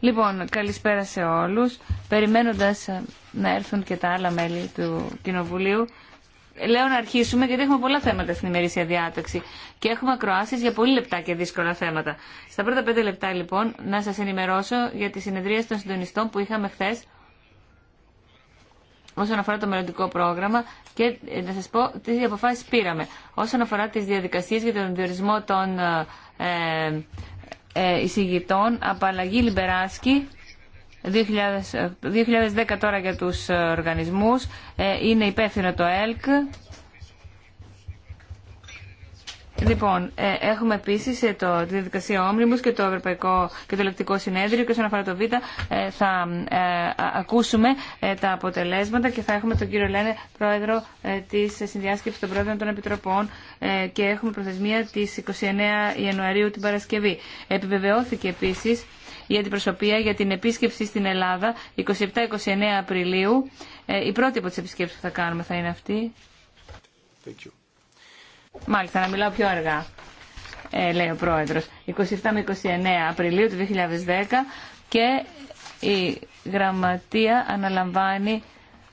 Λοιπόν, καλησπέρα σε όλους. Περιμένοντας να έρθουν και τα άλλα μέλη του Κοινοβουλίου, λέω να αρχίσουμε γιατί έχουμε πολλά θέματα στην ημερήσια διάταξη και έχουμε ακροάσει για πολύ λεπτά και δύσκολα θέματα. Στα πρώτα πέντε λεπτά λοιπόν να σας ενημερώσω για τη συνεδρία των συντονιστών που είχαμε χθε όσον αφορά το μελλοντικό πρόγραμμα και ε, να σας πω τι αποφάσεις πήραμε. Όσον αφορά τις διαδικασίες για τον διορισμό των ε, ε, εισηγητών, απαλλαγή Λιμπεράσκη, 2010 ε, τώρα για τους ε, οργανισμούς, είναι υπεύθυνο το ΕΛΚ, Λοιπόν, ε, έχουμε επίση ε, το, τη διαδικασία Όμνιμου και το Ευρωπαϊκό και το Ελεκτικό Συνέδριο. Και όσον αφορά το Β, ε, θα ακούσουμε τα αποτελέσματα και θα έχουμε τον κύριο Λένε, πρόεδρο τη συνδιάσκεψη των πρόεδρων των Επιτροπών και έχουμε προθεσμία τη 29 Ιανουαρίου την Παρασκευή. Επιβεβαιώθηκε επίση η αντιπροσωπεία για την επίσκεψη στην Ελλάδα 27-29 Απριλίου. Η πρώτη από τι επισκέψει που θα κάνουμε θα είναι αυτή. Thank Μάλιστα, να μιλάω πιο αργά, ε, λέει ο πρόεδρος. 27 με 29 Απριλίου του 2010 και η γραμματεία αναλαμβάνει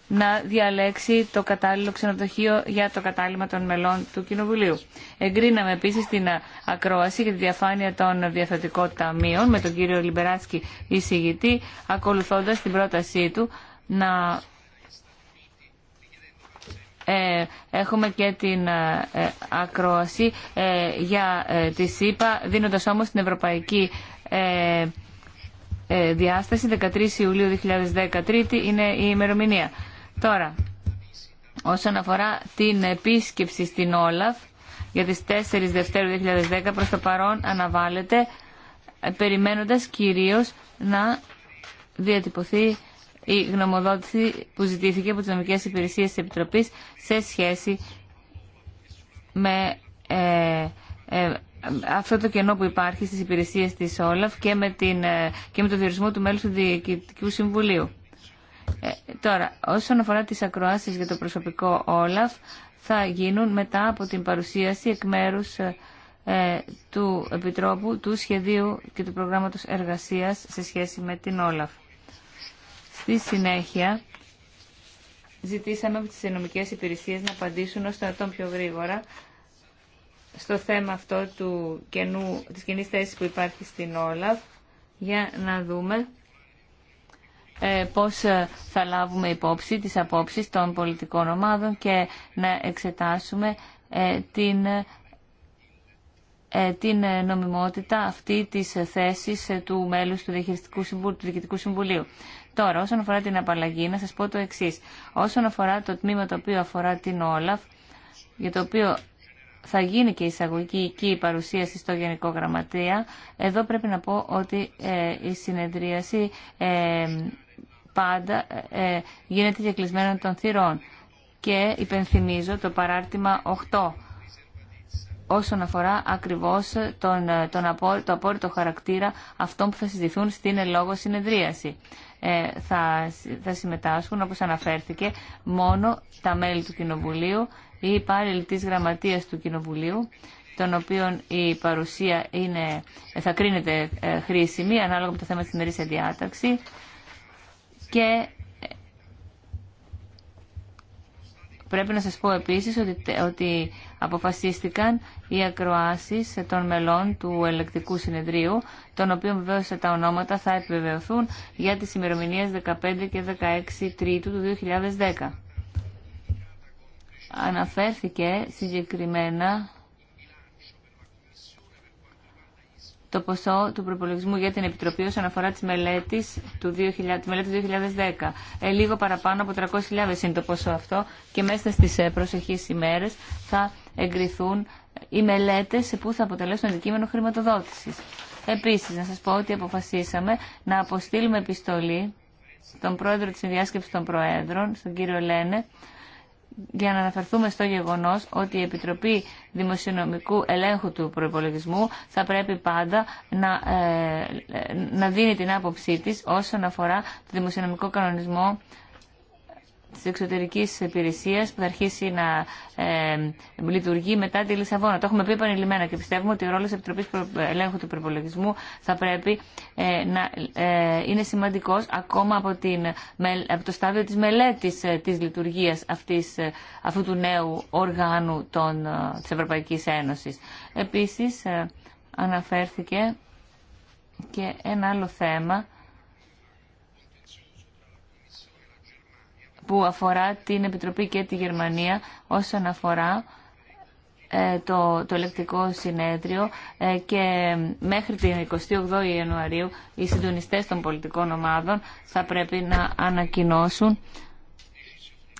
να διαλέξει το κατάλληλο ξενοδοχείο για το κατάλημα των μελών του Κοινοβουλίου. Εγκρίναμε επίσης την ακρόαση για τη διαφάνεια των διαθετικών ταμείων με τον κύριο Λιμπεράτσκι εισηγητή, ακολουθώντας την πρότασή του να ε, έχουμε και την ε, ε, ακρόαση για τη ΣΥΠΑ, δίνοντας όμως την Ευρωπαϊκή Διάσταση 13 Ιουλίου 2013 είναι η ημερομηνία. Τώρα, όσον αφορά την επίσκεψη στην Όλαφ για τις 4 Δευτέρου 2010 προς το παρόν αναβάλλεται περιμένοντας κυρίως να διατυπωθεί η γνωμοδότηση που ζητήθηκε από τις νομικές υπηρεσίες της Επιτροπής σε σχέση με ε, ε αυτό το κενό που υπάρχει στις υπηρεσίες της Όλαφ και με, την, ε, και με το διορισμό του μέλους του Διοικητικού Συμβουλίου. Ε, τώρα, όσον αφορά τις ακροάσεις για το προσωπικό Όλαφ, θα γίνουν μετά από την παρουσίαση εκ μέρους του Επιτρόπου του σχεδίου και του προγράμματος εργασίας σε σχέση με την Όλαφ. Στη συνέχεια, ζητήσαμε από τις αστυνομικέ υπηρεσίες να απαντήσουν ως τον πιο γρήγορα στο θέμα αυτό του καινού, της κοινή θέση που υπάρχει στην Όλαφ για να δούμε ε, πώς ε, θα λάβουμε υπόψη τις απόψεις των πολιτικών ομάδων και να εξετάσουμε ε, την, ε, την νομιμότητα αυτή της θέσης του μέλους του Διοικητικού Συμβουλίου. Τώρα, όσον αφορά την απαλλαγή, να σας πω το εξή. Όσον αφορά το τμήμα το οποίο αφορά την Όλαφ, για το οποίο θα γίνει και εισαγωγική και η παρουσίαση στο Γενικό Γραμματεία, εδώ πρέπει να πω ότι ε, η συνεδρίαση ε, πάντα ε, γίνεται κλεισμένο των θυρών. Και υπενθυμίζω το παράρτημα 8 όσον αφορά ακριβώς τον, τον το απόρριτο χαρακτήρα αυτών που θα συζητηθούν στην ελόγω συνεδρίαση. Ε, θα, θα συμμετάσχουν, όπως αναφέρθηκε, μόνο τα μέλη του Κοινοβουλίου ή υπάλληλοι της Γραμματείας του Κοινοβουλίου, των οποίων η παρουσία είναι, θα κρίνεται ε, χρήσιμη ανάλογα με το θέμα της ημερής διάταξη και Πρέπει να σας πω επίσης ότι, ότι αποφασίστηκαν οι ακροάσεις των μελών του ελεκτικού συνεδρίου, των οποίων βεβαίω τα ονόματα θα επιβεβαιωθούν για τις ημερομηνίες 15 και 16 Τρίτου του 2010. Αναφέρθηκε συγκεκριμένα το ποσό του προπολογισμού για την Επιτροπή όσον αφορά τις μελέτες του 2000, μελέτη του 2010. Ε, λίγο παραπάνω από 300.000 είναι το ποσό αυτό και μέσα στις ε, προσεχείς ημέρες θα εγκριθούν οι μελέτες που θα αποτελέσουν αντικείμενο χρηματοδότησης. Επίσης, να σας πω ότι αποφασίσαμε να αποστείλουμε επιστολή στον πρόεδρο της συνδιάσκεψης των Προέδρων, στον κύριο Λένε, για να αναφερθούμε στο γεγονός ότι η Επιτροπή Δημοσιονομικού Ελέγχου του Προϋπολογισμού θα πρέπει πάντα να, ε, ε, να δίνει την άποψή της όσον αφορά το δημοσιονομικό κανονισμό Τη εξωτερική υπηρεσία που θα αρχίσει να λειτουργεί μετά τη Λισαβόνα. Το έχουμε πει επανειλημμένα και πιστεύουμε ότι ο ρόλο τη Επιτροπής Ελέγχου του Προπολογισμού θα πρέπει ε, να ε, είναι σημαντικός ακόμα από, την, από το στάδιο της μελέτης ε, της λειτουργίας αυτού του νέου οργάνου τη Ευρωπαϊκή Ένωση. Ένωσης. Επίσης αναφέρθηκε και ένα άλλο θέμα που αφορά την Επιτροπή και τη Γερμανία όσον αφορά ε, το, το ελεκτικό συνέδριο ε, και μέχρι την 28 Ιανουαρίου οι συντονιστές των πολιτικών ομάδων θα πρέπει να ανακοινώσουν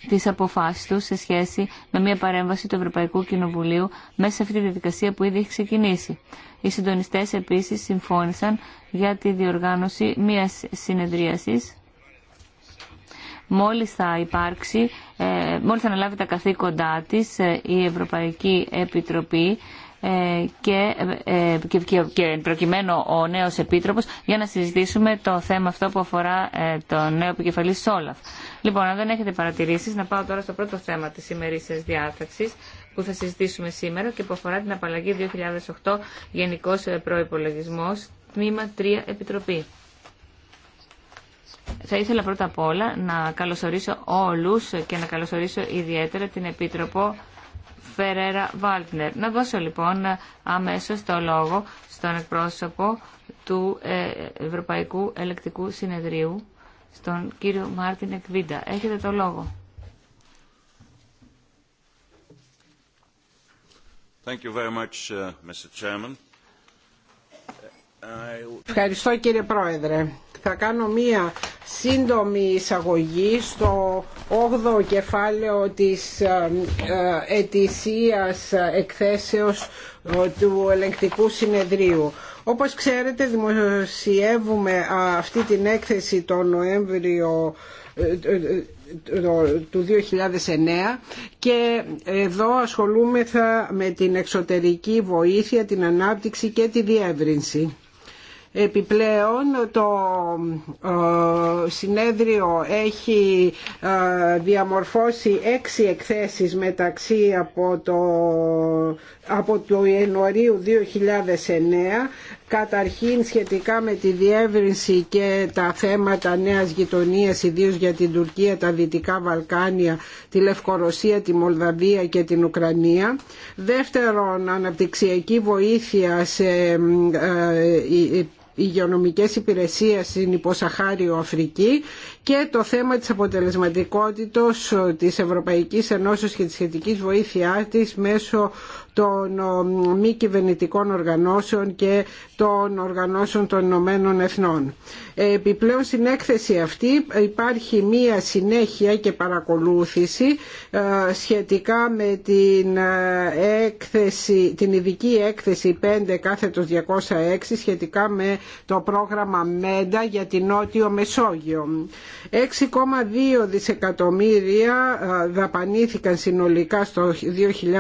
τις αποφάσεις τους σε σχέση με μια παρέμβαση του Ευρωπαϊκού Κοινοβουλίου μέσα σε αυτή τη διαδικασία που ήδη έχει ξεκινήσει. Οι συντονιστές επίσης συμφώνησαν για τη διοργάνωση μιας συνεδρίασης Μόλις θα υπάρξει, ε, μόλις θα αναλάβει τα καθήκοντά της ε, η Ευρωπαϊκή Επιτροπή ε, και, και, και, και προκειμένου ο νέος επίτροπος για να συζητήσουμε το θέμα αυτό που αφορά το νέο επικεφαλή Σόλαφ. Λοιπόν, αν δεν έχετε παρατηρήσεις, να πάω τώρα στο πρώτο θέμα της σημερινής διάταξης που θα συζητήσουμε σήμερα και που αφορά την απαλλαγή 2008 Γενικός Προϋπολογισμός, τμήμα 3 Επιτροπή. Θα ήθελα πρώτα απ' όλα να καλωσορίσω όλους και να καλωσορίσω ιδιαίτερα την Επίτροπο Φερέρα Βάλτνερ. Να δώσω λοιπόν αμέσως το λόγο στον εκπρόσωπο του ε, Ευρωπαϊκού Ελεκτικού Συνεδρίου, στον κύριο Μάρτιν Εκβίντα. Έχετε το λόγο. Uh, Ευχαριστώ κύριε Πρόεδρε θα κάνω μία σύντομη εισαγωγή στο 8ο κεφάλαιο της ε, ε, ετησίας εκθέσεως ε, του ελεγκτικού συνεδρίου. Όπως ξέρετε δημοσιεύουμε αυτή την έκθεση τον Νοέμβριο του 2009 και εδώ ασχολούμεθα με την εξωτερική βοήθεια, την ανάπτυξη και τη διεύρυνση. Επιπλέον το ε, συνέδριο έχει ε, διαμορφώσει έξι εκθέσεις μεταξύ από το, από το Ιανουαρίου 2009 καταρχήν σχετικά με τη διεύρυνση και τα θέματα νέας γειτονίας ιδίως για την Τουρκία, τα Δυτικά Βαλκάνια, τη Λευκορωσία, τη Μολδαβία και την Ουκρανία. Δεύτερον, αναπτυξιακή βοήθεια σε ε, υγειονομικές υπηρεσίες στην υποσαχάριο Αφρική και το θέμα της αποτελεσματικότητας της Ευρωπαϊκής Ενώσεως και της σχετικής βοήθειά της μέσω των μη κυβερνητικών οργανώσεων και των οργανώσεων των Ηνωμένων Εθνών. Επιπλέον στην έκθεση αυτή υπάρχει μία συνέχεια και παρακολούθηση ε, σχετικά με την, ε, έκθεση, την ειδική έκθεση 5 κάθετος 206 σχετικά με το πρόγραμμα ΜΕΝΤΑ για την Νότιο Μεσόγειο. 6,2 δισεκατομμύρια ε, δαπανήθηκαν συνολικά στο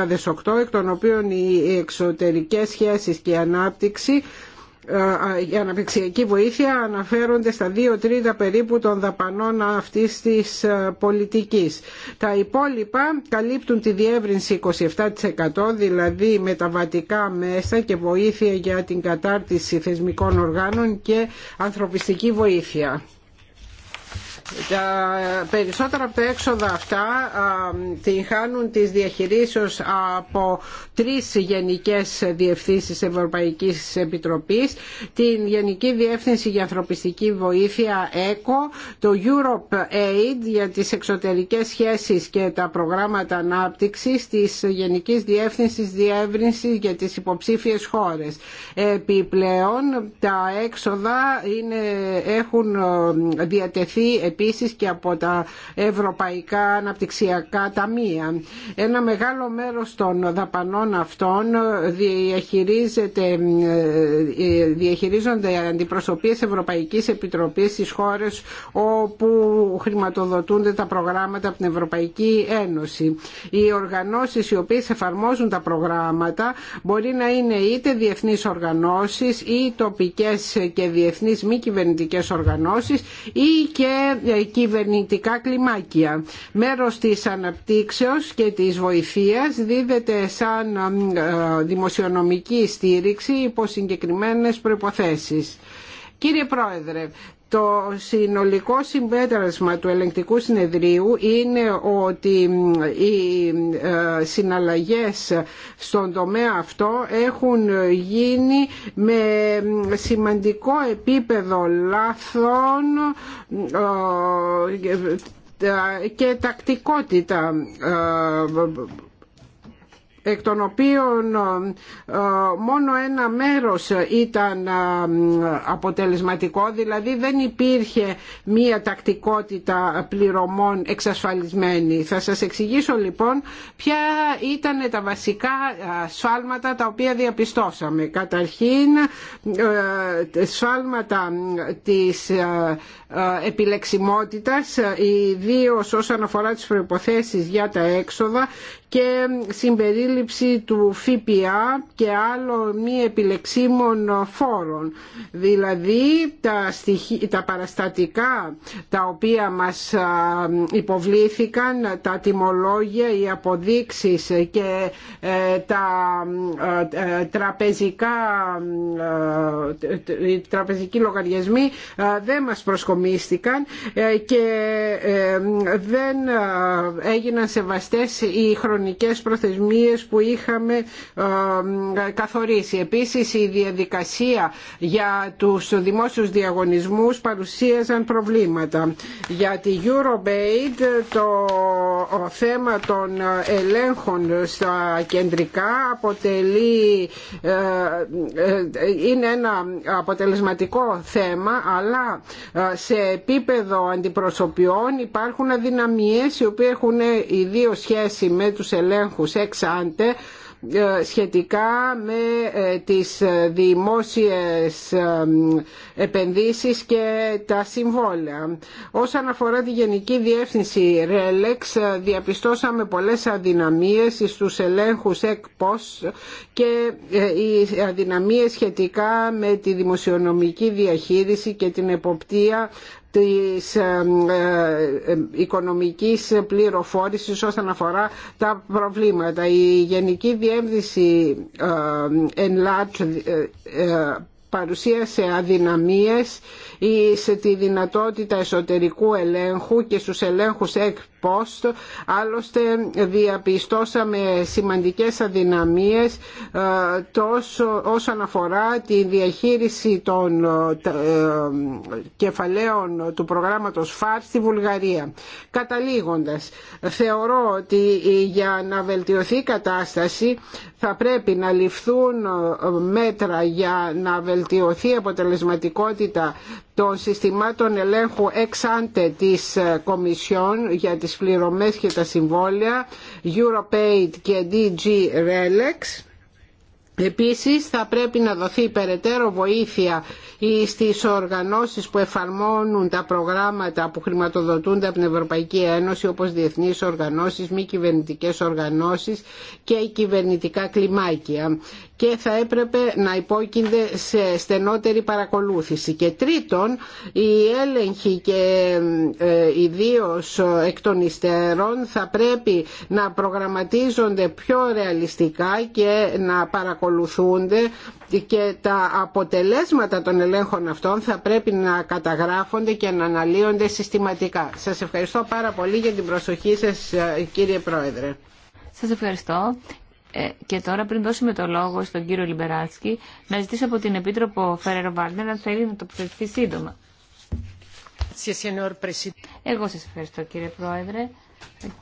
2008 εκ των οι εξωτερικές σχέσεις και η ανάπτυξη ε, η αναπτυξιακή βοήθεια αναφέρονται στα 2 τρίτα περίπου των δαπανών αυτής της ε, πολιτικής. Τα υπόλοιπα καλύπτουν τη διεύρυνση 27% δηλαδή μεταβατικά μέσα και βοήθεια για την κατάρτιση θεσμικών οργάνων και ανθρωπιστική βοήθεια. Τα περισσότερα από τα έξοδα αυτά την χάνουν τις διαχειρίσεις από τρεις γενικές διευθύνσεις Ευρωπαϊκής Επιτροπής, την Γενική Διεύθυνση για Ανθρωπιστική Βοήθεια ΕΚΟ, το Europe Aid για τις εξωτερικές σχέσεις και τα προγράμματα ανάπτυξης της Γενικής Διεύθυνσης Διεύρυνσης για τις υποψήφιες χώρες. Επιπλέον τα έξοδα είναι, έχουν ε, διατεθεί επίσης και από τα Ευρωπαϊκά Αναπτυξιακά Ταμεία. Ένα μεγάλο μέρος των δαπανών αυτών διαχειρίζεται, διαχειρίζονται αντιπροσωπείες Ευρωπαϊκής Επιτροπής στις χώρες όπου χρηματοδοτούνται τα προγράμματα από την Ευρωπαϊκή Ένωση. Οι οργανώσεις οι οποίες εφαρμόζουν τα προγράμματα μπορεί να είναι είτε διεθνείς οργανώσεις ή τοπικές και διεθνείς μη κυβερνητικές οργανώσεις ή και κυβερνητικά κλιμάκια. Μέρος της αναπτύξεως και της βοηθείας δίδεται σαν ε, δημοσιονομική στήριξη υπό συγκεκριμένες προϋποθέσεις. Κύριε Πρόεδρε, το συνολικό συμπέτρασμα του ελεγκτικού συνεδρίου είναι ότι οι ε, συναλλαγές στον τομέα αυτό έχουν γίνει με σημαντικό επίπεδο λάθων ε, ε, και τακτικότητα εκ των οποίων ε, μόνο ένα μέρος ήταν ε, αποτελεσματικό, δηλαδή δεν υπήρχε μία τακτικότητα πληρωμών εξασφαλισμένη. Θα σας εξηγήσω λοιπόν ποια ήταν τα βασικά ε, σφάλματα τα οποία διαπιστώσαμε. Καταρχήν σφάλματα της επιλεξιμότητας, ιδίω όσον αφορά τις προϋποθέσεις για τα έξοδα και συμπερίληψη του ΦΠΑ και άλλο μη επιλεξίμων φόρων. Δηλαδή τα, τα παραστατικά τα οποία μας υποβλήθηκαν, τα τιμολόγια, οι αποδείξεις και ε, τα ε, ε, τραπεζικά οι τραπεζικοί λογαριασμοί δεν μας προσκομίστηκαν και δεν έγιναν σεβαστές οι χρονικές χρονικές προθεσμίες που είχαμε ε, ε, καθορίσει. Επίσης η διαδικασία για τους δημόσιους διαγωνισμούς παρουσίαζαν προβλήματα. Για τη Eurobaid το θέμα των ελέγχων στα κεντρικά αποτελεί, ε, είναι ένα αποτελεσματικό θέμα αλλά σε επίπεδο αντιπροσωπιών υπάρχουν αδυναμίες οι οποίες έχουν ιδίω σχέση με τους τους ελέγχους ε, σχετικά με ε, τις δημόσιες ε, επενδύσεις και τα συμβόλαια. Όσον αφορά τη Γενική Διεύθυνση ΡΕΛΕΞ διαπιστώσαμε πολλές αδυναμίες στους ελέγχους εκ και οι αδυναμίες σχετικά με τη δημοσιονομική διαχείριση και την εποπτεία της ε, ε, οικονομικής πληροφόρησης όσον αφορά τα προβλήματα. Η Γενική Διεύθυνση ε, παρουσίασε αδυναμίες ή σε τη δυνατότητα εσωτερικού ελέγχου και στους ελέγχους εκ Post. Άλλωστε διαπιστώσαμε σημαντικές αδυναμίες ε, τόσο όσον αφορά τη διαχείριση των ε, ε, κεφαλαίων του προγράμματος ΦΑΡ στη Βουλγαρία. Καταλήγοντας, θεωρώ ότι για να βελτιωθεί η κατάσταση θα πρέπει να ληφθούν μέτρα για να βελτιωθεί η αποτελεσματικότητα των συστημάτων ελέγχου εξάντε της Κομισιόν για τις πληρωμές και τα συμβόλαια Europaid και DG Relex Επίσης θα πρέπει να δοθεί περαιτέρω βοήθεια στις οργανώσεις που εφαρμόνουν τα προγράμματα που χρηματοδοτούνται από την Ευρωπαϊκή Ένωση όπως διεθνείς οργανώσεις, μη κυβερνητικές οργανώσεις και κυβερνητικά κλιμάκια και θα έπρεπε να υπόκεινται σε στενότερη παρακολούθηση. Και τρίτον, οι έλεγχοι και ε, ιδίω εκ των υστέρων θα πρέπει να προγραμματίζονται πιο ρεαλιστικά και να παρακολουθούν και τα αποτελέσματα των ελέγχων αυτών θα πρέπει να καταγράφονται και να αναλύονται συστηματικά. Σας ευχαριστώ πάρα πολύ για την προσοχή σας ε, κύριε Πρόεδρε. Σας ευχαριστώ. Ε, και τώρα πριν δώσουμε το λόγο στον κύριο Λιμπεράτσκι, να ζητήσω από την Επίτροπο Φέρερο να αν θέλει να το τοποθετηθεί σύντομα. Εγώ σας ευχαριστώ κύριε Πρόεδρε.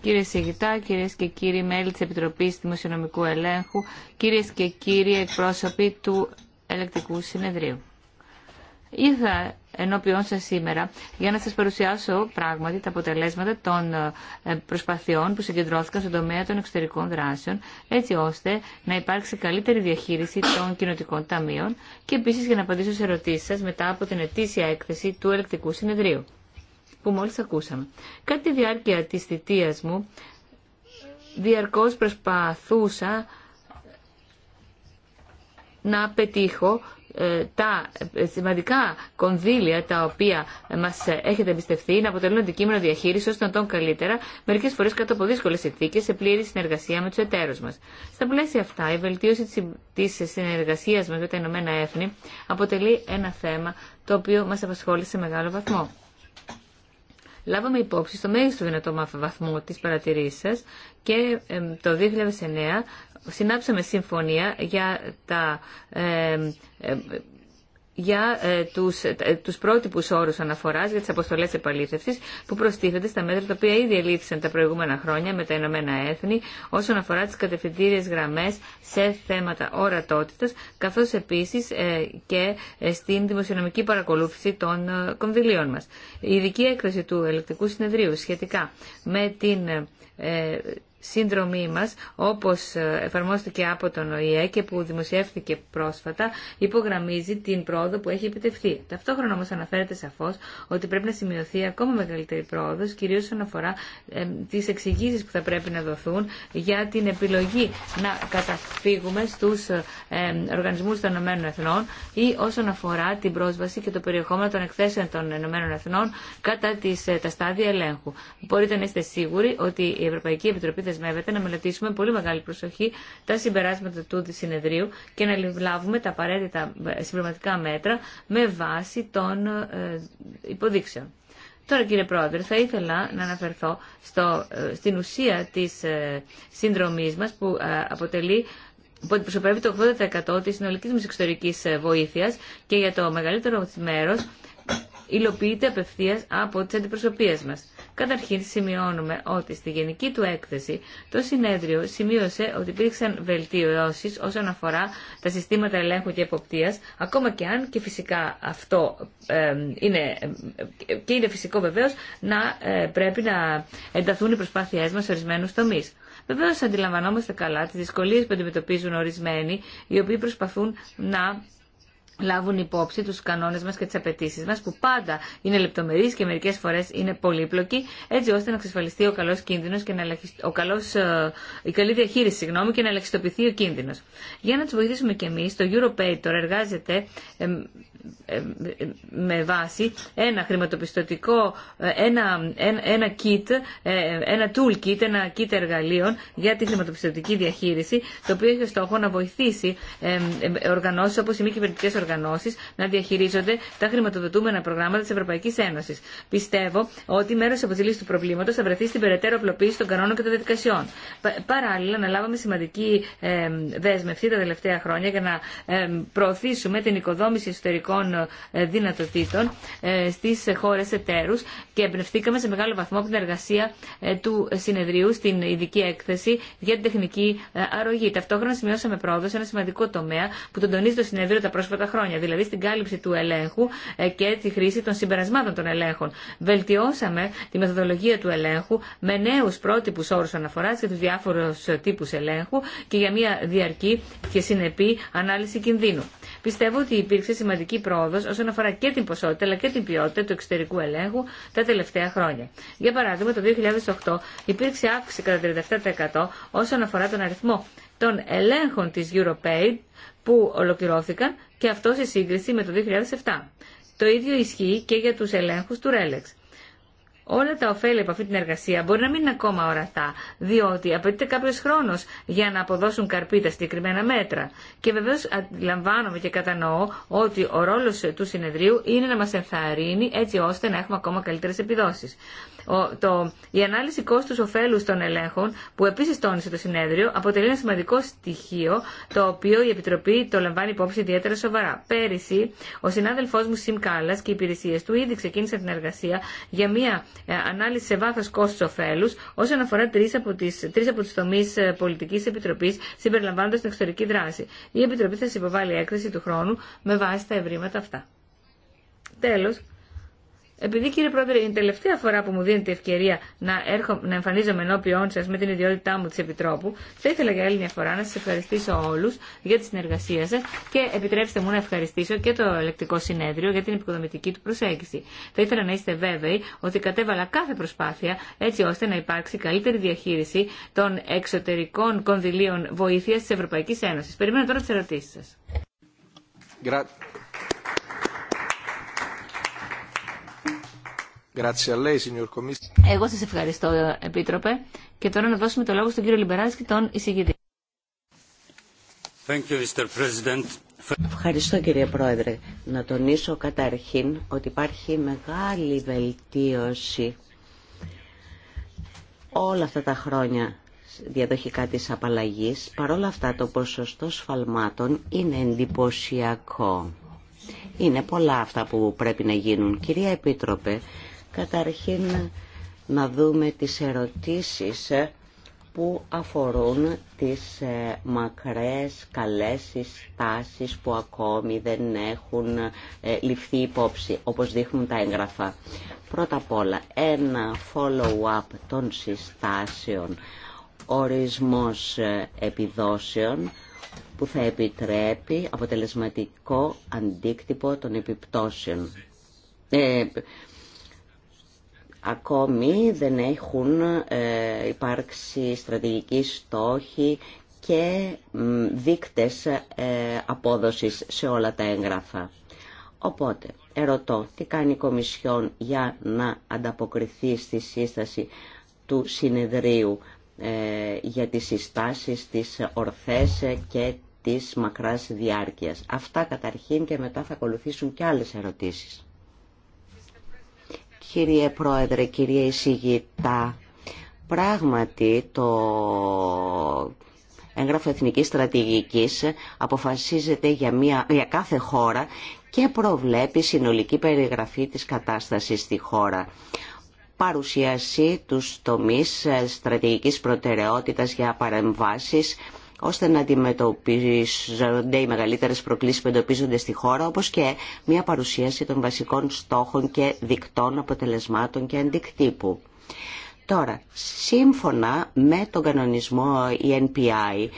Κύριε Σιγητά, κυρίες και κύριοι μέλη της Επιτροπής Δημοσιονομικού Ελέγχου, κυρίες και κύριοι εκπρόσωποι του Ελεκτικού Συνεδρίου. Ήρθα ενώπιόν σας σήμερα για να σας παρουσιάσω πράγματι τα αποτελέσματα των ε, προσπαθειών που συγκεντρώθηκαν στον τομέα των εξωτερικών δράσεων, έτσι ώστε να υπάρξει καλύτερη διαχείριση των κοινοτικών ταμείων και επίσης για να απαντήσω σε ερωτήσεις σας μετά από την ετήσια έκθεση του Ελεκτικού Συνεδρίου που μόλις ακούσαμε. Κάτι τη διάρκεια της θητείας μου, διαρκώς προσπαθούσα να πετύχω ε, τα σημαντικά κονδύλια τα οποία μας έχετε εμπιστευτεί να αποτελούν αντικείμενο διαχείριση ώστε να τον καλύτερα, μερικέ φορέ κάτω από δύσκολε συνθήκε, σε πλήρη συνεργασία με του εταίρου μα. Στα πλαίσια αυτά, η βελτίωση τη συνεργασία μα με τα Ηνωμένα Έθνη αποτελεί ένα θέμα το οποίο μα απασχόλησε σε μεγάλο βαθμό λάβαμε υπόψη στο μέγιστο δυνατό βαθμό τη παρατηρήσεις σα και το 2009 συνάψαμε συμφωνία για τα για ε, τους, ε, τους πρότυπους όρους αναφοράς για τις αποστολές επαλήθευση που προστίθενται στα μέτρα τα οποία ήδη ελήφθησαν τα προηγούμενα χρόνια με τα Ηνωμένα Έθνη όσον αφορά τις κατευθυντήριες γραμμές σε θέματα ορατότητας καθώς επίσης ε, και στην δημοσιονομική παρακολούθηση των κονδυλίων μας. Η ειδική έκθεση του ελεκτικού συνεδρίου σχετικά με την σύνδρομή μας, όπως εφαρμόστηκε από τον ΟΗΕ και που δημοσιεύθηκε πρόσφατα, υπογραμμίζει την πρόοδο που έχει επιτευχθεί. Ταυτόχρονα όμως αναφέρεται σαφώς ότι πρέπει να σημειωθεί ακόμα μεγαλύτερη πρόοδος, κυρίως όσον αφορά ε, τις εξηγήσεις που θα πρέπει να δοθούν για την επιλογή να καταφύγουμε στους ε, οργανισμούς των ΗΕ ή όσον αφορά την πρόσβαση και το περιεχόμενο των εκθέσεων των ΗΕ κατά τις, ε, τα στάδια ελέγχου. Μπορείτε να είστε σίγουροι ότι η Ευρωπαϊκή Επιτροπή δεσμεύεται να μελετήσουμε πολύ μεγάλη προσοχή τα συμπεράσματα του συνεδρίου και να λάβουμε τα απαραίτητα ε, συμπληρωματικά μέτρα με βάση των ε, υποδείξεων. Τώρα κύριε Πρόεδρε, θα ήθελα να αναφερθώ στο, ε, στην ουσία της συνδρομής μας που αποτελεί που αντιπροσωπεύει το 80% της συνολικής μας εξωτερικής βοήθειας και για το μεγαλύτερο μέρος υλοποιείται απευθείας από τις αντιπροσωπείες μας. Καταρχήν σημειώνουμε ότι στη γενική του έκθεση το συνέδριο σημείωσε ότι υπήρξαν βελτιώσει όσον αφορά τα συστήματα ελέγχου και εποπτείας, ακόμα και αν και φυσικά αυτό ε, είναι, και είναι φυσικό βεβαίως να ε, πρέπει να ενταθούν οι προσπάθειές μας σε ορισμένους τομείς. Βεβαίω αντιλαμβανόμαστε καλά τι δυσκολίε που αντιμετωπίζουν ορισμένοι οι οποίοι προσπαθούν να λάβουν υπόψη τους κανόνες μας και τις απαιτήσει μας που πάντα είναι λεπτομερείς και μερικές φορές είναι πολύπλοκοι έτσι ώστε να εξασφαλιστεί ο καλός κίνδυνος και να ο καλός, ε, η καλή διαχείριση συγγνώμη, και να ελαχιστοποιηθεί ο κίνδυνος. Για να τους βοηθήσουμε και εμείς, το EuroPay τώρα εργάζεται με βάση ένα χρηματοπιστωτικό, ε, ένα, ένα, ένα kit, ε, ένα toolkit, ένα kit εργαλείων για τη χρηματοπιστωτική διαχείριση, το οποίο έχει στόχο να βοηθήσει οργανώσεις όπως οι μη οργανώσει οργανώσει να διαχειρίζονται τα χρηματοδοτούμενα προγράμματα τη Ευρωπαϊκή Ένωση. Πιστεύω ότι μέρο από τη λύση του προβλήματο θα βρεθεί στην περαιτέρω απλοποίηση των κανόνων και των διαδικασιών. Παράλληλα, αναλάβαμε σημαντική δέσμευση τα τελευταία χρόνια για να προωθήσουμε την οικοδόμηση εσωτερικών ε, δυνατοτήτων ε, στι χώρε εταίρου και εμπνευστήκαμε σε μεγάλο βαθμό από την εργασία ε, του συνεδρίου στην ειδική έκθεση για την τεχνική αρρωγή. Ταυτόχρονα σημειώσαμε πρόοδο σε ένα σημαντικό τομέα που τον τονίζει το συνεδρίο τα πρόσφατα χρόνια, δηλαδή στην κάλυψη του ελέγχου ε, και τη χρήση των συμπερασμάτων των ελέγχων. Βελτιώσαμε τη μεθοδολογία του ελέγχου με νέου πρότυπου όρου αναφορά για του διάφορου ε, τύπου ελέγχου και για μια διαρκή και συνεπή ανάλυση κινδύνου. Πιστεύω ότι υπήρξε σημαντική πρόοδο όσον αφορά και την ποσότητα αλλά και την ποιότητα του εξωτερικού ελέγχου τα τελευταία χρόνια. Για παράδειγμα, το 2008 υπήρξε αύξηση κατά 37% όσον αφορά τον αριθμό των ελέγχων της Europaid που ολοκληρώθηκαν και αυτό σε σύγκριση με το 2007. Το ίδιο ισχύει και για τους ελέγχους του Ρέλεξ. Όλα τα ωφέλη από αυτή την εργασία μπορεί να μην είναι ακόμα ορατά, διότι απαιτείται κάποιο χρόνο για να αποδώσουν καρπί τα συγκεκριμένα μέτρα. Και βεβαίω αντιλαμβάνομαι και κατανοώ ότι ο ρόλο του συνεδρίου είναι να μα ενθαρρύνει έτσι ώστε να έχουμε ακόμα καλύτερε επιδόσει το, η ανάλυση κόστου ωφέλου των ελέγχων, που επίση τόνισε το συνέδριο, αποτελεί ένα σημαντικό στοιχείο, το οποίο η Επιτροπή το λαμβάνει υπόψη ιδιαίτερα σοβαρά. Πέρυσι, ο Συνάδελφο μου Σιμ Κάλλα και οι υπηρεσίε του ήδη ξεκίνησαν την εργασία για μια ε, ανάλυση σε βάθο κόστου ωφέλου όσον αφορά τρει από, τις, τομεί πολιτική πολιτική τομείς ε, πολιτικής την εξωτερική δράση. Η Επιτροπή θα συμποβάλει έκθεση του χρόνου με βάση τα ευρήματα αυτά. Τέλος, επειδή κύριε Πρόεδρε, είναι η τελευταία φορά που μου δίνετε ευκαιρία να, έρχο, να εμφανίζομαι ενώπιον σα με την ιδιότητά μου τη Επιτρόπου, θα ήθελα για άλλη μια φορά να σα ευχαριστήσω όλου για τη συνεργασία σα και επιτρέψτε μου να ευχαριστήσω και το ελεκτικό συνέδριο για την επικοδομητική του προσέγγιση. Θα ήθελα να είστε βέβαιοι ότι κατέβαλα κάθε προσπάθεια έτσι ώστε να υπάρξει καλύτερη διαχείριση των εξωτερικών κονδυλίων βοήθεια τη Ευρωπαϊκή Ένωση. Περιμένω τώρα τι ερωτήσει σα. Εγώ σας ευχαριστώ, Επίτροπε. Και τώρα να δώσουμε το λόγο στον κύριο Λιμπεράδης και τον εισηγητή. Ευχαριστώ κύριε Πρόεδρε. Να τονίσω καταρχήν ότι υπάρχει μεγάλη βελτίωση όλα αυτά τα χρόνια διαδοχικά της απαλλαγής. Παρόλα αυτά το ποσοστό σφαλμάτων είναι εντυπωσιακό. Είναι πολλά αυτά που πρέπει να γίνουν. Κυρία Επίτροπε, Καταρχήν να δούμε τις ερωτήσεις ε, που αφορούν τις ε, μακρές καλές συστάσεις που ακόμη δεν έχουν ε, ληφθεί υπόψη, όπως δείχνουν τα έγγραφα. Πρώτα απ' όλα, ένα follow-up των συστάσεων, ορισμός επιδόσεων, που θα επιτρέπει αποτελεσματικό αντίκτυπο των επιπτώσεων. Ακόμη δεν έχουν ε, υπάρξει στρατηγικοί στόχοι και δίκτες ε, απόδοσης σε όλα τα έγγραφα. Οπότε, ερωτώ, τι κάνει η Κομισιόν για να ανταποκριθεί στη σύσταση του συνεδρίου ε, για τις συστάσεις, της ορθές και της μακράς διάρκειας. Αυτά καταρχήν και μετά θα ακολουθήσουν και άλλες ερωτήσεις. Κύριε Πρόεδρε, κύριε Εισηγητά, πράγματι το έγγραφο εθνικής στρατηγικής αποφασίζεται για, μια, για κάθε χώρα και προβλέπει συνολική περιγραφή της κατάστασης στη χώρα. Παρουσίαση τους τομείς ε, στρατηγικής προτεραιότητας για παρεμβάσεις, ώστε να αντιμετωπίζονται οι μεγαλύτερες προκλήσεις που εντοπίζονται στη χώρα, όπως και μια παρουσίαση των βασικών στόχων και δικτών αποτελεσμάτων και αντικτύπου. Τώρα, σύμφωνα με τον κανονισμό ENPI,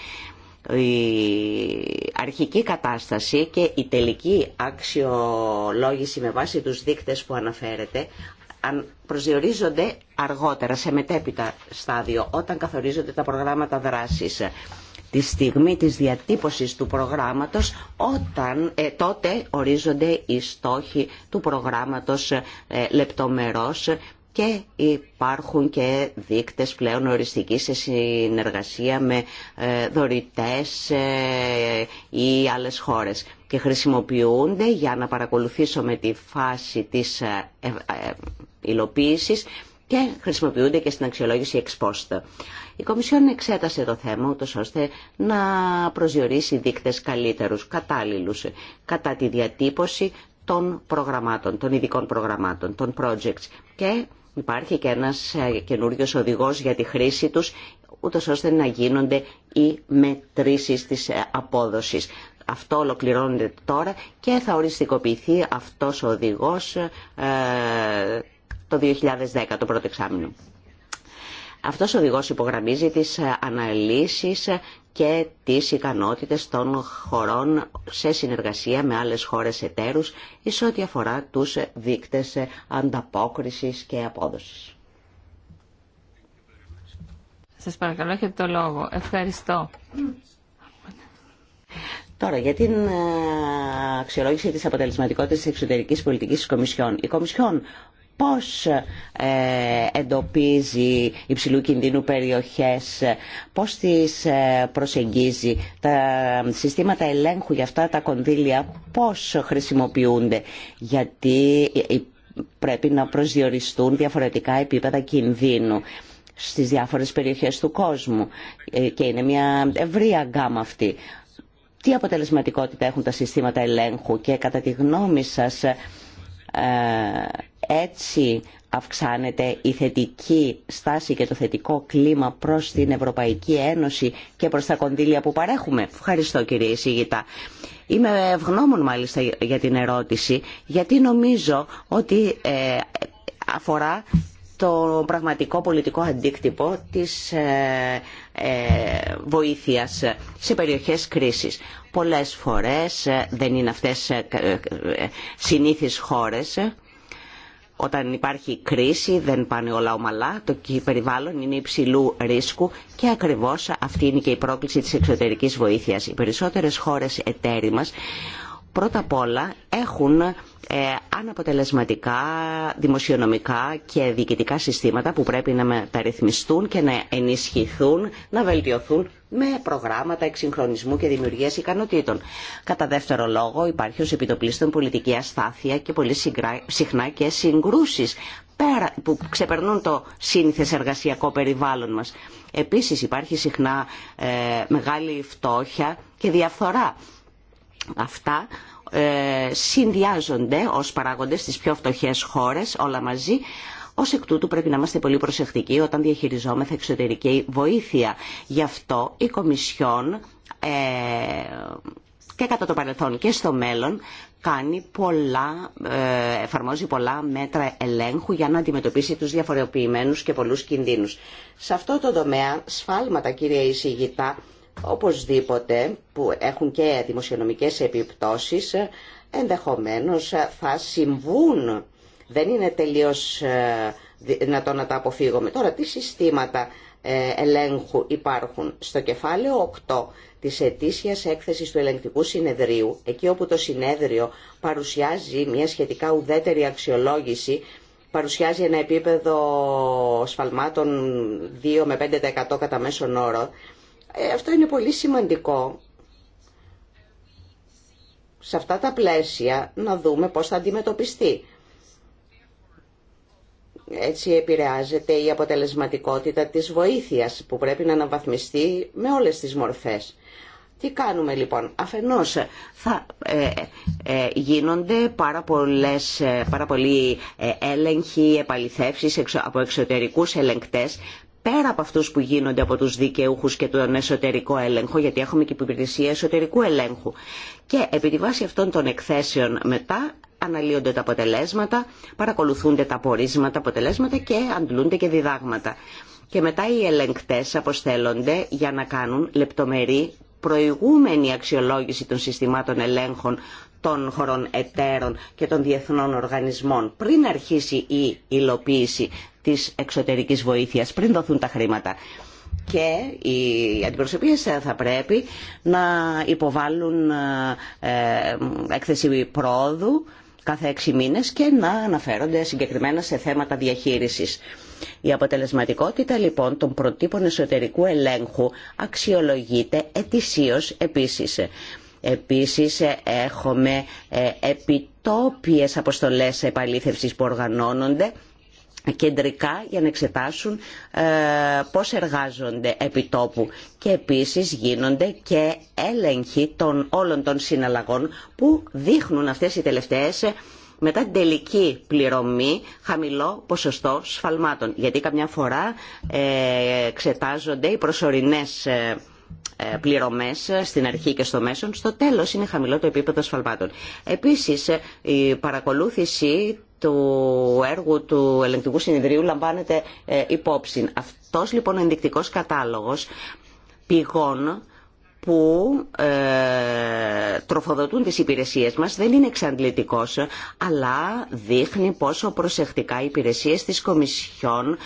η αρχική κατάσταση και η τελική αξιολόγηση με βάση τους δείκτες που αναφέρεται προσδιορίζονται αργότερα σε μετέπειτα στάδιο όταν καθορίζονται τα προγράμματα δράσης τη στιγμή της διατύπωσης του προγράμματος όταν ε, τότε ορίζονται οι στόχοι του προγράμματος ε, λεπτομερώς και υπάρχουν και δείκτες πλέον οριστικοί σε συνεργασία με ε, δωρητές ε, ή άλλες χώρες και χρησιμοποιούνται για να παρακολουθήσουμε τη φάση της υλοποίησης και χρησιμοποιούνται και στην αξιολόγηση εξ η Κομισιόν εξέτασε το θέμα ούτως ώστε να προσδιορίσει δείκτες καλύτερους, κατάλληλους, κατά τη διατύπωση των προγραμμάτων, των ειδικών προγραμμάτων, των projects. Και υπάρχει και ένας ε, καινούριος οδηγός για τη χρήση τους, ούτως ώστε να γίνονται οι μετρήσεις της ε, απόδοσης. Αυτό ολοκληρώνεται τώρα και θα οριστικοποιηθεί αυτός ο οδηγός ε, το 2010, το πρώτο εξάμεινο. Αυτός ο οδηγός υπογραμμίζει τις αναλύσεις και τις ικανότητες των χωρών σε συνεργασία με άλλες χώρες εταίρους εις ό,τι αφορά τους δείκτες ανταπόκρισης και απόδοσης. Σας παρακαλώ, έχετε το λόγο. Ευχαριστώ. Τώρα, για την ε, αξιολόγηση της αποτελεσματικότητας της εξωτερικής πολιτικής της Κομισιόν. Η Κομισιόν πώς ε, εντοπίζει υψηλού κινδύνου περιοχές, πώς τις ε, προσεγγίζει, τα συστήματα ελέγχου για αυτά τα κονδύλια πώς χρησιμοποιούνται, γιατί πρέπει να προσδιοριστούν διαφορετικά επίπεδα κινδύνου στις διάφορες περιοχές του κόσμου ε, και είναι μια ευρία γκάμα αυτή. Τι αποτελεσματικότητα έχουν τα συστήματα ελέγχου και κατά τη γνώμη σας έτσι αυξάνεται η θετική στάση και το θετικό κλίμα προς την Ευρωπαϊκή Ένωση και προς τα κονδύλια που παρέχουμε. Ευχαριστώ κύριε Ισηγητά. Είμαι ευγνώμων μάλιστα για την ερώτηση γιατί νομίζω ότι ε, αφορά το πραγματικό πολιτικό αντίκτυπο της ε, ε βοήθειας σε περιοχές κρίσης. Πολλές φορές ε, δεν είναι αυτές συνήθεις χώρες όταν υπάρχει κρίση δεν πάνε όλα ομαλά, το περιβάλλον είναι υψηλού ρίσκου και ακριβώς αυτή είναι και η πρόκληση της εξωτερικής βοήθειας. Οι περισσότερες χώρες εταίροι μας πρώτα απ' όλα έχουν ε, αναποτελεσματικά, δημοσιονομικά και διοικητικά συστήματα που πρέπει να μεταρρυθμιστούν και να ενισχυθούν, να βελτιωθούν με προγράμματα εξυγχρονισμού και δημιουργίας ικανοτήτων. Κατά δεύτερο λόγο υπάρχει ως επιτοπλίστων πολιτική αστάθεια και πολύ συχνά και συγκρούσεις που ξεπερνούν το σύνηθες εργασιακό περιβάλλον μας. Επίσης υπάρχει συχνά ε, μεγάλη φτώχεια και διαφθορά. Αυτά ε, συνδυάζονται ως παράγοντες στις πιο φτωχές χώρες όλα μαζί ως εκ τούτου πρέπει να είμαστε πολύ προσεκτικοί όταν διαχειριζόμεθα εξωτερική βοήθεια. Γι' αυτό η Κομισιόν ε, και κατά το παρελθόν και στο μέλλον κάνει πολλά, ε, εφαρμόζει πολλά μέτρα ελέγχου για να αντιμετωπίσει τους διαφορεοποιημένους και πολλούς κινδύνους. Σε αυτό το τομέα σφάλματα κύριε Ισηγητά οπωσδήποτε που έχουν και δημοσιονομικές επιπτώσεις ενδεχομένως θα συμβούν. Δεν είναι τελείως ε, δυνατόν να τα αποφύγουμε. Τώρα τι συστήματα ε, ελέγχου υπάρχουν στο κεφάλαιο 8 της ετήσιας έκθεσης του ελεγκτικού συνεδρίου, εκεί όπου το συνέδριο παρουσιάζει μια σχετικά ουδέτερη αξιολόγηση παρουσιάζει ένα επίπεδο σφαλμάτων 2 με 5% κατά μέσον όρο ε, αυτό είναι πολύ σημαντικό σε αυτά τα πλαίσια να δούμε πώς θα αντιμετωπιστεί. Έτσι επηρεάζεται η αποτελεσματικότητα της βοήθειας που πρέπει να αναβαθμιστεί με όλες τις μορφές. Τι κάνουμε λοιπόν. Αφενός θα ε, ε, γίνονται πάρα, πολλές, πάρα πολλοί έλεγχοι, επαληθεύσεις από εξωτερικούς ελεγκτές πέρα από αυτούς που γίνονται από τους δικαιούχους και τον εσωτερικό έλεγχο, γιατί έχουμε και υπηρεσία εσωτερικού ελέγχου. Και επί τη βάση αυτών των εκθέσεων μετά αναλύονται τα αποτελέσματα, παρακολουθούνται τα πορίσματα, αποτελέσματα και αντλούνται και διδάγματα. Και μετά οι ελεγκτές αποστέλλονται για να κάνουν λεπτομερή προηγούμενη αξιολόγηση των συστημάτων ελέγχων των χωρών εταίρων και των διεθνών οργανισμών πριν αρχίσει η υλοποίηση της εξωτερικής βοήθειας, πριν δοθούν τα χρήματα. Και οι αντιπροσωπείες θα πρέπει να υποβάλουν ε, έκθεση πρόοδου κάθε έξι μήνες και να αναφέρονται συγκεκριμένα σε θέματα διαχείρισης. Η αποτελεσματικότητα λοιπόν των προτύπων εσωτερικού ελέγχου αξιολογείται ετησίως επίσης. Επίσης ε, έχουμε ε, επιτόπιες αποστολές επαλήθευσης που οργανώνονται κεντρικά για να εξετάσουν ε, πώς εργάζονται επιτόπου Και επίσης γίνονται και έλεγχοι των όλων των συναλλαγών που δείχνουν αυτές οι τελευταίες μετά την τελική πληρωμή χαμηλό ποσοστό σφαλμάτων. Γιατί καμιά φορά εξετάζονται οι προσωρινές ε, πληρωμές ε, στην αρχή και στο μέσον, στο τέλος είναι χαμηλό το επίπεδο ασφαλμάτων. Επίσης, ε, η παρακολούθηση του έργου του ελεγκτικού συνεδρίου λαμβάνεται υπόψη. Αυτός λοιπόν ο ενδεικτικό κατάλογος πηγών που ε, τροφοδοτούν τις υπηρεσίες μας δεν είναι εξαντλητικός, αλλά δείχνει πόσο προσεκτικά οι υπηρεσίες της Κομισιόν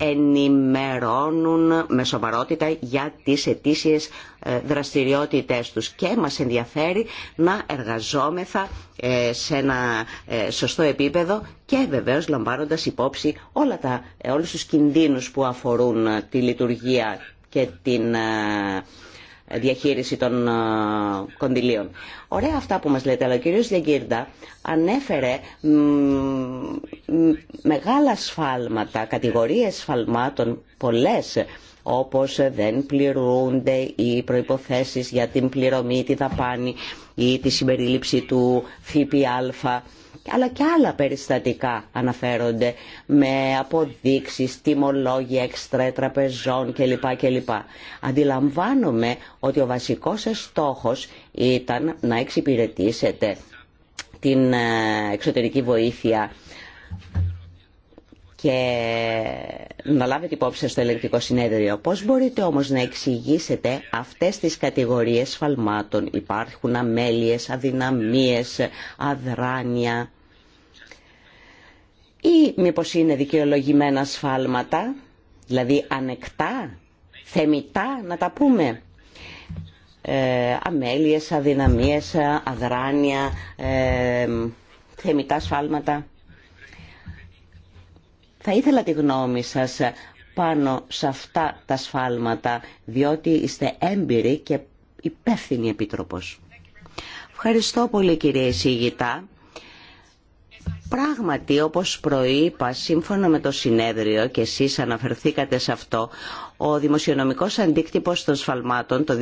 ενημερώνουν με σοβαρότητα για τις ετήσιες ε, δραστηριότητές τους και μας ενδιαφέρει να εργαζόμεθα ε, σε ένα σωστό επίπεδο και βεβαίως λαμβάνοντας υπόψη όλα τα, όλους τους κινδύνους που αφορούν τη λειτουργία και την διαχείριση των ε, κονδυλίων. Ωραία αυτά που μας λέτε, αλλά ο κύριος ανέφερε μεγάλα σφάλματα, κατηγορίες σφαλμάτων πολλές, όπως δεν πληρούνται οι προϋποθέσεις για την πληρωμή, τη δαπάνη ή τη συμπερίληψη του ΦΠΑ αλλά και άλλα περιστατικά αναφέρονται με αποδείξεις, τιμολόγια, εξτρέ τραπεζών κλπ. κλπ. Αντιλαμβάνομαι ότι ο βασικός σας στόχος ήταν να εξυπηρετήσετε την ε, εξωτερική βοήθεια και να λάβετε υπόψη στο ελεγκτικό συνέδριο. Πώς μπορείτε όμως να εξηγήσετε αυτές τις κατηγορίες σφαλμάτων. Υπάρχουν αμέλειες, αδυναμίες, αδράνεια ή μήπως είναι δικαιολογημένα σφάλματα, δηλαδή ανεκτά, θεμητά να τα πούμε. Ε, αμέλειες, αδυναμίες, αδράνεια, ε, θεμητά σφάλματα. Θα ήθελα τη γνώμη σας πάνω σε αυτά τα σφάλματα, διότι είστε έμπειροι και υπεύθυνοι επίτροπος. Ευχαριστώ πολύ κύριε εισηγητά. Πράγματι, όπως προείπα, σύμφωνα με το συνέδριο και εσείς αναφερθήκατε σε αυτό, ο δημοσιονομικός αντίκτυπος των σφαλμάτων το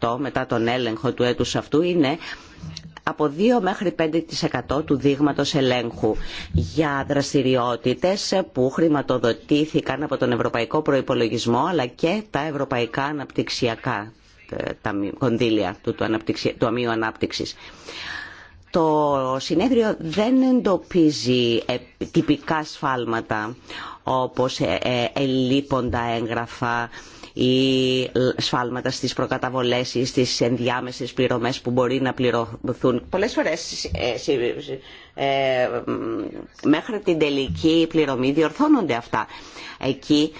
2008 μετά τον έλεγχο του έτους αυτού είναι από 2 μέχρι 5% του δείγματος ελέγχου για δραστηριότητες που χρηματοδοτήθηκαν από τον Ευρωπαϊκό Προϋπολογισμό αλλά και τα Ευρωπαϊκά Αναπτυξιακά ε, τα κονδύλια του, του, Αμείου Ανάπτυξης. Το συνέδριο δεν εντοπίζει ε, τυπικά σφάλματα όπως ελείποντα ε, έγγραφα, ή ε, σφάλματα στις προκαταβολές ή στις ενδιάμεσες πληρωμές που μπορεί να πληρωθούν. Πολλές φορές ε, ε, μέχρι την τελική πληρωμή διορθώνονται αυτά. Εκεί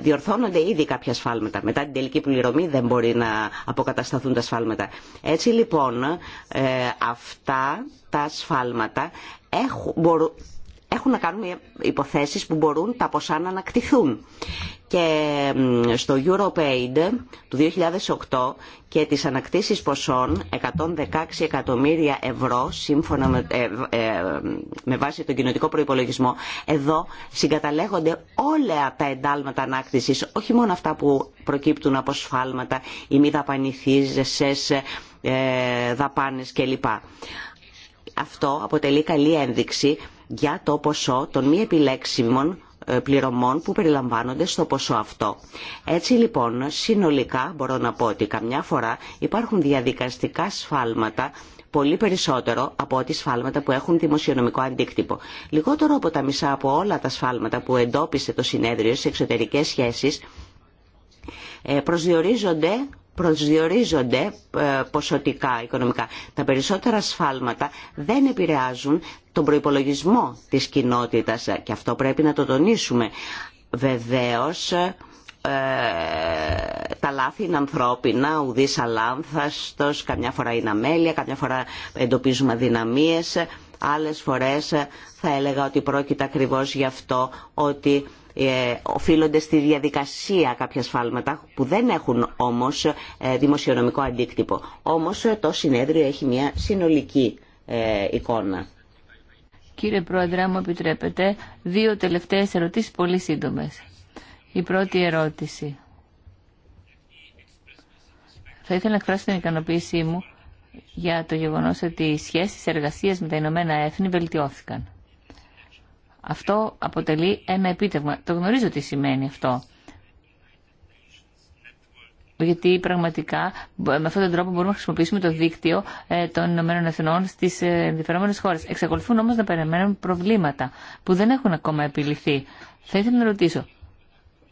διορθώνονται ήδη κάποια σφάλματα. Μετά την τελική πληρωμή δεν μπορεί να αποκατασταθούν τα σφάλματα. Έτσι λοιπόν αυτά τα σφάλματα έχουν, έχουν να κάνουν υποθέσεις που μπορούν τα ποσά να ανακτηθούν. Και στο EuroPaid του 2008 και τις ανακτήσεις ποσών 116 εκατομμύρια ευρώ σύμφωνα με, ε, ε, με βάση τον κοινοτικό προϋπολογισμό εδώ συγκαταλέγονται όλα τα εντάλματα ανάκτησης όχι μόνο αυτά που προκύπτουν από σφάλματα ή μη δαπανηθίζεσες ε, δαπάνες κλπ. Αυτό αποτελεί καλή ένδειξη για το ποσό των μη επιλέξιμων ε, πληρωμών που περιλαμβάνονται στο ποσό αυτό. Έτσι λοιπόν συνολικά μπορώ να πω ότι καμιά φορά υπάρχουν διαδικαστικά σφάλματα πολύ περισσότερο από ό,τι σφάλματα που έχουν δημοσιονομικό αντίκτυπο. Λιγότερο από τα μισά από όλα τα σφάλματα που εντόπισε το συνέδριο σε εξωτερικές σχέσεις ε, προσδιορίζονται προσδιορίζονται ε, ποσοτικά οικονομικά. Τα περισσότερα σφάλματα δεν επηρεάζουν τον προϋπολογισμό της κοινότητας και αυτό πρέπει να το τονίσουμε. Βεβαίως ε, τα λάθη είναι ανθρώπινα, ουδής αλάνθαστος, καμιά φορά είναι αμέλεια, καμιά φορά εντοπίζουμε δυναμίες. άλλες φορές θα έλεγα ότι πρόκειται ακριβώς γι' αυτό ότι ε, οφείλονται στη διαδικασία κάποια σφάλματα που δεν έχουν όμως ε, δημοσιονομικό αντίκτυπο. Όμως ε, το συνέδριο έχει μια συνολική εικόνα. Κύριε Πρόεδρε, μου επιτρέπετε δύο τελευταίες ερωτήσεις πολύ σύντομες. Η πρώτη ερώτηση. Θα ήθελα να εκφράσω την ικανοποίησή μου για το γεγονός ότι οι σχέσεις εργασίας με τα Ηνωμένα Έθνη βελτιώθηκαν. Αυτό αποτελεί ένα επίτευγμα. Το γνωρίζω τι σημαίνει αυτό. Γιατί πραγματικά με αυτόν τον τρόπο μπορούμε να χρησιμοποιήσουμε το δίκτυο ε, των Ηνωμένων Εθνών στι ε, ενδιαφερόμενε χώρε. Εξακολουθούν όμω να περιμένουν προβλήματα που δεν έχουν ακόμα επιληθεί. Θα ήθελα να ρωτήσω,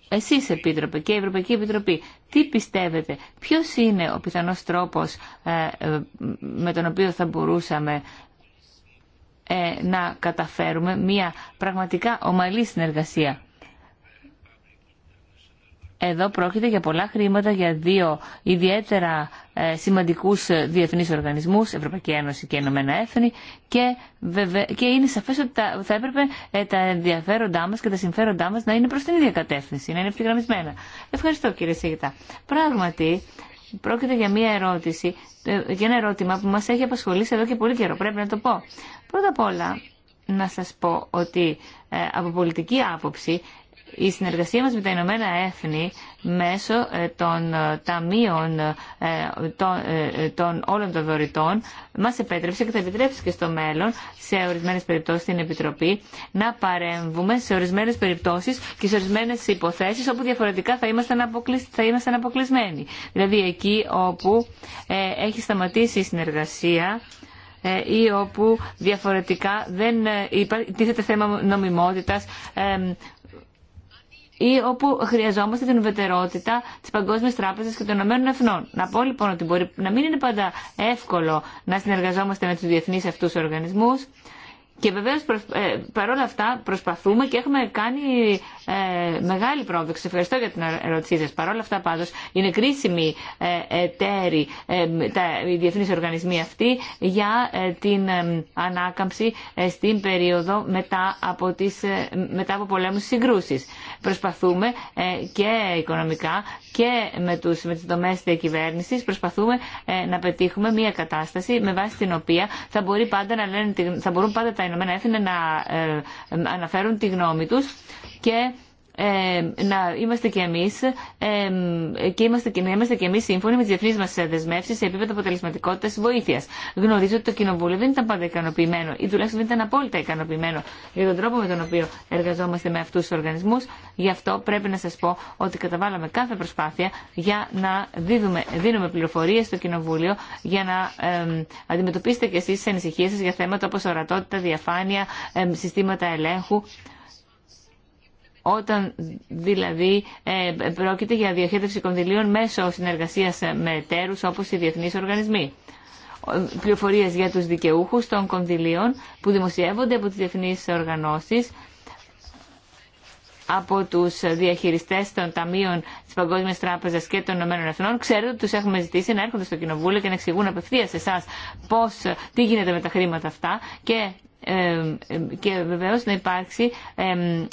εσεί Επίτροπε και η Ευρωπαϊκή Επιτροπή, τι πιστεύετε, ποιο είναι ο πιθανό τρόπο ε, με τον οποίο θα μπορούσαμε ε, να καταφέρουμε μια πραγματικά ομαλή συνεργασία. Εδώ πρόκειται για πολλά χρήματα για δύο ιδιαίτερα ε, σημαντικούς ε, διεθνείς οργανισμούς, Ευρωπαϊκή Ένωση και Ηνωμένα Έθνη και, και είναι σαφές ότι θα έπρεπε τα ενδιαφέροντά μας και τα συμφέροντά μας να είναι προς την ίδια κατεύθυνση, να είναι ευθυγραμμισμένα. Ευχαριστώ κύριε Σίγητα. Πράγματι, πρόκειται για μια ερώτηση, για ένα ερώτημα που μας έχει απασχολήσει εδώ και πολύ καιρό, πρέπει να το πω. Πρώτα απ' όλα να σας πω ότι ε, από πολιτική άποψη η συνεργασία μας με τα Ηνωμένα Έθνη μέσω ε, των ε, ταμείων των, όλων των δωρητών μας επέτρεψε και θα επιτρέψει και στο μέλλον σε ορισμένες περιπτώσεις στην Επιτροπή να παρέμβουμε σε ορισμένες περιπτώσεις και σε ορισμένες υποθέσεις όπου διαφορετικά θα ήμασταν, θα ήμασταν αποκλεισμένοι. Δηλαδή εκεί όπου έχει σταματήσει η συνεργασία ε, ή όπου διαφορετικά δεν ε, τίθεται θέμα νομιμότητας ε, ή όπου χρειαζόμαστε την ουδετερότητα της Παγκόσμιας Τράπεζας και των Ηνωμένων Εθνών. Να πω λοιπόν ότι μπορεί να μην είναι πάντα εύκολο να συνεργαζόμαστε με τους διεθνείς αυτούς οργανισμούς, και βεβαίως ε, παρόλα αυτά προσπαθούμε και έχουμε κάνει ε, μεγάλη πρόοδο. ευχαριστώ για την ερώτησή σας. Παρόλα αυτά πάντως είναι κρίσιμη ε, εταίροι τα, οι διεθνείς οργανισμοί αυτοί για την ανάκαμψη στην περίοδο μετά από, τις, μετά από πολέμους συγκρούσεις. Προσπαθούμε ε, και οικονομικά και με, τους, με τις δομές προσπαθούμε ε, να πετύχουμε μια κατάσταση με βάση την οποία θα, μπορεί πάντα να λένε, θα μπορούν πάντα τα Ηνωμένα Έθνη να ε, αναφέρουν τη γνώμη τους και ε, να είμαστε και εμεί ε, και είμαστε, να είμαστε και εμείς σύμφωνοι με τι διεθνεί μας δεσμεύσεις σε επίπεδο αποτελεσματικότητα βοήθεια. βοήθειας. Γνωρίζω ότι το Κοινοβούλιο δεν ήταν πάντα ικανοποιημένο ή τουλάχιστον δεν ήταν απόλυτα ικανοποιημένο για τον τρόπο με τον οποίο εργαζόμαστε με αυτού του οργανισμού. Γι' αυτό πρέπει να σα πω ότι καταβάλαμε κάθε προσπάθεια για να δίδουμε, δίνουμε πληροφορίε στο Κοινοβούλιο για να ε, αντιμετωπίσετε κι εσεί τι ανησυχίε σα για θέματα όπω ορατότητα, διαφάνεια, συστήματα ελέγχου όταν δηλαδή ε, πρόκειται για διαχέτευση κονδυλίων μέσω συνεργασίας με εταίρους όπως οι διεθνείς οργανισμοί πληροφορίες για τους δικαιούχους των κονδυλίων που δημοσιεύονται από τις διεθνείς οργανώσεις από τους διαχειριστές των ταμείων της Παγκόσμιας Τράπεζας και των Ηνωμένων Εθνών. Ξέρω ότι τους έχουμε ζητήσει να έρχονται στο Κοινοβούλιο και να εξηγούν απευθείας εσά πώς, τι γίνεται με τα χρήματα αυτά και ε, ε, και βεβαίως να υπάρξει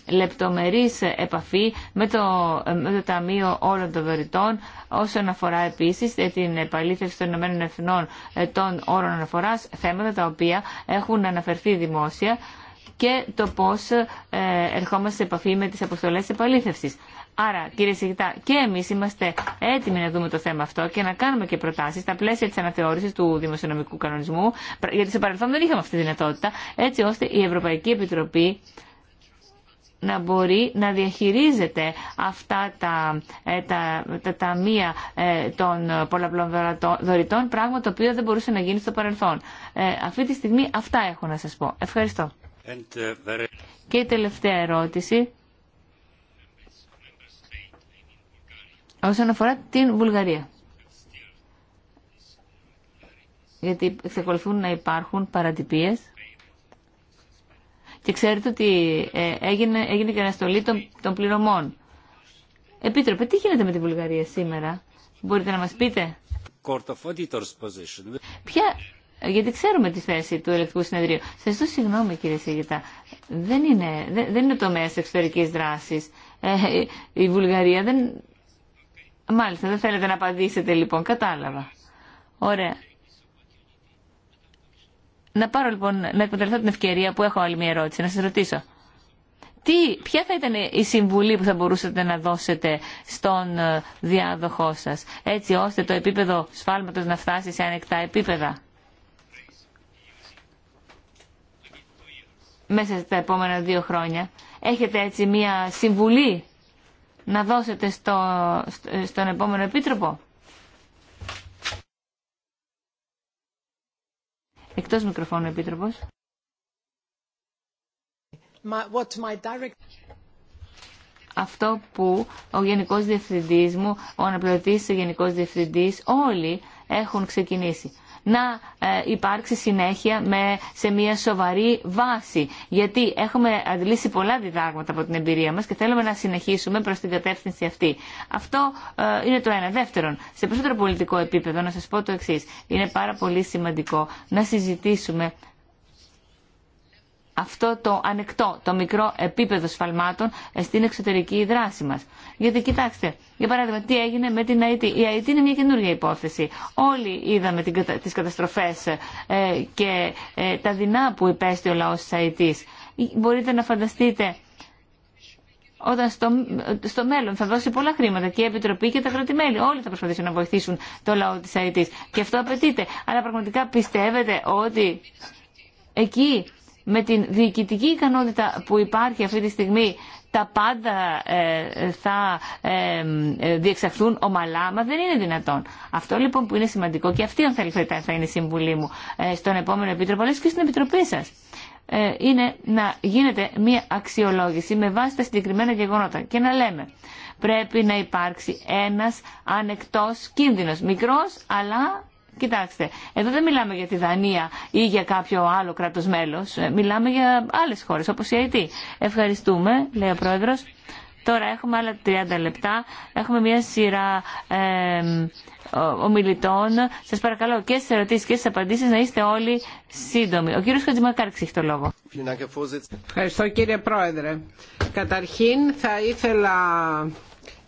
λεπτομερής επαφή με το, με το Ταμείο Όλων των Δωρητών όσον αφορά επίσης ε, την επαλήθευση των Ηνωμένων Εθνών των όρων αναφοράς, θέματα τα οποία έχουν αναφερθεί δημόσια και το πώς ερχόμαστε σε επαφή με τις αποστολές επαλήθευσης. Άρα, κύριε Σιγητά, και εμεί είμαστε έτοιμοι να δούμε το θέμα αυτό και να κάνουμε και προτάσει στα πλαίσια τη αναθεώρηση του δημοσιονομικού κανονισμού, γιατί σε παρελθόν δεν είχαμε αυτή τη δυνατότητα, έτσι ώστε η Ευρωπαϊκή Επιτροπή να μπορεί να διαχειρίζεται αυτά τα, ε, τα, τα ταμεία ε, των πολλαπλών δωρητών, πράγμα το οποίο δεν μπορούσε να γίνει στο παρελθόν. Ε, αυτή τη στιγμή αυτά έχω να σας πω. Ευχαριστώ. Uh, και η τελευταία ερώτηση όσον αφορά την Βουλγαρία. Γιατί εξακολουθούν να υπάρχουν παρατυπίες και ξέρετε ότι ε, έγινε, έγινε και αναστολή των, των πληρωμών. Επίτροπε, τι γίνεται με τη Βουλγαρία σήμερα, μπορείτε να μας πείτε. Ποια, γιατί ξέρουμε τη θέση του ελεκτικού συνεδρίου. Σα ζητώ συγγνώμη κύριε Σιγητά. Δεν είναι, δεν, δεν είναι τομέα εξωτερική δράση. Ε, η Βουλγαρία δεν, Μάλιστα, δεν θέλετε να απαντήσετε λοιπόν, κατάλαβα. Ωραία. Να πάρω λοιπόν, να εκμεταλλευτώ την ευκαιρία που έχω άλλη μια ερώτηση, να σας ρωτήσω. Τι, ποια θα ήταν η συμβουλή που θα μπορούσατε να δώσετε στον ε, διάδοχό σας, έτσι ώστε το επίπεδο σφάλματος να φτάσει σε ανεκτά επίπεδα. Μέσα στα επόμενα δύο χρόνια έχετε έτσι μια συμβουλή να δώσετε στο, στον επόμενο επίτροπο. Εκτός μικροφώνου επίτροπος. Αυτό που ο Γενικός Διευθυντής μου, ο Αναπληρωτής Γενικός Διευθυντής, όλοι έχουν ξεκινήσει να ε, υπάρξει συνέχεια με, σε μια σοβαρή βάση. Γιατί έχουμε αντλήσει πολλά διδάγματα από την εμπειρία μας και θέλουμε να συνεχίσουμε προς την κατεύθυνση αυτή. Αυτό ε, είναι το ένα. Δεύτερον, σε περισσότερο πολιτικό επίπεδο να σας πω το εξής. Είναι πάρα πολύ σημαντικό να συζητήσουμε αυτό το ανεκτό, το μικρό επίπεδο σφαλμάτων στην εξωτερική δράση μα. Γιατί κοιτάξτε, για παράδειγμα, τι έγινε με την ΑΕΤ. Η ΑΕΤ είναι μια καινούργια υπόθεση. Όλοι είδαμε τι καταστροφέ ε, και ε, τα δεινά που υπέστη ο λαό τη ΑΕΤ. Μπορείτε να φανταστείτε όταν στο, στο μέλλον θα δώσει πολλά χρήματα και η Επιτροπή και τα κρατημέλη. Όλοι θα προσπαθήσουν να βοηθήσουν το λαό της ΑΕΤ. Και αυτό απαιτείται. Αλλά πραγματικά πιστεύετε ότι εκεί με την διοικητική ικανότητα που υπάρχει αυτή τη στιγμή τα πάντα ε, θα ε, ε, διεξαχθούν ομαλά, μα δεν είναι δυνατόν. Αυτό λοιπόν που είναι σημαντικό και αυτή αν θέλετε θα είναι η συμβουλή μου στον επόμενο επίτροπο, αλλά και στην επιτροπή σας, είναι να γίνεται μια αξιολόγηση με βάση τα συγκεκριμένα γεγονότα και να λέμε πρέπει να υπάρξει ένας ανεκτός κίνδυνος, μικρός αλλά Κοιτάξτε, εδώ δεν μιλάμε για τη Δανία ή για κάποιο άλλο κράτος μέλος. Ε, μιλάμε για άλλε χώρε, όπω η ΑΕΤ. Ευχαριστούμε, λέει ο πρόεδρο. Τώρα έχουμε άλλα 30 λεπτά. Έχουμε μια σειρά ομιλητών. Σα παρακαλώ και στι ερωτήσει και στι απαντήσει να είστε όλοι σύντομοι. Ο κύριο Χατζημακάρξ έχει το λόγο. Ευχαριστώ κύριε Πρόεδρε. Καταρχήν θα ήθελα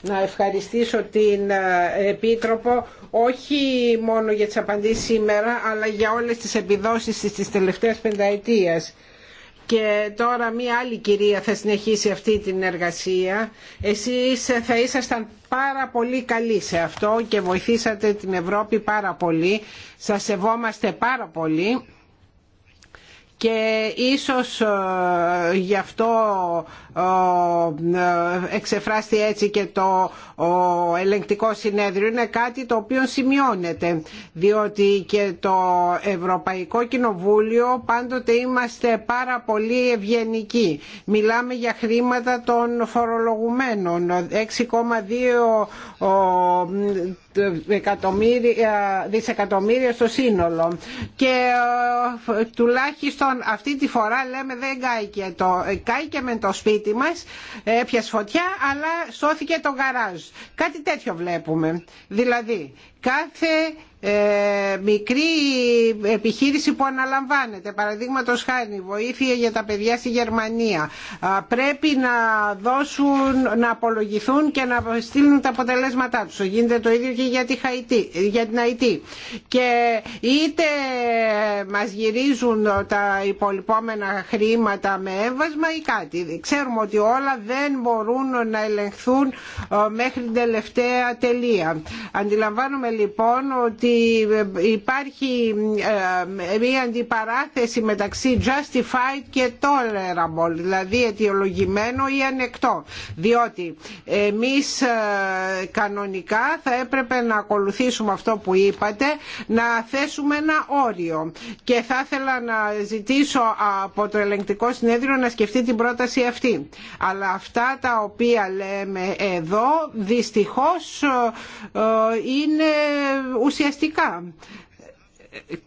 να ευχαριστήσω την ε, Επίτροπο όχι μόνο για τις απαντήσεις σήμερα αλλά για όλες τις επιδόσεις της τελευταίας πενταετίας. Και τώρα μία άλλη κυρία θα συνεχίσει αυτή την εργασία. Εσείς θα ήσασταν πάρα πολύ καλοί σε αυτό και βοηθήσατε την Ευρώπη πάρα πολύ. Σας σεβόμαστε πάρα πολύ και ίσως ε, γι' αυτό ε, ε, εξεφράστη έτσι και το ελεγκτικό συνέδριο είναι κάτι το οποίο σημειώνεται διότι και το Ευρωπαϊκό Κοινοβούλιο πάντοτε είμαστε πάρα πολύ ευγενικοί μιλάμε για χρήματα των φορολογουμένων 6,2 ε, δισεκατομμύρια στο σύνολο και ε, τουλάχιστον αυτή τη φορά λέμε δεν κάηκε το κάηκε με το σπίτι μας έπιασε φωτιά αλλά σώθηκε το γαράζ κάτι τέτοιο βλέπουμε δηλαδή κάθε ε, μικρή επιχείρηση που αναλαμβάνεται. Παραδείγματο χάρη βοήθεια για τα παιδιά στη Γερμανία. Πρέπει να δώσουν, να απολογηθούν και να στείλουν τα αποτελέσματά τους. Γίνεται το ίδιο και για, τη Χαϊτή, για την Αϊτή. Και είτε μας γυρίζουν τα υπολοιπόμενα χρήματα με έμβασμα ή κάτι. Ξέρουμε ότι όλα δεν μπορούν να ελεγχθούν μέχρι την τελευταία τελεία. αντιλαμβάνουμε λοιπόν ότι ε, υπάρχει ε, μια αντιπαράθεση μεταξύ justified και tolerable, δηλαδή αιτιολογημένο ή ανεκτό. Διότι εμείς ε, κανονικά θα έπρεπε να ακολουθήσουμε αυτό που είπατε, να θέσουμε ένα όριο. Και θα ήθελα να ζητήσω από το ελεγκτικό συνέδριο να σκεφτεί την πρόταση αυτή. Αλλά αυτά τα οποία λέμε εδώ δυστυχώς είναι ουσιαστικά ουσιαστικά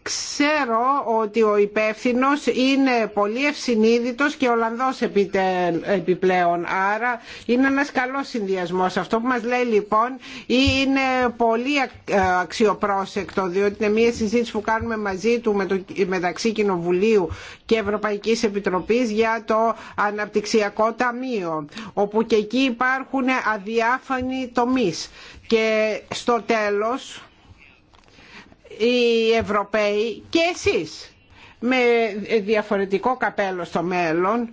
ξέρω ότι ο υπεύθυνο είναι πολύ ευσυνείδητος και Ολλανδός επιπλέον. Άρα είναι ένας καλός συνδυασμός. Αυτό που μας λέει λοιπόν είναι πολύ αξιοπρόσεκτο διότι είναι μια συζήτηση που κάνουμε μαζί του με το, μεταξύ Κοινοβουλίου και Ευρωπαϊκής Επιτροπής για το Αναπτυξιακό Ταμείο όπου και εκεί υπάρχουν αδιάφανοι τομείς. Και στο τέλος οι Ευρωπαίοι και εσείς με διαφορετικό καπέλο στο μέλλον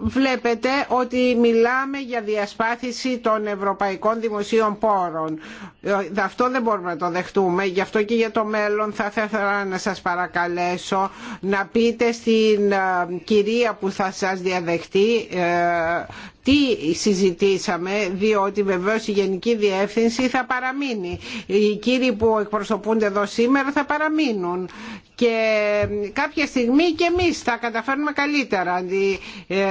βλέπετε ότι μιλάμε για διασπάθηση των ευρωπαϊκών δημοσίων πόρων. Ε, αυτό δεν μπορούμε να το δεχτούμε, γι' αυτό και για το μέλλον θα ήθελα να σας παρακαλέσω να πείτε στην ε, κυρία που θα σας διαδεχτεί ε, τι συζητήσαμε διότι βεβαίως η Γενική Διεύθυνση θα παραμείνει. Οι κύριοι που εκπροσωπούνται εδώ σήμερα θα παραμείνουν και κάποια στιγμή και εμείς θα καταφέρουμε καλύτερα. Ε, ε,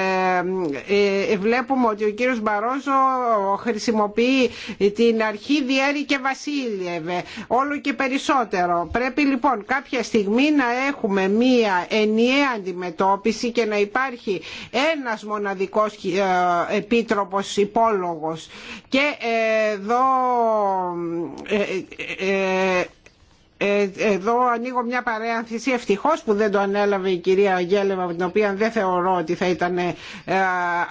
ε, βλέπουμε ότι ο κύριος Μπαρόζο χρησιμοποιεί την αρχή διέρη και βασίλευε όλο και περισσότερο. Πρέπει λοιπόν κάποια στιγμή να έχουμε μία ενιαία αντιμετώπιση και να υπάρχει ένας μοναδικός επίτροπος υπόλογος. Και εδώ ε, εδώ ανοίγω μια παρέανθηση ευτυχώ που δεν το ανέλαβε η κυρία Γέλεβα την οποία δεν θεωρώ ότι θα ήταν ε,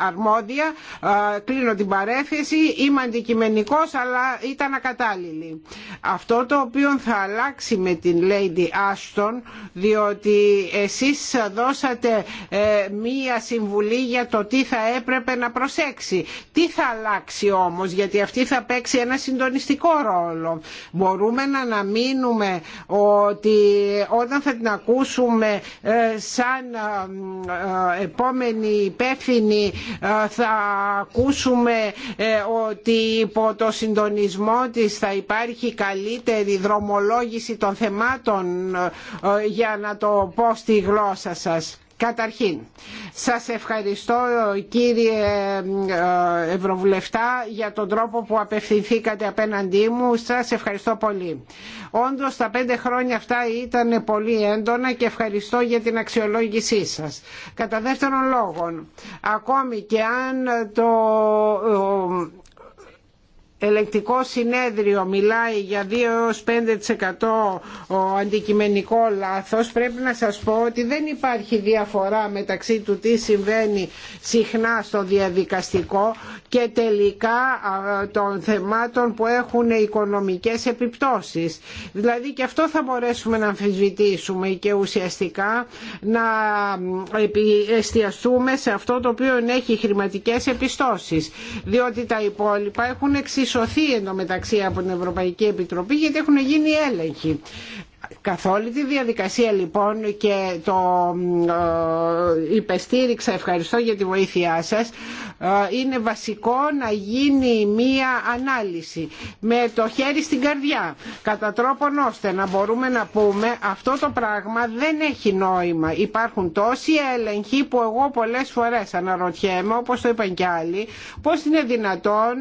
αρμόδια κλείνω την παρέθεση είμαι αντικειμενικό, αλλά ήταν ακατάλληλη αυτό το οποίο θα αλλάξει με την Lady Ashton διότι εσείς δώσατε ε, μία συμβουλή για το τι θα έπρεπε να προσέξει τι θα αλλάξει όμω, γιατί αυτή θα παίξει ένα συντονιστικό ρόλο μπορούμε να αναμείνουμε ότι όταν θα την ακούσουμε ε, σαν ε, ε, επόμενη υπεύθυνη θα ακούσουμε ότι υπό το συντονισμό της θα υπάρχει καλύτερη δρομολόγηση των θεμάτων για να το πω στη γλώσσα σας. Καταρχήν, σας ευχαριστώ κύριε ε, Ευρωβουλευτά για τον τρόπο που απευθυνθήκατε απέναντί μου. Σας ευχαριστώ πολύ. Όντως τα πέντε χρόνια αυτά ήταν πολύ έντονα και ευχαριστώ για την αξιολόγησή σας. Κατά δεύτερον λόγον, ακόμη και αν το ελεκτικό συνέδριο μιλάει για 2-5% αντικειμενικό λάθος πρέπει να σας πω ότι δεν υπάρχει διαφορά μεταξύ του τι συμβαίνει συχνά στο διαδικαστικό και τελικά των θεμάτων που έχουν οικονομικές επιπτώσεις. Δηλαδή και αυτό θα μπορέσουμε να αμφισβητήσουμε και ουσιαστικά να εστιαστούμε σε αυτό το οποίο έχει χρηματικές επιστώσεις διότι τα υπόλοιπα έχουν σωθεί εντωμεταξύ από την Ευρωπαϊκή Επιτροπή γιατί έχουν γίνει έλεγχοι. Καθ' όλη τη διαδικασία λοιπόν και το ε, υπεστήριξα, ευχαριστώ για τη βοήθειά σας, ε, είναι βασικό να γίνει μία ανάλυση με το χέρι στην καρδιά, κατά τρόπον ώστε να μπορούμε να πούμε αυτό το πράγμα δεν έχει νόημα. Υπάρχουν τόσοι έλεγχοι που εγώ πολλές φορές αναρωτιέμαι, όπως το είπαν και άλλοι, πώς είναι δυνατόν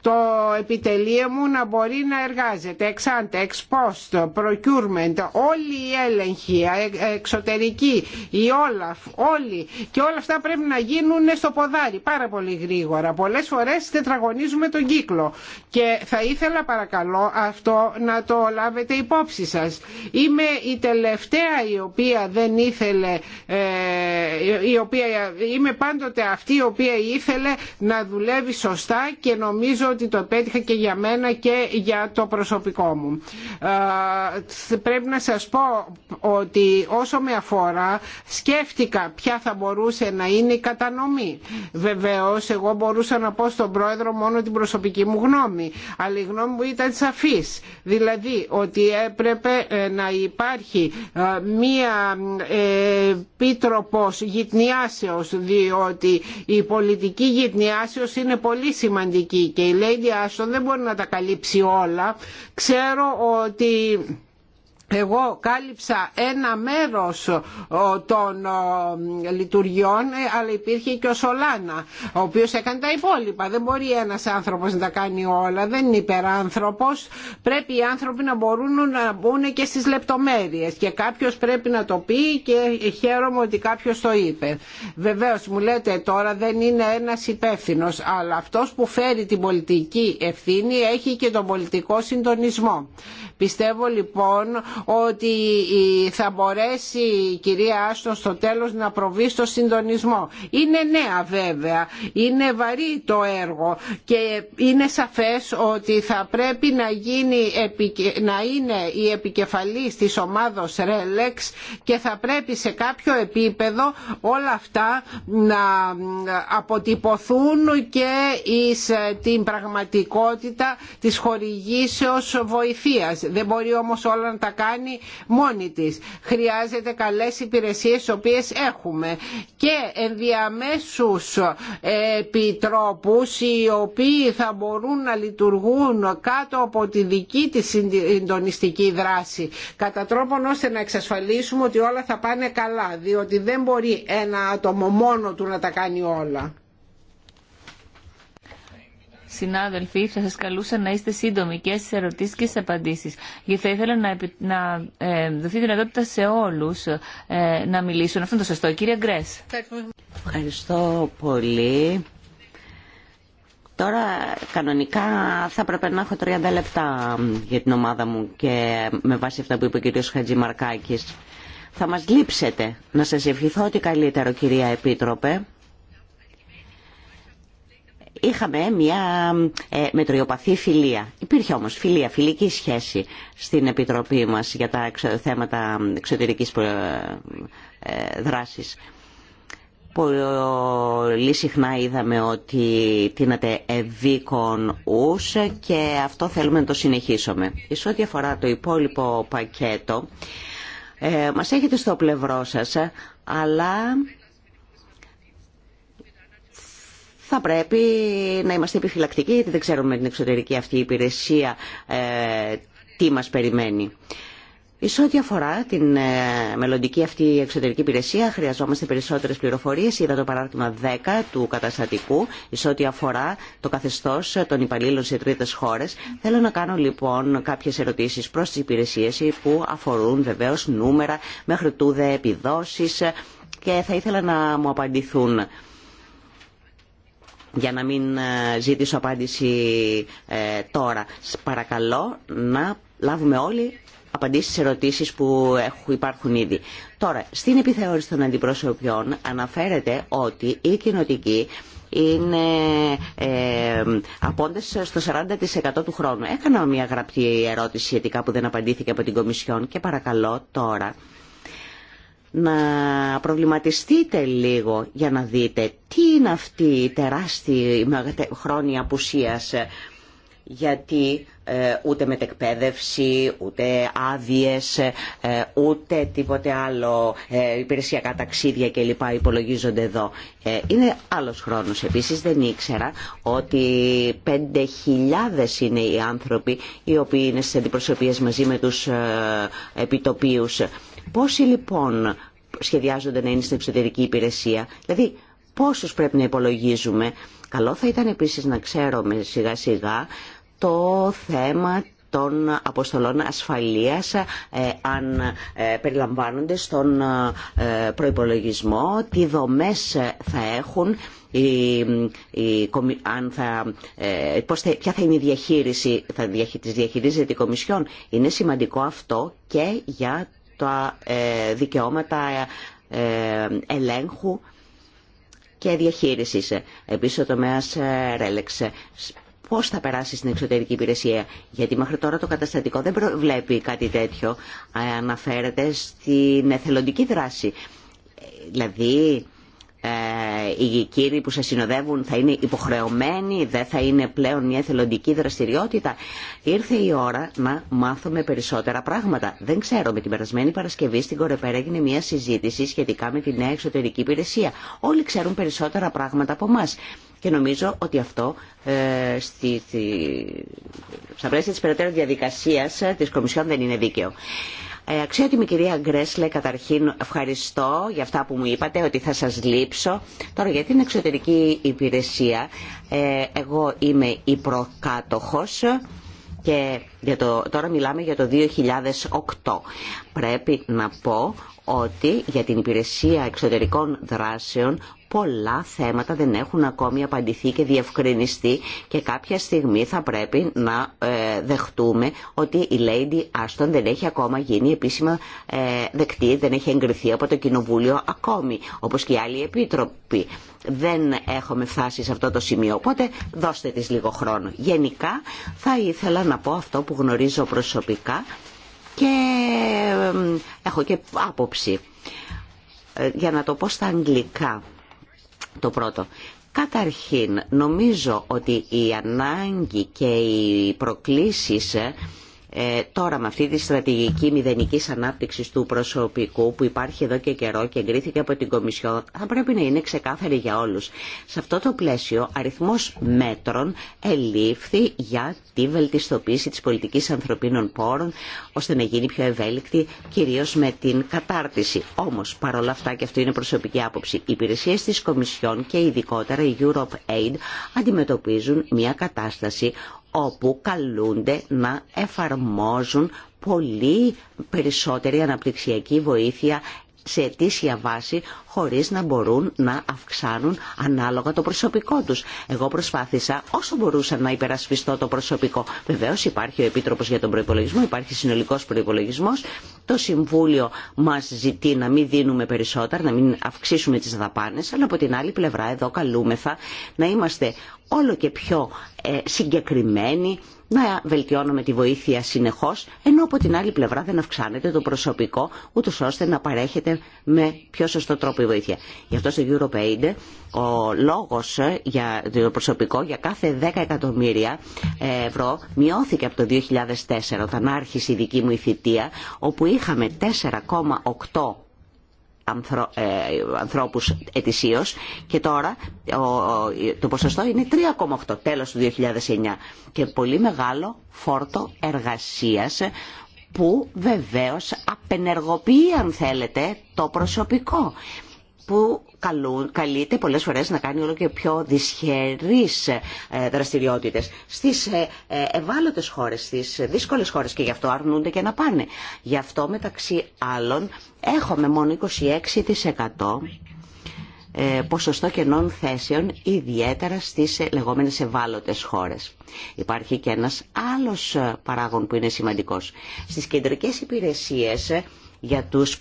το επιτελείο μου να μπορεί να εργάζεται εξάντε, εξ post, procurement, όλοι οι έλεγχοι, ε, εξωτερικοί, οι Όλαφ, όλοι και όλα αυτά πρέπει να γίνουν στο ποδάρι πάρα πολύ γρήγορα. Πολλές φορές τετραγωνίζουμε τον κύκλο και θα ήθελα παρακαλώ αυτό να το λάβετε υπόψη σας. Είμαι η τελευταία η οποία δεν ήθελε, ε, η οποία, είμαι πάντοτε αυτή η οποία ήθελε να δουλεύει σωστά και νομίζω ότι το πέτυχα και για μένα και για το προσωπικό μου. Ε, πρέπει να σας πω ότι όσο με αφορά σκέφτηκα ποια θα μπορούσε να είναι η κατανομή. Βεβαίως εγώ μπορούσα να πω στον πρόεδρο μόνο την προσωπική μου γνώμη, αλλά η γνώμη μου ήταν σαφής. Δηλαδή ότι έπρεπε ε, να υπάρχει ε, μία ε, επίτροπος γυτνιάσεως, διότι η πολιτική γυτνιάσεως είναι πολύ σημαντική και η Lady Άστον δεν μπορεί να τα καλύψει όλα. Ξέρω ότι εγώ κάλυψα ένα μέρος των λειτουργιών ε, αλλά υπήρχε και ο Σολάνα ο οποίος έκανε τα υπόλοιπα δεν μπορεί ένας άνθρωπος να τα κάνει όλα δεν είναι υπεράνθρωπος πρέπει οι άνθρωποι να μπορούν να μπουν και στις λεπτομέρειες και κάποιος πρέπει να το πει και χαίρομαι ότι κάποιος το είπε βεβαίως μου λέτε τώρα δεν είναι ένας υπεύθυνο, αλλά αυτός που φέρει την πολιτική ευθύνη έχει και τον πολιτικό συντονισμό Πιστεύω λοιπόν ότι θα μπορέσει η κυρία Άστον στο τέλος να προβεί στο συντονισμό. Είναι νέα βέβαια, είναι βαρύ το έργο και είναι σαφές ότι θα πρέπει να, γίνει, να είναι η επικεφαλής της ομάδος Ρέλεξ και θα πρέπει σε κάποιο επίπεδο όλα αυτά να ε, αποτυπωθούν και εις ε, την πραγματικότητα της χορηγήσεως βοηθείας δεν μπορεί όμως όλα να τα κάνει μόνη της. Χρειάζεται καλές υπηρεσίες οποίες έχουμε και ενδιαμέσους επιτρόπους οι οποίοι θα μπορούν να λειτουργούν κάτω από τη δική της συντονιστική δράση κατά τρόπον ώστε να εξασφαλίσουμε ότι όλα θα πάνε καλά διότι δεν μπορεί ένα άτομο μόνο του να τα κάνει όλα συνάδελφοι, θα σας καλούσα να είστε σύντομοι και στις ερωτήσεις και στις απαντήσεις. Γιατί θα ήθελα να, να ε, δοθεί δυνατότητα σε όλους ε, να μιλήσουν. Αυτό είναι το σωστό. Κύριε Γκρέσ. Ευχαριστώ πολύ. Τώρα κανονικά θα έπρεπε να έχω 30 λεπτά για την ομάδα μου και με βάση αυτά που είπε ο κύριος Χατζημαρκάκης. Θα μας λείψετε. Να σας ευχηθώ ότι καλύτερο κυρία Επίτροπε είχαμε μια ε, μετριοπαθή φιλία. Υπήρχε όμως φιλία, φιλική σχέση στην Επιτροπή μας για τα θέματα εξωτερικής ε, ε, δράσης. Πολύ συχνά είδαμε ότι τίνατε ευήκον ους και αυτό θέλουμε να το συνεχίσουμε. Σε ό,τι αφορά το υπόλοιπο πακέτο, μας έχετε στο πλευρό σας, αλλά θα πρέπει να είμαστε επιφυλακτικοί γιατί δεν ξέρουμε με την εξωτερική αυτή υπηρεσία ε, τι μας περιμένει. Σε ό,τι αφορά την ε, μελλοντική αυτή εξωτερική υπηρεσία, χρειαζόμαστε περισσότερες πληροφορίες. Είδα το παράδειγμα 10 του καταστατικού. Σε ό,τι αφορά το καθεστώς των υπαλλήλων σε τρίτες χώρες, θέλω να κάνω λοιπόν κάποιες ερωτήσεις προς τις υπηρεσίες που αφορούν βεβαίως νούμερα, μέχρι τούδε επιδόσεις ε, και θα ήθελα να μου απαντηθούν για να μην ε, ζητήσω απάντηση ε, τώρα. Παρακαλώ να λάβουμε όλοι απαντήσεις σε ερωτήσεις που υπάρχουν ήδη. Τώρα, στην επιθεώρηση των αντιπρόσωπιών αναφέρεται ότι η κοινοτική είναι ε, απόντες στο 40% του χρόνου. Έκανα μια γραπτή ερώτηση σχετικά που δεν απαντήθηκε από την Κομισιόν και παρακαλώ τώρα να προβληματιστείτε λίγο για να δείτε τι είναι αυτή η τεράστια χρόνια απουσίας γιατί ε, ούτε μετεκπαίδευση, ούτε άδειε, ε, ούτε τίποτε άλλο, ε, υπηρεσιακά ταξίδια κλπ. υπολογίζονται εδώ. Ε, είναι άλλος χρόνος. Επίσης δεν ήξερα ότι 5.000 είναι οι άνθρωποι οι οποίοι είναι σε αντιπροσωπείες μαζί με τους ε, επιτοπίους Πόσοι λοιπόν σχεδιάζονται να είναι στην εξωτερική υπηρεσία, δηλαδή πόσους πρέπει να υπολογίζουμε. Καλό θα ήταν επίσης να ξέρουμε σιγά σιγά το θέμα των αποστολών ασφαλείας ε, αν ε, περιλαμβάνονται στον ε, προϋπολογισμό, τι δομές θα έχουν, αν θα, ε, πώς θα, ποια θα είναι η διαχείριση, θα διαχειρίζεται η Κομισιόν. Είναι σημαντικό αυτό και για τα ε, δικαιώματα ε, ελέγχου και διαχείρισης. Επίσης ο τομέας ρέλεξε Πώς θα περάσει στην εξωτερική υπηρεσία, γιατί μέχρι τώρα το καταστατικό δεν βλέπει κάτι τέτοιο. Ε, αναφέρεται στην εθελοντική δράση. Δηλαδή, ε, οι κύριοι που σε συνοδεύουν θα είναι υποχρεωμένοι, δεν θα είναι πλέον μια εθελοντική δραστηριότητα. Ήρθε η ώρα να μάθουμε περισσότερα πράγματα. Δεν ξέρω, με την περασμένη Παρασκευή στην Κορεπέρα έγινε μια συζήτηση σχετικά με τη νέα εξωτερική υπηρεσία. Όλοι ξέρουν περισσότερα πράγματα από εμά. Και νομίζω ότι αυτό ε, στα πλαίσια της περαιτέρω διαδικασίας ε, της Κομισιόν δεν είναι δίκαιο. Ε, αξιότιμη κυρία Γκρέσλε, καταρχήν ευχαριστώ για αυτά που μου είπατε, ότι θα σας λείψω. Τώρα για την εξωτερική υπηρεσία, ε, εγώ είμαι η προκάτοχος και για το, τώρα μιλάμε για το 2008. Πρέπει να πω ότι για την υπηρεσία εξωτερικών δράσεων πολλά θέματα δεν έχουν ακόμη απαντηθεί και διευκρινιστεί και κάποια στιγμή θα πρέπει να ε, δεχτούμε ότι η Lady Άστον δεν έχει ακόμα γίνει επίσημα ε, δεκτή, δεν έχει εγκριθεί από το Κοινοβούλιο ακόμη, όπως και οι άλλοι επίτροποι. Δεν έχουμε φτάσει σε αυτό το σημείο, οπότε δώστε της λίγο χρόνο. Γενικά θα ήθελα να πω αυτό που γνωρίζω προσωπικά και ε, έχω και άποψη για να το πω στα αγγλικά το πρώτο. Καταρχήν, νομίζω ότι η ανάγκη και οι προκλήσεις ε, ε, τώρα με αυτή τη στρατηγική μηδενική ανάπτυξη του προσωπικού που υπάρχει εδώ και καιρό και εγκρίθηκε από την Κομισιό θα πρέπει να είναι ξεκάθαρη για όλους. Σε αυτό το πλαίσιο αριθμός μέτρων ελήφθη για τη βελτιστοποίηση της πολιτικής ανθρωπίνων πόρων ώστε να γίνει πιο ευέλικτη κυρίως με την κατάρτιση. Όμως παρόλα αυτά και αυτό είναι προσωπική άποψη οι υπηρεσίες της Κομισιόν και ειδικότερα η Europe Aid αντιμετωπίζουν μια κατάσταση όπου καλούνται να εφαρμόζουν πολύ περισσότερη αναπτυξιακή βοήθεια σε αιτήσια βάση χωρίς να μπορούν να αυξάνουν ανάλογα το προσωπικό τους. Εγώ προσπάθησα όσο μπορούσα να υπερασπιστώ το προσωπικό. Βεβαίως υπάρχει ο Επίτροπος για τον Προϋπολογισμό, υπάρχει συνολικός προϋπολογισμός. Το Συμβούλιο μας ζητεί να μην δίνουμε περισσότερα, να μην αυξήσουμε τις δαπάνες, αλλά από την άλλη πλευρά εδώ καλούμεθα να είμαστε όλο και πιο ε, συγκεκριμένοι να βελτιώνουμε τη βοήθεια συνεχώς, ενώ από την άλλη πλευρά δεν αυξάνεται το προσωπικό, ούτως ώστε να παρέχεται με πιο σωστό τρόπο η βοήθεια. Γι' αυτό στο Europaid ο λόγος για το προσωπικό για κάθε 10 εκατομμύρια ευρώ μειώθηκε από το 2004, όταν άρχισε η δική μου η όπου είχαμε 4,8 ανθρω... ε, ανθρώπους ετησίως και τώρα το ποσοστό είναι 3,8 τέλος του 2009 και πολύ μεγάλο φόρτο εργασίας που βεβαίως απενεργοποιεί αν θέλετε το προσωπικό που καλείται πολλές φορές να κάνει όλο και πιο δυσχερείς ε, δραστηριότητες στις ε, ε, ευάλωτες χώρες, στις δύσκολες χώρες και γι' αυτό αρνούνται και να πάνε. Γι' αυτό μεταξύ άλλων έχουμε μόνο 26% ποσοστό κενών θέσεων, ιδιαίτερα στις λεγόμενες ευάλωτες χώρες. Υπάρχει και ένας άλλος παράγον που είναι σημαντικός. Στις κεντρικές υπηρεσίες για τους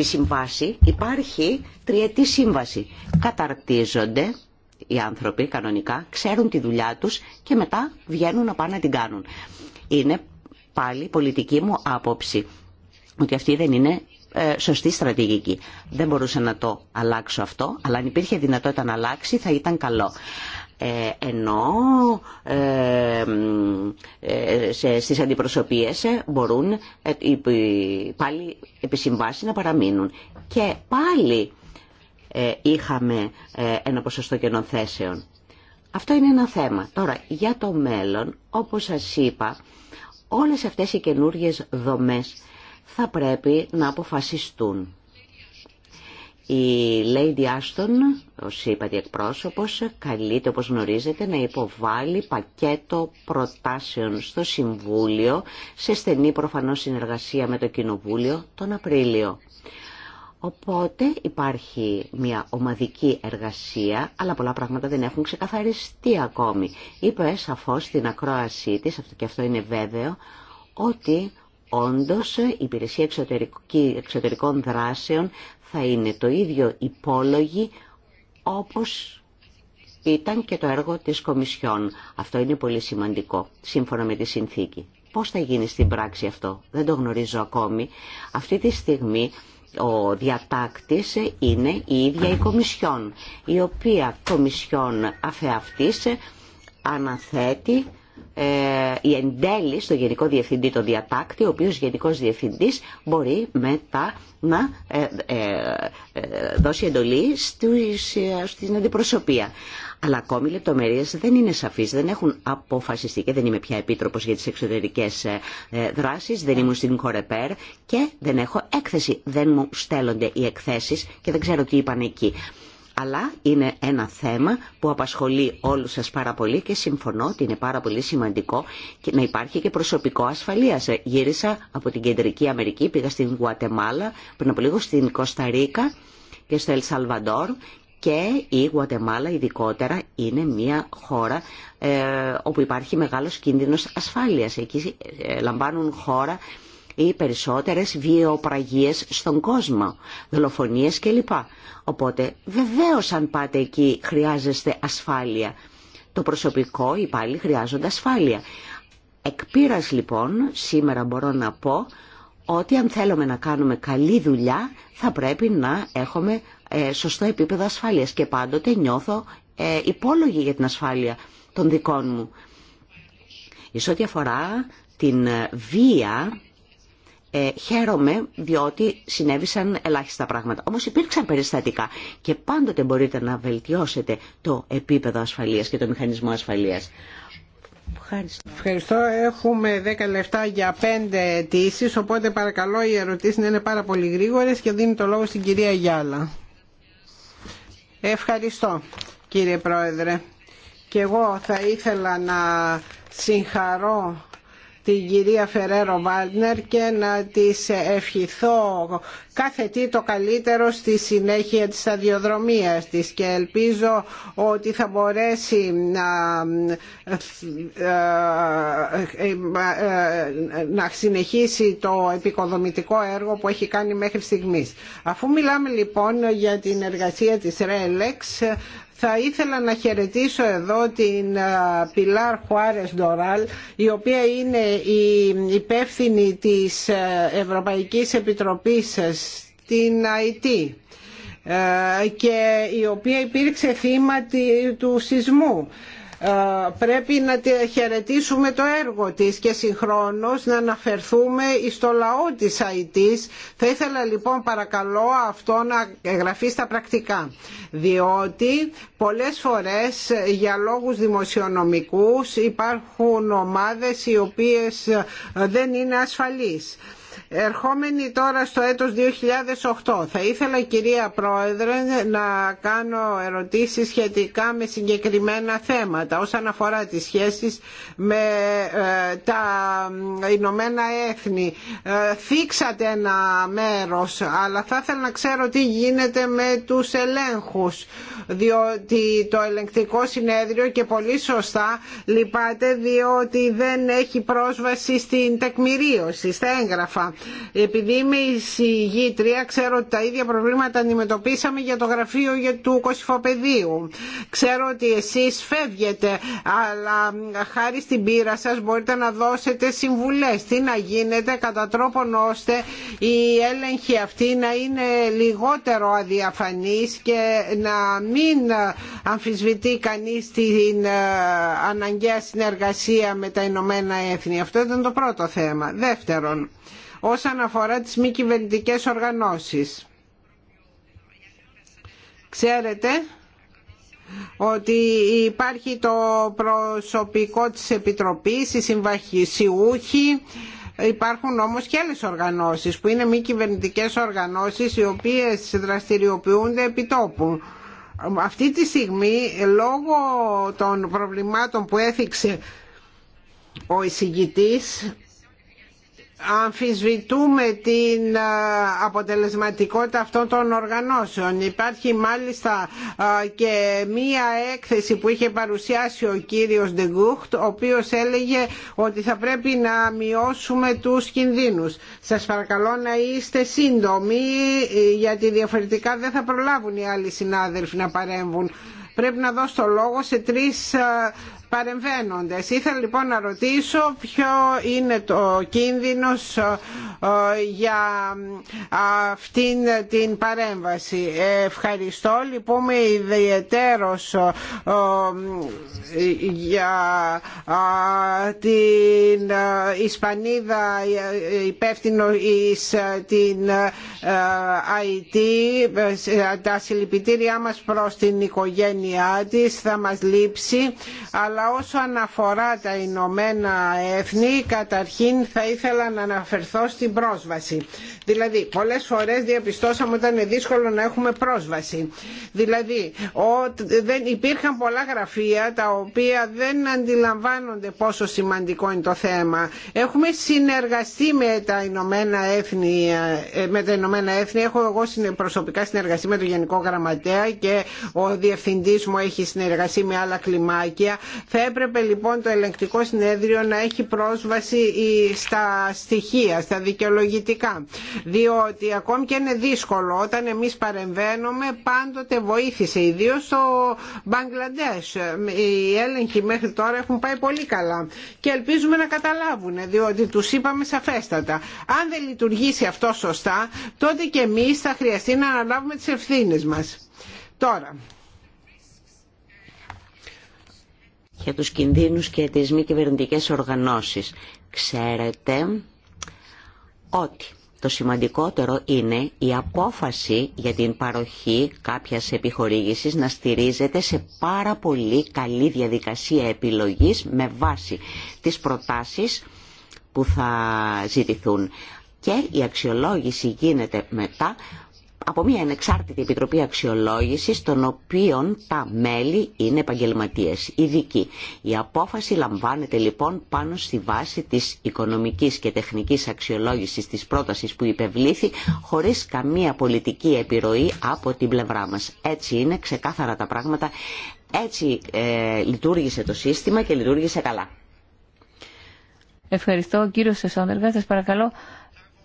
συμβάση υπάρχει τριετή σύμβαση. Καταρτίζονται οι άνθρωποι κανονικά, ξέρουν τη δουλειά τους και μετά βγαίνουν να πάνε να την κάνουν. Είναι πάλι πολιτική μου άποψη ότι αυτή δεν είναι ε, σωστή στρατηγική. Δεν μπορούσα να το αλλάξω αυτό, αλλά αν υπήρχε δυνατότητα να αλλάξει θα ήταν καλό. Ε, ενώ ε, ε, στις αντιπροσωπείες μπορούν πάλι επισυμβάσεις να παραμείνουν. Και πάλι είχαμε ένα ποσοστό κενών θέσεων. Αυτό είναι ένα θέμα. Τώρα, για το μέλλον, όπως σας είπα, όλες αυτές οι καινούργιες δομές θα πρέπει να αποφασιστούν. Η Lady Ashton, ως είπατε εκπρόσωπο, καλείται όπω γνωρίζετε να υποβάλει πακέτο προτάσεων στο Συμβούλιο σε στενή προφανώς συνεργασία με το Κοινοβούλιο τον Απρίλιο. Οπότε υπάρχει μια ομαδική εργασία, αλλά πολλά πράγματα δεν έχουν ξεκαθαριστεί ακόμη. Είπε σαφώ στην ακρόασή τη, αυτό και αυτό είναι βέβαιο, ότι όντως η υπηρεσία εξωτερικών δράσεων θα είναι το ίδιο υπόλογη όπως ήταν και το έργο της Κομισιόν. Αυτό είναι πολύ σημαντικό, σύμφωνα με τη συνθήκη. Πώς θα γίνει στην πράξη αυτό, δεν το γνωρίζω ακόμη. Αυτή τη στιγμή ο διατάκτης είναι η ίδια η Κομισιόν, η οποία Κομισιόν αφεαυτής αναθέτει ε, η εντέλει στο Γενικό Διευθυντή το διατάκτη, ο οποίος Γενικός Διευθυντής μπορεί μετά να ε, ε, δώσει εντολή στην αντιπροσωπεία. Αλλά ακόμη οι δεν είναι σαφείς, δεν έχουν αποφασιστεί και δεν είμαι πια επίτροπος για τις εξωτερικές δράσεις, δεν ήμουν στην Κορεπέρ και δεν έχω έκθεση, δεν μου στέλνονται οι εκθέσεις και δεν ξέρω τι είπαν εκεί αλλά είναι ένα θέμα που απασχολεί όλους σας πάρα πολύ και συμφωνώ ότι είναι πάρα πολύ σημαντικό και να υπάρχει και προσωπικό ασφαλείας. Ε, γύρισα από την Κεντρική Αμερική, πήγα στην Γουατεμάλα, πριν από λίγο στην Κοσταρίκα και στο Ελσαλβαντόρ και η Γουατεμάλα ειδικότερα είναι μια χώρα ε, όπου υπάρχει μεγάλος κίνδυνος ασφάλειας. Εκεί ε, λαμβάνουν χώρα ή περισσότερες βιοπραγίες στον κόσμο, δολοφονίες κλπ. Οπότε βεβαίως αν πάτε εκεί χρειάζεστε ασφάλεια. Το προσωπικό η πάλι χρειάζονται ασφάλεια. Εκ λοιπόν σήμερα μπορώ να πω ότι αν θέλουμε να κάνουμε καλή δουλειά θα πρέπει να έχουμε ε, σωστό επίπεδο ασφάλειας και πάντοτε νιώθω ε, υπόλογη για την ασφάλεια των δικών μου. Εις ό,τι αφορά την ε, βία ε, χαίρομαι διότι συνέβησαν ελάχιστα πράγματα. Όμως υπήρξαν περιστατικά και πάντοτε μπορείτε να βελτιώσετε το επίπεδο ασφαλείας και το μηχανισμό ασφαλείας. Ευχαριστώ. Ευχαριστώ. Έχουμε 10 λεπτά για 5 αιτήσει, οπότε παρακαλώ οι ερωτήσει να είναι πάρα πολύ γρήγορε και δίνει το λόγο στην κυρία Γιάλα. Ευχαριστώ κύριε Πρόεδρε. Και εγώ θα ήθελα να συγχαρώ την κυρία Φερέρο Βάλτνερ και να της ευχηθώ κάθε τι το καλύτερο στη συνέχεια της αδειοδρομίας της και ελπίζω ότι θα μπορέσει να, να συνεχίσει το επικοδομητικό έργο που έχει κάνει μέχρι στιγμής. Αφού μιλάμε λοιπόν για την εργασία της ΡΕΛΕΞ θα ήθελα να χαιρετήσω εδώ την Πιλάρ Χουάρες Ντοράλ η οποία είναι η υπεύθυνη της Ευρωπαϊκής Επιτροπής στην ΑΙΤ και η οποία υπήρξε θύμα του σεισμού ε, πρέπει να χαιρετήσουμε το έργο της και συγχρόνως να αναφερθούμε στο λαό της Θα ήθελα λοιπόν παρακαλώ αυτό να γραφεί στα πρακτικά, διότι πολλές φορές για λόγους δημοσιονομικούς υπάρχουν ομάδες οι οποίες δεν είναι ασφαλείς. Ερχόμενοι τώρα στο έτος 2008, θα ήθελα κυρία Πρόεδρε να κάνω ερωτήσεις σχετικά με συγκεκριμένα θέματα όσον αφορά τις σχέσεις με ε, τα ε, Ηνωμένα Έθνη. Ε, θίξατε ένα μέρος, αλλά θα ήθελα να ξέρω τι γίνεται με τους ελέγχους, διότι το ελεγκτικό συνέδριο και πολύ σωστά λυπάται διότι δεν έχει πρόσβαση στην τεκμηρίωση, στα έγγραφα επειδή είμαι εισηγήτρια, ξέρω ότι τα ίδια προβλήματα αντιμετωπίσαμε για το γραφείο του Κωσυφοπεδίου. Ξέρω ότι εσείς φεύγετε, αλλά χάρη στην πείρα σας μπορείτε να δώσετε συμβουλές. Τι να γίνεται κατά τρόπον ώστε η έλεγχη αυτή να είναι λιγότερο αδιαφανής και να μην αμφισβητεί κανείς την ε, αναγκαία συνεργασία με τα Ηνωμένα Έθνη. Αυτό ήταν το πρώτο θέμα. Δεύτερον, όσον αφορά τις μη κυβερνητικέ οργανώσεις. Ξέρετε ότι υπάρχει το προσωπικό της Επιτροπής, οι συμβασιούχοι, Υπάρχουν όμως και άλλες οργανώσεις που είναι μη κυβερνητικέ οργανώσεις οι οποίες δραστηριοποιούνται επί τόπου. Αυτή τη στιγμή λόγω των προβλημάτων που έθιξε ο εισηγητής αμφισβητούμε την αποτελεσματικότητα αυτών των οργανώσεων. Υπάρχει μάλιστα και μία έκθεση που είχε παρουσιάσει ο κύριος Ντεγκούχτ ο οποίος έλεγε ότι θα πρέπει να μειώσουμε τους κινδύνους. Σας παρακαλώ να είστε σύντομοι γιατί διαφορετικά δεν θα προλάβουν οι άλλοι συνάδελφοι να παρέμβουν. Πρέπει να δώσω το λόγο σε τρεις παρεμβαίνοντες. Ήθελα λοιπόν να ρωτήσω ποιο είναι το κίνδυνος ε, ε, για ε, αυτήν την παρέμβαση. Ευχαριστώ. Λυπούμε ιδιαιτέρως για την Ισπανίδα υπεύθυνο εις την ΑΙΤ Τα συλληπιτήριά μας προς την οικογένειά της θα μας λείψει αλλά αλλά όσον αφορά τα Ηνωμένα Εθνή, καταρχήν θα ήθελα να αναφερθώ στην πρόσβαση. Δηλαδή, πολλές φορές διαπιστώσαμε ότι ήταν δύσκολο να έχουμε πρόσβαση. Δηλαδή, δεν υπήρχαν πολλά γραφεία τα οποία δεν αντιλαμβάνονται πόσο σημαντικό είναι το θέμα. Έχουμε συνεργαστεί με τα Ηνωμένα Έθνη. Ε, με τα Ηνωμένα Έθνη. Έχω εγώ προσωπικά συνεργαστεί με τον Γενικό Γραμματέα και ο Διευθυντής μου έχει συνεργαστεί με άλλα κλιμάκια θα έπρεπε λοιπόν το ελεγκτικό συνέδριο να έχει πρόσβαση στα στοιχεία, στα δικαιολογητικά. Διότι ακόμη και είναι δύσκολο όταν εμείς παρεμβαίνουμε πάντοτε βοήθησε ιδίως στο Μπαγκλαντές. Οι έλεγχοι μέχρι τώρα έχουν πάει πολύ καλά και ελπίζουμε να καταλάβουν διότι τους είπαμε σαφέστατα. Αν δεν λειτουργήσει αυτό σωστά τότε και εμείς θα χρειαστεί να αναλάβουμε τις ευθύνες μας. Τώρα, για τους κινδύνους και τις μη κυβερνητικέ οργανώσεις. Ξέρετε ότι το σημαντικότερο είναι η απόφαση για την παροχή κάποιας επιχορήγησης να στηρίζεται σε πάρα πολύ καλή διαδικασία επιλογής με βάση τις προτάσεις που θα ζητηθούν. Και η αξιολόγηση γίνεται μετά από μια ανεξάρτητη επιτροπή αξιολόγηση, των οποίων τα μέλη είναι επαγγελματίε, ειδικοί. Η απόφαση λαμβάνεται λοιπόν πάνω στη βάση της οικονομικής και τεχνικής αξιολόγησης της πρότασης που υπευλήθη χωρίς καμία πολιτική επιρροή από την πλευρά μας. Έτσι είναι ξεκάθαρα τα πράγματα. Έτσι ε, λειτουργήσε το σύστημα και λειτουργήσε καλά. Ευχαριστώ κύριο Σεσόντεργα. Σα παρακαλώ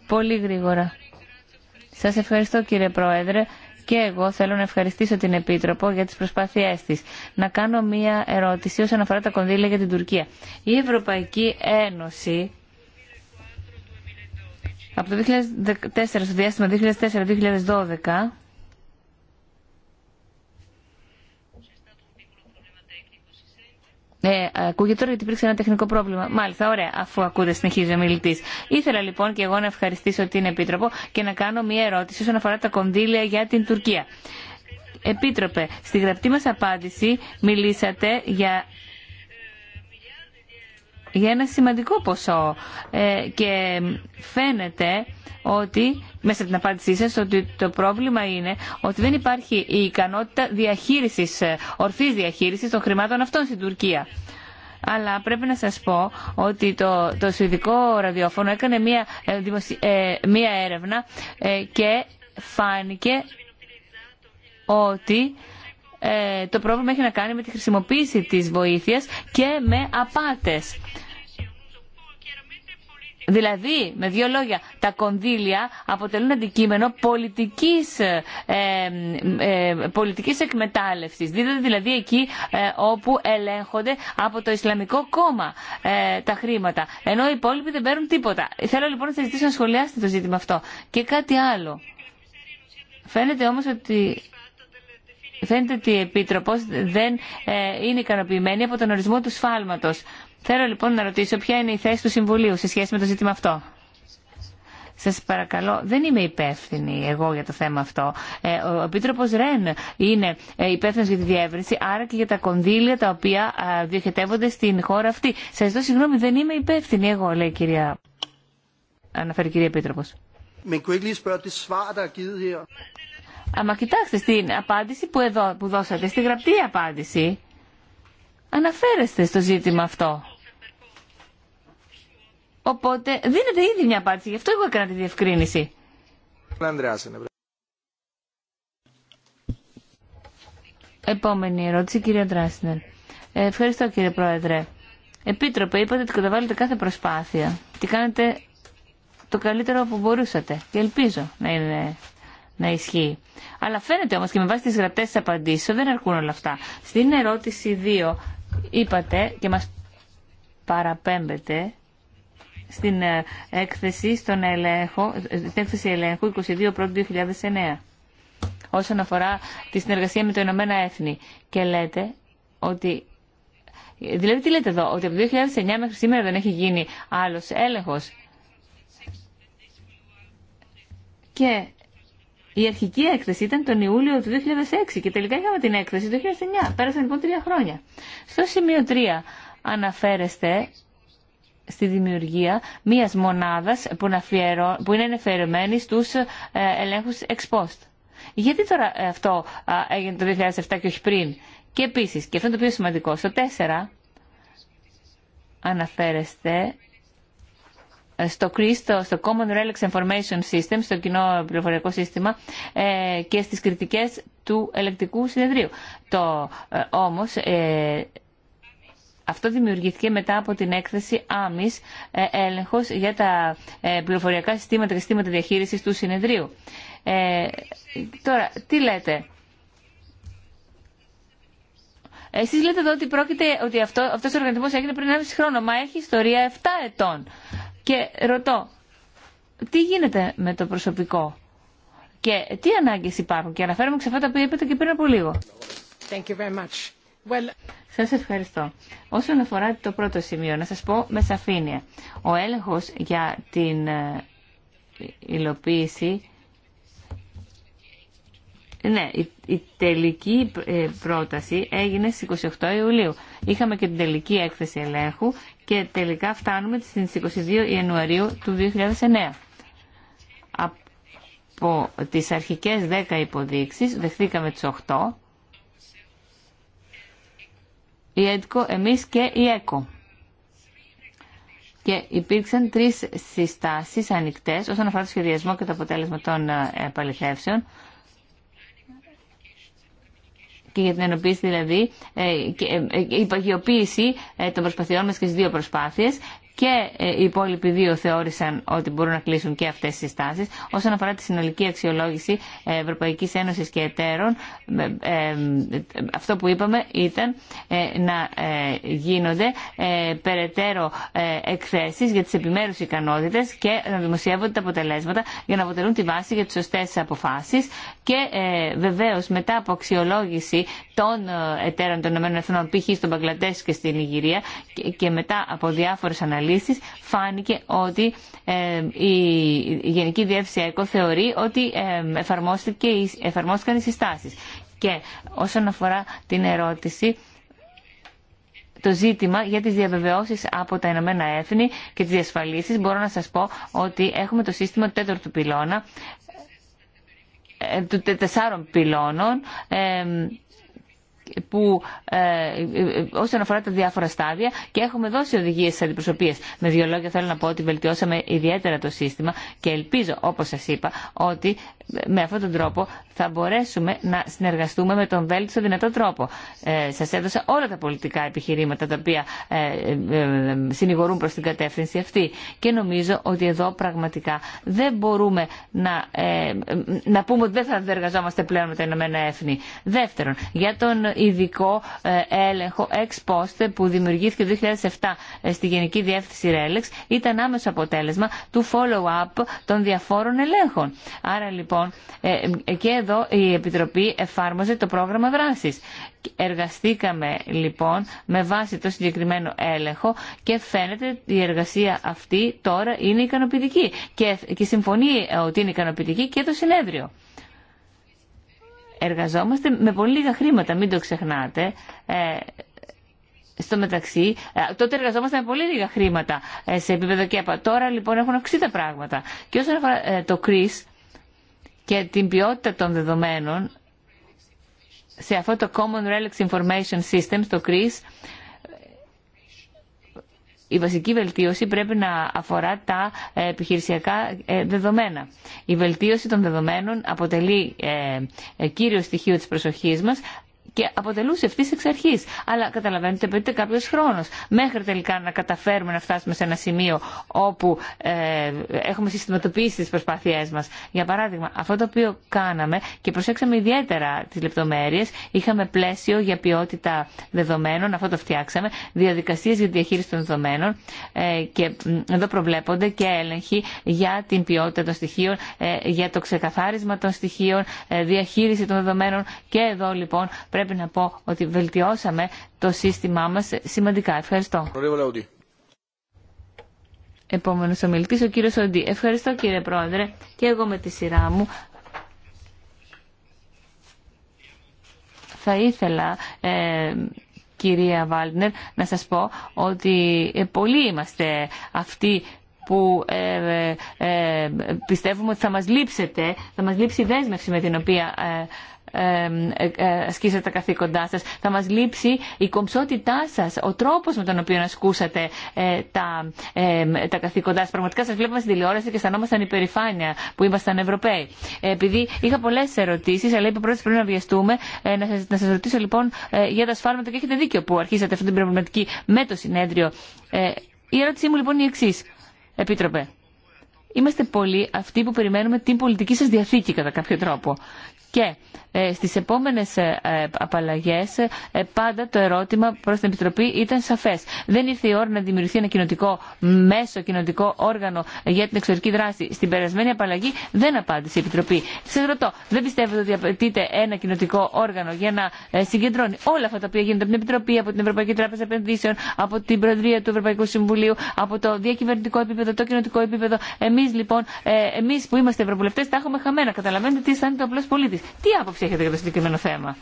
πολύ γρήγορα. Σας ευχαριστώ κύριε Πρόεδρε και εγώ θέλω να ευχαριστήσω την Επίτροπο για τις προσπάθειές της. Να κάνω μία ερώτηση όσον αφορά τα κονδύλια για την Τουρκία. Η Ευρωπαϊκή Ένωση από το 2004 στο διάστημα 2004-2012 Ε, ακούγεται τώρα γιατί υπήρξε ένα τεχνικό πρόβλημα. Μάλιστα, ωραία, αφού ακούτε, συνεχίζει ο μιλητή. Ήθελα λοιπόν και εγώ να ευχαριστήσω την Επίτροπο και να κάνω μία ερώτηση όσον αφορά τα κονδύλια για την Τουρκία. Επίτροπε, στη γραπτή μας απάντηση μιλήσατε για για ένα σημαντικό ποσό ε, και φαίνεται ότι μέσα από την απάντησή σας ότι το πρόβλημα είναι ότι δεν υπάρχει η ικανότητα διαχείρισης, ε, ορθής διαχείρισης των χρημάτων αυτών στην Τουρκία. Αλλά πρέπει να σας πω ότι το, το Σουηδικό Ραδιόφωνο έκανε μία, ε, μία έρευνα και φάνηκε ότι ε, το πρόβλημα έχει να κάνει με τη χρησιμοποίηση της βοήθειας και με απάτες. Δηλαδή, με δύο λόγια, τα κονδύλια αποτελούν αντικείμενο πολιτικής, ε, ε, ε πολιτικής εκμετάλλευσης. Δίδονται δηλαδή εκεί όπου ελέγχονται από το Ισλαμικό κόμμα τα χρήματα. Ενώ οι υπόλοιποι δεν παίρνουν τίποτα. Θέλω λοιπόν να σας ζητήσω να σχολιάσετε το ζήτημα αυτό. Και κάτι άλλο. Φαίνεται όμως ότι φαίνεται ότι η επίτροπο δεν ε, είναι ικανοποιημένη από τον ορισμό του σφάλματος. Θέλω λοιπόν να ρωτήσω ποια είναι η θέση του Συμβουλίου σε σχέση με το ζήτημα αυτό. Σα παρακαλώ, δεν είμαι υπεύθυνη εγώ για το θέμα αυτό. Ε, ο επίτροπο Ρεν είναι ε, υπεύθυνο για τη διεύρυνση, άρα και για τα κονδύλια τα οποία διοχετεύονται στην χώρα αυτή. Σα ζητώ συγγνώμη, δεν είμαι υπεύθυνη εγώ, λέει η κυρία... Αναφέρει η κυρία Επίτροπο Αμα κοιτάξτε στην απάντηση που, εδώ, που δώσατε, στη γραπτή απάντηση, αναφέρεστε στο ζήτημα αυτό. Οπότε δίνετε ήδη μια απάντηση, γι' αυτό εγώ έκανα τη διευκρίνηση. Επόμενη ερώτηση, κύριε Ντράσνερ. Ε, ευχαριστώ κύριε Πρόεδρε. Επίτροπε, είπατε ότι καταβάλλετε κάθε προσπάθεια Τι κάνετε το καλύτερο που μπορούσατε και ελπίζω να είναι να ισχύει. Αλλά φαίνεται όμως και με βάση τις γραπτές απαντήσεις δεν αρκούν όλα αυτά. Στην ερώτηση 2 είπατε και μας παραπέμπετε στην ε, έκθεση, στον ελέγχο, στην έκθεση ελέγχου 22 πρώτου 2009 όσον αφορά τη συνεργασία με το Ηνωμένα Έθνη και λέτε ότι δηλαδή τι λέτε εδώ ότι από 2009 μέχρι σήμερα δεν έχει γίνει άλλος έλεγχος και η αρχική έκθεση ήταν τον Ιούλιο του 2006 και τελικά είχαμε την έκθεση το 2009. Πέρασαν λοιπόν τρία χρόνια. Στο σημείο 3 αναφέρεστε στη δημιουργία μιας μονάδας που, που είναι ενεφερεμένη στους ε, ελέγχους ex Γιατί τώρα ε, αυτό έγινε το 2007 και όχι πριν. Και επίσης, και αυτό είναι το πιο σημαντικό, στο 4 αναφέρεστε στο CRIST, στο Common Relics Information System, στο κοινό πληροφοριακό σύστημα ε, και στις κριτικές του ελεκτικού συνεδρίου. Το ε, όμως ε, αυτό δημιουργήθηκε μετά από την έκθεση άμυς έλεγχος για τα πληροφοριακά συστήματα και συστήματα διαχείρισης του συνεδρίου. Ε, τώρα, τι λέτε. Εσείς λέτε εδώ ότι, πρόκειται, ότι αυτό, αυτός ο οργανισμός έγινε πριν 1,5 χρόνο, μα έχει ιστορία 7 ετών. Και ρωτώ, τι γίνεται με το προσωπικό και τι ανάγκες υπάρχουν. Και αναφέρομαι σε αυτά τα οποία είπατε και πριν από λίγο. Thank you very much. Σας ευχαριστώ. Όσον αφορά το πρώτο σημείο, να σας πω με σαφήνεια. Ο έλεγχος για την ε, υλοποίηση ναι, η, η τελική ε, πρόταση έγινε στις 28 Ιουλίου. Είχαμε και την τελική έκθεση ελέγχου και τελικά φτάνουμε στις 22 Ιανουαρίου του 2009. Από τις αρχικές 10 υποδείξεις δεχτήκαμε τις 8, η ΕΤΚΟ, εμείς και η ΕΚΟ. Και υπήρξαν τρεις συστάσεις ανοιχτές όσον αφορά το σχεδιασμό και το αποτέλεσμα των επαληθεύσεων και για την ενοποίηση δηλαδή, η ε, ε, ε, παγιοποίηση των προσπαθειών μας και στις δύο προσπάθειες και ε, οι υπόλοιποι δύο θεώρησαν ότι μπορούν να κλείσουν και αυτές τις στάσεις. Όσον αφορά τη συνολική αξιολόγηση ε, Ευρωπαϊκής Ένωσης και εταίρων, ε, αυτό που είπαμε ήταν να γίνονται περαιτέρω εκθέσεις για τις επιμέρους ικανότητες και να δημοσιεύονται τα αποτελέσματα για να αποτελούν τη βάση για τις σωστές αποφάσεις και βεβαίως μετά από αξιολόγηση των εταίρων των ΗΠΑ π.χ. στον Παγκλατές και στην Ιγυρία και μετά από διάφορες αναλύσεις φάνηκε ότι ε, η Γενική Διεύθυνση ΕΚΟ θεωρεί ότι ε, εφαρμόστηκαν οι συστάσει. Και όσον αφορά την ερώτηση, το ζήτημα για τις διαβεβαιώσεις από τα Ηνωμένα Έθνη και τις διασφαλίσεις, μπορώ να σας πω ότι έχουμε το σύστημα του τέταρτου πυλώνα, ε, του τεσσάρων πυλώνων, που, ε, όσον αφορά τα διάφορα στάδια και έχουμε δώσει οδηγίε στι αντιπροσωπείε. Με δύο λόγια θέλω να πω ότι βελτιώσαμε ιδιαίτερα το σύστημα και ελπίζω, όπω σα είπα, ότι με αυτόν τον τρόπο θα μπορέσουμε να συνεργαστούμε με τον βέλτιστο δυνατό τρόπο. Ε, Σα έδωσα όλα τα πολιτικά επιχειρήματα τα οποία ε, ε, ε συνηγορούν προ την κατεύθυνση αυτή και νομίζω ότι εδώ πραγματικά δεν μπορούμε να, ε, να πούμε ότι δεν θα εργαζόμαστε πλέον με τα Ηνωμένα Έθνη. Δεύτερον, για τον ειδικό ε, έλεγχο ex post που δημιουργήθηκε το 2007 στη Γενική Διεύθυνση Ρέλεξ ήταν άμεσο αποτέλεσμα του follow-up των διαφόρων ελέγχων. Άρα λοιπόν Λοιπόν, ε, και εδώ η Επιτροπή εφάρμοζε το πρόγραμμα δράσης. Εργαστήκαμε λοιπόν με βάση το συγκεκριμένο έλεγχο και φαίνεται η εργασία αυτή τώρα είναι ικανοποιητική και, και συμφωνεί ε, ότι είναι ικανοποιητική και το συνέδριο. Εργαζόμαστε με πολύ λίγα χρήματα, μην το ξεχνάτε. Ε, στο μεταξύ, τότε εργαζόμαστε με πολύ λίγα χρήματα σε επίπεδο ΚΕΠΑ. Τώρα λοιπόν έχουν αυξηθεί τα πράγματα. Και όσον αφορά το ΚΡΙΣ, και την ποιότητα των δεδομένων σε αυτό το Common Relics Information System, το CRIS, η βασική βελτίωση πρέπει να αφορά τα ε, επιχειρησιακά ε, δεδομένα. Η βελτίωση των δεδομένων αποτελεί ε, κύριο στοιχείο της προσοχής μας, και αποτελούσε αυτή εξ αρχή. Αλλά καταλαβαίνετε, απαιτείται κάποιο χρόνο. Μέχρι τελικά να καταφέρουμε να φτάσουμε σε ένα σημείο όπου ε, έχουμε συστηματοποιήσει τι προσπάθειέ μα. Για παράδειγμα, αυτό το οποίο κάναμε και προσέξαμε ιδιαίτερα τι λεπτομέρειε, είχαμε πλαίσιο για ποιότητα δεδομένων, αυτό το φτιάξαμε, διαδικασίε για διαχείριση των δεδομένων ε, και εδώ προβλέπονται και έλεγχοι για την ποιότητα των στοιχείων, ε, για το ξεκαθάρισμα των στοιχείων, διαχείριση των δεδομένων και εδώ λοιπόν πρέπει να πω ότι βελτιώσαμε το σύστημά μας σημαντικά. Ευχαριστώ. Επόμενο ομιλητή, ο κύριο Οντή. Ευχαριστώ κύριε Πρόεδρε και εγώ με τη σειρά μου. Θα ήθελα, ε, κυρία Βάλτνερ, να σας πω ότι ε, πολλοί είμαστε αυτοί που ε, ε, ε πιστεύουμε ότι θα μας λείψετε, θα μας λείψει η δέσμευση με την οποία ε, ε, ε, ασκήσατε τα καθήκοντά σας. Θα μας λείψει η κομψότητά σας, ο τρόπος με τον οποίο ασκούσατε ε, τα, τα καθήκοντά σας. Πραγματικά σας βλέπουμε στην τηλεόραση και αισθανόμασταν υπερηφάνεια που ήμασταν Ευρωπαίοι. επειδή είχα πολλές ερωτήσεις, αλλά είπε πρώτα πριν να βιαστούμε, να, σας, ρωτήσω λοιπόν για τα ασφάλματα και έχετε δίκιο που αρχίσατε αυτή την προβληματική με το συνέδριο. η ερώτησή μου λοιπόν είναι η εξή. Επίτροπε, Είμαστε πολλοί αυτοί που περιμένουμε την πολιτική σας διαθήκη κατά κάποιο τρόπο. Και ε, στις επόμενες ε, ε, απαλλαγές πάντα το ερώτημα προς την Επιτροπή ήταν σαφές. Δεν ήρθε η ώρα να δημιουργηθεί ένα κοινοτικό μέσο, κοινοτικό όργανο για την εξωτερική δράση. Στην περασμένη απαλλαγή δεν απάντησε η Επιτροπή. Σε ρωτώ, δεν πιστεύετε ότι απαιτείται ένα κοινοτικό όργανο για να συγκεντρώνει όλα αυτά τα οποία γίνονται από την Επιτροπή, από την Ευρωπαϊκή Τράπεζα Επενδύσεων, από την Προεδρία του Ευρωπαϊκού Συμβουλίου, από το διακυβερνητικό επίπεδο, το κοινοτικό επίπεδο. Εμείς λοιπόν, εμείς που είμαστε ευρωβουλευτές, τα έχουμε χαμένα. Καταλαβαίνετε τι αισθάνεται ο απλός πολίτη. Τι άποψη έχετε για το συγκεκριμένο θέμα.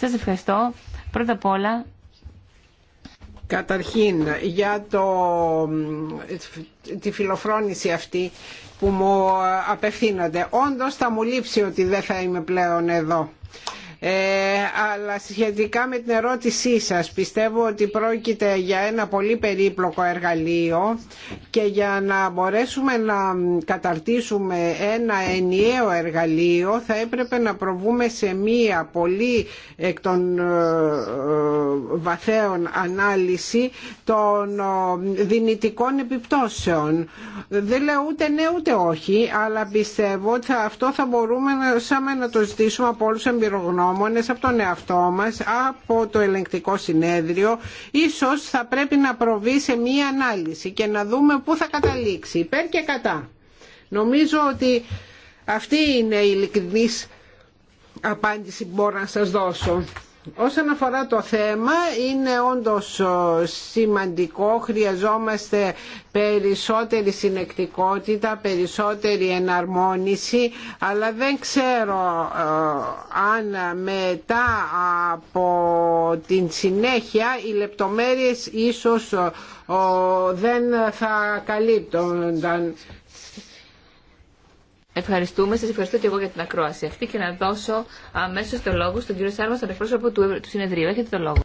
Σας ευχαριστώ. Πρώτα απ' όλα Καταρχήν για το, τη φιλοφρόνηση αυτή που μου απευθύνατε Όντως θα μου λείψει ότι δεν θα είμαι πλέον εδώ. Ε, αλλά σχετικά με την ερώτησή σας πιστεύω ότι πρόκειται για ένα πολύ περίπλοκο εργαλείο και για να μπορέσουμε να καταρτήσουμε ένα ενιαίο εργαλείο θα έπρεπε να προβούμε σε μία πολύ εκ των ε, ε, βαθέων ανάλυση των δυνητικών επιπτώσεων. Δεν λέω ούτε ναι ούτε όχι, αλλά πιστεύω ότι αυτό θα μπορούμε να το ζητήσουμε από όλους εμπειρογνώμους από τον εαυτό μας, από το ελεγκτικό συνέδριο, ίσως θα πρέπει να προβεί σε μία ανάλυση και να δούμε πού θα καταλήξει, υπέρ και κατά. Νομίζω ότι αυτή είναι η ειλικρινής απάντηση που μπορώ να σας δώσω. Όσον αφορά το θέμα, είναι όντως ε, σημαντικό, χρειαζόμαστε περισσότερη συνεκτικότητα, περισσότερη εναρμόνιση, αλλά δεν ξέρω ε, αν μετά από την συνέχεια οι λεπτομέρειες ίσως ε, δεν θα καλύπτονταν. Ευχαριστούμε. Σα ευχαριστώ και εγώ για την ακρόαση αυτή και να δώσω αμέσω το λόγο στον κύριο Σάρμα, στον εκπρόσωπο του συνεδρίου. Έχετε το λόγο.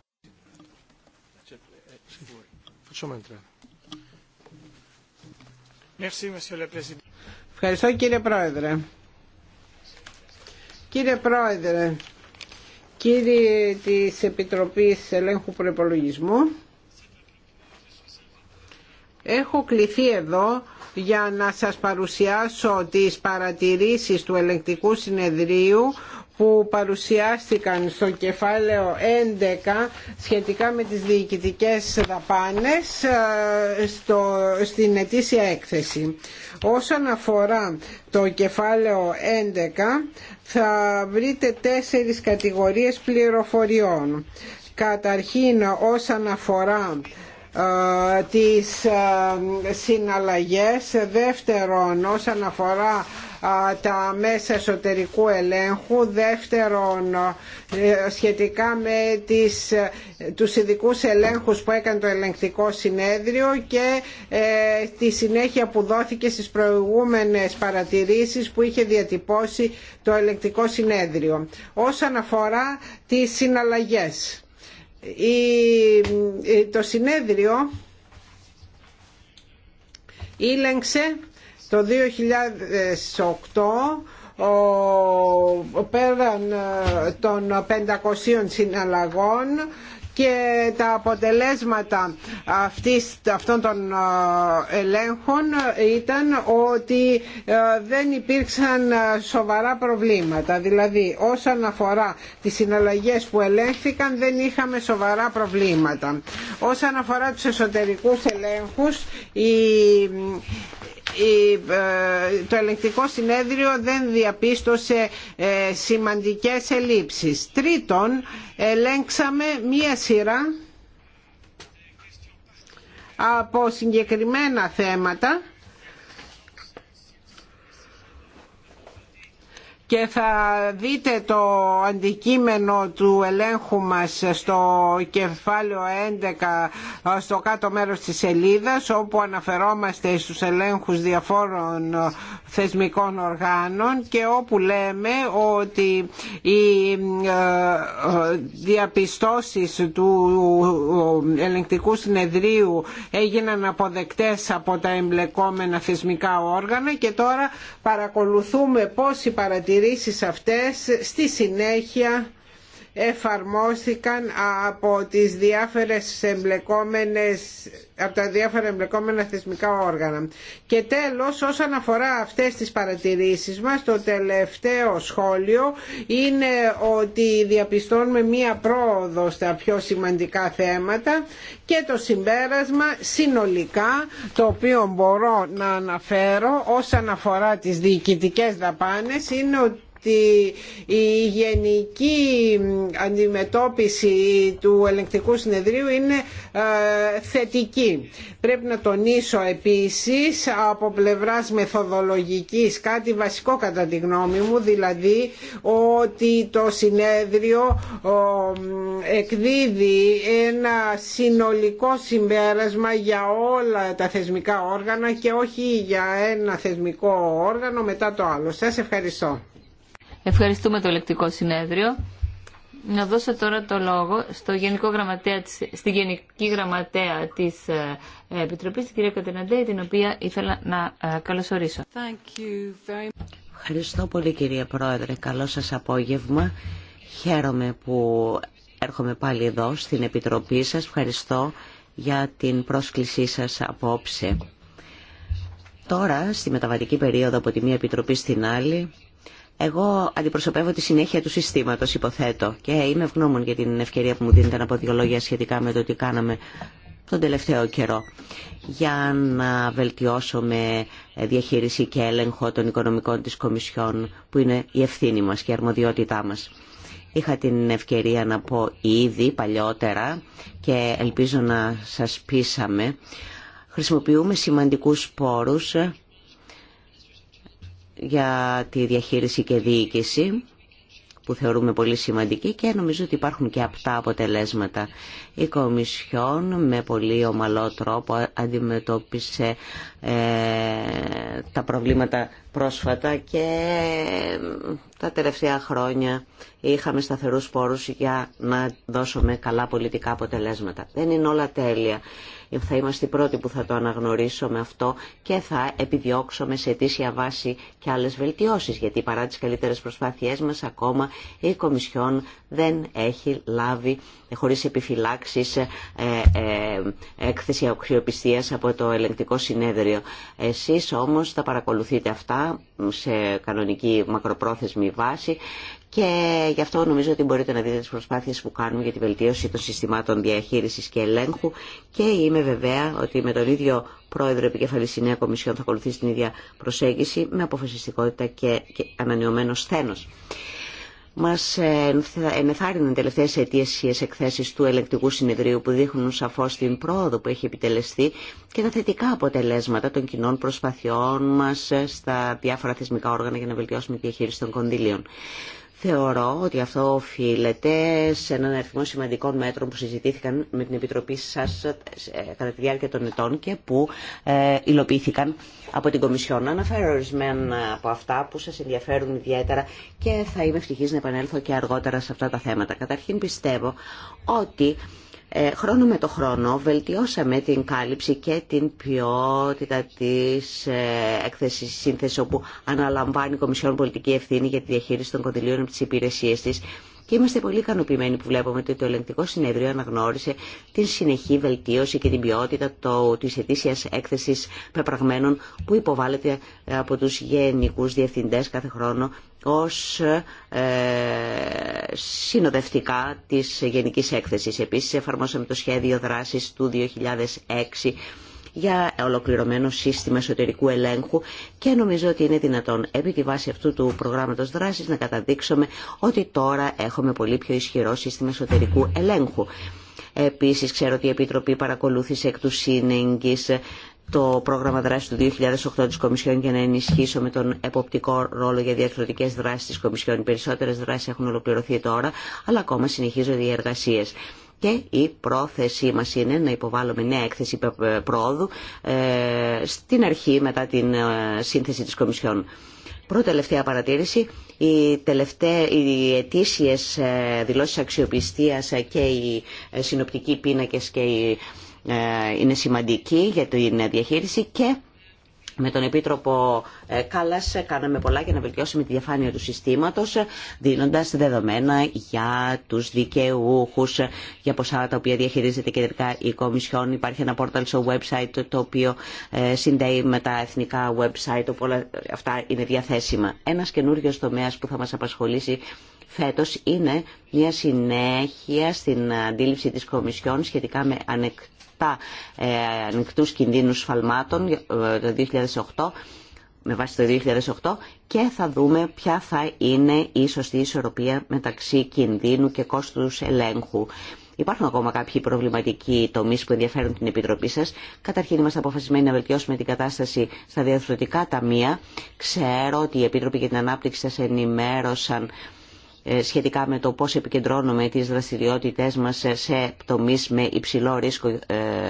Ευχαριστώ κύριε Πρόεδρε. Κύριε Πρόεδρε, κύριε της Επιτροπής Ελέγχου Προϋπολογισμού, έχω κληθεί εδώ για να σας παρουσιάσω τις παρατηρήσεις του ελεκτικού συνεδρίου που παρουσιάστηκαν στο κεφάλαιο 11 σχετικά με τις διοικητικές δαπάνες ε, στο, στην ετήσια έκθεση. Όσον αφορά το κεφάλαιο 11 θα βρείτε τέσσερις κατηγορίες πληροφοριών. Καταρχήν όσον αφορά τις συναλλαγές δεύτερον όσον αφορά τα μέσα εσωτερικού ελέγχου δεύτερον σχετικά με τις, τους ειδικούς ελέγχους που έκανε το ελεγκτικό συνέδριο και ε, τη συνέχεια που δόθηκε στις προηγούμενες παρατηρήσεις που είχε διατυπώσει το ελεγκτικό συνέδριο όσον αφορά τις συναλλαγές ε, το συνέδριο ήλεγξε το 2008 ο, πέραν ε, των 500 συναλλαγών και τα αποτελέσματα αυτής, αυτών των ε, ελέγχων ήταν ότι ε, δεν υπήρξαν ε, σοβαρά προβλήματα. Δηλαδή όσον αφορά τις συναλλαγές που ελέγχθηκαν δεν είχαμε σοβαρά προβλήματα. Όσον αφορά τους εσωτερικούς ελέγχους ε, το ελεγκτικό συνέδριο δεν διαπίστωσε ε, σημαντικές ελλείψεις. Τρίτον, ελέγξαμε μία σειρά από συγκεκριμένα θέματα και θα δείτε το αντικείμενο του ελέγχου μας στο κεφάλαιο 11 στο κάτω μέρος της σελίδας όπου αναφερόμαστε στους ελέγχους διαφόρων θεσμικών οργάνων και όπου λέμε ότι οι ε, διαπιστώσεις του ελεγκτικού συνεδρίου έγιναν αποδεκτές από τα εμπλεκόμενα θεσμικά όργανα και τώρα παρακολουθούμε πώς οι παρατηρήσεις παρατηρήσεις αυτές στη συνέχεια εφαρμόστηκαν από τις διάφορες εμπλεκόμενες από τα διάφορα εμπλεκόμενα θεσμικά όργανα. Και τέλος, όσον αφορά αυτές τις παρατηρήσεις μας, το τελευταίο σχόλιο είναι ότι διαπιστώνουμε μία πρόοδο στα πιο σημαντικά θέματα και το συμπέρασμα συνολικά, το οποίο μπορώ να αναφέρω όσον αφορά τις διοικητικές δαπάνες, είναι ότι ότι η γενική αντιμετώπιση του ελεγκτικού συνεδρίου είναι ε, θετική. Πρέπει να τονίσω επίσης από πλευράς μεθοδολογικής κάτι βασικό κατά τη γνώμη μου, δηλαδή ότι το συνέδριο εκδίδει ένα συνολικό συμπέρασμα για όλα τα θεσμικά όργανα και όχι για ένα θεσμικό όργανο μετά το άλλο. Σας ευχαριστώ. Ευχαριστούμε το λεκτικό συνέδριο. Να δώσω τώρα το λόγο στο Γενικό στη Γενική Γραμματέα της ε, Επιτροπής, την κυρία Κατεναντέη, την οποία ήθελα να ε, καλωσορίσω. Ευχαριστώ πολύ κυρία Πρόεδρε. Καλό σας απόγευμα. Χαίρομαι που έρχομαι πάλι εδώ στην Επιτροπή σας. Ευχαριστώ για την πρόσκλησή σας απόψε. Τώρα, στη μεταβατική περίοδο από τη μία Επιτροπή στην άλλη, εγώ αντιπροσωπεύω τη συνέχεια του συστήματος, υποθέτω, και είμαι ευγνώμων για την ευκαιρία που μου δίνετε να πω δύο λόγια σχετικά με το τι κάναμε τον τελευταίο καιρό για να βελτιώσουμε διαχείριση και έλεγχο των οικονομικών της Κομισιόν που είναι η ευθύνη μας και η αρμοδιότητά μας. Είχα την ευκαιρία να πω ήδη παλιότερα και ελπίζω να σας πείσαμε. Χρησιμοποιούμε σημαντικούς πόρους για τη διαχείριση και διοίκηση που θεωρούμε πολύ σημαντική και νομίζω ότι υπάρχουν και αυτά αποτελέσματα. Η Κομισιόν με πολύ ομαλό τρόπο αντιμετώπισε ε, τα προβλήματα πρόσφατα και τα τελευταία χρόνια είχαμε σταθερούς πόρους για να δώσουμε καλά πολιτικά αποτελέσματα. Δεν είναι όλα τέλεια θα είμαστε οι πρώτοι που θα το αναγνωρίσουμε αυτό και θα επιδιώξουμε σε αιτήσια βάση και άλλες βελτιώσεις, γιατί παρά τις καλύτερες προσπάθειές μας ακόμα η Κομισιόν δεν έχει λάβει χωρίς επιφυλάξεις ε, ε έκθεση αξιοπιστίας από το ελεγκτικό συνέδριο. Εσείς όμως θα παρακολουθείτε αυτά σε κανονική μακροπρόθεσμη βάση και γι' αυτό νομίζω ότι μπορείτε να δείτε τις προσπάθειες που κάνουμε για τη βελτίωση των συστημάτων διαχείρισης και ελέγχου και είμαι βεβαία ότι με τον ίδιο πρόεδρο επικεφαλής η Νέα Κομισιόν θα ακολουθήσει την ίδια προσέγγιση με αποφασιστικότητα και, και ανανεωμένο σθένος. Μας ενθάρρυνουν οι τελευταίες οι εκθέσεις του ελεκτικού συνεδρίου που δείχνουν σαφώς την πρόοδο που έχει επιτελεστεί και τα θετικά αποτελέσματα των κοινών προσπαθειών μας στα διάφορα θεσμικά όργανα για να βελτιώσουμε τη διαχείριση των κονδύλιων. Θεωρώ ότι αυτό οφείλεται σε έναν αριθμό σημαντικών μέτρων που συζητήθηκαν με την Επιτροπή σας ε, κατά τη διάρκεια των ετών και που ε, υλοποιήθηκαν από την Κομισιόν. Αναφέρω ορισμένα από αυτά που σας ενδιαφέρουν ιδιαίτερα και θα είμαι ευτυχής να επανέλθω και αργότερα σε αυτά τα θέματα. Καταρχήν πιστεύω ότι ε, χρόνο με το χρόνο βελτιώσαμε την κάλυψη και την ποιότητα της ε, έκθεσης σύνθεσης όπου αναλαμβάνει η Κομισιόν Πολιτική Ευθύνη για τη διαχείριση των κονδυλίων από τις υπηρεσίες της και είμαστε πολύ ικανοποιημένοι που βλέπουμε ότι το ελεγκτικό συνέδριο αναγνώρισε την συνεχή βελτίωση και την ποιότητα τη ετήσια έκθεση πεπραγμένων που υποβάλλεται από του γενικού διευθυντέ κάθε χρόνο ως ε, συνοδευτικά της Γενικής Έκθεσης. Επίσης εφαρμόσαμε το σχέδιο δράση του 2006 για ολοκληρωμένο σύστημα εσωτερικού ελέγχου και νομίζω ότι είναι δυνατόν επί τη βάση αυτού του προγράμματος δράσης να καταδείξουμε ότι τώρα έχουμε πολύ πιο ισχυρό σύστημα εσωτερικού ελέγχου. Επίσης ξέρω ότι η Επιτροπή παρακολούθησε εκ του σύνεγγης το πρόγραμμα δράση του 2008 της Κομισιόν για να ενισχύσουμε τον εποπτικό ρόλο για διαρθρωτικέ δράσεις της Κομισιόν. περισσότερες δράσεις έχουν ολοκληρωθεί τώρα, αλλά ακόμα συνεχίζονται οι εργασίε και η πρόθεσή μας είναι να υποβάλουμε νέα έκθεση ε, προόδου ε, στην αρχή μετά την ε, σύνθεση της Κομισιόν. Πρώτη τελευταία παρατήρηση, οι, οι ετήσιες δηλώσεις αξιοπιστίας και οι συνοπτικοί πίνακες και είναι σημαντικοί για την διαχείριση και με τον Επίτροπο ε, Κάλλας ε, κάναμε πολλά για να βελτιώσουμε τη διαφάνεια του συστήματος, ε, δίνοντας δεδομένα για τους δικαιούχους, για ποσά τα οποία διαχειρίζεται κεντρικά η Κομισιόν. Υπάρχει ένα πόρταλ στο website το οποίο συνδέει με τα εθνικά website, όπου όλα αυτά είναι διαθέσιμα. Ένα καινούριο τομέας που θα μας απασχολήσει φέτος είναι μια συνέχεια στην αντίληψη της Κομισιόν σχετικά με ανεκτήματα. Ε, ανοιχτούς κινδύνους φαλμάτων ε, το 2008 με βάση το 2008 και θα δούμε ποια θα είναι η σωστή ισορροπία μεταξύ κινδύνου και κόστους ελέγχου. Υπάρχουν ακόμα κάποιοι προβληματικοί τομεί που ενδιαφέρουν την Επιτροπή σα. Καταρχήν, είμαστε αποφασισμένοι να βελτιώσουμε την κατάσταση στα διαθροτικά ταμεία. Ξέρω ότι οι Επίτροπη για την Ανάπτυξη σα ενημέρωσαν ε, σχετικά με το πώς επικεντρώνουμε τις δραστηριότητές μας σε τομείς με υψηλό ρίσκο ε,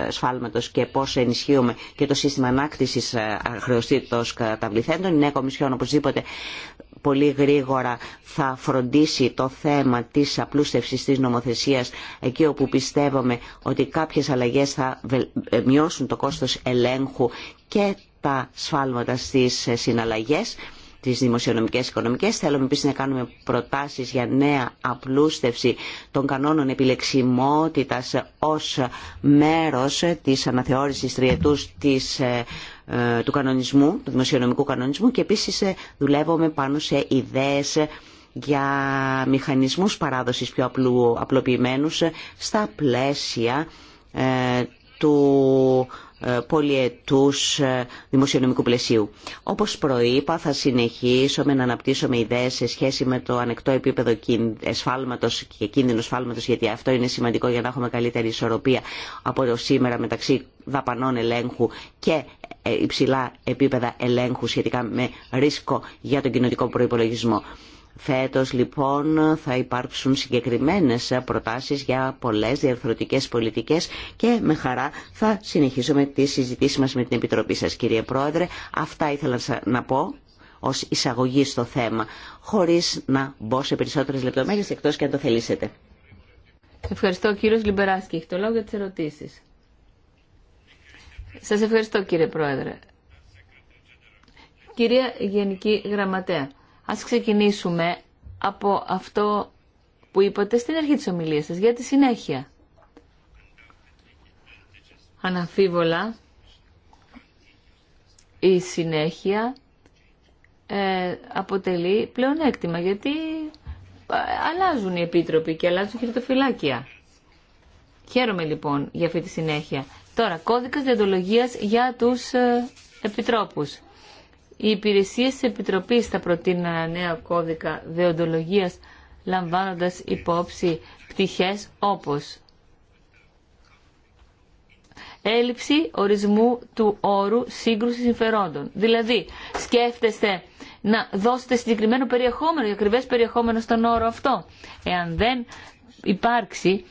σφάλματος και πώς ενισχύουμε και το σύστημα ανάκτησης ε, χρεωστήτως καταβληθέντων. Η Νέα Κομισιόν οπωσδήποτε πολύ γρήγορα θα φροντίσει το θέμα της απλούστευσης της νομοθεσίας εκεί όπου πιστεύουμε ότι κάποιες αλλαγές θα μειώσουν το κόστος ελέγχου και τα σφάλματα στις συναλλαγές τις δημοσιονομικές οικονομικέ. Θέλουμε επίσης να κάνουμε προτάσεις για νέα απλούστευση των κανόνων επιλεξιμότητας ως μέρος της αναθεώρησης τριετούς ε, ε, του κανονισμού, του δημοσιονομικού κανονισμού και επίσης ε, δουλεύουμε πάνω σε ιδέες για μηχανισμούς παράδοσης πιο απλού, απλοποιημένους στα πλαίσια του ε, πολιετούς ε, δημοσιονομικού πλαισίου. Όπως προείπα θα συνεχίσουμε να αναπτύσσουμε ιδέες σε σχέση με το ανεκτό επίπεδο εσφάλματος και κίνδυνο σφάλματο, γιατί αυτό είναι σημαντικό για να έχουμε καλύτερη ισορροπία από το σήμερα μεταξύ δαπανών ελέγχου και ε, υψηλά επίπεδα ελέγχου σχετικά με ρίσκο για τον κοινωνικό προπολογισμό. Φέτος λοιπόν θα υπάρξουν συγκεκριμένες προτάσεις για πολλές διαρθρωτικές πολιτικές και με χαρά θα συνεχίσουμε τη συζητήση μας με την Επιτροπή σας κύριε Πρόεδρε. Αυτά ήθελα να πω ως εισαγωγή στο θέμα, χωρίς να μπω σε περισσότερες λεπτομέρειες εκτός και αν το θελήσετε. Ευχαριστώ κύριος Λιμπεράσκη. το λόγο για τις ερωτήσεις. Σας ευχαριστώ κύριε Πρόεδρε. Κυρία Γενική Γραμματέα, Ας ξεκινήσουμε από αυτό που είπατε στην αρχή της ομιλίας σας για τη συνέχεια. Αναμφίβολα, η συνέχεια ε, αποτελεί πλεονέκτημα γιατί ε, αλλάζουν οι επίτροποι και αλλάζουν και φυλάκια. Χαίρομαι λοιπόν για αυτή τη συνέχεια. Τώρα, κώδικας διοντολογίας για τους ε, επιτρόπους. Οι υπηρεσίε τη Επιτροπή θα προτείνουν ένα νέο κώδικα δεοντολογία λαμβάνοντα υπόψη πτυχέ όπω έλλειψη ορισμού του όρου σύγκρουση συμφερόντων. Δηλαδή, σκέφτεστε να δώσετε συγκεκριμένο περιεχόμενο, ακριβέ περιεχόμενο στον όρο αυτό. Εάν δεν υπάρξει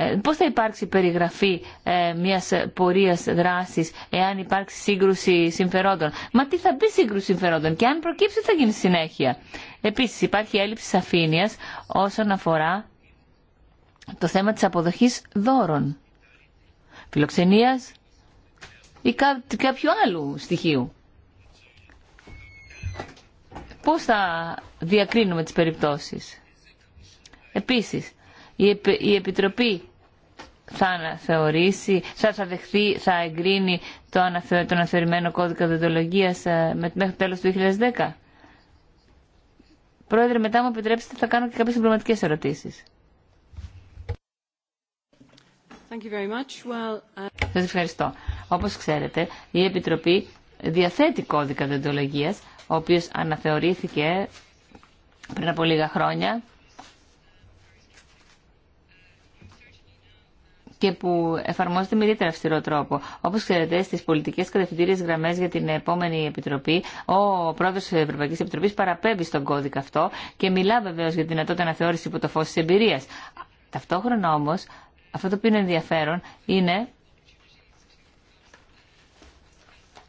ε, πώς θα υπάρξει περιγραφή ε, μιας πορείας δράσης εάν υπάρξει σύγκρουση συμφερόντων. Μα τι θα μπει σύγκρουση συμφερόντων και αν προκύψει θα γίνει συνέχεια. Επίσης υπάρχει έλλειψη σαφήνειας όσον αφορά το θέμα της αποδοχής δώρων. Φιλοξενίας ή κάποιου άλλου στοιχείου. Πώς θα διακρίνουμε τις περιπτώσεις. Επίσης, η Επιτροπή θα αναθεωρήσει, θα, θα δεχθεί, θα εγκρίνει το, αναθεωρημένο κώδικα δοντολογίας ε, μέχρι το τέλος του 2010. Πρόεδρε, μετά μου επιτρέψετε θα κάνω και κάποιες συμπληρωματικές ερωτήσεις. Thank you very much. Well, uh, Σας ευχαριστώ. Όπως ξέρετε, η Επιτροπή διαθέτει κώδικα δεδολογίας, ο οποίος αναθεωρήθηκε πριν από λίγα χρόνια και που εφαρμόζεται με ιδιαίτερα αυστηρό τρόπο. Όπω ξέρετε, στι πολιτικέ κατευθυντήριε γραμμέ για την επόμενη Επιτροπή, ο πρόεδρο τη Ευρωπαϊκή Επιτροπή παραπέμπει στον κώδικα αυτό και μιλά βεβαίω για τη δυνατότητα αναθεώρηση υπό το φω τη εμπειρία. Ταυτόχρονα όμω, αυτό το οποίο είναι ενδιαφέρον είναι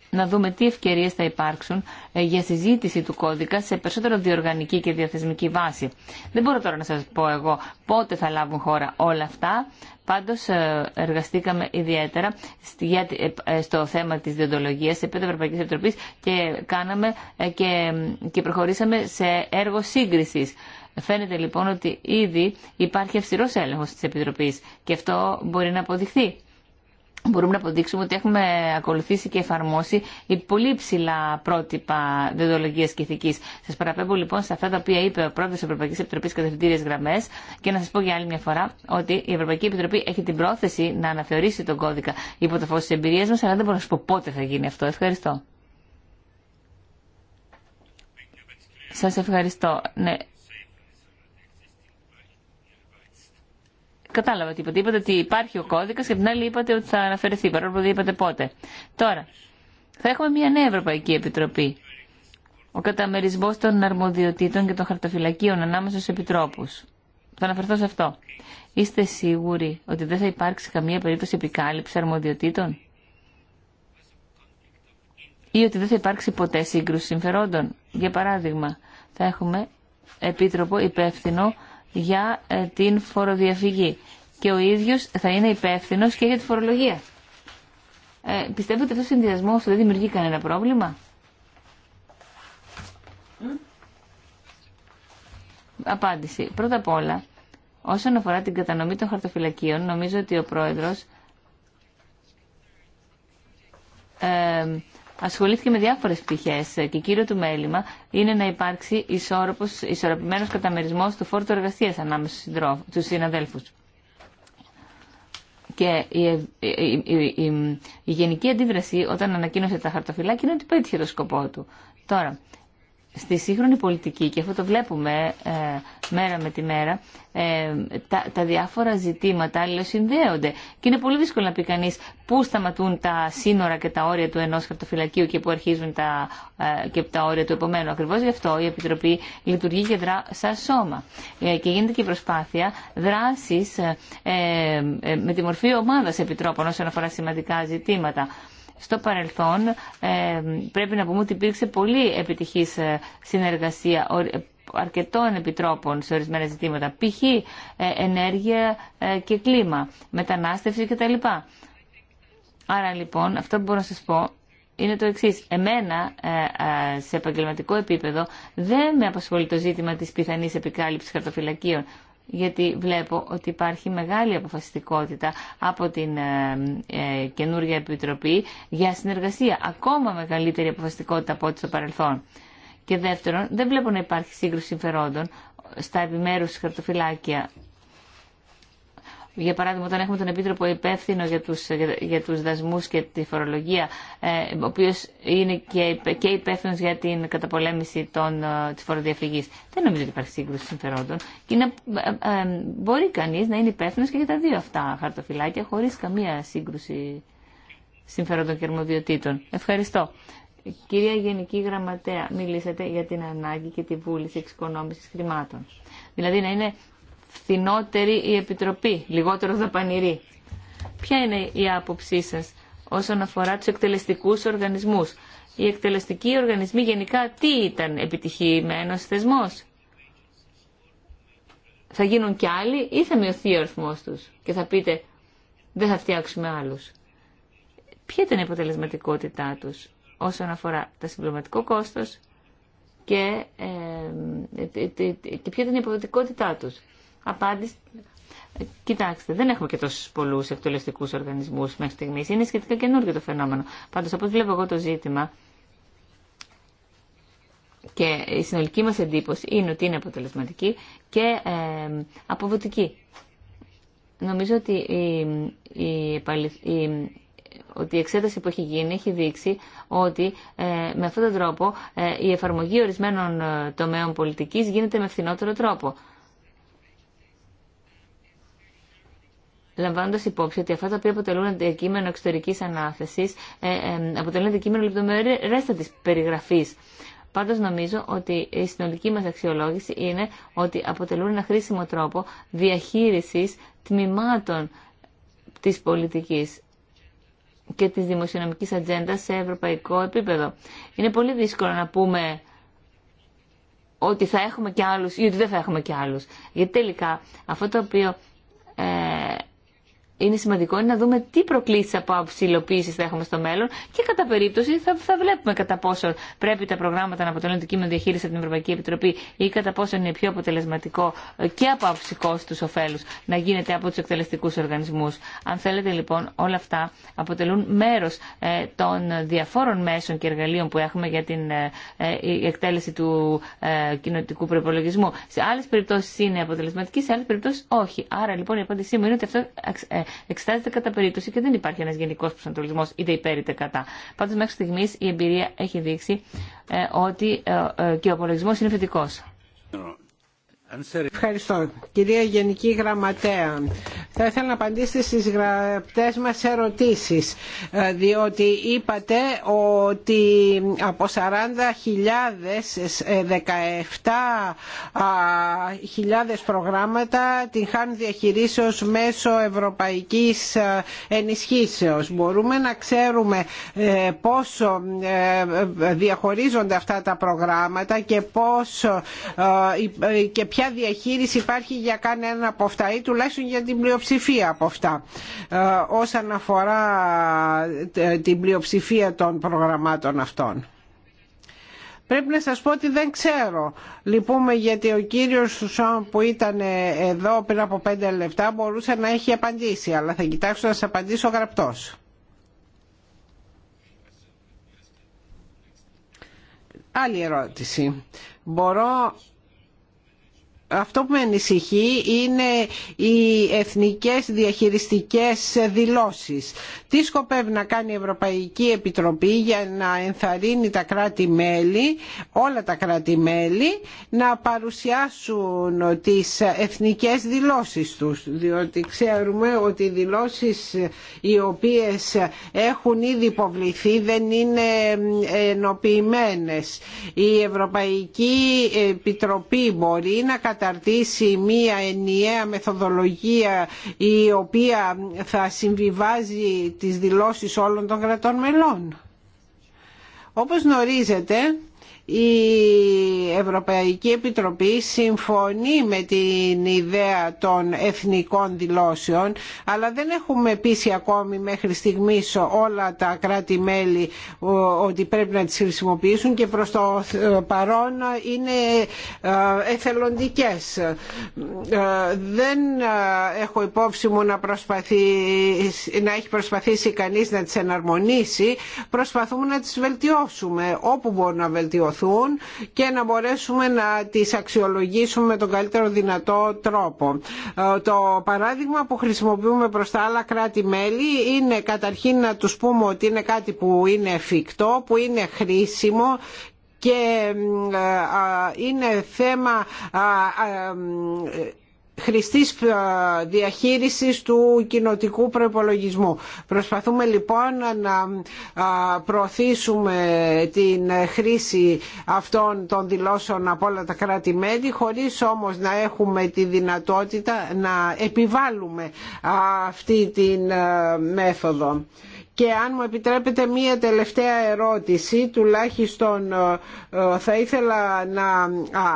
να δούμε τι ευκαιρίες θα υπάρξουν ε, για συζήτηση του κώδικα σε περισσότερο διοργανική και διαθεσμική βάση. Δεν μπορώ τώρα να σας πω εγώ πότε θα λάβουν χώρα όλα αυτά. Πάντως ε, εργαστήκαμε ιδιαίτερα ε, στο θέμα της διοντολογίας σε πέντε Ευρωπαϊκής Επιτροπής και, κάναμε και, προχωρήσαμε σε έργο σύγκρισης. Φαίνεται λοιπόν ότι ήδη υπάρχει αυστηρός έλεγχος τη επιτροπής και αυτό μπορεί να αποδειχθεί μπορούμε να αποδείξουμε ότι έχουμε ακολουθήσει και εφαρμόσει πολύ ψηλά πρότυπα διδολογία και ηθική. Σα παραπέμπω λοιπόν σε αυτά τα οποία είπε ο πρόεδρο τη Ευρωπαϊκή Επιτροπή Κατευθυντήριε Γραμμέ και να σα πω για άλλη μια φορά ότι η Ευρωπαϊκή Επιτροπή έχει την πρόθεση να αναθεωρήσει τον κώδικα υπό το φω τη εμπειρία μα, αλλά δεν μπορώ να σα πω πότε θα γίνει αυτό. Ευχαριστώ. Σας ευχαριστώ. Ναι, Κατάλαβα τι είπατε. Είπατε ότι υπάρχει ο κώδικα και την άλλη είπατε ότι θα αναφερθεί, παρόλο που δεν είπατε πότε. Τώρα, θα έχουμε μια νέα Ευρωπαϊκή Επιτροπή. Ο καταμερισμό των αρμοδιοτήτων και των χαρτοφυλακίων ανάμεσα στου επιτρόπου. Θα αναφερθώ σε αυτό. Είστε σίγουροι ότι δεν θα υπάρξει καμία περίπτωση επικάλυψη αρμοδιοτήτων ή ότι δεν θα υπάρξει ποτέ σύγκρουση συμφερόντων. Για παράδειγμα, θα έχουμε επίτροπο υπεύθυνο για ε, την φοροδιαφυγή και ο ίδιος θα είναι υπεύθυνο και για τη φορολογία. Ε, πιστεύετε ότι αυτό ο συνδυασμό δεν δημιουργεί κανένα πρόβλημα? Απάντηση. Πρώτα απ' όλα, όσον αφορά την κατανομή των χαρτοφυλακίων, νομίζω ότι ο πρόεδρος ε, ασχολήθηκε με διάφορες πτυχέ ε, και κύριο του μέλημα είναι να υπάρξει καταμερισμό ισορροπημένος καταμερισμός του φόρτου εργασίας ανάμεσα στου συναδέλφου. Και η, η, η, η γενική αντίδραση όταν ανακοίνωσε τα χαρτοφυλάκια είναι ότι πέτυχε το σκοπό του. Τώρα, στη σύγχρονη πολιτική, και αυτό το βλέπουμε ε, μέρα με τη μέρα, ε, τα, τα διάφορα ζητήματα αλληλοσυνδέονται. Και είναι πολύ δύσκολο να πει κανεί πού σταματούν τα σύνορα και τα όρια του ενό χαρτοφυλακίου και πού αρχίζουν τα, ε, και τα όρια του επομένου. Ακριβώ γι' αυτό η Επιτροπή λειτουργεί και δρά σαν σώμα. και γίνεται και προσπάθεια δράση με τη μορφή ομάδα επιτρόπων όσον αφορά σημαντικά ζητήματα στο παρελθόν ε, πρέπει να πούμε ότι υπήρξε πολύ επιτυχής ε, συνεργασία ε, αρκετών επιτρόπων σε ορισμένα ζητήματα, π.χ. ενέργεια και κλίμα, μετανάστευση κτλ. Άρα λοιπόν αυτό που μπορώ να σας πω είναι το εξής. Εμένα, σε επαγγελματικό επίπεδο, δεν με απασχολεί το ζήτημα της πιθανής επικάλυψης χαρτοφυλακίων γιατί βλέπω ότι υπάρχει μεγάλη αποφασιστικότητα από την ε, ε, καινούργια Επιτροπή για συνεργασία, ακόμα μεγαλύτερη αποφασιστικότητα από ό,τι στο παρελθόν. Και δεύτερον, δεν βλέπω να υπάρχει σύγκρουση συμφερόντων στα επιμέρους χαρτοφυλάκια για παράδειγμα, όταν έχουμε τον Επίτροπο υπεύθυνο για τους, για, τους δασμούς και τη φορολογία, ε, ο οποίος είναι και, και υπεύθυνο για την καταπολέμηση των, ε, της φοροδιαφυγής. Δεν νομίζω ότι υπάρχει σύγκρουση συμφερόντων. Και ε, ε, μπορεί κανείς να είναι υπεύθυνο και για τα δύο αυτά χαρτοφυλάκια, χωρίς καμία σύγκρουση συμφερόντων και αρμοδιοτήτων. Ευχαριστώ. Κυρία Γενική Γραμματέα, μιλήσατε για την ανάγκη και τη βούληση εξοικονόμηση χρημάτων. Δηλαδή να είναι φθηνότερη η επιτροπή, λιγότερο δαπανηρή. Ποια είναι η άποψή σας όσον αφορά τους εκτελεστικούς οργανισμούς. Οι εκτελεστικοί οργανισμοί γενικά τι ήταν επιτυχημένος θεσμός. Θα γίνουν κι άλλοι ή θα μειωθεί ο αριθμό τους και θα πείτε δεν θα φτιάξουμε άλλους. Ποια ήταν η αποτελεσματικότητά τους όσον αφορά τα συμπληρωματικό κόστος και, ε, ε, ε, ποια ήταν η αποδοτικότητά τους. Απάντηση. Κοιτάξτε, δεν έχουμε και τόσου πολλού εκτελεστικού οργανισμού μέχρι στιγμή. Είναι σχετικά καινούργιο το φαινόμενο. Πάντω, όπω βλέπω εγώ το ζήτημα και η συνολική μα εντύπωση είναι ότι είναι αποτελεσματική και ε, αποδοτική. Νομίζω ότι η, η, ότι η εξέταση που έχει γίνει έχει δείξει ότι ε, με αυτόν τον τρόπο ε, η εφαρμογή ορισμένων ε, τομέων πολιτικής γίνεται με φθηνότερο τρόπο. λαμβάνοντα υπόψη ότι αυτά τα οποία αποτελούν αντικείμενο εξωτερική ανάθεση ε, ε, αποτελούν αντικείμενο τη περιγραφή. Πάντω νομίζω ότι η συνολική μα αξιολόγηση είναι ότι αποτελούν ένα χρήσιμο τρόπο διαχείριση τμήματων τη πολιτική και της δημοσιονομικής ατζέντα σε ευρωπαϊκό επίπεδο. Είναι πολύ δύσκολο να πούμε ότι θα έχουμε και άλλους ή ότι δεν θα έχουμε και άλλους. Γιατί τελικά αυτό το οποίο είναι σημαντικό είναι να δούμε τι προκλήσει από υλοποίηση θα έχουμε στο μέλλον και κατά περίπτωση θα, θα βλέπουμε κατά πόσο πρέπει τα προγράμματα να αποτελούν το κείμενο διαχείριση από την Ευρωπαϊκή Επιτροπή ή κατά πόσο είναι πιο αποτελεσματικό και από αυξικό του ωφέλου να γίνεται από του εκτελεστικού οργανισμού. Αν θέλετε λοιπόν, όλα αυτά αποτελούν μέρο ε, των διαφόρων μέσων και εργαλείων που έχουμε για την ε, ε, εκτέλεση του ε, κοινοτικού προπολογισμού. Σε άλλε περιπτώσει είναι αποτελεσματική, σε άλλε περιπτώσει όχι. Άρα λοιπόν η απάντησή μου είναι ότι αυτό ε, εξετάζεται κατά περίπτωση και δεν υπάρχει ένα γενικό προσανατολισμό είτε υπέρ είτε κατά. Πάντω, μέχρι στιγμή η εμπειρία έχει δείξει ε, ότι ε, ε, και ο απολογισμό είναι θετικό. Ευχαριστώ. Κυρία Γενική Γραμματέα, θα ήθελα να απαντήσετε στις γραπτές μας ερωτήσεις, ε, διότι είπατε ότι από 40.000, 17.000 ε, προγράμματα την χάνουν διαχειρίσεως μέσω ευρωπαϊκής ε, ενισχύσεως. Μπορούμε να ξέρουμε πόσο διαχωρίζονται αυτά τα προγράμματα και, πόσο, και ποια ποια διαχείριση υπάρχει για κανένα από αυτά ή τουλάχιστον για την πλειοψηφία από αυτά. Ε, όσον αφορά ε, την πλειοψηφία των προγραμμάτων αυτών. Πρέπει να σας πω ότι δεν ξέρω. Λυπούμε γιατί ο κύριος Σουσόν που ήταν ε, εδώ πριν από πέντε λεπτά μπορούσε να έχει απαντήσει, αλλά θα κοιτάξω να σας απαντήσω γραπτός. Άλλη ερώτηση. Μπορώ αυτό που με ανησυχεί είναι οι εθνικές διαχειριστικές δηλώσεις τι σκοπεύει να κάνει η Ευρωπαϊκή Επιτροπή για να ενθαρρύνει τα κράτη-μέλη, όλα τα κράτη-μέλη, να παρουσιάσουν τις εθνικές δηλώσεις τους. Διότι ξέρουμε ότι οι δηλώσεις οι οποίες έχουν ήδη υποβληθεί δεν είναι ενοποιημένες. Η Ευρωπαϊκή Επιτροπή μπορεί να καταρτήσει μία ενιαία μεθοδολογία η οποία θα συμβιβάζει τις δηλώσεις όλων των κρατών μελών. Όπως γνωρίζετε, η Ευρωπαϊκή Επιτροπή συμφωνεί με την ιδέα των εθνικών δηλώσεων αλλά δεν έχουμε πείσει ακόμη μέχρι στιγμής όλα τα κράτη-μέλη ότι πρέπει να τις χρησιμοποιήσουν και προς το παρόν είναι ε, εθελοντικές. Ε, δεν έχω υπόψη μου να, να έχει προσπαθήσει κανείς να τις εναρμονίσει. Προσπαθούμε να τις βελτιώσουμε όπου μπορούν να βελτιωθούν και να μπορέσουμε να τις αξιολογήσουμε με τον καλύτερο δυνατό τρόπο. Ε, το παράδειγμα που χρησιμοποιούμε προς τα άλλα κράτη-μέλη είναι καταρχήν να τους πούμε ότι είναι κάτι που είναι εφικτό, που είναι χρήσιμο και ε, είναι θέμα ε, χρηστής ε, διαχείρισης του κοινοτικού προπολογισμού. Προσπαθούμε λοιπόν να ε, προωθήσουμε την χρήση αυτών των δηλώσεων από όλα τα κράτη-μέλη χωρίς όμως να έχουμε τη δυνατότητα να επιβάλλουμε ε, αυτή την μέθοδο. Και αν μου επιτρέπετε μία τελευταία ερώτηση, τουλάχιστον ε, ε, θα ήθελα να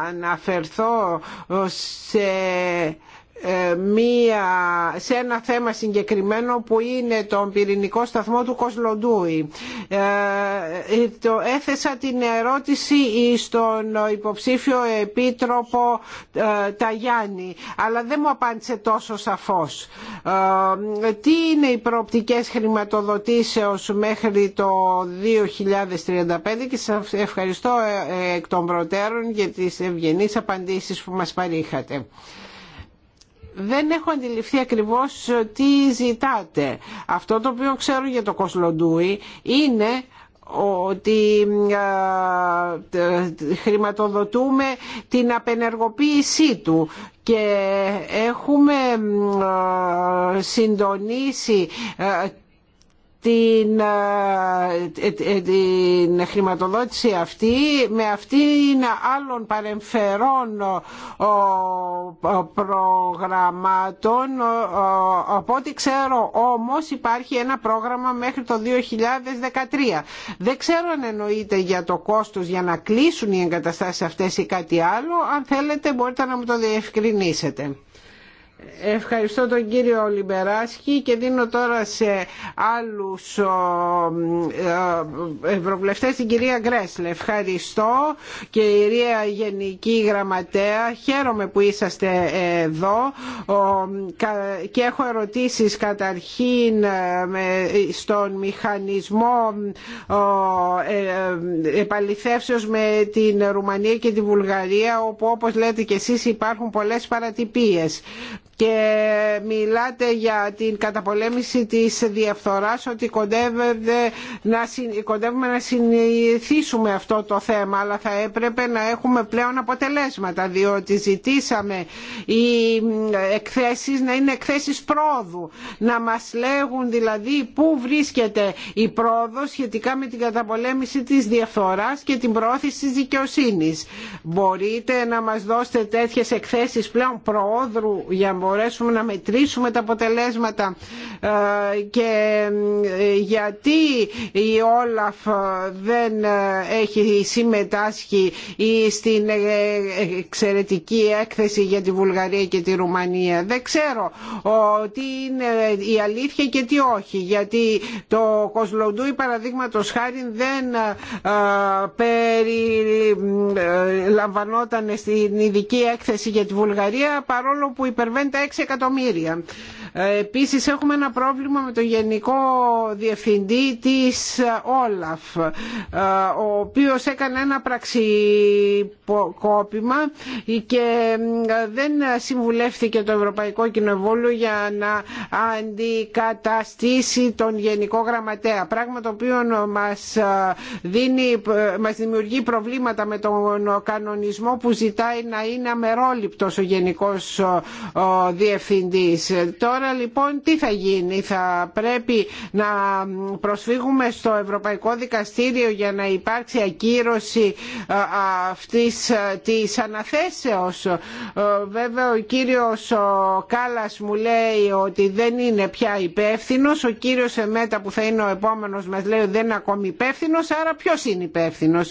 αναφερθώ σε ε, μία, σε ένα θέμα συγκεκριμένο που είναι τον πυρηνικό σταθμό του Κοσλοντούι. Ε, ε, το, έθεσα την ερώτηση στον υποψήφιο επίτροπο Ταγιάννη, αλλά δεν μου απάντησε τόσο σαφώς. τι είναι οι προοπτικές χρηματοδοτήσεως μέχρι το 2035 και σας ευχαριστώ εκ των προτέρων για τις ευγενείς απαντήσεις που μας παρήχατε δεν έχω αντιληφθεί ακριβώς τι ζητάτε. Αυτό το οποίο ξέρω για το Κοσλοντούι είναι ότι ε, χρηματοδοτούμε την απενεργοποίησή του και έχουμε ε, συντονίσει ε, την, ε, ε, ε, την χρηματοδότηση αυτή με αυτήν άλλων παρεμφερών προγραμμάτων από ό,τι ξέρω όμως υπάρχει ένα πρόγραμμα μέχρι το 2013 δεν ξέρω αν εννοείται για το κόστος για να κλείσουν οι εγκαταστάσεις αυτές ή κάτι άλλο αν θέλετε μπορείτε να μου το διευκρινίσετε Ευχαριστώ τον κύριο Λιμπεράσκη και δίνω τώρα σε άλλους ευρωβουλευτές την κυρία Γκρέσλε. Ευχαριστώ κυρία Γενική Γραμματέα. Χαίρομαι που είσαστε εδώ και έχω ερωτήσεις καταρχήν ε, στον μηχανισμό ε, ε, επαληθεύσεως με την Ρουμανία και τη Βουλγαρία όπου όπως λέτε και εσείς υπάρχουν πολλές παρατυπίες και μιλάτε για την καταπολέμηση της διαφθοράς ότι να, κοντεύουμε να συνηθίσουμε αυτό το θέμα αλλά θα έπρεπε να έχουμε πλέον αποτελέσματα διότι ζητήσαμε οι εκθέσεις να είναι εκθέσεις πρόοδου να μας λέγουν δηλαδή πού βρίσκεται η πρόοδος σχετικά με την καταπολέμηση της διαφθοράς και την πρόθεση της δικαιοσύνης. Μπορείτε να μας δώσετε τέτοιες εκθέσεις πλέον προόδρου για μπορέσουμε να μετρήσουμε τα αποτελέσματα ε, και ε, γιατί η Όλαφ δεν ε, έχει συμμετάσχει στην εξαιρετική έκθεση για τη Βουλγαρία και τη Ρουμανία. Δεν ξέρω τι είναι η αλήθεια και τι όχι γιατί το Κοσλοντούι παραδείγματος χάρη δεν περιλαμβανόταν στην ειδική έκθεση για τη Βουλγαρία παρόλο που υπερβαίνει 56 εκατομμύρια. Ε, επίσης έχουμε ένα πρόβλημα με τον Γενικό Διευθυντή της ε, Όλαφ ε, ο οποίος έκανε ένα πραξικόπημα και δεν συμβουλεύθηκε το Ευρωπαϊκό Κοινοβούλιο για να αντικαταστήσει τον Γενικό Γραμματέα πράγμα το οποίο μας, δίνει, μας δημιουργεί προβλήματα με τον κανονισμό που ζητάει να είναι αμερόληπτος ο Γενικός Διευθυντής. Τώρα Άρα λοιπόν τι θα γίνει, θα πρέπει να προσφύγουμε στο Ευρωπαϊκό Δικαστήριο για να υπάρξει ακύρωση ε, αυτής ε, της αναθέσεως. Ε, βέβαια ο κύριος Κάλλας μου λέει ότι δεν είναι πια υπεύθυνο, ο κύριος Εμέτα που θα είναι ο επόμενος μας λέει ότι δεν είναι ακόμη υπεύθυνο, άρα ποιος είναι υπεύθυνο.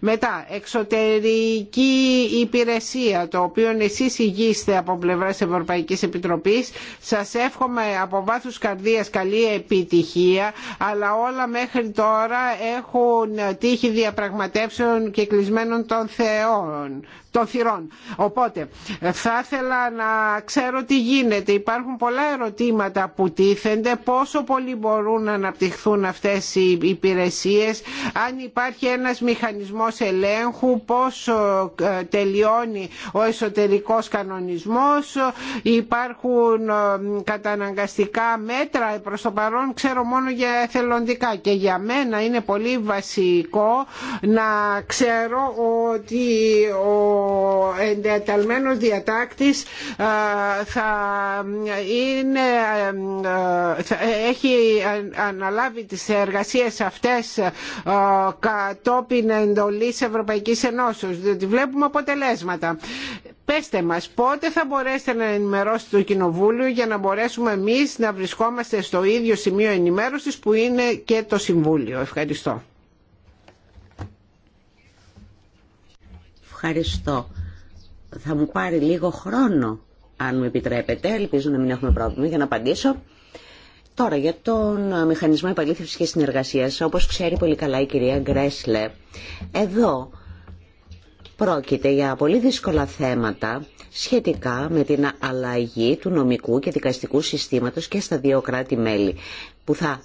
Μετά, εξωτερική υπηρεσία, το οποίο εσείς ηγείστε από πλευράς Ευρωπαϊκής Επιτροπής, σας σας εύχομαι από βάθους καρδίας καλή επιτυχία αλλά όλα μέχρι τώρα έχουν τύχει διαπραγματεύσεων και κλεισμένων των θεών των θυρών. Οπότε θα ήθελα να ξέρω τι γίνεται. Υπάρχουν πολλά ερωτήματα που τίθενται, πόσο πολύ μπορούν να αναπτυχθούν αυτές οι υπηρεσίες, αν υπάρχει ένας μηχανισμός ελέγχου, πόσο ε, τελειώνει ο εσωτερικός κανονισμός, υπάρχουν ε, καταναγκαστικά μέτρα, προς το παρόν ξέρω μόνο για εθελοντικά και για μένα είναι πολύ βασικό να ξέρω ότι ο εντεταλμένος διατάκτης θα είναι, έχει αναλάβει τις εργασίες αυτές κατόπιν εντολής Ευρωπαϊκής Ενώσεως, διότι βλέπουμε αποτελέσματα. Πέστε μας πότε θα μπορέσετε να ενημερώσετε το Κοινοβούλιο για να μπορέσουμε εμείς να βρισκόμαστε στο ίδιο σημείο ενημέρωσης που είναι και το Συμβούλιο. Ευχαριστώ. Ευχαριστώ. Θα μου πάρει λίγο χρόνο, αν μου επιτρέπετε, ελπίζω να μην έχουμε πρόβλημα για να απαντήσω. Τώρα, για τον μηχανισμό επαλήθευσης και συνεργασίας, όπως ξέρει πολύ καλά η κυρία Γκρέσλε, εδώ πρόκειται για πολύ δύσκολα θέματα σχετικά με την αλλαγή του νομικού και δικαστικού συστήματος και στα δύο κράτη-μέλη, που θα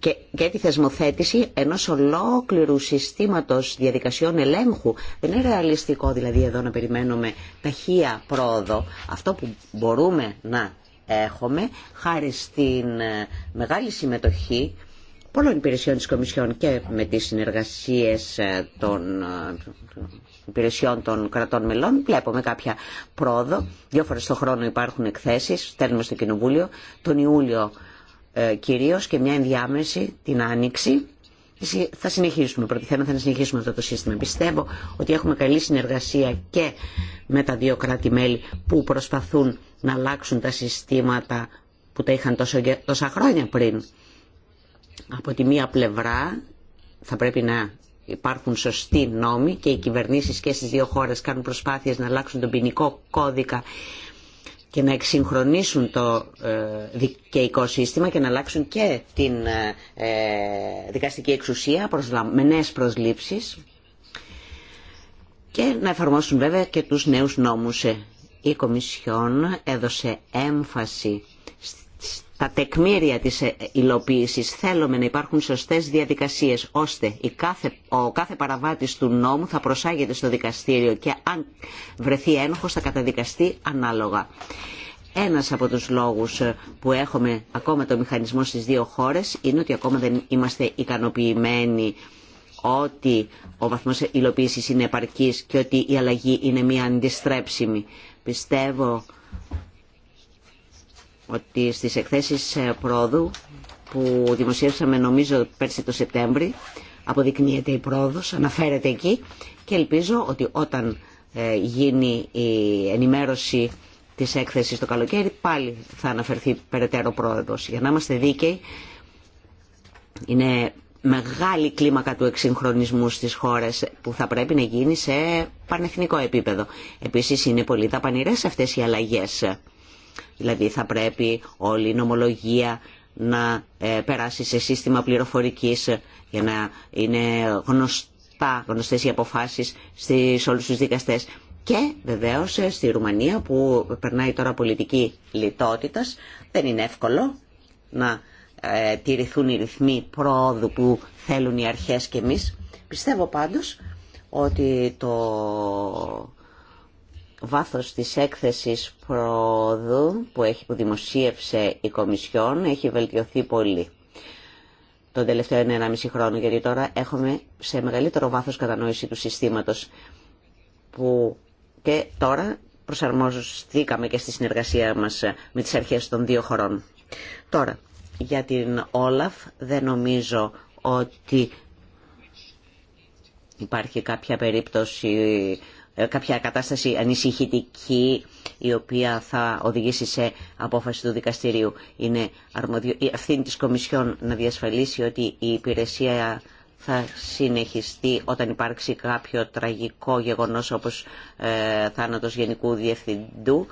και, και τη θεσμοθέτηση ενό ολόκληρου συστήματος διαδικασιών ελέγχου. Δεν είναι ρεαλιστικό δηλαδή εδώ να περιμένουμε ταχεία πρόοδο. Αυτό που μπορούμε να έχουμε χάρη στην ε, μεγάλη συμμετοχή πολλών υπηρεσιών της Κομισιόν και με τις συνεργασίες ε, των ε, υπηρεσιών των κρατών μελών. Βλέπουμε κάποια πρόοδο. Δύο φορές το χρόνο υπάρχουν εκθέσεις, στέλνουμε στο Κοινοβούλιο. Τον Ιούλιο ε, κυρίως και μια ενδιάμεση την άνοιξη. Θα συνεχίσουμε, προτιθέμε να συνεχίσουμε αυτό το σύστημα. Πιστεύω ότι έχουμε καλή συνεργασία και με τα δύο κράτη-μέλη που προσπαθούν να αλλάξουν τα συστήματα που τα είχαν τόσο, τόσα χρόνια πριν. Από τη μία πλευρά θα πρέπει να υπάρχουν σωστοί νόμοι και οι κυβερνήσεις και στις δύο χώρες κάνουν προσπάθειες να αλλάξουν τον ποινικό κώδικα και να εξυγχρονίσουν το ε, δικαιικό σύστημα και να αλλάξουν και την ε, ε, δικαστική εξουσία με νέες προσλήψεις και να εφαρμόσουν βέβαια και τους νέους νόμους. Η Κομισιόν έδωσε έμφαση τα τεκμήρια της ε, υλοποίησης. Θέλουμε να υπάρχουν σωστές διαδικασίες, ώστε ο κάθε παραβάτης του νόμου θα προσάγεται στο δικαστήριο και αν βρεθεί ένοχος θα καταδικαστεί ανάλογα. Ένας από τους λόγους ε, που έχουμε ακόμα το μηχανισμό στις δύο χώρες είναι ότι ακόμα δεν είμαστε ικανοποιημένοι ότι ο βαθμός υλοποίησης είναι επαρκής και ότι η αλλαγή είναι μία αντιστρέψιμη. Πιστεύω ότι στις εκθέσεις ε, πρόοδου που δημοσίευσαμε νομίζω πέρσι το Σεπτέμβρη αποδεικνύεται η πρόοδος, αναφέρεται εκεί και ελπίζω ότι όταν ε, γίνει η ενημέρωση της έκθεσης το καλοκαίρι πάλι θα αναφερθεί περαιτέρω πρόοδος. Για να είμαστε δίκαιοι είναι μεγάλη κλίμακα του εξυγχρονισμού στις χώρες που θα πρέπει να γίνει σε πανεθνικό επίπεδο. Επίσης είναι πολύ δαπανηρές αυτές οι αλλαγές Δηλαδή θα πρέπει όλη η νομολογία να ε, περάσει σε σύστημα πληροφορικής για να είναι γνωστά, γνωστές οι αποφάσεις στις όλους τους δικαστές. Και βεβαίως ε, στη Ρουμανία που περνάει τώρα πολιτική λιτότητας δεν είναι εύκολο να ε, τηρηθούν οι ρυθμοί πρόοδου που θέλουν οι αρχές και εμείς. Πιστεύω πάντως ότι το βάθος της έκθεσης προόδου που, δημοσίευσε η Κομισιόν έχει βελτιωθεί πολύ τον τελευταίο 1,5 χρόνο, γιατί τώρα έχουμε σε μεγαλύτερο βάθος κατανόηση του συστήματος που και τώρα προσαρμοστήκαμε και στη συνεργασία μας με τις αρχές των δύο χωρών. Τώρα, για την Όλαφ δεν νομίζω ότι υπάρχει κάποια περίπτωση κάποια κατάσταση ανησυχητική η οποία θα οδηγήσει σε απόφαση του δικαστηρίου. Είναι αρμοδιο... η ευθύνη της Κομισιόν να διασφαλίσει ότι η υπηρεσία θα συνεχιστεί όταν υπάρξει κάποιο τραγικό γεγονός όπως ε, θάνατος Γενικού Διευθυντού.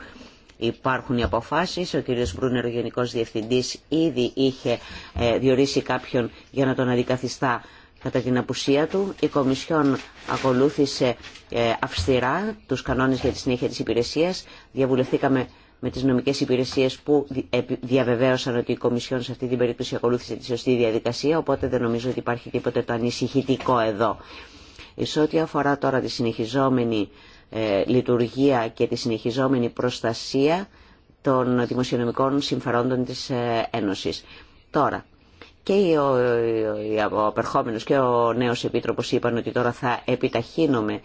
Υπάρχουν οι αποφάσεις. Ο κύριος Μπρούνερ, ο Γενικός Διευθυντής, ήδη είχε ε, διορίσει κάποιον για να τον αντικαθιστά Κατά την απουσία του, η Κομισιόν ακολούθησε ε, αυστηρά τους κανόνες για τη συνέχεια της υπηρεσίας. Διαβουλευθήκαμε με τις νομικές υπηρεσίες που ε, διαβεβαίωσαν ότι η Κομισιόν σε αυτή την περίπτωση ακολούθησε τη σωστή διαδικασία, οπότε δεν νομίζω ότι υπάρχει τίποτε το ανησυχητικό εδώ. Σε ό,τι αφορά τώρα τη συνεχιζόμενη ε, λειτουργία και τη συνεχιζόμενη προστασία των δημοσιονομικών συμφερόντων της Ένωσης. Τώρα, και ο, ο, και ο νέος επίτροπος είπαν ότι τώρα θα επιταχύνουμε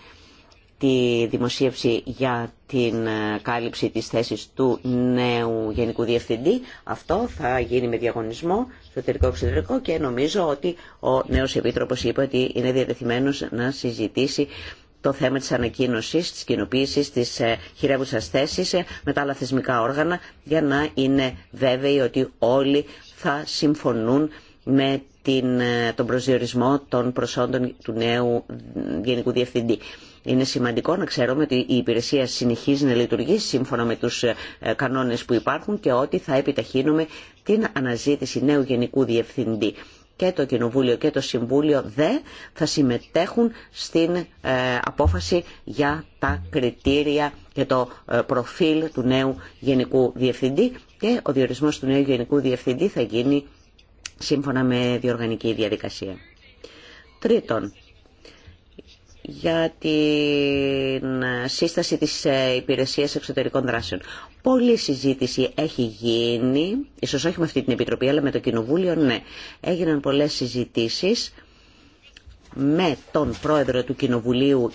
τη δημοσίευση για την ε, κάλυψη της θέσης του νέου Γενικού Διευθυντή. Αυτό θα γίνει με διαγωνισμό στο εξωτερικό και νομίζω ότι ο νέος Επίτροπος είπε ότι είναι διατεθειμένος να συζητήσει το θέμα της ανακοίνωσης, της κοινοποίησης, της ε, χειρεύουσας θέσης ε, με τα άλλα θεσμικά όργανα για να είναι βέβαιοι ότι όλοι θα συμφωνούν με την, ε, τον προσδιορισμό των προσόντων του νέου Γενικού Διευθυντή. Είναι σημαντικό να ξέρουμε ότι η υπηρεσία συνεχίζει να λειτουργεί σύμφωνα με τους ε, ε, κανόνες που υπάρχουν και ότι θα επιταχύνουμε την αναζήτηση νέου Γενικού Διευθυντή. Και το Κοινοβούλιο και το Συμβούλιο δε θα συμμετέχουν στην απόφαση για τα κριτήρια και το προφίλ του νέου Γενικού Διευθυντή και ο διορισμός του νέου Γενικού Διευθυντή θα γίνει σύμφωνα με διοργανική διαδικασία. Τρίτον, για την σύσταση της ε, Υπηρεσίας Εξωτερικών Δράσεων. Πολλή συζήτηση έχει γίνει, ίσως όχι με αυτή την Επιτροπή, αλλά με το Κοινοβούλιο, ναι. Έγιναν πολλές συζητήσεις με τον πρόεδρο του Κοινοβουλίου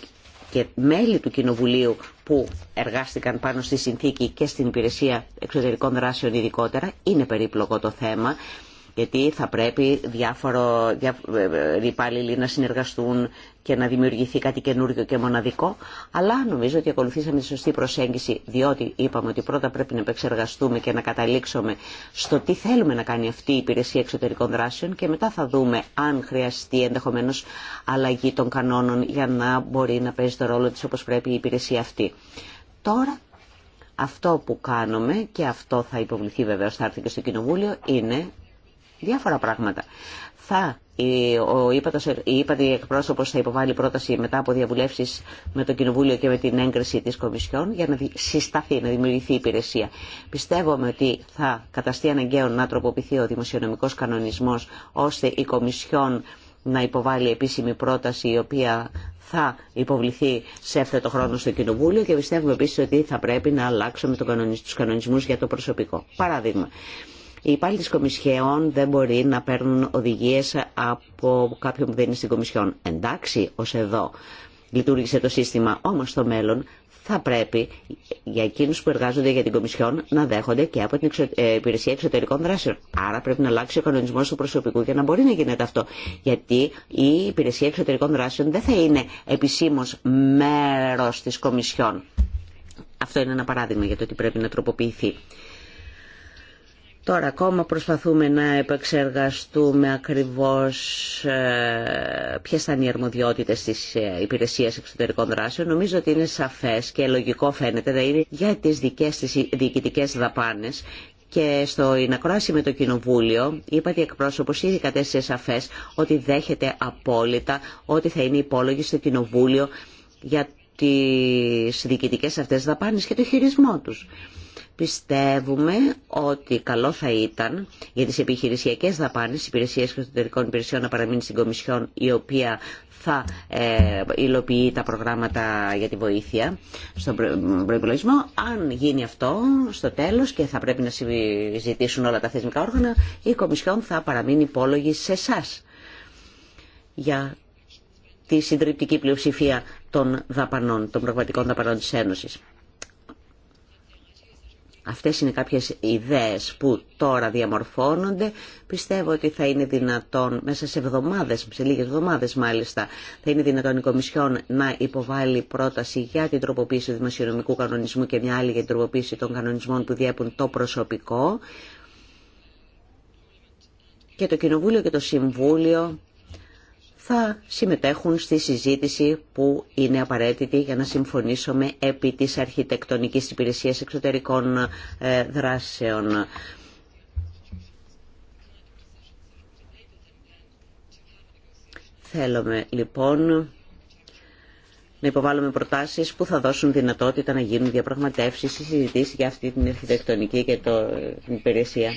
και μέλη του Κοινοβουλίου που εργάστηκαν πάνω στη συνθήκη και στην Υπηρεσία Εξωτερικών Δράσεων ειδικότερα. Είναι περίπλοκο το θέμα γιατί θα πρέπει διάφορο, διάφοροι ε, ε, υπάλληλοι να συνεργαστούν και να δημιουργηθεί κάτι καινούργιο και μοναδικό, αλλά νομίζω ότι ακολουθήσαμε τη σωστή προσέγγιση, διότι είπαμε ότι πρώτα πρέπει να επεξεργαστούμε και να καταλήξουμε στο τι θέλουμε να κάνει αυτή η υπηρεσία εξωτερικών δράσεων και μετά θα δούμε αν χρειαστεί ενδεχομένω αλλαγή των κανόνων για να μπορεί να παίζει το ρόλο τη όπω πρέπει η υπηρεσία αυτή. Τώρα αυτό που κάνουμε και αυτό θα υποβληθεί βέβαια θα έρθει και στο Κοινοβούλιο είναι διάφορα πράγματα. Θα, ο ύπατος, η εκπρόσωπος θα υποβάλει πρόταση μετά από διαβουλεύσεις με το Κοινοβούλιο και με την έγκριση της Κομισιόν για να συσταθεί, να δημιουργηθεί υπηρεσία. Πιστεύουμε ότι θα καταστεί αναγκαίο να τροποποιηθεί ο δημοσιονομικός κανονισμός ώστε η Κομισιόν να υποβάλει επίσημη πρόταση η οποία θα υποβληθεί σε το χρόνο στο Κοινοβούλιο και πιστεύουμε επίσης ότι θα πρέπει να αλλάξουμε το κανονισμού τους κανονισμούς για το προσωπικό. Παράδειγμα, οι υπάλληλοι της Κομισιόν δεν μπορεί να παίρνουν οδηγίες από κάποιον που δεν είναι στην Κομισιόν. Εντάξει, ως εδώ λειτουργήσε το σύστημα, όμως στο μέλλον θα πρέπει για εκείνους που εργάζονται για την Κομισιόν να δέχονται και από την ε, Υπηρεσία Εξωτερικών Δράσεων. Άρα πρέπει να αλλάξει ο κανονισμός του προσωπικού για να μπορεί να γίνεται αυτό. Γιατί η Υπηρεσία Εξωτερικών Δράσεων δεν θα είναι επισήμως μέρος της Κομισιόν. Αυτό είναι ένα παράδειγμα για το ότι πρέπει να τροποποιηθεί. Τώρα ακόμα προσπαθούμε να επεξεργαστούμε ακριβώς ε, ποιες θα είναι οι αρμοδιότητες της ε, υπηρεσίας εξωτερικών δράσεων. Νομίζω ότι είναι σαφές και λογικό φαίνεται δηλαδή είναι για τις δικές της διοικητικές δαπάνες και στο Ινακρόαση με το Κοινοβούλιο είπα ότι εκπρόσωπος ήδη κατέστησε σαφές ότι δέχεται απόλυτα ότι θα είναι υπόλογη στο Κοινοβούλιο για τις διοικητικές αυτές δαπάνες και το χειρισμό τους. Πιστεύουμε ότι καλό θα ήταν για τις επιχειρησιακές δαπάνες, υπηρεσίες και εσωτερικών υπηρεσιών να παραμείνει στην Κομισιόν η οποία θα ε, υλοποιεί τα προγράμματα για τη βοήθεια στον προϋπολογισμό. Αν γίνει αυτό στο τέλος και θα πρέπει να συζητήσουν όλα τα θεσμικά όργανα, η Κομισιόν θα παραμείνει υπόλογη σε εσά για τη συντριπτική πλειοψηφία των δαπανών, των πραγματικών δαπανών της Ένωσης. Αυτές είναι κάποιες ιδέες που τώρα διαμορφώνονται. Πιστεύω ότι θα είναι δυνατόν μέσα σε εβδομάδες, σε λίγες εβδομάδες μάλιστα, θα είναι δυνατόν η Κομισιόν να υποβάλει πρόταση για την τροποποίηση του δημοσιονομικού κανονισμού και μια άλλη για την τροποποίηση των κανονισμών που διέπουν το προσωπικό. Και το Κοινοβούλιο και το Συμβούλιο θα συμμετέχουν στη συζήτηση που είναι απαραίτητη για να συμφωνήσουμε επί της αρχιτεκτονικής υπηρεσίας εξωτερικών ε, δράσεων. Θέλουμε λοιπόν να υποβάλουμε προτάσεις που θα δώσουν δυνατότητα να γίνουν διαπραγματεύσεις ή συζητήσεις για αυτή την αρχιτεκτονική και το, την υπηρεσία.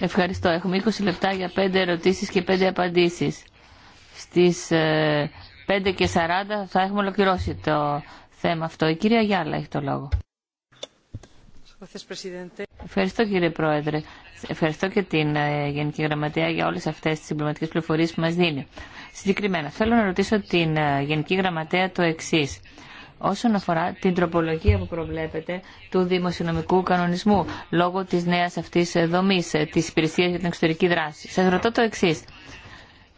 Ευχαριστώ. Έχουμε 20 λεπτά για 5 ερωτήσεις και 5 απαντήσεις στις 5 ε, και 40 θα έχουμε ολοκληρώσει το θέμα αυτό. Η κυρία Γιάλα έχει το λόγο. Ευχαριστώ κύριε Πρόεδρε. Ευχαριστώ και την ε, Γενική Γραμματεία για όλες αυτές τις συμπληρωματικές πληροφορίες που μας δίνει. Συγκεκριμένα, θέλω να ρωτήσω την ε, Γενική Γραμματέα το εξή. όσον αφορά την τροπολογία που προβλέπετε του δημοσιονομικού κανονισμού λόγω της νέας αυτής δομής της υπηρεσία για την εξωτερική δράση. Σας ρωτώ το εξή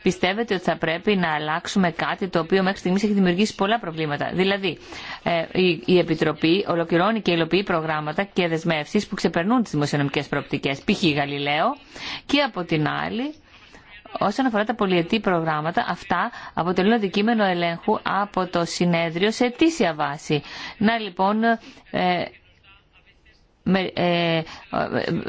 πιστεύετε ότι θα πρέπει να αλλάξουμε κάτι το οποίο μέχρι στιγμής έχει δημιουργήσει πολλά προβλήματα. Δηλαδή, ε, η Επιτροπή ολοκληρώνει και υλοποιεί προγράμματα και δεσμεύσει που ξεπερνούν τις δημοσιονομικές προοπτικές, π.χ. Γαλιλαίο, και από την άλλη Όσον αφορά τα πολιετή προγράμματα, αυτά αποτελούν αντικείμενο ελέγχου από το συνέδριο σε αιτήσια βάση. Να λοιπόν, ε, με, ε, ε,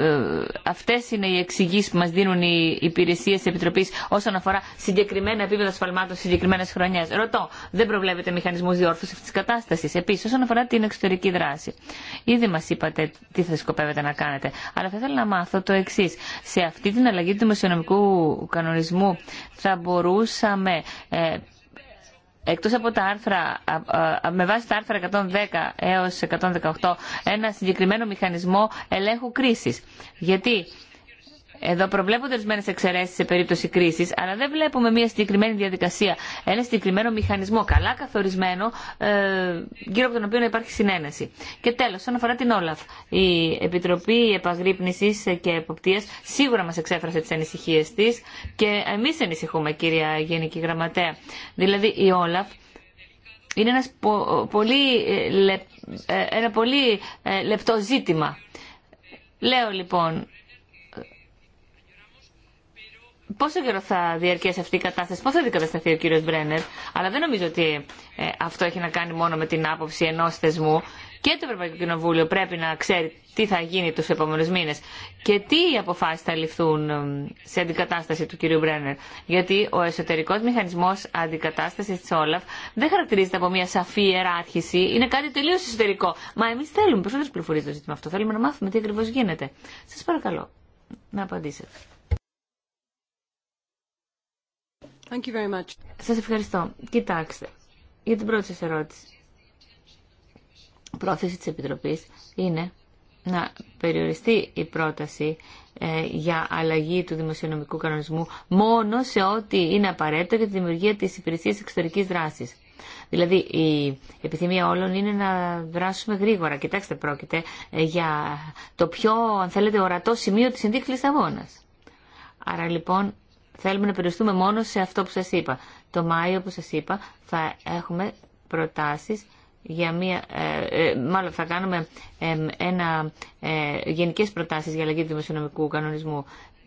ε, αυτές είναι οι εξηγήσεις που μας δίνουν οι υπηρεσίες της Επιτροπής όσον αφορά συγκεκριμένα επίπεδα σφαλμάτων συγκεκριμένες χρονιές. Ρωτώ, δεν προβλέπετε μηχανισμούς διόρθωσης αυτής της κατάστασης. Επίσης, όσον αφορά την εξωτερική δράση. Ήδη μας είπατε τι θα σκοπεύετε να κάνετε. Αλλά θα ήθελα να μάθω το εξής. Σε αυτή την αλλαγή του δημοσιονομικού κανονισμού θα μπορούσαμε εκτός από τα άρθρα, με βάση τα άρθρα 110 έως 118, ένα συγκεκριμένο μηχανισμό ελέγχου κρίσης. Γιατί εδώ προβλέπονται ορισμένε εξαιρέσει σε περίπτωση κρίση, αλλά δεν βλέπουμε μια συγκεκριμένη διαδικασία, ένα συγκεκριμένο μηχανισμό καλά καθορισμένο, ε, γύρω από τον οποίο να υπάρχει συνένεση. Και τέλο, όσον αφορά την Όλαφ, η Επιτροπή Επαγρύπνηση και Εποπτεία σίγουρα μα εξέφρασε τι ανησυχίε τη και εμεί ανησυχούμε, κυρία Γενική Γραμματέα. Δηλαδή, η Όλαφ είναι ένας πολύ, ε, ε, ένα πολύ λεπτό ζήτημα. Λέω λοιπόν Πόσο καιρό θα διαρκέσει αυτή η κατάσταση, πώ θα αντικατασταθεί ο κύριο Μπρένερ, αλλά δεν νομίζω ότι ε, αυτό έχει να κάνει μόνο με την άποψη ενό θεσμού. Και το Ευρωπαϊκό Κοινοβούλιο πρέπει να ξέρει τι θα γίνει του επόμενου μήνε και τι αποφάσει θα ληφθούν ε, σε αντικατάσταση του κυρίου Μπρένερ. Γιατί ο εσωτερικό μηχανισμό αντικατάσταση τη Όλαφ δεν χαρακτηρίζεται από μια σαφή ιεράρχηση, είναι κάτι τελείω εσωτερικό. Μα εμεί θέλουμε περισσότερε πληροφορίε ζήτημα αυτό. Θέλουμε να μάθουμε τι ακριβώ γίνεται. Σα παρακαλώ να απαντήσετε. Thank Σας ευχαριστώ. Κοιτάξτε, για την πρώτη σας ερώτηση. Η πρόθεση της Επιτροπής είναι να περιοριστεί η πρόταση ε, για αλλαγή του δημοσιονομικού κανονισμού μόνο σε ό,τι είναι απαραίτητο για τη δημιουργία της υπηρεσίας εξωτερικής δράσης. Δηλαδή η επιθυμία όλων είναι να δράσουμε γρήγορα. Κοιτάξτε, πρόκειται ε, για το πιο, αν θέλετε, ορατό σημείο της συνδίκης Λισαβόνας. Άρα λοιπόν Θέλουμε να περιοριστούμε μόνο σε αυτό που σας είπα. Το Μάιο, όπως σας είπα, θα έχουμε προτάσεις για μία, ε, ε μάλλον θα κάνουμε ε, ένα, γενικές προτάσεις για αλλαγή του δημοσιονομικού κανονισμού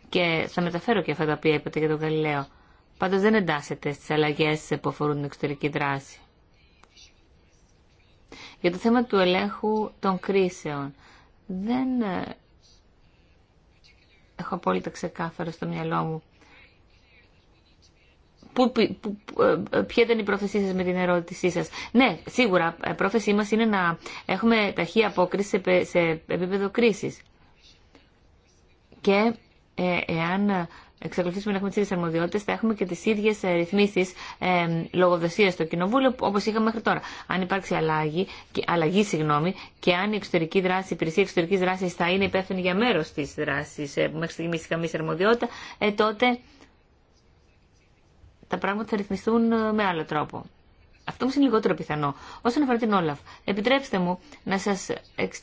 και θα μεταφέρω και αυτά τα οποία είπατε για τον Γαλιλαίο. Πάντως δεν εντάσσεται στις αλλαγές που αφορούν την εξωτερική δράση. Για το θέμα του ελέγχου των κρίσεων. Δεν ε, έχω απόλυτα ξεκάθαρο στο μυαλό μου Πού, που, ε, ε, ποια ήταν η πρόθεσή σα με την ερώτησή σα, Ναι, σίγουρα, η ε, πρόθεσή μα είναι να έχουμε ταχύ απόκριση σε, σε επίπεδο κρίση. Και ε, εάν εξακολουθήσουμε να έχουμε τι ίδιε αρμοδιότητε, θα έχουμε και τι ίδιε ρυθμίσει ε, λογοδοσία στο Κοινοβούλιο όπω είχαμε μέχρι τώρα. Αν υπάρξει αλλαγή, και, αλλαγή συγγνώμη, και αν η εξωτερική δράση, η υπηρεσία εξωτερική δράση θα είναι υπεύθυνη για μέρο τη δράση ε, που μέχρι στιγμή είχαμε αρμοδιότητα, τότε τα πράγματα θα ρυθμιστούν ε, με άλλο τρόπο. Αυτό μου είναι λιγότερο πιθανό. Όσον αφορά την Όλαφ, επιτρέψτε μου να, σας,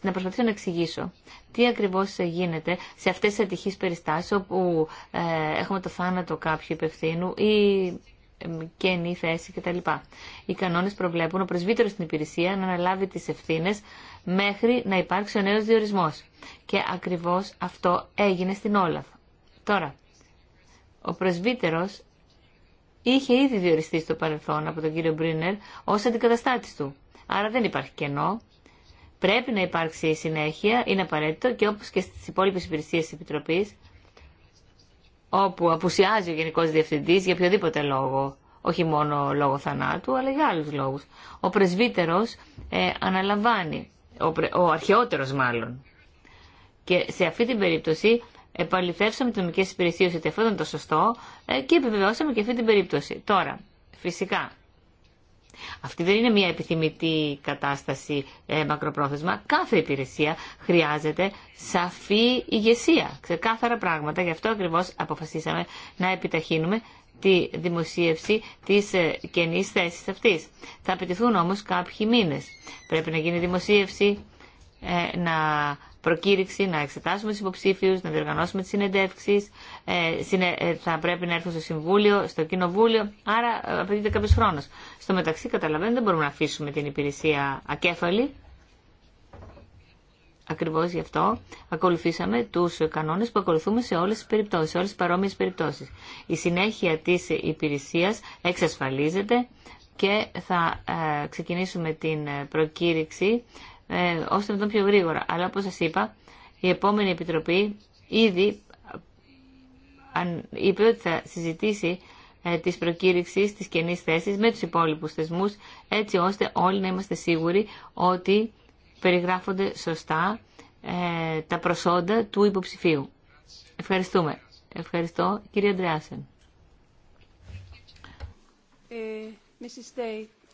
να προσπαθήσω να εξηγήσω τι ακριβώ γίνεται σε αυτέ τι ατυχεί περιστάσει όπου ε, έχουμε το θάνατο κάποιου υπευθύνου ή καινή θέση κτλ. Οι κανόνε προβλέπουν ο προσβήτερο στην υπηρεσία να αναλάβει τι ευθύνε μέχρι να υπάρξει ο νέο διορισμό. Και ακριβώ αυτό έγινε στην Όλαφ. Τώρα, ο προσβήτερο είχε ήδη διοριστεί στο παρελθόν από τον κύριο Μπρίνερ ω αντικαταστάτης του. Άρα δεν υπάρχει κενό. Πρέπει να υπάρξει συνέχεια, είναι απαραίτητο και όπω και στι υπόλοιπε υπηρεσίε τη Επιτροπή, όπου απουσιάζει ο γενικό διευθυντή, για οποιοδήποτε λόγο, όχι μόνο λόγω θανάτου, αλλά για άλλου λόγου. Ο πρεσβύτερο ε, αναλαμβάνει, ο, πρε, ο μάλλον. Και σε αυτή την περίπτωση επαληθεύσαμε τι νομικέ υπηρεσίε ότι αυτό ήταν το σωστό ε, και επιβεβαιώσαμε και αυτή την περίπτωση. Τώρα, φυσικά, αυτή δεν είναι μια επιθυμητή κατάσταση ε, μακροπρόθεσμα. Κάθε υπηρεσία χρειάζεται σαφή ηγεσία, ξεκάθαρα πράγματα. Γι' αυτό ακριβώς αποφασίσαμε να επιταχύνουμε τη δημοσίευση της ε, καινής θέσης αυτής. Θα απαιτηθούν όμως κάποιοι μήνες. Πρέπει να γίνει δημοσίευση, ε, να προκήρυξη, να εξετάσουμε του υποψήφιου, να διοργανώσουμε τι συνεντεύξει. Ε, ε, θα πρέπει να έρθω στο Συμβούλιο, στο Κοινοβούλιο. Άρα ε, απαιτείται κάποιο χρόνο. Στο μεταξύ, καταλαβαίνετε, δεν μπορούμε να αφήσουμε την υπηρεσία ακέφαλη. Ακριβώ γι' αυτό ακολουθήσαμε του κανόνε που ακολουθούμε σε όλε τι περιπτώσει, σε όλε τι παρόμοιε περιπτώσει. Η συνέχεια τη υπηρεσία εξασφαλίζεται και θα ξεκινήσουμε την προκήρυξη ε, ώστε να τον πιο γρήγορα. Αλλά όπως σας είπα, η επόμενη Επιτροπή ήδη είπε ότι θα συζητήσει ε, της τη της κενής με τους υπόλοιπους θεσμούς, έτσι ώστε όλοι να είμαστε σίγουροι ότι περιγράφονται σωστά ε, τα προσόντα του υποψηφίου. Ευχαριστούμε. Ευχαριστώ, κύριε Αντρεάσεν. Ε,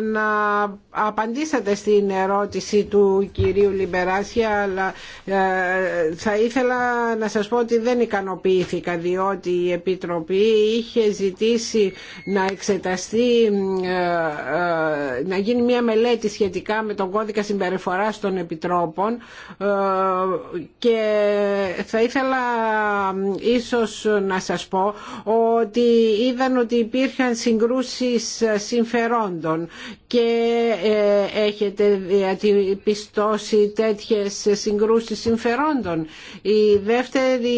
να απαντήσατε στην ερώτηση του κυρίου Λιμπεράσια αλλά ε, θα ήθελα να σας πω ότι δεν ικανοποιήθηκα διότι η Επιτροπή είχε ζητήσει να εξεταστεί ε, ε, να γίνει μια μελέτη σχετικά με τον κώδικα συμπεριφοράς των Επιτρόπων και θα ήθελα ίσως να σας πω ότι είδαν ότι υπήρχαν συγκρούσεις συμφερόντων και ε, έχετε διατυπιστώσει τέτοιες συγκρούσεις συμφερόντων. Η δεύτερη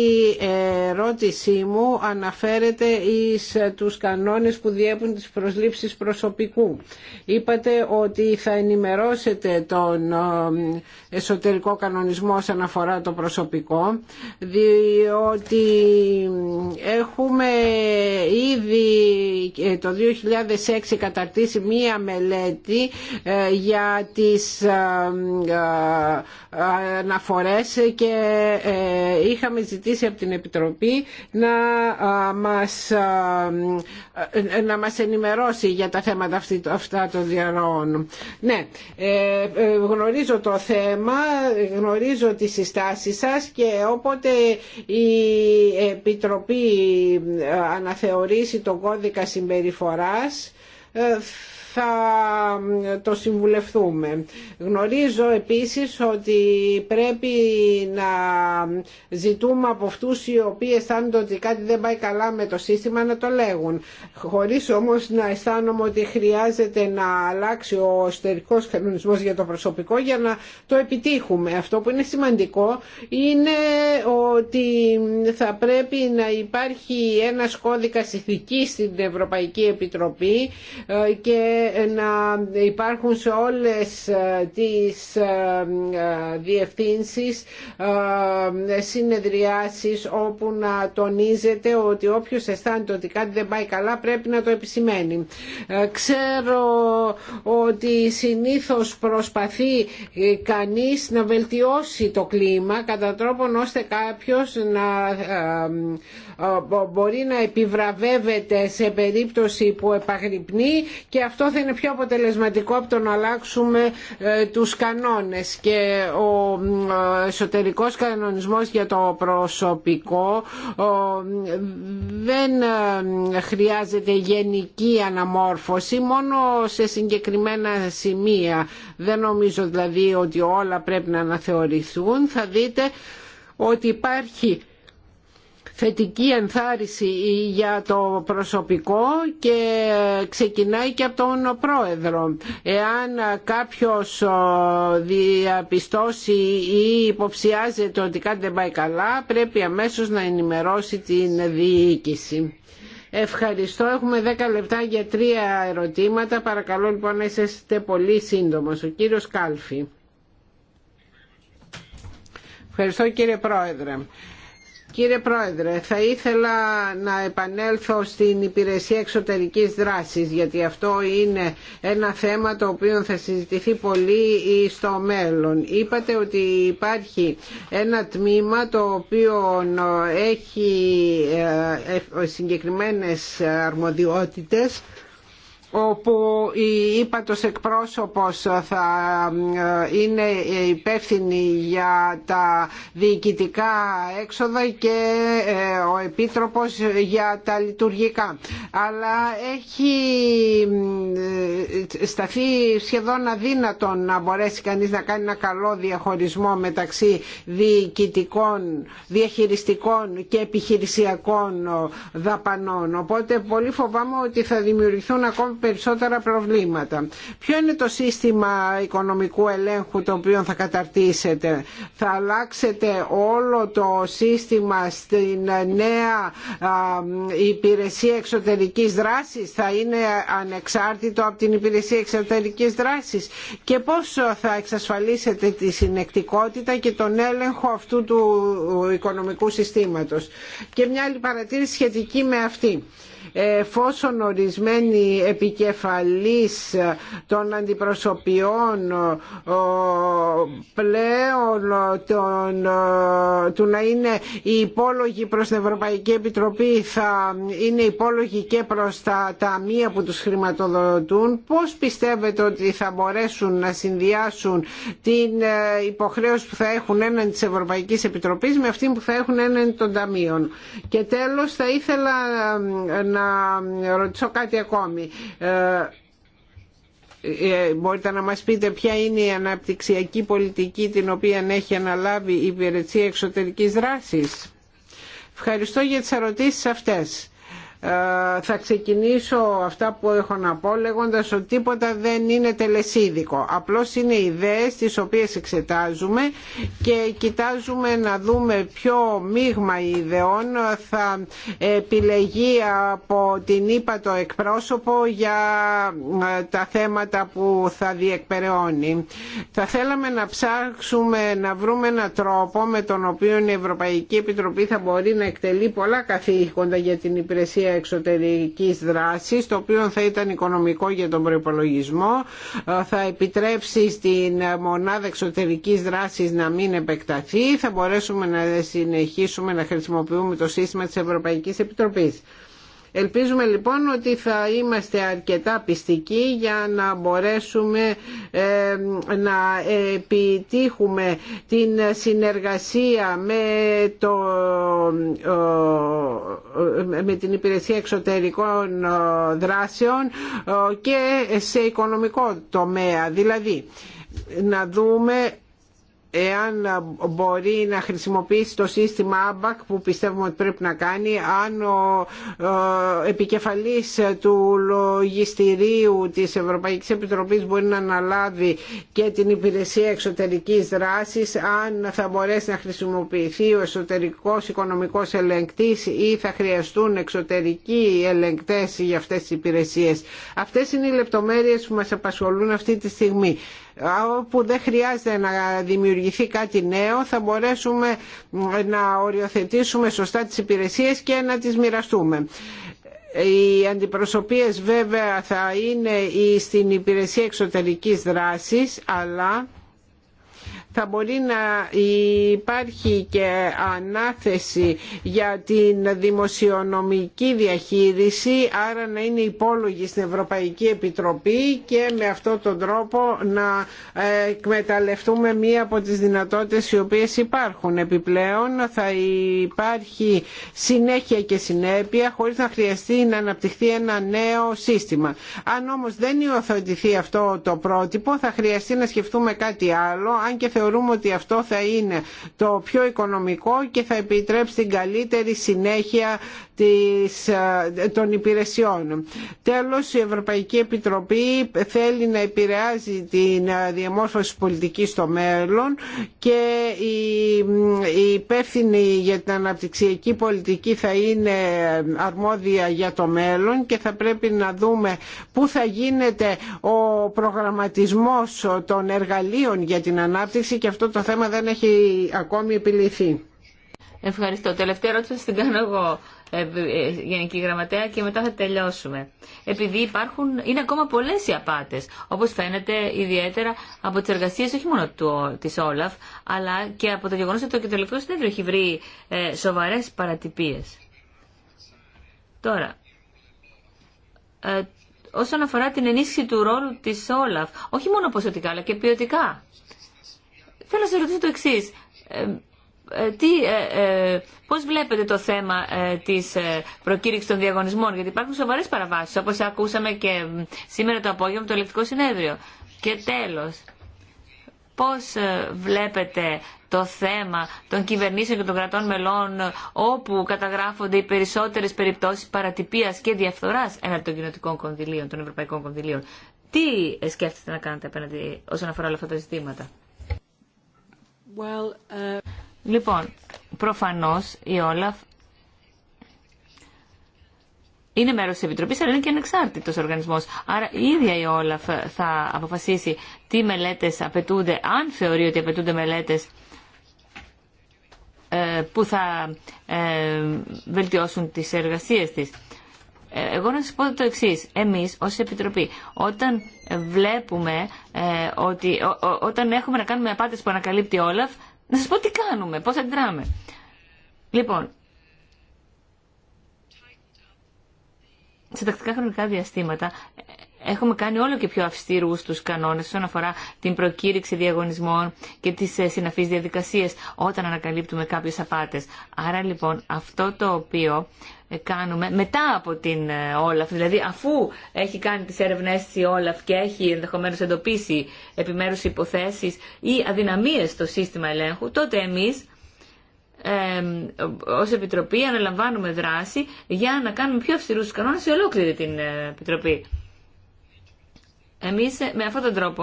ερώτησή μου αναφέρεται εις τους κανόνες που διέπουν τις προσλήψεις προσωπικού. Είπατε ότι θα ενημερώσετε τον ε, εσωτερικό κανονισμό όσον αφορά το προσωπικό διότι έχουμε ήδη ε, το 2006 καταρτήσει μία μελέτη ε, για τις ε, ε, αναφορές και είχαμε ζητήσει από την Επιτροπή να μας, να μας ενημερώσει για τα θέματα αυτά των διαρροών. Ναι, γνωρίζω το θέμα, γνωρίζω τις συστάσεις σας και όποτε η Επιτροπή αναθεωρήσει τον κώδικα συμπεριφοράς θα το συμβουλευτούμε. Γνωρίζω επίσης ότι πρέπει να ζητούμε από αυτούς οι οποίοι αισθάνονται ότι κάτι δεν πάει καλά με το σύστημα να το λέγουν. Χωρίς όμως να αισθάνομαι ότι χρειάζεται να αλλάξει ο εσωτερικός κανονισμός για το προσωπικό για να το επιτύχουμε. Αυτό που είναι σημαντικό είναι ότι θα πρέπει να υπάρχει ένας κώδικας ηθικής στην Ευρωπαϊκή Επιτροπή ε, και να υπάρχουν σε όλες ε, τις ε, ε, διευθύνσεις συνεδριάσεις όπου να τονίζεται ότι όποιος αισθάνεται ότι κάτι δεν πάει καλά πρέπει να το επισημαίνει. Ξέρω ότι συνήθως προσπαθεί κανείς να βελτιώσει το κλίμα κατά τρόπον ώστε κάποιος να μπορεί να επιβραβεύεται σε περίπτωση που επαγρυπνεί και αυτό είναι πιο αποτελεσματικό από το να αλλάξουμε ε, τους κανόνες και ο εσωτερικός κανονισμός για το προσωπικό δεν ε, χρειάζεται γενική αναμόρφωση μόνο σε συγκεκριμένα σημεία. Δεν νομίζω δηλαδή ότι όλα πρέπει να αναθεωρηθούν. Θα δείτε ότι υπάρχει θετική ενθάρρυνση για το προσωπικό και ξεκινάει και από τον πρόεδρο. Εάν κάποιος ε, διαπιστώσει ή υποψιάζεται ότι κάτι δεν πάει καλά πρέπει αμέσως να ενημερώσει την διοίκηση. Ευχαριστώ. Έχουμε 10 λεπτά για τρία ερωτήματα. Παρακαλώ λοιπόν να είστε πολύ σύντομος. Ο κύριος Κάλφη. Ευχαριστώ κύριε Πρόεδρε. Κύριε Πρόεδρε, θα ήθελα να επανέλθω στην υπηρεσία εξωτερικής δράσης γιατί αυτό είναι ένα θέμα το οποίο θα συζητηθεί πολύ στο μέλλον. Είπατε ότι υπάρχει ένα τμήμα το οποίο έχει ε, ε, συγκεκριμένες αρμοδιότητες όπου η ύπατος εκπρόσωπος θα ε, είναι υπεύθυνη για τα διοικητικά έξοδα και ε, ο Επίτροπος για τα λειτουργικά. Αλλά έχει ε, σταθεί σχεδόν αδύνατο να μπορέσει κανείς να κάνει ένα καλό διαχωρισμό μεταξύ διοικητικών, διαχειριστικών και επιχειρησιακών δαπανών. Οπότε πολύ φοβάμαι ότι θα δημιουργηθούν ακόμη περισσότερα προβλήματα. Ποιο είναι το σύστημα οικονομικού ελέγχου το οποίο θα καταρτήσετε. Θα αλλάξετε όλο το σύστημα στην νέα υπηρεσία εξωτερικής δράσης. Θα είναι ανεξάρτητο από την υπηρεσία εξωτερικής δράσης. Και πώς θα εξασφαλίσετε τη συνεκτικότητα και τον έλεγχο αυτού του οικονομικού συστήματος. Και μια άλλη παρατήρηση σχετική με αυτή εφόσον ορισμένοι επικεφαλής των αντιπροσωπιών πλέον του να είναι οι υπόλογοι προς την Ευρωπαϊκή Επιτροπή θα είναι υπόλογοι και προς τα ταμεία που τους χρηματοδοτούν πώς πιστεύετε ότι θα μπορέσουν να συνδυάσουν την ε, υποχρέωση που θα έχουν έναν της Ευρωπαϊκής Επιτροπής με αυτή που θα έχουν έναν των ταμείων και τέλος θα ήθελα ε, να ρωτήσω κάτι ακόμη. Ε, ε, μπορείτε να μας πείτε ποια είναι η αναπτυξιακή πολιτική την οποία έχει αναλάβει η υπηρεσία εξωτερικής δράσης. Ευχαριστώ για τις ερωτήσεις αυτές. Ε, θα ξεκινήσω αυτά που έχω να πω λέγοντας ότι τίποτα δεν είναι τελεσίδικο. Απλώς είναι ιδέες τις οποίες εξετάζουμε και κοιτάζουμε να δούμε ποιο μείγμα ιδεών θα επιλεγεί από την το εκπρόσωπο για ε, τα θέματα που θα διεκπεραιώνει. Θα θέλαμε να ψάξουμε να βρούμε έναν τρόπο με τον οποίο η Ευρωπαϊκή Επιτροπή θα μπορεί να εκτελεί πολλά καθήκοντα για την υπηρεσία Εξωτερικής Δράσης το οποίο θα ήταν οικονομικό για τον προϋπολογισμό ε, θα επιτρέψει στην μονάδα εξωτερικής δράσης να μην επεκταθεί θα μπορέσουμε να συνεχίσουμε να χρησιμοποιούμε το σύστημα της Ευρωπαϊκής Επιτροπής. Ελπίζουμε λοιπόν ότι θα είμαστε αρκετά πιστικοί για να μπορέσουμε ε, να επιτύχουμε την συνεργασία με, το, ε, ε, με την Υπηρεσία Εξωτερικών Δράσεων και σε οικονομικό τομέα. Δηλαδή να δούμε εάν μπορεί να χρησιμοποιήσει το σύστημα ABAC που πιστεύουμε ότι πρέπει να κάνει αν ο ε, επικεφαλής του λογιστηρίου της Ευρωπαϊκής Επιτροπής μπορεί να αναλάβει και την υπηρεσία εξωτερικής δράσης αν θα μπορέσει να χρησιμοποιηθεί ο εσωτερικός οικονομικός ελεγκτής ή θα χρειαστούν εξωτερικοί ελεγκτές για αυτές τις υπηρεσίες. Αυτές είναι οι λεπτομέρειες που μας απασχολούν αυτή τη στιγμή όπου δεν χρειάζεται να δημιουργηθεί κάτι νέο θα μπορέσουμε να οριοθετήσουμε σωστά τις υπηρεσίες και να τις μοιραστούμε. Οι αντιπροσωπείες βέβαια θα είναι στην υπηρεσία εξωτερικής δράσης αλλά θα μπορεί να υπάρχει και ανάθεση για την δημοσιονομική διαχείριση άρα να είναι υπόλογη στην Ευρωπαϊκή Επιτροπή και με αυτόν τον τρόπο να εκμεταλλευτούμε μία από τις δυνατότητες οι οποίες υπάρχουν. Επιπλέον θα υπάρχει συνέχεια και συνέπεια χωρίς να χρειαστεί να αναπτυχθεί ένα νέο σύστημα. Αν όμως δεν υιοθετηθεί αυτό το πρότυπο θα χρειαστεί να σκεφτούμε κάτι άλλο αν και θεωρούμε ότι αυτό θα είναι το πιο οικονομικό και θα επιτρέψει την καλύτερη συνέχεια της, ε, των υπηρεσιών. Τέλος, η Ευρωπαϊκή Επιτροπή θέλει να επηρεάζει την ε, διαμόρφωση πολιτική στο μέλλον και η υπεύθυνη για την αναπτυξιακή πολιτική θα είναι αρμόδια για το μέλλον και θα πρέπει να δούμε πού θα γίνεται ο προγραμματισμός των εργαλείων για την ανάπτυξη και αυτό το θέμα δεν έχει ακόμη επιληθεί. Ευχαριστώ. Τελευταία ερώτηση την κάνω εγώ. Ε, ε, Γενική Γραμματέα και μετά θα τελειώσουμε. Επειδή υπάρχουν, είναι ακόμα πολλές οι απάτες, όπως φαίνεται ιδιαίτερα από τις εργασίες όχι μόνο του, της Όλαφ, αλλά και από το γεγονός ότι το Κεντρολικό Συνέδριο έχει βρει ε, σοβαρές παρατυπίες. Τώρα, ε, όσον αφορά την ενίσχυση του ρόλου της Όλαφ, όχι μόνο ποσοτικά αλλά και ποιοτικά, θέλω να σα ρωτήσω το εξή. Ε, ε, τι, ε, ε, πώς βλέπετε το θέμα της προκήρυξης των διαγωνισμών, γιατί υπάρχουν σοβαρές παραβάσεις, όπως ακούσαμε και σήμερα το απόγευμα το ελεκτικό συνέδριο. Και τέλος, πώς βλέπετε το θέμα των κυβερνήσεων και των κρατών μελών όπου καταγράφονται οι περισσότερες περιπτώσεις παρατυπίας και διαφθοράς έναντι των κοινωτικών κονδυλίων, των ευρωπαϊκών κονδυλίων. Τι σκέφτεστε να κάνετε απέναντι όσον αφορά όλα αυτά τα ζητήματα. Well, Λοιπόν, προφανώς η Όλαφ είναι μέρο τη Επιτροπή, αλλά είναι και ανεξάρτητο οργανισμό. Άρα η ίδια η Όλαφ θα αποφασίσει τι μελέτε απαιτούνται, αν θεωρεί ότι απαιτούνται μελέτε ε, που θα ε, βελτιώσουν τις εργασίες της. Ε, εγώ να σας πω το εξής. Εμείς ως Επιτροπή, όταν βλέπουμε ότι όταν έχουμε να κάνουμε απάντηση που ανακαλύπτει η Όλαφ, να σα πω τι κάνουμε, πώς αντιδράμε. Λοιπόν, σε τακτικά χρονικά διαστήματα ε, έχουμε κάνει όλο και πιο αυστήρου του κανόνες όσον αφορά την προκήρυξη διαγωνισμών και τις ε, συναφείς διαδικασίες όταν ανακαλύπτουμε κάποιε απάτες. Άρα λοιπόν αυτό το οποίο ε, κάνουμε μετά από την ε, Όλαφ, δηλαδή αφού έχει κάνει τις έρευνές η Όλαφ και έχει ενδεχομένως εντοπίσει επιμέρους υποθέσεις ή αδυναμίες στο σύστημα ελέγχου, τότε εμείς ε, ως Επιτροπή αναλαμβάνουμε δράση για να κάνουμε πιο αυστηρούς κανόνες σε ολόκληρη την ε, Επιτροπή. Εμείς με αυτόν τον τρόπο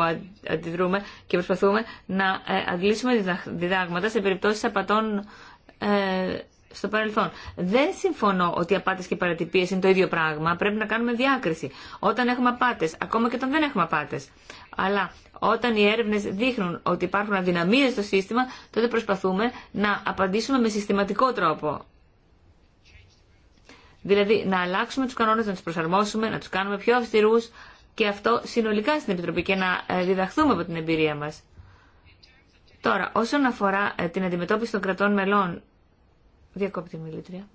αντιδρούμε και προσπαθούμε να αντλήσουμε διδάγματα σε περιπτώσεις απατών στο παρελθόν. Δεν συμφωνώ ότι απάτε και παρατυπίε είναι το ίδιο πράγμα. Πρέπει να κάνουμε διάκριση. Όταν έχουμε απάτε, ακόμα και όταν δεν έχουμε απάτε. Αλλά όταν οι έρευνε δείχνουν ότι υπάρχουν αδυναμίε στο σύστημα, τότε προσπαθούμε να απαντήσουμε με συστηματικό τρόπο. Δηλαδή να αλλάξουμε του κανόνε, να του προσαρμόσουμε, να του κάνουμε πιο αυστηρού και αυτό συνολικά στην Επιτροπή και να ε, διδαχθούμε από την εμπειρία μα. Τώρα, όσον αφορά ε, την αντιμετώπιση των κρατών μελών Διακόπτη μιλήτρια.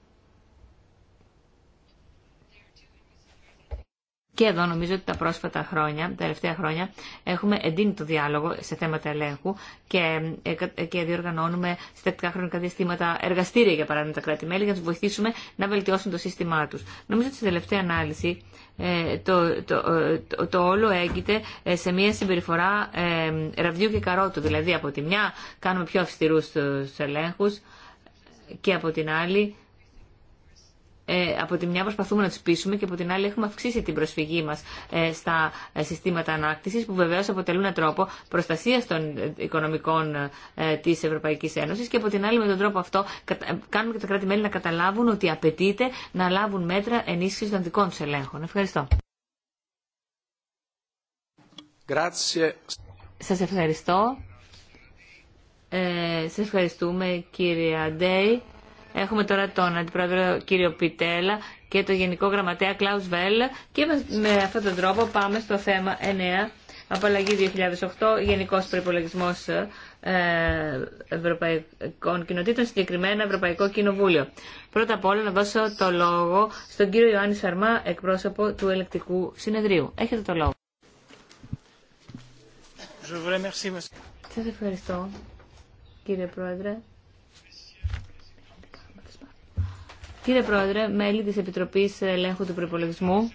Και εδώ νομίζω ότι τα πρόσφατα χρόνια, τα τελευταία χρόνια, έχουμε εντείνει το διάλογο σε θέματα ελέγχου και, ε, ε, και διοργανώνουμε σε τακτικά χρονικά διαστήματα εργαστήρια, για παράδειγμα, τα κράτη-μέλη, για να του βοηθήσουμε να βελτιώσουν το σύστημά του. Νομίζω ότι στην τελευταία ανάλυση ε, το, το, το, το όλο έγκυται σε μια συμπεριφορά ραβδιού και καρότου. Δηλαδή, από τη μια κάνουμε πιο αυστηρού του ελέγχου, και από την άλλη ε, από τη μια προσπαθούμε να τους πείσουμε και από την άλλη έχουμε αυξήσει την προσφυγή μα ε, στα ε, συστήματα ανάκτησης που βεβαίω αποτελούν έναν τρόπο προστασίας των οικονομικών της Ευρωπαϊκής Ένωση και από την άλλη με τον τρόπο αυτό κάνουμε και τα κράτη-μέλη να καταλάβουν ότι απαιτείται να λάβουν μέτρα ενίσχυση των δικών του ελέγχων. Ευχαριστώ. Σα ευχαριστώ. Ε, σας ευχαριστούμε κύριε Αντέη. Έχουμε τώρα τον Αντιπρόεδρο κύριο Πιτέλα και τον Γενικό Γραμματέα Κλάους Βέλλα και με αυτόν τον τρόπο πάμε στο θέμα 9, απαλλαγή 2008, Γενικός Προϋπολογισμός ε, Ευρωπαϊκών Κοινοτήτων, συγκεκριμένα Ευρωπαϊκό Κοινοβούλιο. Πρώτα απ' όλα να δώσω το λόγο στον κύριο Ιωάννη Σαρμά, εκπρόσωπο του Ελεκτικού Συνεδρίου. Έχετε το λόγο. Σας ευχαριστώ κύριε Πρόεδρε. Κύριε Πρόεδρε, μέλη της Επιτροπής Ελέγχου του Προϋπολογισμού,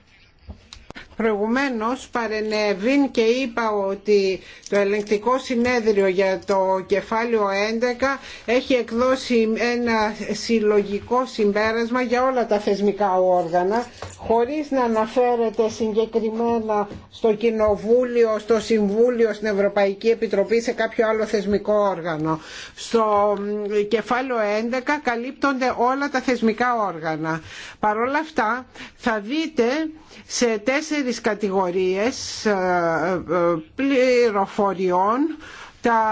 Προηγουμένως παρενέβην και είπα ότι το ελεγκτικό συνέδριο για το κεφάλαιο 11 έχει εκδώσει ένα συλλογικό συμπέρασμα για όλα τα θεσμικά όργανα χωρίς να αναφέρεται συγκεκριμένα στο Κοινοβούλιο, στο Συμβούλιο, στην Ευρωπαϊκή Επιτροπή, σε κάποιο άλλο θεσμικό όργανο. Στο κεφάλαιο 11 καλύπτονται όλα τα θεσμικά όργανα. Παρ' όλα αυτά θα δείτε σε τέσσερις κατηγορίες ε, ε, πληροφοριών τα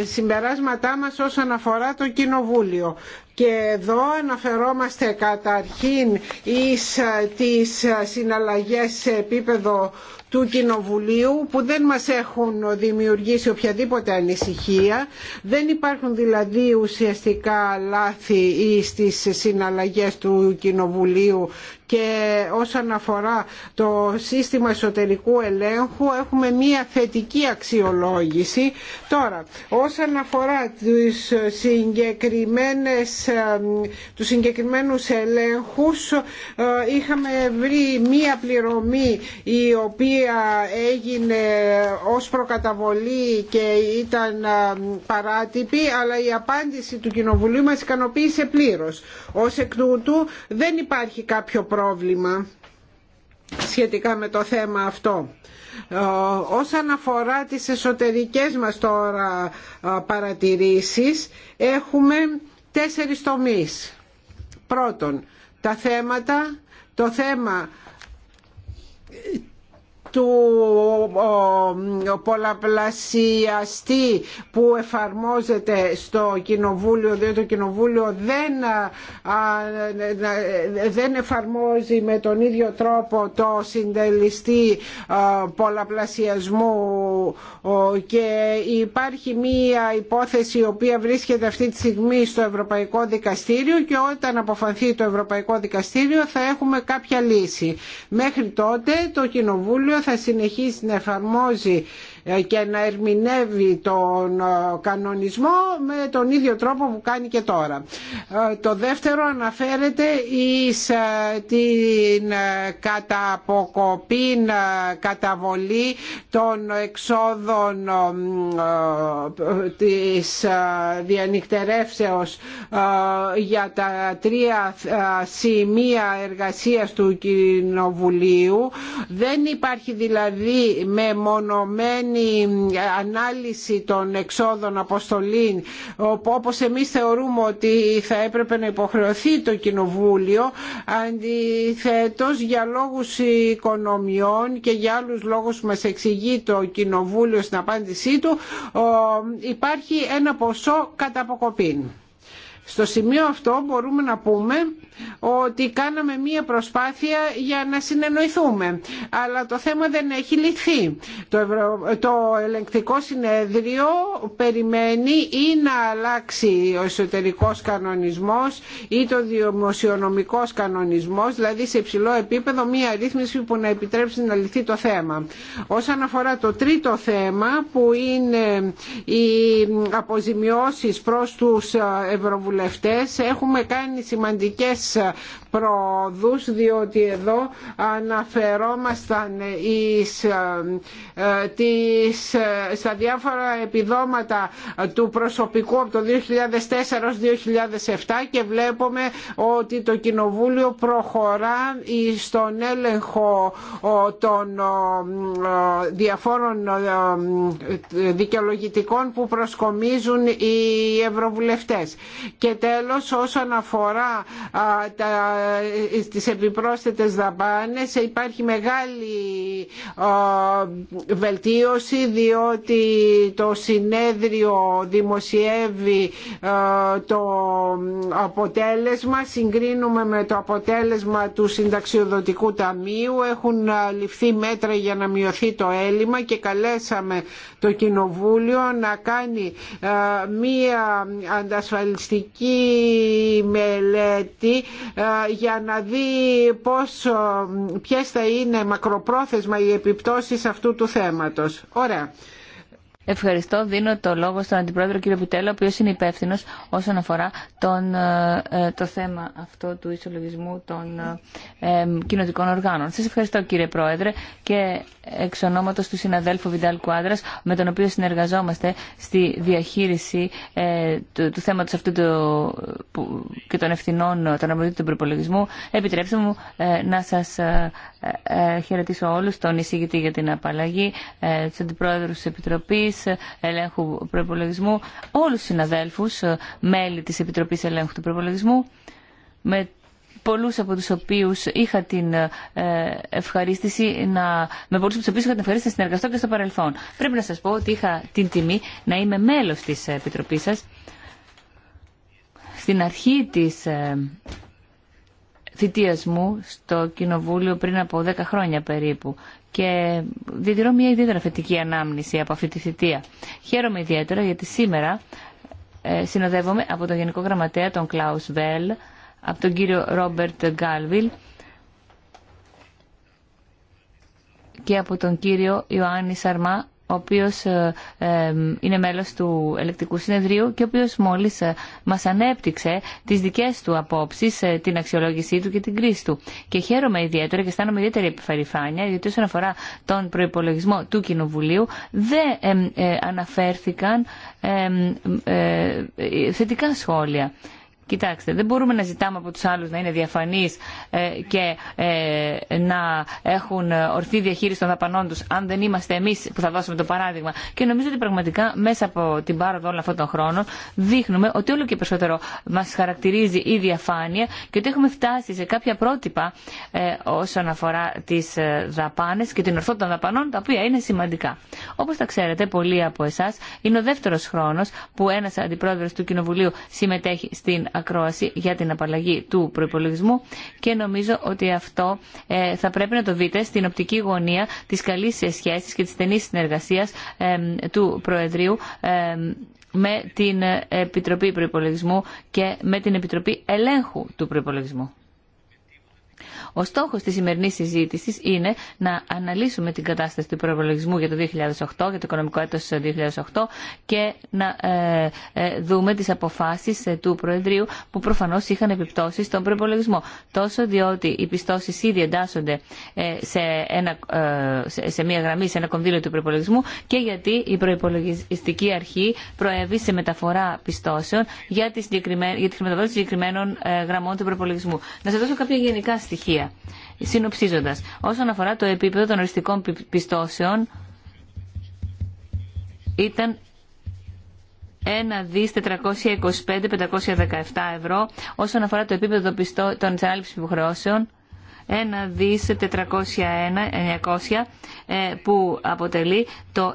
ε, συμπεράσματά μας όσον αφορά το Κοινοβούλιο. Και εδώ αναφερόμαστε καταρχήν εις τις συναλλαγές σε επίπεδο του Κοινοβουλίου που δεν μας έχουν δημιουργήσει οποιαδήποτε ανησυχία. Δεν υπάρχουν δηλαδή ουσιαστικά λάθη στις συναλλαγές του Κοινοβουλίου και όσον αφορά το σύστημα εσωτερικού ελέγχου έχουμε μία θετική αξιολόγηση. Τώρα, όσον αφορά τις συγκεκριμένες, τους συγκεκριμένους ελέγχους ε, είχαμε βρει μία πληρωμή η οποία έγινε ως προκαταβολή και ήταν παράτυπη αλλά η απάντηση του Κοινοβουλίου μας ικανοποίησε πλήρως. Ως εκ τούτου δεν υπάρχει κάποιο πρόβλημα σχετικά με το θέμα αυτό. Ε, όσον αφορά τις εσωτερικές μας τώρα παρατηρήσεις έχουμε τέσσερις τομείς. Πρώτον, τα θέματα, το θέμα του πολλαπλασιαστή που εφαρμόζεται στο Κοινοβούλιο διότι το Κοινοβούλιο δεν, δεν εφαρμόζει με τον ίδιο τρόπο το συντελιστή πολλαπλασιασμού και υπάρχει μία υπόθεση η οποία βρίσκεται αυτή τη στιγμή στο Ευρωπαϊκό Δικαστήριο και όταν αποφανθεί το Ευρωπαϊκό Δικαστήριο θα έχουμε κάποια λύση. Μέχρι τότε το Κοινοβούλιο θα συνεχίσει να εφαρμόζει ε, και να ερμηνεύει τον ε, κανονισμό με τον ίδιο τρόπο που κάνει και τώρα. Ε, το δεύτερο αναφέρεται εις την καταποκοπή καταβολή των εξόδων της διανυκτερεύσεως για τα τρία σημεία εργασίας του Κοινοβουλίου. Δεν υπάρχει δηλαδή με μονομένη η ανάλυση των εξόδων αποστολή όπως εμείς θεωρούμε ότι θα έπρεπε να υποχρεωθεί το Κοινοβούλιο αντιθέτως για λόγους οικονομιών και για άλλους λόγους που μας εξηγεί το Κοινοβούλιο στην απάντησή του υπάρχει ένα ποσό κατά στο σημείο αυτό μπορούμε να πούμε ότι κάναμε μία προσπάθεια για να συνεννοηθούμε. Αλλά το θέμα δεν έχει λυθεί. Το, Ευρω... το ελεγκτικό συνέδριο περιμένει ή να αλλάξει ο εσωτερικός κανονισμός ή το δημοσιονομικός κανονισμός, δηλαδή σε υψηλό επίπεδο μία ρύθμιση που να επιτρέψει να λυθεί το θέμα. Όσον αφορά το τρίτο θέμα που είναι οι αποζημιώσεις προς τους ευρωβουλευτές βουλευτές έχουμε κάνει σημαντικές προοδούς διότι εδώ αναφερόμασταν εις, ε, τις, ε, στα διάφορα επιδόματα του προσωπικού από το 2004 2007 και βλέπουμε ότι το Κοινοβούλιο προχωρά στον έλεγχο των διαφόρων ε, δικαιολογητικών που προσκομίζουν οι ευρωβουλευτές. Και τέλος όσον αφορά τα ε, στις επιπρόσθετες δαπάνες υπάρχει μεγάλη βελτίωση διότι το συνέδριο δημοσιεύει ε, το αποτέλεσμα συγκρίνουμε με το αποτέλεσμα του συνταξιοδοτικού ταμείου έχουν ε, ληφθεί μέτρα για να μειωθεί το έλλειμμα και καλέσαμε το κοινοβούλιο να κάνει μία αντασφαλιστική μελέτη για να δει ποσο ποιες θα είναι μακροπρόθεσμα οι επιπτώσεις αυτού του θέματος. Ωραία. Ευχαριστώ. Δίνω το λόγο στον Αντιπρόεδρο κύριο Πουτέλα, ο οποίο είναι υπεύθυνο όσον αφορά τον, ε, το θέμα αυτό του ισολογισμού των ε, ε κοινοτικών οργάνων. Σα ευχαριστώ κύριε Πρόεδρε και εξ ονόματο του συναδέλφου Βιντάλ Κουάντρα, με τον οποίο συνεργαζόμαστε στη διαχείριση ε, του, του θέματο αυτού του, που, και των ευθυνών των αμβλητών του προπολογισμού. Επιτρέψτε μου να σα χαιρετήσω όλου, τον εισηγητή για την απαλλαγή, του αντιπρόεδρου τη Επιτροπή, Ελέγχου Προπολογισμού, όλους τους συναδέλφους, ε, μέλη της Επιτροπής Ελέγχου του Προπολογισμού, με πολλούς από τους οποίους είχα την ε, ευχαρίστηση να, με πολλούς από τους οποίους είχα την ευχαρίστηση να συνεργαστώ και στο παρελθόν. Πρέπει να σας πω ότι είχα την τιμή να είμαι μέλος της Επιτροπής σας. Στην αρχή της ε, θητείας μου στο Κοινοβούλιο πριν από 10 χρόνια περίπου και διδυρώ μια ιδιαίτερα θετική ανάμνηση από αυτή τη θητεία. Χαίρομαι ιδιαίτερα γιατί σήμερα ε, συνοδεύομαι από τον Γενικό Γραμματέα, τον Κλάους Βέλ, από τον κύριο Ρόμπερτ Γκάλβιλ και από τον κύριο Ιωάννη Σαρμά ο οποίος ε, ε, είναι μέλος του Ελεκτικού Συνεδρίου και ο οποίος μόλις ε, μας ανέπτυξε τις δικές του απόψεις, την αξιολόγησή του και την κρίση του. Και χαίρομαι ιδιαίτερα και αισθάνομαι ιδιαίτερη επιφαρηφάνεια, γιατί όσον αφορά τον προϋπολογισμό του Κοινοβουλίου, δεν αναφέρθηκαν θετικά σχόλια Κοιτάξτε, δεν μπορούμε να ζητάμε από τους άλλους να είναι διαφανείς ε, και ε, να έχουν ορθή διαχείριση των δαπανών τους αν δεν είμαστε εμείς που θα δώσουμε το παράδειγμα. Και νομίζω ότι πραγματικά μέσα από την πάροδο όλων αυτών των χρόνων δείχνουμε ότι όλο και περισσότερο μας χαρακτηρίζει η διαφάνεια και ότι έχουμε φτάσει σε κάποια πρότυπα ε, όσον αφορά τις δαπάνες και την ορθότητα των δαπανών τα οποία είναι σημαντικά. Όπως τα ξέρετε πολλοί από εσάς είναι ο δεύτερος χρόνος που ένας αντιπρόεδρος του Κοινοβουλίου συμμετέχει στην ακρόαση για την απαλλαγή του προπολογισμού και νομίζω ότι αυτό ε, θα πρέπει να το δείτε στην οπτική γωνία της καλής σχέσης και τη στενή συνεργασία του Προεδρείου με την Επιτροπή Προϋπολογισμού και με την Επιτροπή Ελέγχου του Προϋπολογισμού. Ο στόχο τη σημερινή συζήτηση είναι να αναλύσουμε την κατάσταση του προπολογισμού για το 2008, για το οικονομικό έτο 2008 και να ε, ε, δούμε τι αποφάσει ε, του Προεδρείου που προφανώ είχαν επιπτώσει στον προπολογισμό. Τόσο διότι οι πιστώσει ήδη εντάσσονται σε, ένα, σε, μία γραμμή, σε ένα κονδύλιο του προπολογισμού και γιατί η προπολογιστική αρχή προέβη σε μεταφορά πιστώσεων για τη, για τη χρηματοδότηση συγκεκριμένων γραμμών του προπολογισμού. Να σα δώσω κάποια γενικά στοιχεία. Συνοψίζοντα, όσον αφορά το επίπεδο των οριστικών πιστώσεων, ήταν 1.425.517 ευρώ. Όσον αφορά το επίπεδο των ανάληψης υποχρεώσεων, 1.401.900 ε, που αποτελεί το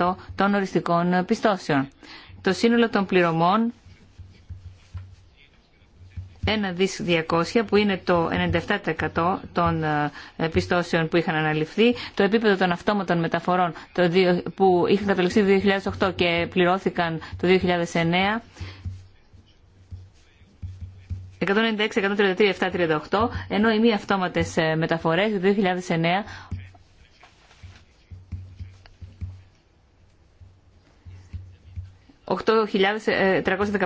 97% των οριστικών πιστώσεων. Το σύνολο των πληρωμών ένα δις 200 που είναι το 97% των ε, πιστώσεων που είχαν αναλυφθεί, το επίπεδο των αυτόματων μεταφορών που είχαν καταληφθεί το 2008 και πληρώθηκαν το 2009, 196, 133, 738, ενώ οι μη αυτόματες ε, μεταφορές το 2009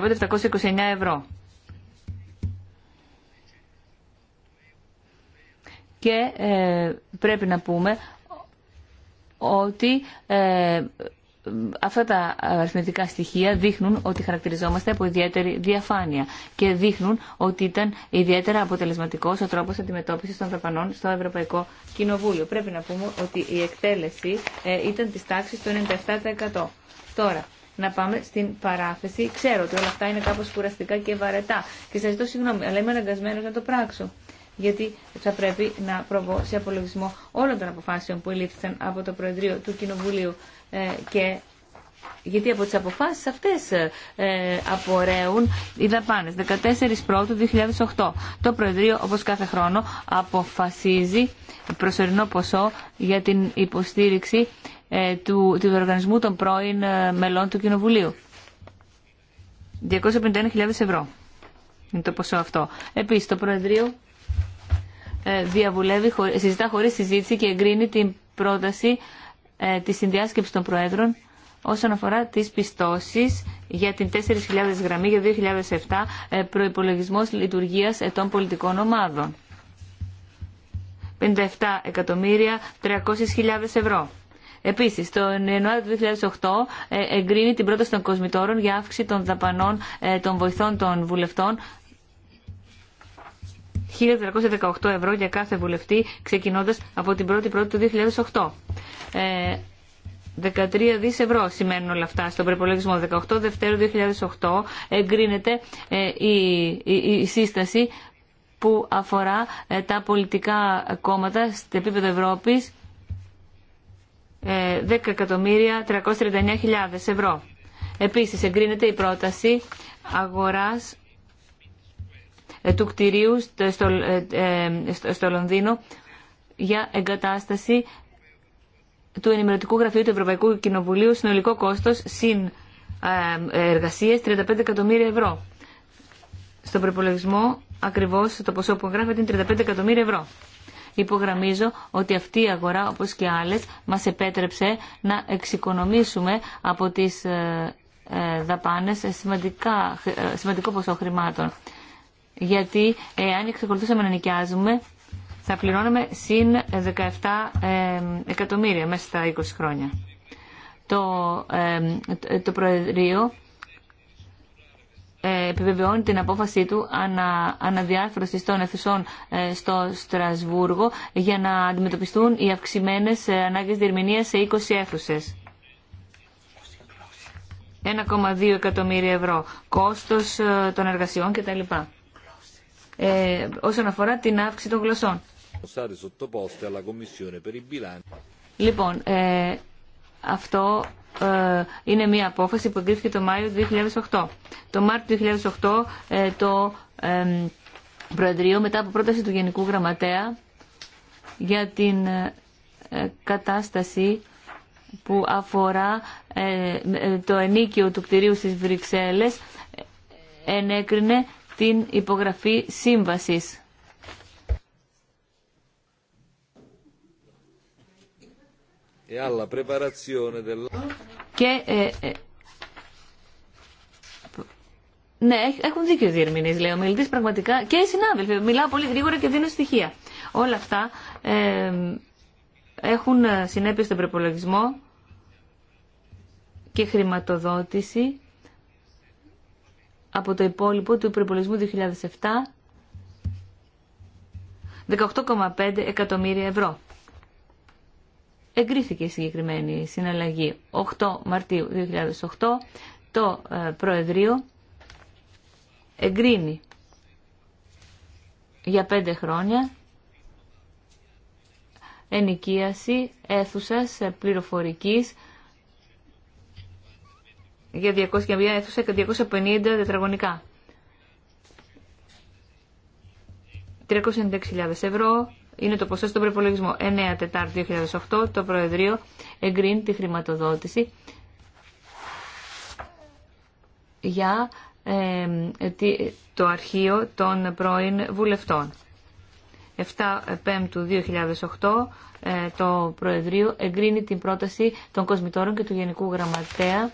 8.315-729 ε, ευρώ. και ε, πρέπει να πούμε ότι ε, αυτά τα αριθμητικά στοιχεία δείχνουν ότι χαρακτηριζόμαστε από ιδιαίτερη διαφάνεια και δείχνουν ότι ήταν ιδιαίτερα αποτελεσματικός ο τρόπος αντιμετώπισης των δαπανών στο Ευρωπαϊκό Κοινοβούλιο. Πρέπει να πούμε ότι η εκτέλεση ε, ήταν της τάξης του 97%. Τώρα, να πάμε στην παράθεση. Ξέρω ότι όλα αυτά είναι κάπως κουραστικά και βαρετά και σας ζητώ συγγνώμη, αλλά είμαι αναγκασμένος να το πράξω γιατί θα πρέπει να προβώ σε απολογισμό όλων των αποφάσεων που ελήφθησαν από το Προεδρείο του Κοινοβουλίου ε, και γιατί από τις αποφάσεις αυτές ε, απορρέουν οι δαπάνες. 14 Πρώτου 2008. Το Προεδρείο, όπως κάθε χρόνο, αποφασίζει προσωρινό ποσό για την υποστήριξη ε, του, του οργανισμού των πρώην ε, μελών του Κοινοβουλίου. 251.000 ευρώ είναι το ποσό αυτό. Επίσης, το Προεδρείο ε, διαβουλεύει, συζητά χωρί συζήτηση και εγκρίνει την πρόταση ε, της συνδιάσκεψη των Προέδρων όσον αφορά τις πιστώσεις για την 4.000 γραμμή για 2007 ε, προϋπολογισμός λειτουργίας των πολιτικών ομάδων. 57 εκατομμύρια 300.000 ευρώ. Επίσης, το Ιανουάριο του 2008 εγκρίνει την πρόταση των κοσμητόρων για αύξηση των δαπανών των βοηθών των βουλευτών 1.418 ευρώ για κάθε βουλευτή ξεκινώντας από την 1η Πρώτη του 2008. 13 ε, δις ευρώ σημαίνουν όλα αυτά στον προπολογισμό 18 Δευτέρου 2008 εγκρίνεται ε, η, η σύσταση που αφορά ε, τα πολιτικά κόμματα στο επίπεδο Ευρώπης 10.339.000 ευρώ. Επίσης εγκρίνεται η πρόταση αγοράς ε, του κτηρίου ε, ε, στο Λονδίνο για εγκατάσταση του ενημερωτικού γραφείου του Ευρωπαϊκού Κοινοβουλίου συνολικό κόστος συν εργασίες 35 εκατομμύρια ευρώ. στο προπολογισμό ακριβώς το ποσό που εγγράφεται είναι 35 εκατομμύρια ευρώ. Υπογραμμίζω ότι αυτή η αγορά, όπως και άλλες, μας επέτρεψε να εξοικονομήσουμε από τις δαπάνες σημαντικά, σημαντικό ποσό χρημάτων γιατί ε, αν εξακολουθούσαμε να νοικιάζουμε θα πληρώναμε συν 17 ε, εκατομμύρια μέσα στα 20 χρόνια. Το, ε, το Προεδρείο επιβεβαιώνει την απόφασή του ανα, αναδιάρθρωση των αιθουσών στο Στρασβούργο για να αντιμετωπιστούν οι αυξημένες ανάγκες διερμηνίας σε 20 αίθουσες. 1,2 εκατομμύρια ευρώ, κόστος των εργασιών κτλ. Ε, όσον αφορά την αύξηση των γλωσσών. Λοιπόν, ε, αυτό ε, είναι μια απόφαση που εγκρίθηκε το Μάιο 2008. Το Μάρτιο 2008 το Προεδρείο μετά από πρόταση του Γενικού Γραμματέα για την κατάσταση που αφορά το ενίκιο του κτηρίου στις Βρυξέλλες ενέκρινε την υπογραφή σύμβασης. E ε, ε, ναι, έχουν δίκιο οι λέει ο μιλητή. Πραγματικά και οι συνάδελφοι. Μιλάω πολύ γρήγορα και δίνω στοιχεία. Όλα αυτά ε, έχουν συνέπειε στον προπολογισμό και χρηματοδότηση από το υπόλοιπο του υπερπολισμού 2007 18,5 εκατομμύρια ευρώ. Εγκρίθηκε η συγκεκριμένη συναλλαγή 8 Μαρτίου 2008. Το ε, Προεδρείο εγκρίνει για πέντε χρόνια ενοικίαση αίθουσας πληροφορικής για, 200, μια αίθουσα 250 τετραγωνικά. 396.000 ευρώ είναι το ποσό στον προπολογισμό. 9 Τετάρτη 2008 το Προεδρείο εγκρίνει τη χρηματοδότηση για το αρχείο των πρώην βουλευτών. 7 Πέμπτου 2008 ε, το Προεδρείο εγκρίνει την πρόταση των κοσμητόρων και του Γενικού Γραμματέα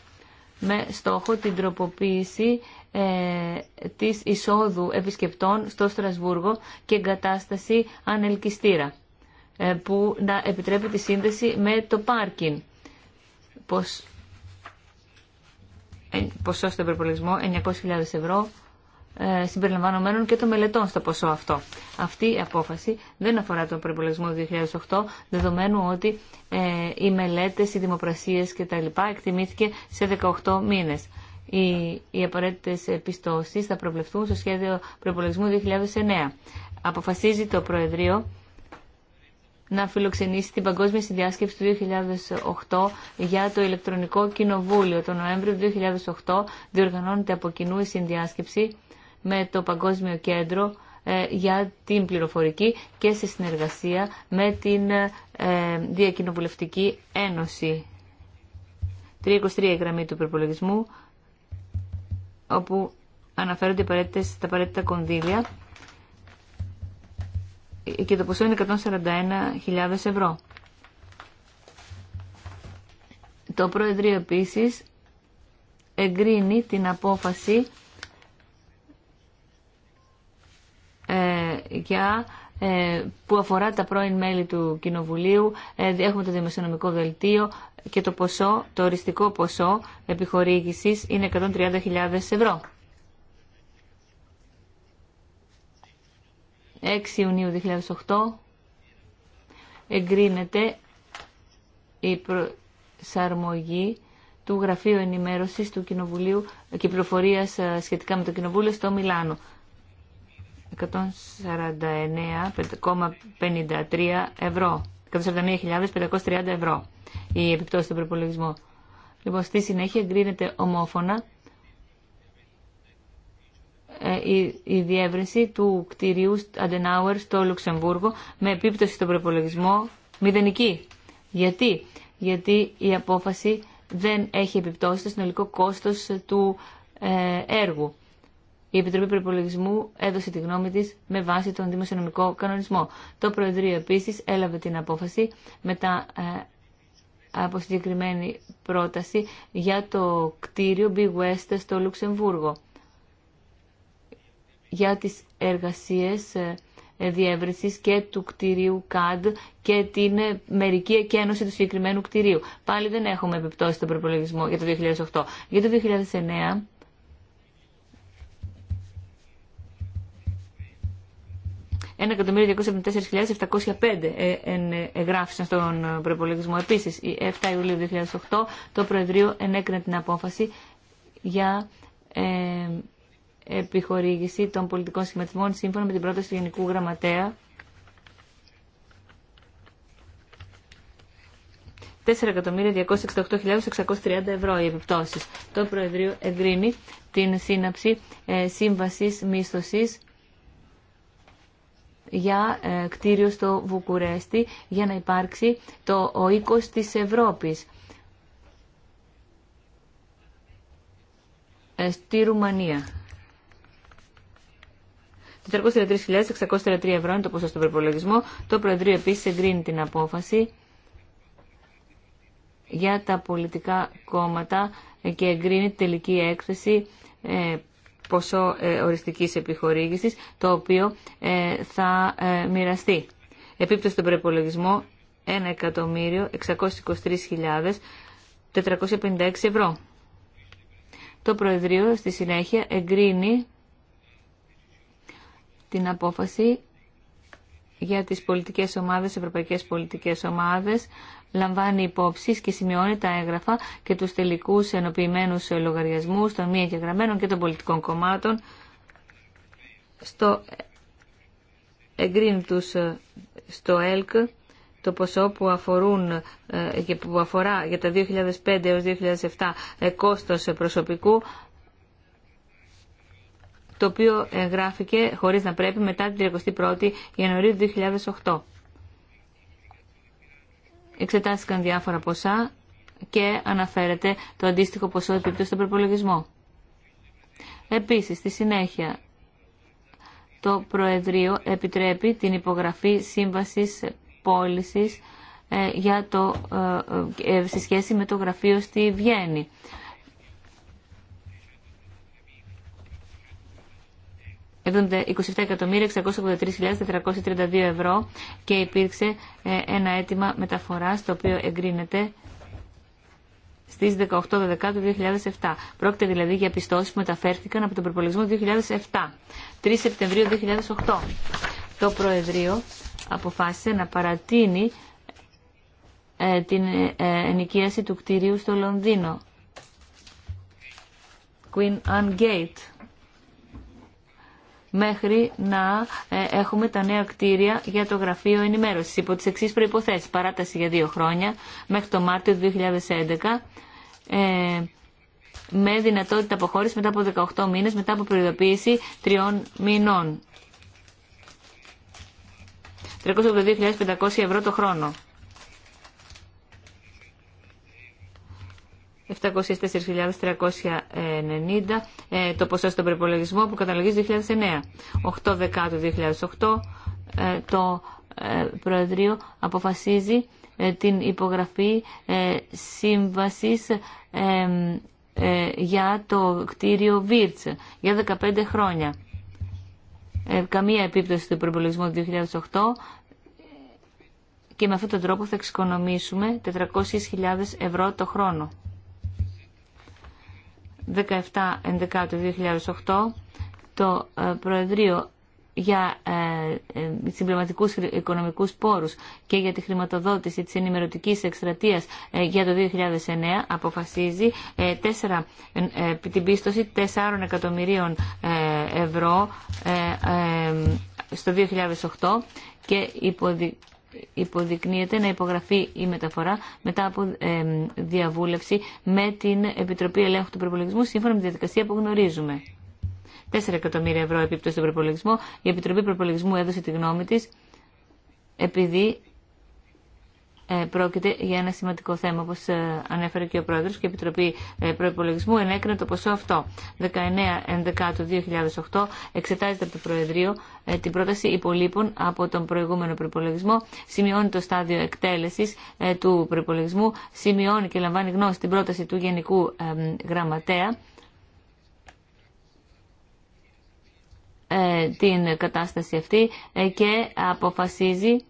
με στόχο την τροποποίηση ε, της εισόδου επισκεπτών στο Στρασβούργο και εγκατάσταση ανελκυστήρα ε, που να επιτρέπει τη σύνδεση με το πάρκιν. Πως, ε, ποσό στον 900.000 ευρώ ε, συμπεριλαμβανομένων και των μελετών στο ποσό αυτό. Αυτή η απόφαση δεν αφορά τον προπολογισμό 2008, δεδομένου ότι ε, οι μελέτες, οι δημοπρασίες κτλ. εκτιμήθηκε σε 18 μήνες. Οι, οι απαραίτητε επιστώσει θα προβλεφθούν στο σχέδιο προπολογισμού 2009. Αποφασίζει το Προεδρείο να φιλοξενήσει την Παγκόσμια Συνδιάσκεψη του 2008 για το ηλεκτρονικό κοινοβούλιο. Το Νοέμβριο του 2008 διοργανώνεται από κοινού η συνδιάσκεψη με το Παγκόσμιο Κέντρο ε, για την πληροφορική και σε συνεργασία με την ε, Διακοινοβουλευτική Ένωση. 323 η γραμμή του προπολογισμού, όπου αναφέρονται τα απαραίτητα κονδύλια και το ποσό είναι 141.000 ευρώ. Το Προεδρείο επίσης εγκρίνει την απόφαση για ε, που αφορά τα πρώην μέλη του Κοινοβουλίου. Ε, έχουμε το δημοσιονομικό δελτίο και το ποσό, το οριστικό ποσό επιχορήγησης είναι 130.000 ευρώ. 6 Ιουνίου 2008 εγκρίνεται η προσαρμογή του Γραφείου Ενημέρωσης του Κοινοβουλίου και Πληροφορίας ε, σχετικά με το Κοινοβούλιο στο Μιλάνο. 149,53 ευρώ. 149.530 ευρώ η επιπτώση στον προπολογισμό. Λοιπόν, στη συνέχεια εγκρίνεται ομόφωνα ε, η, η διεύρυνση του κτηρίου Αντενάουερ στο Λουξεμβούργο με επίπτωση στον προπολογισμό μηδενική. Γιατί? Γιατί η απόφαση δεν έχει επιπτώσει στο συνολικό κόστος του ε, έργου. Η Επιτροπή Προπολογισμού έδωσε τη γνώμη τη με βάση τον δημοσιονομικό κανονισμό. Το Προεδρείο επίση έλαβε την απόφαση μετά ε, από συγκεκριμένη πρόταση για το κτίριο Big West στο Λουξεμβούργο για τις εργασίες ε, διεύρυνσης και του κτιρίου CAD και την ε, μερική εκένωση του συγκεκριμένου κτιρίου. Πάλι δεν έχουμε επιπτώσει τον προπολογισμό για το 2008. Για το 2009 1.274.705 ε, ε, εγγράφησαν στον προπολογισμό. Επίση, η 7 Ιουλίου 2008 το Προεδρείο ενέκρινε την απόφαση για ε, επιχορήγηση των πολιτικών σχηματισμών σύμφωνα με την πρόταση του Γενικού Γραμματέα 4.268.630 ευρώ οι επιπτώσεις. Το Προεδρείο εγκρίνει την σύναψη ε, σύμβασης μίσθωσης για ε, κτίριο στο Βουκουρέστι για να υπάρξει το, ο οίκος της Ευρώπης ε, στη Ρουμανία. 433.603 ευρώ είναι το ποσό στον προπολογισμό. Το Προεδρείο επίσης εγκρίνει την απόφαση για τα πολιτικά κόμματα και εγκρίνει τελική έκθεση ε, ποσό ε, οριστικής επιχορήγησης, το οποίο ε, θα ε, μοιραστεί. Επίπτωση στον προπολογισμό 1.623.456 ευρώ. Το Προεδρείο στη συνέχεια εγκρίνει την απόφαση για τις πολιτικές ομάδες, ευρωπαϊκές πολιτικές ομάδες, λαμβάνει υπόψη και σημειώνει τα έγγραφα και τους τελικούς ενοποιημένους λογαριασμούς των μη εγγεγραμμένων και των πολιτικών κομμάτων στο εγκρίνει τους στο ΕΛΚ το ποσό που, αφορούν, ε, που αφορά για τα 2005 έως 2007 ε, κόστος προσωπικού το οποίο εγγράφηκε χωρίς να πρέπει μετά την 31η Ιανουαρίου 2008. Εξετάστηκαν διάφορα ποσά και αναφέρεται το αντίστοιχο ποσό επίπτωση στον προπολογισμό. Επίσης, στη συνέχεια, το Προεδρείο επιτρέπει την υπογραφή σύμβασης πώλησης ε, για το, ε, ε, σε σχέση με το γραφείο στη Βιέννη. 27.683.432 ευρώ και υπήρξε ε, ένα αίτημα μεταφοράς το οποίο εγκρίνεται στις 18 2007. Πρόκειται δηλαδή για πιστώσεις που μεταφέρθηκαν από τον προπολογισμό 2007. 3 Σεπτεμβρίου 2008. Το Προεδρείο αποφάσισε να παρατείνει ε, την ε, ενοικίαση του κτίριου στο Λονδίνο. Queen Anne Gate μέχρι να ε, έχουμε τα νέα κτίρια για το Γραφείο Ενημέρωσης υπό τι εξή προϋποθέσεις. Παράταση για δύο χρόνια μέχρι το Μάρτιο του 2011 ε, με δυνατότητα αποχώρηση μετά από 18 μήνες μετά από προειδοποίηση τριών μηνών. 382.500 ευρώ το χρόνο. 704.390 ε, το ποσό στον προπολογισμό που καταλογίζει 2009. 8 Δεκάτου 2008 ε, το ε, Προεδρείο αποφασίζει την υπογραφή σύμβασης για το κτίριο Βίρτς για 15 χρόνια. Καμία επίπτωση του προπολογισμού του 2008 και με αυτόν τον τρόπο θα εξοικονομήσουμε 400.000 ευρώ το χρόνο. 17 11 2008 το ε, Προεδρείο για ε, ε, συμπληρωματικούς οικονομικούς πόρους και για τη χρηματοδότηση της ενημερωτικής εκστρατείας για το 2009 αποφασίζει τέσσερα, την πίστοση 4 εκατομμυρίων ευρώ στο 2008 και υποδι υποδεικνύεται να υπογραφεί η μεταφορά μετά από διαβούλευση με την Επιτροπή Ελέγχου του Προπολογισμού σύμφωνα με τη διαδικασία που γνωρίζουμε. 4 εκατομμύρια ευρώ επίπτωση στον προπολογισμό. Η Επιτροπή Προπολογισμού έδωσε τη γνώμη τη επειδή ε, πρόκειται για ένα σημαντικό θέμα, όπως ε, ανέφερε και ο Πρόεδρος και η Επιτροπή ε, Προπολογισμού, ενέκρινε το ποσό αυτό. 19 του 2008 εξετάζεται από το Προεδρείο την πρόταση υπολείπων από τον προηγούμενο προπολογισμό. σημειώνει το στάδιο εκτέλεσης του προπολογισμού. σημειώνει και λαμβάνει γνώση την πρόταση του Γενικού Γραμματέα, την κατάσταση αυτή και αποφασίζει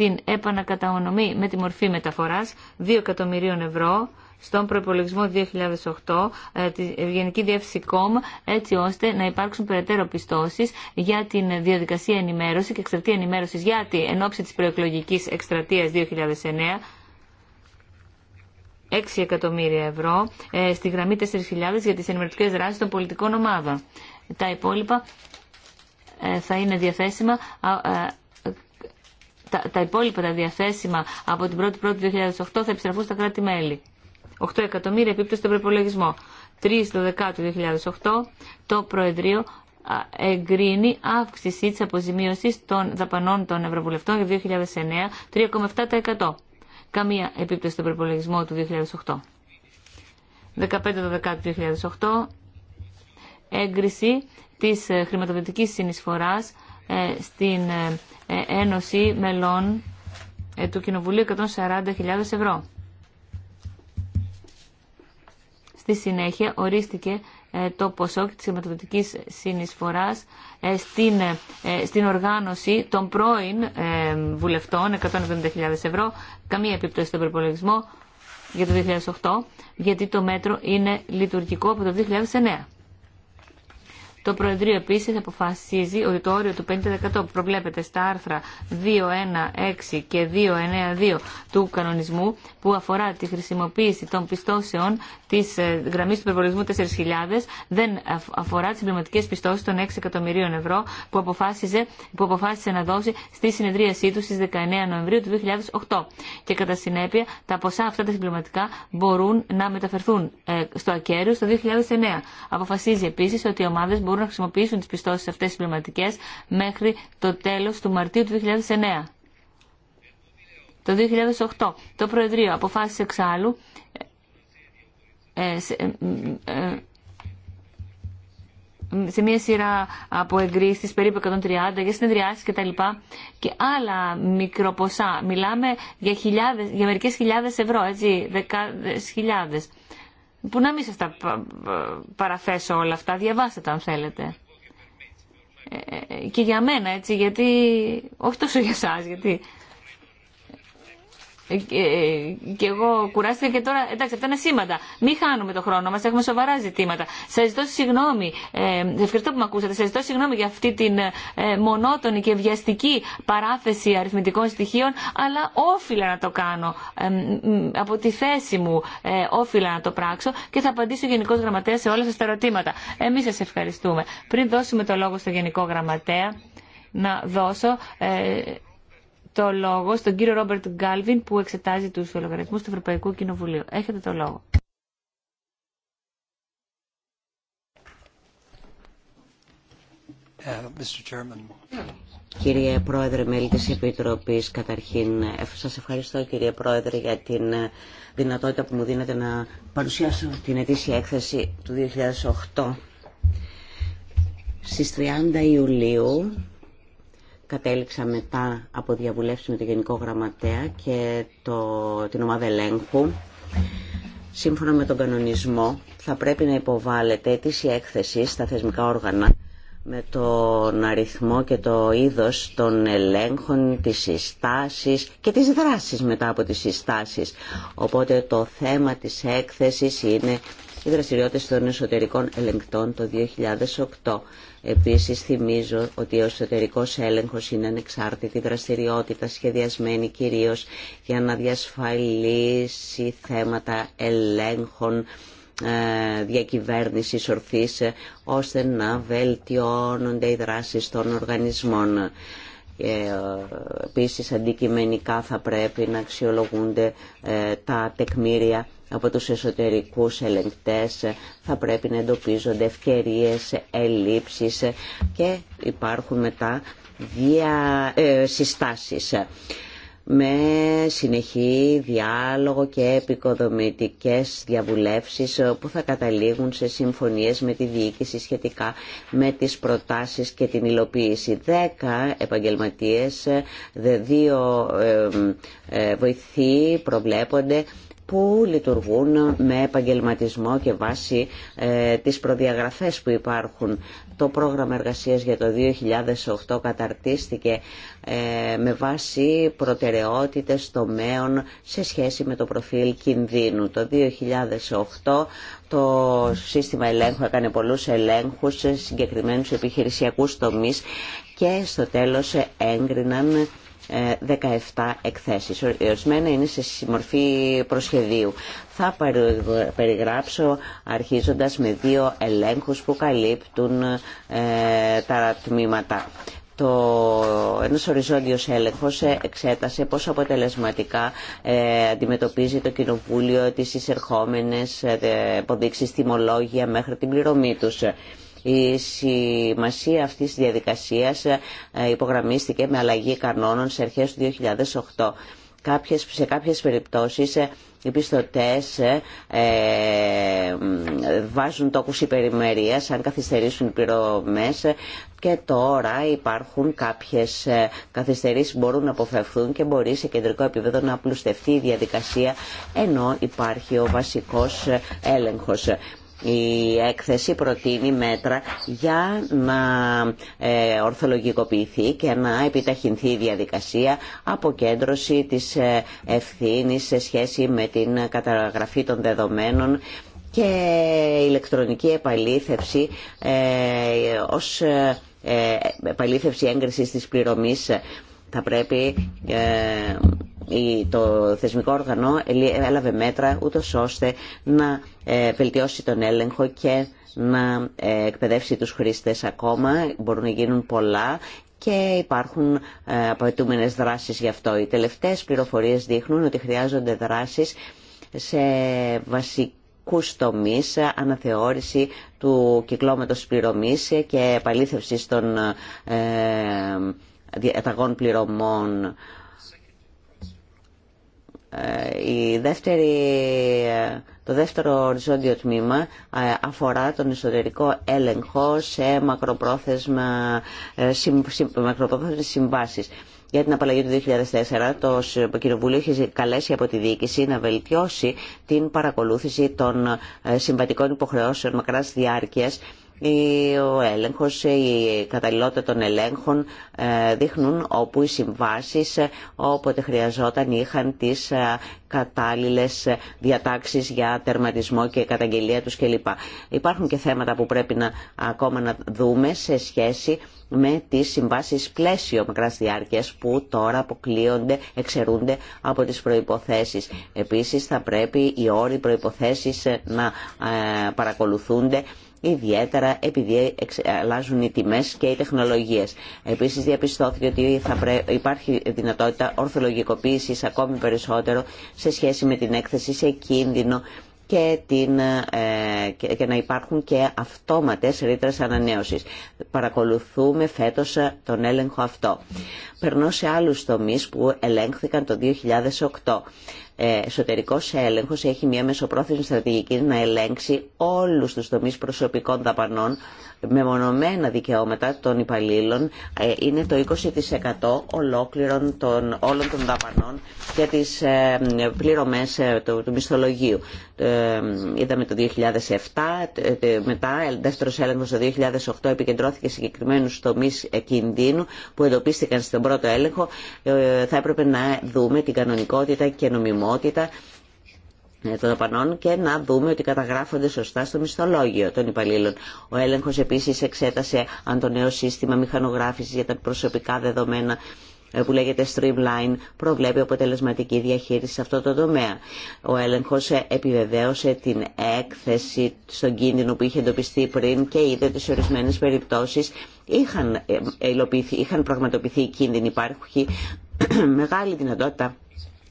την επανακατανομή με τη μορφή μεταφοράς 2 εκατομμυρίων ευρώ στον προπολογισμό 2008 ε, τη Ευγενική Διεύθυνση ΚΟΜ έτσι ώστε να υπάρξουν περαιτέρω πιστώσει για την διαδικασία ενημέρωση και εξτρατεία ενημέρωση για την ενόψη τη προεκλογική εκστρατεία 2009. 6 εκατομμύρια ευρώ ε, στη γραμμή 4.000 για τις ενημερωτικές δράσεις των πολιτικών ομάδων. Τα υπόλοιπα ε, θα είναι διαθέσιμα τα, τα υπόλοιπα τα διαθέσιμα από την 1η 1η 2008 θα επιστραφούν στα κράτη-μέλη. 8 εκατομμύρια επίπτωση στον προπολογισμό. 3 το 10 του 2008 το Προεδρείο εγκρίνει αύξηση της αποζημίωσης των δαπανών των Ευρωβουλευτών για 2009 3,7%. Καμία επίπτωση στον προπολογισμό του 2008. 15 του 2008 έγκριση της ε, χρηματοδοτικής συνεισφοράς ε, στην ε, ε, Ένωση Μελών του Κοινοβουλίου 140.000 ευρώ. Στη συνέχεια ορίστηκε το ποσό της χρηματοδοτικής συνεισφοράς στην, στην οργάνωση των πρώην βουλευτών 170.000 ευρώ, καμία επίπτωση στον προπολογισμό για το 2008, γιατί το μέτρο είναι λειτουργικό από το 2009. Το Προεδρείο επίση αποφασίζει ότι το όριο του 50% που προβλέπεται στα άρθρα 216 και 292 του κανονισμού που αφορά τη χρησιμοποίηση των πιστώσεων τη ε, γραμμή του περιβολισμού 4.000 δεν αφορά τι συμπληρωματικές πιστώσει των 6 εκατομμυρίων ευρώ που, αποφάσισε, που αποφάσισε να δώσει στη συνεδρίασή του στις 19 Νοεμβρίου του 2008. Και κατά συνέπεια τα ποσά αυτά τα συμπληρωματικά μπορούν να μεταφερθούν ε, στο ακέραιο στο 2009. Αποφασίζει επίση ότι οι ομάδες μπορούν να χρησιμοποιήσουν τις πιστώσεις αυτές πνευματικές μέχρι το τέλος του Μαρτίου του 2009. Το 2008 το Προεδρείο αποφάσισε εξάλλου ε, ε, ε, σε μία σειρά από εγκρίσεις, περίπου 130, για συνεδριάσεις κτλ. Και άλλα μικροποσά. Μιλάμε για, χιλιάδες, για μερικές χιλιάδες ευρώ, έτσι, δεκάδες χιλιάδες που να μην σας τα παραθέσω όλα αυτά, διαβάστε τα αν θέλετε. Ε, ε, ε, και για μένα έτσι, γιατί, όχι τόσο για εσάς, γιατί ε, ε, και εγώ κουράστηκα και τώρα, εντάξει αυτά είναι σήματα. Μην χάνουμε το χρόνο μας, έχουμε σοβαρά ζητήματα. Σας ζητώ συγγνώμη, ε, ευχαριστώ που με ακούσατε, σας ζητώ συγγνώμη για αυτή την ε, μονότονη και βιαστική παράθεση αριθμητικών στοιχείων, αλλά όφιλα να το κάνω, ε, από τη θέση μου ε, όφιλα να το πράξω και θα απαντήσω Γενικό Γραμματέα σε όλα σας τα ερωτήματα. Εμείς σας ευχαριστούμε. Πριν δώσουμε το λόγο στο Γενικό Γραμματέα, να δώσω ε, το λόγο στον κύριο Ρόμπερτ Γκάλβιν που εξετάζει τους λογαριασμούς του Ευρωπαϊκού Κοινοβουλίου. Έχετε το λόγο. Ε, κύριε Πρόεδρε, μέλη της Επιτροπής, καταρχήν ε, σας ευχαριστώ κύριε Πρόεδρε για την ε, δυνατότητα που μου δίνετε να παρουσιάσω την ετήσια έκθεση του 2008. Στις 30 Ιουλίου κατέληξα μετά από διαβουλεύσεις με τον Γενικό Γραμματέα και το, την ομάδα ελέγχου. Σύμφωνα με τον κανονισμό θα πρέπει να υποβάλλεται αίτηση έκθεση στα θεσμικά όργανα με τον αριθμό και το είδος των ελέγχων, της συστάσεις και τις δράσεις μετά από τις συστάσεις. Οπότε το θέμα της έκθεσης είναι οι δραστηριότητες των εσωτερικών ελεγκτών το 2008. Επίσης θυμίζω ότι ο εσωτερικός έλεγχος είναι ανεξάρτητη δραστηριότητα σχεδιασμένη κυρίως για να διασφαλίσει θέματα ελέγχων ε, διακυβέρνησης ορθής ε, ώστε να βελτιώνονται οι δράσεις των οργανισμών. Ε, επίσης αντικειμενικά θα πρέπει να αξιολογούνται τα τεκμήρια από τους εσωτερικούς ελεγκτές θα πρέπει να εντοπίζονται ευκαιρίες, ελλείψεις και υπάρχουν μετά δια, ε, συστάσεις με συνεχή διάλογο και επικοδομητικές διαβουλεύσεις που θα καταλήγουν σε συμφωνίες με τη διοίκηση σχετικά με τις προτάσεις και την υλοποίηση. Δέκα επαγγελματίες, δύο ε, βοηθοί προβλέπονται που λειτουργούν με επαγγελματισμό και βάση ε, τις προδιαγραφές που υπάρχουν. Το πρόγραμμα εργασίας για το 2008 καταρτίστηκε ε, με βάση προτεραιότητες τομέων σε σχέση με το προφίλ κινδύνου. Το 2008 το σύστημα ελέγχου έκανε πολλούς ελέγχους σε συγκεκριμένους επιχειρησιακούς τομείς και στο τέλος έγκριναν 17 εκθέσεις. Ορισμένα είναι σε μορφή προσχεδίου. Θα περιγράψω αρχίζοντας με δύο ελέγχους που καλύπτουν ε, τα τμήματα το, ένας οριζόντιος έλεγχος εξέτασε πόσο αποτελεσματικά ε, αντιμετωπίζει το Κοινοβούλιο τις εισερχόμενες ε, τιμολόγια μέχρι την πληρωμή τους. Η σημασία αυτής της διαδικασίας ε, υπογραμμίστηκε με αλλαγή κανόνων σε αρχές του 2008. Κάποιες, σε κάποιες περιπτώσεις ε, οι πιστωτές ε, βάζουν τόκους υπερημέρια αν καθυστερήσουν οι πληρωμές και τώρα υπάρχουν κάποιες καθυστερήσεις που μπορούν να αποφευθούν και μπορεί σε κεντρικό επίπεδο να απλουστευτεί η διαδικασία ενώ υπάρχει ο βασικός έλεγχος. Η έκθεση προτείνει μέτρα για να ε, ορθολογικοποιηθεί και να επιταχυνθεί η διαδικασία αποκέντρωση της ε, ευθύνης σε σχέση με την καταγραφή των δεδομένων και ηλεκτρονική επαλήθευση ε, ως επαλήθευση έγκρισης της πληρωμής θα πρέπει το θεσμικό όργανο έλαβε μέτρα ούτως ώστε να ε, βελτιώσει τον έλεγχο και να ε, εκπαιδεύσει τους χρήστες ακόμα. Μπορούν να γίνουν πολλά και υπάρχουν ε, απαιτούμενες δράσεις γι' αυτό. Οι τελευταίες πληροφορίες δείχνουν ότι χρειάζονται δράσεις σε βασικούς τομείς, αναθεώρηση του κυκλώματος πληρωμής και επαλήθευση των ε, διαταγών πληρωμών ε, η δεύτερη, ε, το δεύτερο οριζόντιο τμήμα ε, αφορά τον εσωτερικό έλεγχο σε μακροπρόθεσμα, συμ, μακροπρόθεσμες συμβάσεις. Για την απαλλαγή του 2004, το Κοινοβούλιο είχε καλέσει από τη διοίκηση να βελτιώσει την παρακολούθηση των συμβατικών υποχρεώσεων μακράς διάρκειας ο έλεγχος, η καταλληλότητα των ελέγχων ε, δείχνουν όπου οι συμβάσεις ε, όποτε χρειαζόταν είχαν τις ε, κατάλληλες διατάξεις για τερματισμό και καταγγελία τους κλπ. Υπάρχουν και θέματα που πρέπει να, ακόμα να δούμε σε σχέση με τις συμβάσεις πλαίσιο μικράς διάρκειας που τώρα αποκλείονται, εξαιρούνται από τις προϋποθέσεις. Επίσης θα πρέπει οι όροι προϋποθέσεις να παρακολουθούνται ιδιαίτερα επειδή αλλάζουν οι τιμές και οι τεχνολογίες. Επίσης διαπιστώθηκε ότι θα υπάρχει δυνατότητα ορθολογικοποίησης ακόμη περισσότερο σε σχέση με την έκθεση σε κίνδυνο ε, και, να υπάρχουν και αυτόματες ρήτρες ανανέωσης. Παρακολουθούμε φέτος ε, τον έλεγχο αυτό. Περνώ σε άλλους τομείς που ελέγχθηκαν το 2008. Ε, εσωτερικός έλεγχος έχει μια μεσοπρόθεσμη στρατηγική να ελέγξει όλους τους τομείς προσωπικών δαπανών μεμονωμένα δικαιώματα των υπαλλήλων ε, είναι το 20% ολόκληρων των, όλων των δαπανών και τις ε, πληρωμές ε, του, του μισθολογίου. Είδαμε το 2007, μετά δεύτερος έλεγχος το 2008 επικεντρώθηκε συγκεκριμένους τομείς κινδύνου που εντοπίστηκαν στον πρώτο έλεγχο. Θα έπρεπε να δούμε την κανονικότητα και νομιμότητα ε, των δαπανών και να δούμε ότι καταγράφονται σωστά στο μισθολόγιο των υπαλλήλων. Ο έλεγχος επίσης εξέτασε αν το νέο σύστημα μηχανογράφησης για τα προσωπικά δεδομένα ε, που λέγεται Streamline, προβλέπει αποτελεσματική διαχείριση σε αυτό το τομέα. Ο έλεγχος ε, επιβεβαίωσε την έκθεση στον κίνδυνο που είχε εντοπιστεί πριν και είδε ότι σε ορισμένες περιπτώσεις είχαν, είχαν πραγματοποιηθεί κίνδυνοι. Υπάρχει μεγάλη δυνατότητα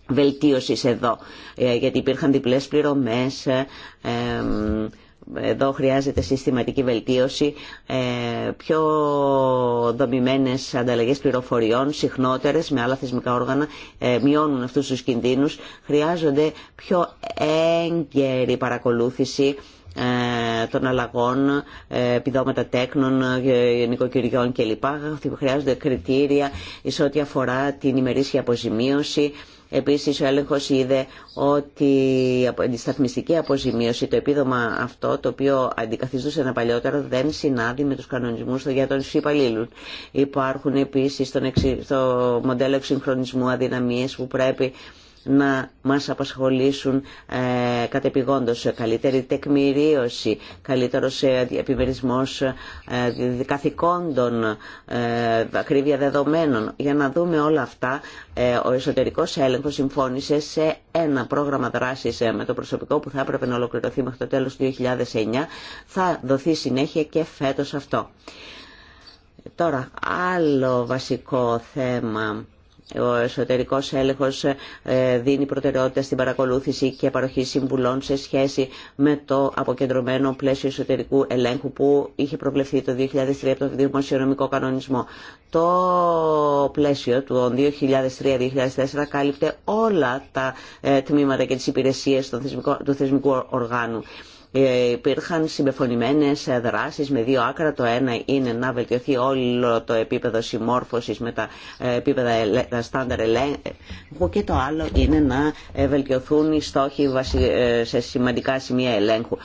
Βελτίωση εδώ, ε, γιατί υπήρχαν διπλές πληρωμές, ε, εδώ χρειάζεται συστηματική βελτίωση, ε, πιο δομημένες ανταλλαγές πληροφοριών, συχνότερες με άλλα θεσμικά όργανα, μειώνουν αυτούς τους κινδύνους, χρειάζονται πιο έγκαιρη παρακολούθηση των αλλαγών, επιδόματα τέκνων, νοικοκυριών κλπ. Χρειάζονται κριτήρια σε ό,τι αφορά την ημερήσια αποζημίωση, Επίσης ο έλεγχος είδε ότι η αντισταθμιστική αποζημίωση, το επίδομα αυτό το οποίο αντικαθιστούσε ένα παλιότερο δεν συνάδει με τους κανονισμούς για των υπαλλήλου. Υπάρχουν επίσης στο μοντέλο εξυγχρονισμού αδυναμίες που πρέπει να μας απασχολήσουν ε, κατεπηγόντως. Καλύτερη τεκμηρίωση, καλύτερος ε, επιμερισμός ε, καθηκόντων, ε, ακρίβεια δεδομένων. Για να δούμε όλα αυτά, ε, ο εσωτερικός έλεγχος συμφώνησε σε ένα πρόγραμμα δράσης με το προσωπικό που θα έπρεπε να ολοκληρωθεί μέχρι το τέλος του 2009. Θα δοθεί συνέχεια και φέτος αυτό. Τώρα, άλλο βασικό θέμα ο εσωτερικός έλεγχος ε, δίνει προτεραιότητα στην παρακολούθηση και παροχή συμβουλών σε σχέση με το αποκεντρωμένο πλαίσιο εσωτερικού ελέγχου που είχε προβλεφθεί το 2003 από το Δημοσιονομικό Κανονισμό. Το πλαίσιο του 2003-2004 κάλυπτε όλα τα ε, τμήματα και τις υπηρεσίες του θεσμικού οργάνου. Ε, υπήρχαν συμπεφωνημένες δράσεις με δύο άκρα. Το ένα είναι να βελτιωθεί όλο το επίπεδο συμμόρφωσης με τα ε, επίπεδα στάνταρ ελέγχου και το άλλο είναι να ε, βελτιωθούν οι στόχοι σε σημαντικά σημεία ελέγχου.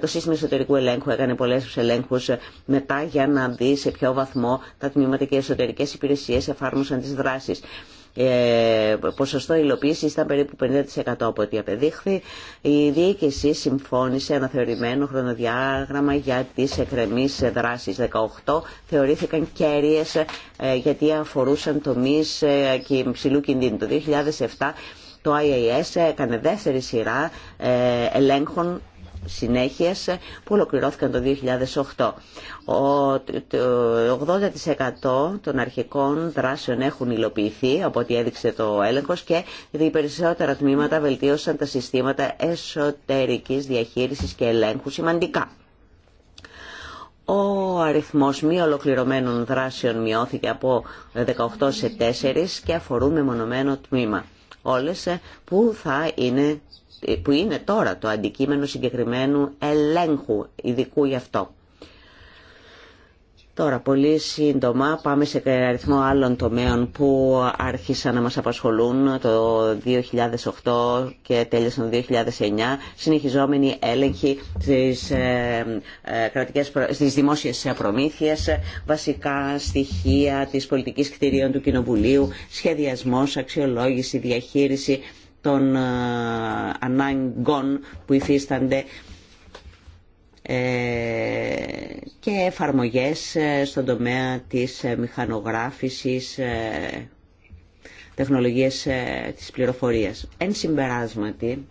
Το σύστημα εσωτερικού ελέγχου έκανε πολλές ελέγχους μετά για να δει σε ποιο βαθμό τα τμήματα και οι εσωτερικές υπηρεσίες εφάρμοσαν τις δράσεις. Ε, ποσοστό υλοποίηση ήταν περίπου 50% από ό,τι απεδείχθη. Η διοίκηση συμφώνησε αναθεωρημένο χρονοδιάγραμμα για τι εκκρεμεί δράσει 18. Θεωρήθηκαν κέρυες ε, γιατί αφορούσαν τομείς ε, και υψηλού κινδύνου. Το 2007 το IAS έκανε δεύτερη σειρά ελέγχων συνέχεια που ολοκληρώθηκαν το 2008. Ο 80% των αρχικών δράσεων έχουν υλοποιηθεί από ό,τι έδειξε το έλεγχος και οι περισσότερα τμήματα βελτίωσαν τα συστήματα εσωτερικής διαχείρισης και ελέγχου σημαντικά. Ο αριθμός μη ολοκληρωμένων δράσεων μειώθηκε από 18 σε 4 και αφορούν μεμονωμένο τμήμα. Όλες που θα είναι που είναι τώρα το αντικείμενο συγκεκριμένου ελέγχου ειδικού γι' αυτό. Τώρα πολύ σύντομα πάμε σε αριθμό άλλων τομέων που άρχισαν να μας απασχολούν το 2008 και τέλειωσαν το 2009 συνεχιζόμενη έλεγχη στις, ε, ε, στις δημόσιες προμήθειες βασικά στοιχεία της πολιτικής κτηρίων του Κοινοβουλίου σχεδιασμός, αξιολόγηση, διαχείριση των ε, ανάγκων που υφίστανται ε, και εφαρμογές ε, στον τομέα της μηχανογράφησης, τεχνολογίες της πληροφορίας. Εν συμπεράσματι,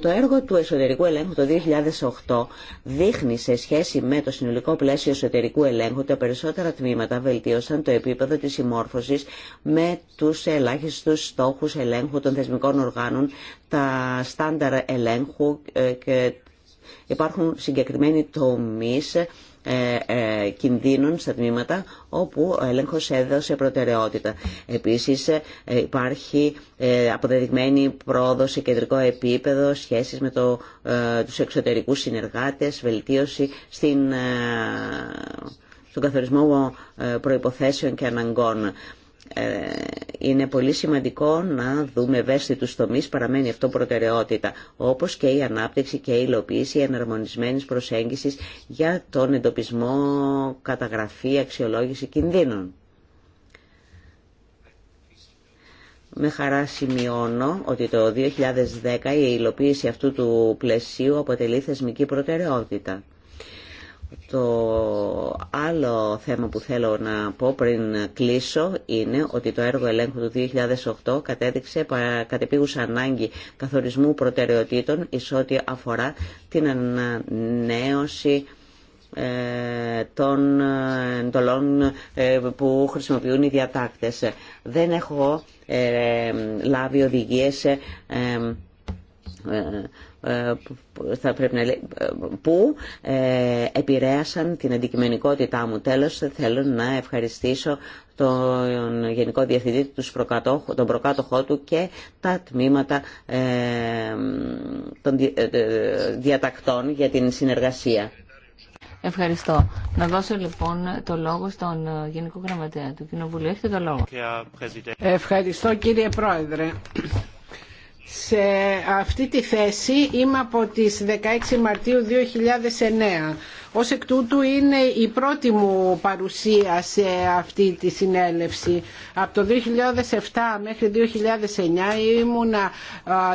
Το έργο του εσωτερικού ελέγχου το 2008 δείχνει σε σχέση με το συνολικό πλαίσιο εσωτερικού ελέγχου τα περισσότερα τμήματα βελτίωσαν το επίπεδο της συμμόρφωσης με τους ελάχιστους στόχους ελέγχου των θεσμικών οργάνων, τα στάνταρ ελέγχου ε, και υπάρχουν συγκεκριμένοι τομείς ε, ε, κινδύνων στα τμήματα όπου ο έλεγχος έδωσε προτεραιότητα. Επίσης ε, υπάρχει αποδεδειγμένη πρόοδο σε κεντρικό επίπεδο σχέσεις με το, τους εξωτερικούς συνεργάτες, βελτίωση στην, στον καθορισμό προϋποθέσεων και αναγκών. Ε, είναι πολύ σημαντικό να δούμε ευαίσθητους τομείς, παραμένει αυτό προτεραιότητα, όπως και η ανάπτυξη και η υλοποίηση εναρμονισμένης προσέγγισης για τον εντοπισμό, καταγραφή, αξιολόγηση κινδύνων. Με χαρά σημειώνω ότι το 2010 η υλοποίηση αυτού του πλαισίου αποτελεί θεσμική προτεραιότητα. Το άλλο θέμα που θέλω να πω πριν κλείσω είναι ότι το έργο ελέγχου του 2008 κατέδειξε κατεπίγουσα ανάγκη καθορισμού προτεραιοτήτων εις ό,τι αφορά την ανανέωση ε, των ε, εντολών ε, που χρησιμοποιούν οι διατάκτες. Δεν έχω λάβει οδηγίες θα πρέπει να που ε, επηρέασαν την αντικειμενικότητά μου. Τέλος θέλω να ευχαριστήσω τον Γενικό Διευθυντή, τους τον προκάτοχό του και τα τμήματα ε, των ε, διατακτών για την συνεργασία. Ευχαριστώ. Να δώσω λοιπόν το λόγο στον ε, Γενικό Γραμματέα του Κοινοβουλίου. Έχετε το λόγο. Ευχαριστώ κύριε Πρόεδρε. Σε αυτή τη θέση είμαι από τις 16 Μαρτίου 2009 ως εκ τούτου είναι η πρώτη μου παρουσία σε αυτή τη συνέλευση. Από το 2007 μέχρι 2009 ήμουνα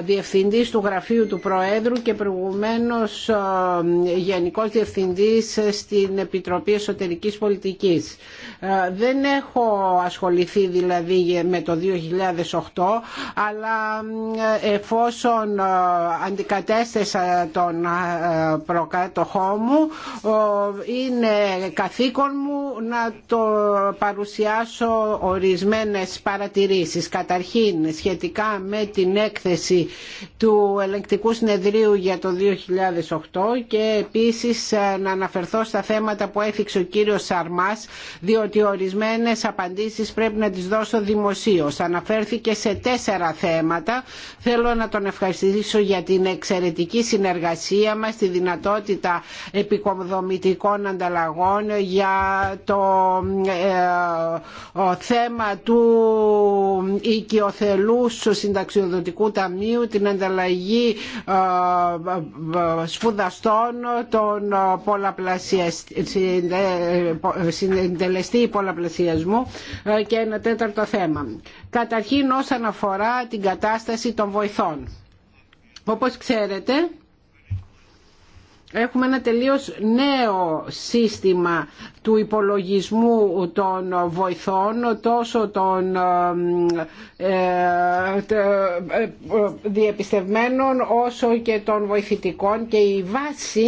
διευθυντής του γραφείου του Προέδρου και προηγουμένως γενικός διευθυντής στην Επιτροπή Εσωτερικής Πολιτικής. Δεν έχω ασχοληθεί δηλαδή με το 2008 αλλά εφόσον αντικατέστησα τον προκάτοχό μου είναι καθήκον μου να το παρουσιάσω ορισμένες παρατηρήσεις. Καταρχήν σχετικά με την έκθεση του Ελεγκτικού Συνεδρίου για το 2008 και επίσης ε, να αναφερθώ στα θέματα που έφυξε ο κύριος Σαρμάς διότι ορισμένες απαντήσεις πρέπει να τις δώσω δημοσίως. Αναφέρθηκε σε τέσσερα θέματα. Θέλω να τον ευχαριστήσω για την εξαιρετική συνεργασία μας, τη δυνατότητα επικομδοσίας δομητικών ανταλλαγών για το θέμα του οικειοθελούς συνταξιοδοτικού ταμείου, την ανταλλαγή σπουδαστών, τον συντελεστή πολλαπλασιασμού και ένα τέταρτο θέμα. Καταρχήν όσον αφορά την κατάσταση των βοηθών. Όπως ξέρετε, έχουμε ένα τελείως νέο σύστημα του υπολογισμού των βοηθών τόσο των ε, ε, ε, διεπιστευμένων όσο και των βοηθητικών και η βάση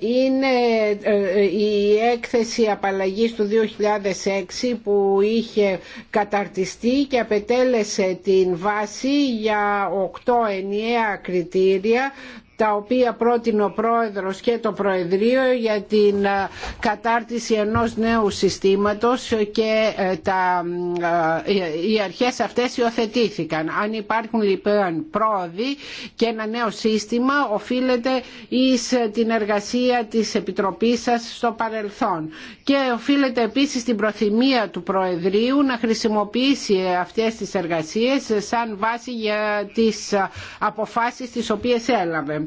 είναι η έκθεση απαλλαγής του 2006 που είχε καταρτιστεί και απετέλεσε την βάση για οκτώ ενιαία κριτήρια τα οποία πρότεινε ο Πρόεδρος και το Προεδρείο για την ε, κατάρτιση ενός νέου συστήματος και ε, τα, ε, οι αρχές αυτές υιοθετήθηκαν. Αν υπάρχουν λοιπόν πρόοδοι και ένα νέο σύστημα οφείλεται εις την εργασία της Επιτροπής σας στο παρελθόν και οφείλεται επίσης την προθυμία του Προεδρείου να χρησιμοποιήσει αυτές τις εργασίες σαν βάση για τις αποφάσεις τις οποίες έλαβε.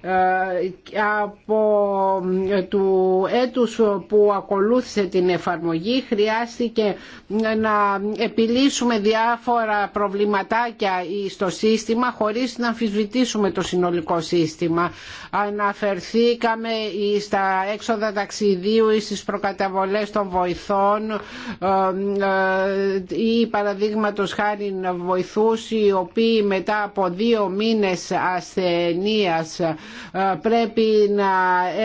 Ε, από ε, του έτους που ακολούθησε την εφαρμογή χρειάστηκε να επιλύσουμε διάφορα προβληματάκια στο σύστημα χωρίς να αμφισβητήσουμε το συνολικό σύστημα. Αναφερθήκαμε στα έξοδα ταξιδίου ή στις προκαταβολές των βοηθών ε, ή παραδείγματος χάρη βοηθούς οι οποίοι μετά από δύο μήνες ασθενείας ε, πρέπει να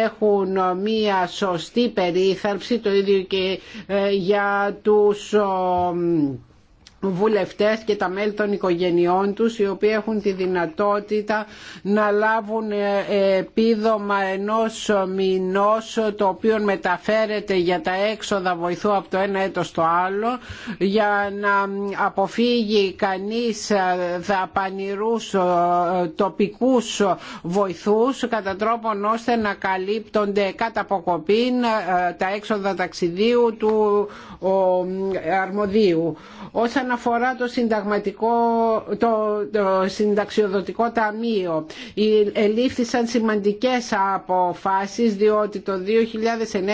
έχουν μία σωστή περίθαλψη, το ίδιο και ε, για τους βουλευτές και τα μέλη των οικογενειών τους οι οποίοι έχουν τη δυνατότητα να λάβουν ε, επίδομα ενός μηνός το οποίο μεταφέρεται για τα έξοδα βοηθού από το ένα έτος στο άλλο για να αποφύγει κανείς ε, δαπανηρούς ε, τοπικούς βοηθούς κατά τρόπον ώστε να καλύπτονται κατά αποκοπήν τα έξοδα ταξιδίου του αρμοδίου. Όσον αφορά το, συνταγματικό, το, το συνταξιοδοτικό ταμείο. Ελήφθησαν σημαντικές αποφάσεις διότι το 2009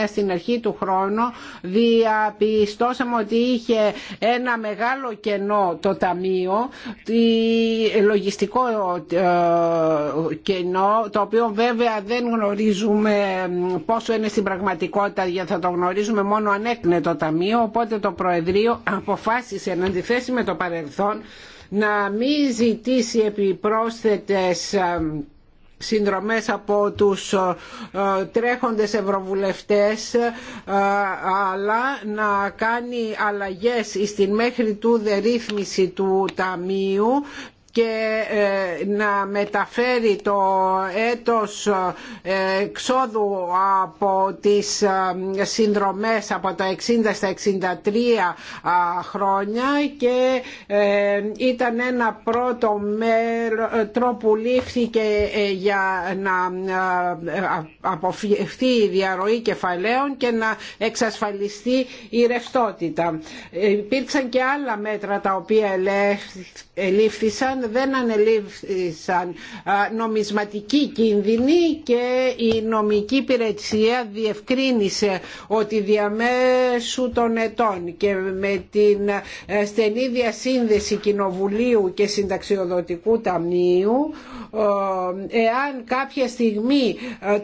στην αρχή του χρόνου διαπιστώσαμε ότι είχε ένα μεγάλο κενό το ταμείο, λογιστικό ε, κενό, το οποίο βέβαια δεν γνωρίζουμε πόσο είναι στην πραγματικότητα, γιατί θα το γνωρίζουμε μόνο αν το ταμείο, οπότε το Προεδρείο αποφάσισε να Θέση με το παρελθόν να μην ζητήσει επιπρόσθετες ε, συνδρομές από τους ε, τρέχοντες ευρωβουλευτές ε, αλλά να κάνει αλλαγές στην μέχρι του ρύθμιση του Ταμείου και ε, να μεταφέρει το έτος ε, εξόδου από τις ε, συνδρομές από τα 60 στα 63 χρόνια και ήταν ένα πρώτο μέτρο που λήφθηκε για να αποφευθεί η διαρροή κεφαλαίων και να εξασφαλιστεί η ρευστότητα. Υπήρξαν και άλλα μέτρα τα οποία ελήφθησαν δεν ανελήφθησαν νομισματικοί κίνδυνοι και η νομική υπηρεσία διευκρίνησε ότι διαμέσου των ετών και με την στενή διασύνδεση Κοινοβουλίου και Συνταξιοδοτικού Ταμείου εάν κάποια στιγμή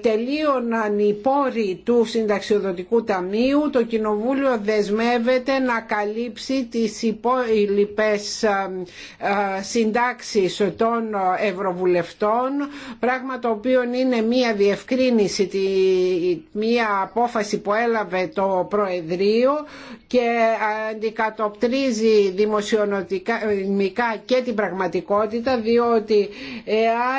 τελείωναν οι πόροι του Συνταξιοδοτικού Ταμείου το Κοινοβούλιο δεσμεύεται να καλύψει τις υπόλοιπες συντάξεις των Ευρωβουλευτών πράγμα το οποίο είναι μία διευκρίνηση μία απόφαση που έλαβε το Προεδρείο και αντικατοπτρίζει δημοσιονομικά και την πραγματικότητα διότι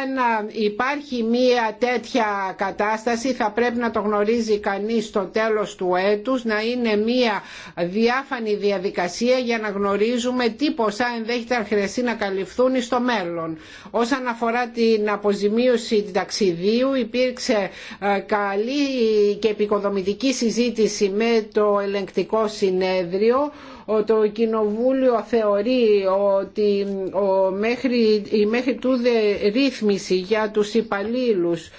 αν υπάρχει μία τέτοια κατάσταση θα πρέπει να το γνωρίζει κανείς στο τέλος του έτους να είναι μία διάφανη διαδικασία για να γνωρίζουμε τι ποσά ενδέχεται να χρειαστεί να καλυφθούν στο μέλλον. Όσον αφορά την αποζημίωση ταξιδίου υπήρξε ε, καλή και επικοδομητική συζήτηση με το ελεγκτικό συνέδριο το Κοινοβούλιο θεωρεί ότι η μέχρι τούδε ρύθμιση για τους υπαλλήλους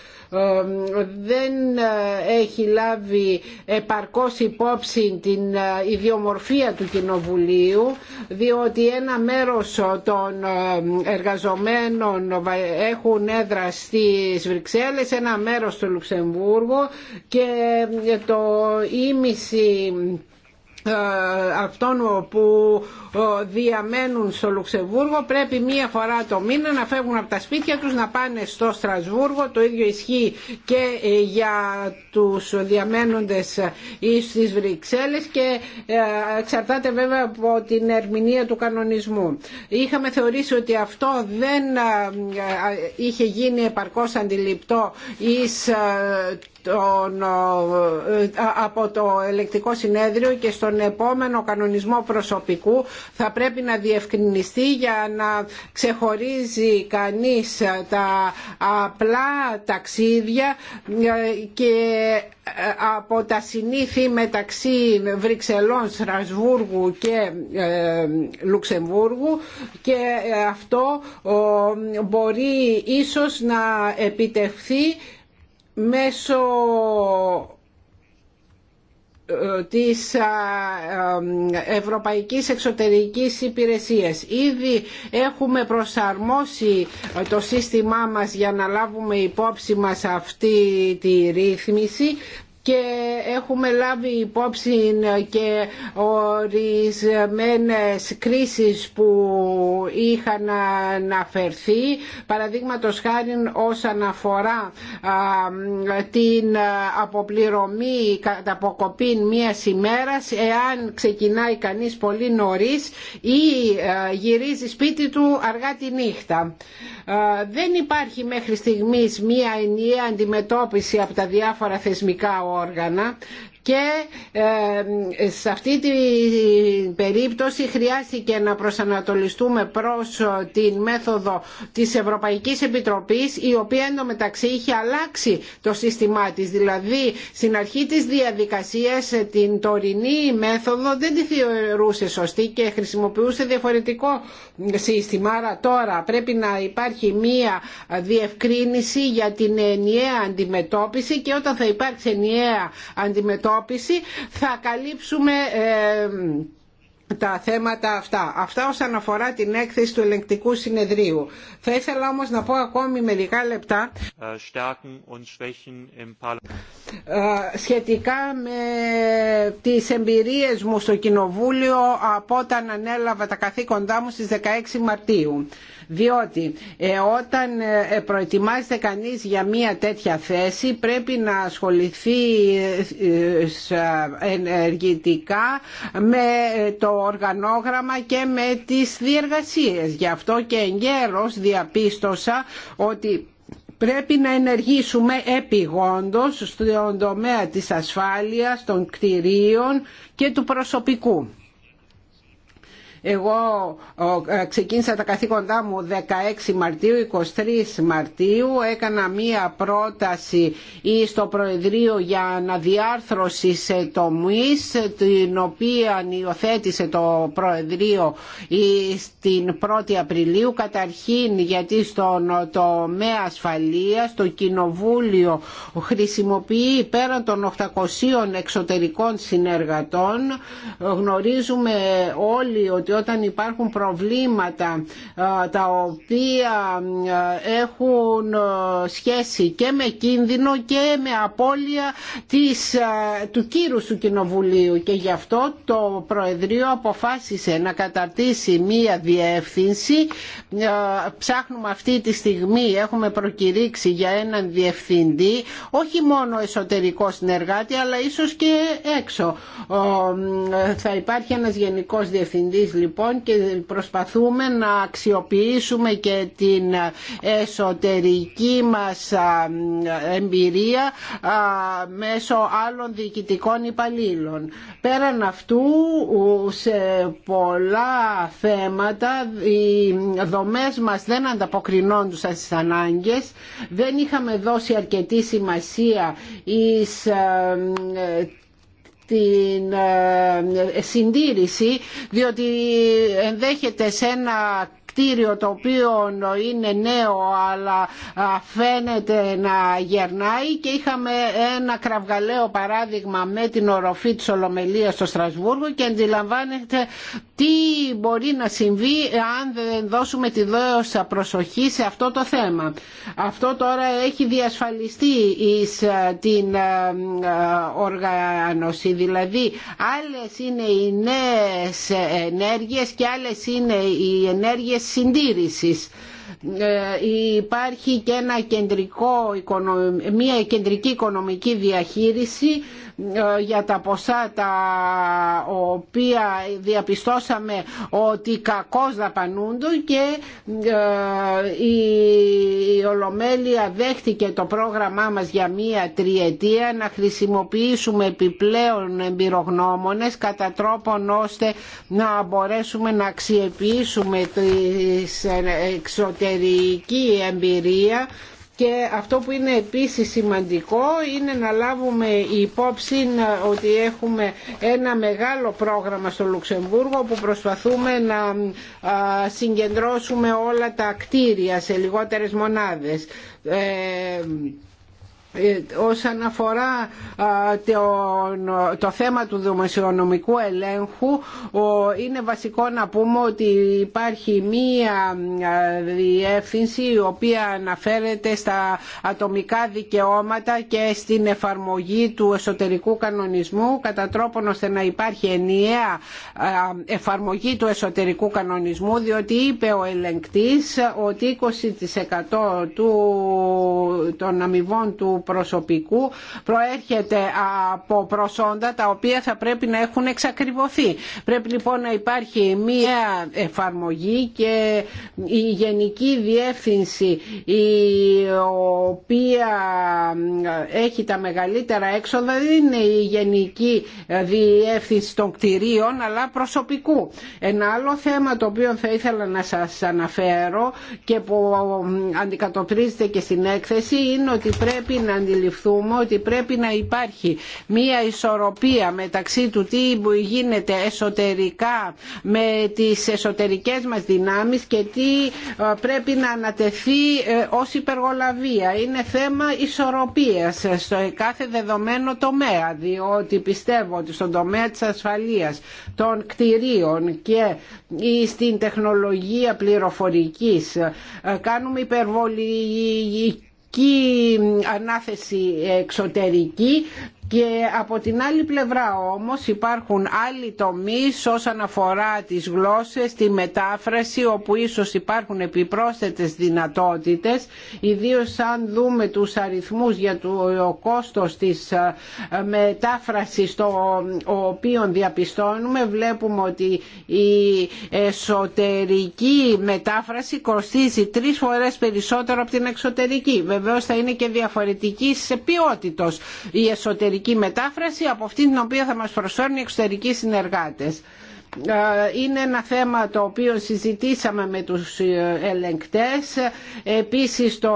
δεν ε, έχει λάβει επαρκώς υπόψη την ε, ιδιομορφία του Κοινοβουλίου διότι ένα μέρος των ε, εργαζομένων έχουν έδρα στις Βρυξέλλες, ένα μέρος στο Λουξεμβούργο και το ίμιση ε, αυτών που ε, διαμένουν στο Λουξεμβούργο πρέπει μία φορά το μήνα να φεύγουν από τα σπίτια τους να πάνε στο Στρασβούργο το ίδιο ισχύει και ε, για τους διαμένοντες στις Βρυξέλλες και εξαρτάται βέβαια από την ερμηνεία του κανονισμού είχαμε θεωρήσει ότι αυτό δεν είχε γίνει επαρκώς αντιληπτό εις ε, από το ελεκτικό συνέδριο και στον επόμενο κανονισμό προσωπικού θα πρέπει να διευκρινιστεί για να ξεχωρίζει κανείς τα απλά ταξίδια ε, και ε, από τα συνήθη μεταξύ Βρυξελών, Στρασβούργου και Λουξεμβούργου και αυτό μπορεί ίσως να επιτευχθεί μέσω ε, της Ευρωπαϊκής Εξωτερικής Υπηρεσίας. Ήδη έχουμε προσαρμόσει ε, το σύστημά μας για να λάβουμε υπόψη μας αυτή τη ρύθμιση και έχουμε λάβει υπόψη και ορισμένες κρίσεις που είχαν αναφερθεί παραδείγματος χάρη όσον αφορά την αποπληρωμή κατά αποκοπή μια ημέρας εάν ξεκινάει κανείς πολύ νωρίς ή γυρίζει σπίτι του αργά τη νύχτα. Ε, δεν υπάρχει μέχρι στιγμής μία ενιαία αντιμετώπιση από τα διάφορα θεσμικά όργανα και ε, σε αυτή την περίπτωση χρειάστηκε να προσανατολιστούμε προς ε, την μέθοδο της Ευρωπαϊκής Επιτροπής η οποία εντωμεταξύ είχε αλλάξει το σύστημά της. Δηλαδή στην αρχή της διαδικασίας ε, την τωρινή μέθοδο δεν τη θεωρούσε σωστή και χρησιμοποιούσε διαφορετικό σύστημα. Άρα τώρα πρέπει να υπάρχει μία διευκρίνηση για την ενιαία αντιμετώπιση και όταν θα υπάρξει ενιαία αντιμετώπιση θα καλύψουμε ε, τα θέματα αυτά. Αυτά όσον αφορά την έκθεση του ελεγκτικού συνεδρίου. Θα ήθελα όμως να πω ακόμη μερικά λεπτά ε, ε, σχετικά με τις εμπειρίες μου στο Κοινοβούλιο από όταν ανέλαβα τα καθήκοντά μου στις 16 Μαρτίου διότι ε, όταν ε, ε, προετοιμάζεται κανείς για μια τέτοια θέση πρέπει να ασχοληθεί ενεργητικά με το οργανόγραμμα και με τις διεργασίες. Γι' αυτό και εγκαίρως διαπίστωσα ότι πρέπει να ενεργήσουμε επιγόντως στον τομέα της ασφάλειας, των κτηρίων και του προσωπικού. Εγώ ε, ξεκίνησα τα καθήκοντά μου 16 Μαρτίου, 23 Μαρτίου. Έκανα μία πρόταση στο Προεδρείο για αναδιάρθρωση σε τομείς, την οποία υιοθέτησε το Προεδρείο στην 1η Απριλίου. Καταρχήν γιατί στον τομέα ασφαλείας το Κοινοβούλιο χρησιμοποιεί πέραν των 800 εξωτερικών συνεργατών. Γνωρίζουμε όλοι ότι όταν υπάρχουν προβλήματα τα οποία έχουν σχέση και με κίνδυνο και με απώλεια της, του κύρου του Κοινοβουλίου και γι' αυτό το Προεδρείο αποφάσισε να καταρτήσει μία διεύθυνση ψάχνουμε αυτή τη στιγμή έχουμε προκηρύξει για έναν διευθυντή όχι μόνο εσωτερικό συνεργάτη αλλά ίσως και έξω θα υπάρχει ένας γενικός διευθυντής λοιπόν και προσπαθούμε να αξιοποιήσουμε και την εσωτερική μας εμπειρία μέσω άλλων διοικητικών υπαλλήλων. Πέραν αυτού σε πολλά θέματα οι δομές μας δεν ανταποκρινόντουσαν στις ανάγκες, δεν είχαμε δώσει αρκετή σημασία εις ε, την ε, ε, συντήρηση διότι ενδέχεται σε ένα το οποίο είναι νέο αλλά φαίνεται να γερνάει και είχαμε ένα κραυγαλαίο παράδειγμα με την οροφή της Ολομελίας στο Στρασβούργο και αντιλαμβάνεται τι μπορεί να συμβεί αν δεν δώσουμε τη δόση προσοχή σε αυτό το θέμα. Αυτό τώρα έχει διασφαλιστεί εις την οργάνωση, δηλαδή άλλες είναι οι νέες ενέργειες και άλλες είναι οι ενέργειες συντήρησης. Ε, υπάρχει και κεντρικό, μια κεντρική οικονομική διαχείριση για τα ποσά τα οποία διαπιστώσαμε ότι κακώς δαπανούνται και ε, η Ολομέλεια δέχτηκε το πρόγραμμά μας για μία τριετία να χρησιμοποιήσουμε επιπλέον εμπειρογνώμονες κατά τρόπον ώστε να μπορέσουμε να αξιοποιήσουμε την ε, εξωτερική εμπειρία και αυτό που είναι επίσης σημαντικό είναι να λάβουμε υπόψη ότι έχουμε ένα μεγάλο πρόγραμμα στο Λουξεμβούργο που προσπαθούμε να συγκεντρώσουμε όλα τα κτίρια σε λιγότερες μονάδες. Ε, ε, όσον αφορά το θέμα του δημοσιονομικού ελέγχου είναι βασικό να πούμε ότι υπάρχει μία διεύθυνση η οποία αναφέρεται στα ατομικά δικαιώματα και στην εφαρμογή του εσωτερικού κανονισμού κατά τρόπον ώστε να υπάρχει ενιαία εφαρμογή του εσωτερικού κανονισμού διότι είπε ο ελεγκτής ότι 20% του, των αμοιβών του προσωπικού προέρχεται από προσόντα τα οποία θα πρέπει να έχουν εξακριβωθεί. Πρέπει λοιπόν να υπάρχει μία εφαρμογή και η Γενική Διεύθυνση η οποία έχει τα μεγαλύτερα έξοδα δεν είναι η Γενική Διεύθυνση των κτηρίων αλλά προσωπικού. Ένα άλλο θέμα το οποίο θα ήθελα να σας αναφέρω και που αντικατοπτρίζεται και στην έκθεση είναι ότι πρέπει να αντιληφθούμε ότι πρέπει να υπάρχει μία ισορροπία μεταξύ του τι γίνεται εσωτερικά με τις εσωτερικές μας δυνάμεις και τι ε, πρέπει να ανατεθεί ε, ως υπεργολαβία. Είναι θέμα ισορροπίας στο κάθε δεδομένο τομέα διότι πιστεύω ότι στον τομέα της ασφαλείας των κτηρίων και στην τεχνολογία πληροφορικής ε, κάνουμε υπερβολική ανάθεση εξωτερική και από την άλλη πλευρά όμως υπάρχουν άλλοι τομείς όσον αφορά τις γλώσσες, τη μετάφραση όπου ίσως υπάρχουν επιπρόσθετες δυνατότητες ιδίως αν δούμε τους αριθμούς για το κόστος της ε, μετάφρασης το οποίον διαπιστώνουμε βλέπουμε ότι η εσωτερική μετάφραση κοστίζει τρεις φορές περισσότερο από την εξωτερική. Βεβαίως θα είναι και διαφορετική σε η εσωτερική εξωτερική μετάφραση από αυτή την οποία θα μας προσφέρουν οι εξωτερικοί συνεργάτες. Ε, είναι ένα θέμα το οποίο συζητήσαμε με τους ε, ελεγκτές, επίσης το,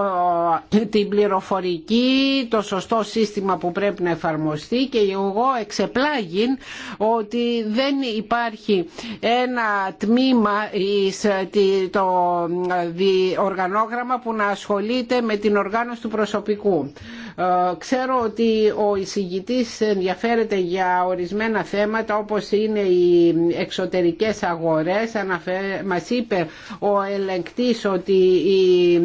την πληροφορική, το σωστό σύστημα που πρέπει να εφαρμοστεί και εγώ εξεπλάγει ότι δεν υπάρχει ένα τμήμα το ε, οργανόγραμμα που να ασχολείται με την οργάνωση του προσωπικού. Ε, ξέρω ότι ο εισηγητής ενδιαφέρεται για ορισμένα θέματα όπως είναι οι εξωτερικές αγορές. Μας είπε ο ελεγκτής ότι οι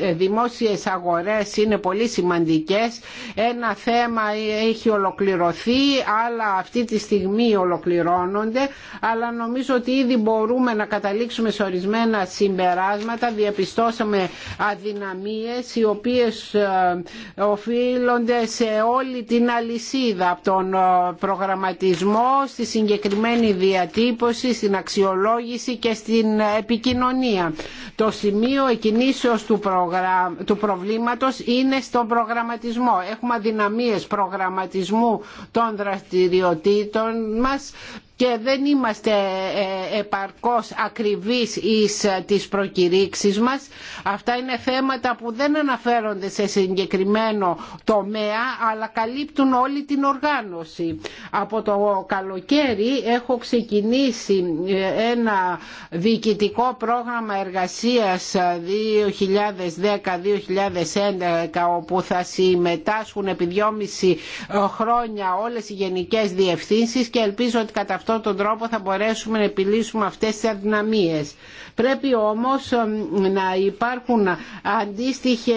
ε, δημόσιες αγορές είναι πολύ σημαντικές. Ένα θέμα έχει ολοκληρωθεί, αλλά αυτή τη στιγμή ολοκληρώνονται. Αλλά νομίζω ότι ήδη μπορούμε να καταλήξουμε σε ορισμένα συμπεράσματα. Διαπιστώσαμε αδυναμίες οι οποίες ε, οφείλονται σε όλη την αλυσίδα από τον ε, προγραμματισμό στη συγκεκριμένη διατύπωση, στην αξιολόγηση και στην ε, επικοινωνία. Το σημείο εκκινήσεως του, προβλήματος είναι στον προγραμματισμό. Έχουμε δυναμίες προγραμματισμού των δραστηριοτήτων μας και δεν είμαστε ε, επαρκώς ακριβείς εις ε, τις προκηρύξεις μας. Αυτά είναι θέματα που δεν αναφέρονται σε συγκεκριμένο τομέα αλλά καλύπτουν όλη την οργάνωση. Από το καλοκαίρι έχω ξεκινήσει ε, ένα διοικητικό πρόγραμμα εργασίας 2010-2011 όπου θα συμμετάσχουν επί δυόμιση χρόνια όλες οι γενικές διευθύνσεις και ελπίζω ότι κατά αυτό αυτόν τον τρόπο θα μπορέσουμε να επιλύσουμε αυτές τις αδυναμίες. Πρέπει όμως να υπάρχουν αντίστοιχε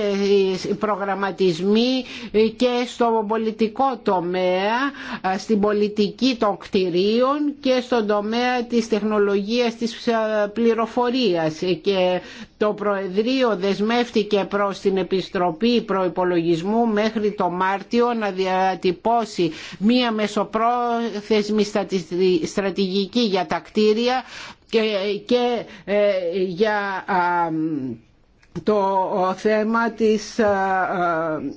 προγραμματισμοί και στο πολιτικό τομέα, στην πολιτική των κτηρίων και στον τομέα της τεχνολογίας της πληροφορίας και το Προεδρείο δεσμεύτηκε προς την Επιστροπή Προϋπολογισμού μέχρι το Μάρτιο να διατυπώσει μία μεσοπρόθεσμη στρατηγική για τα κτίρια και ε, για το θέμα της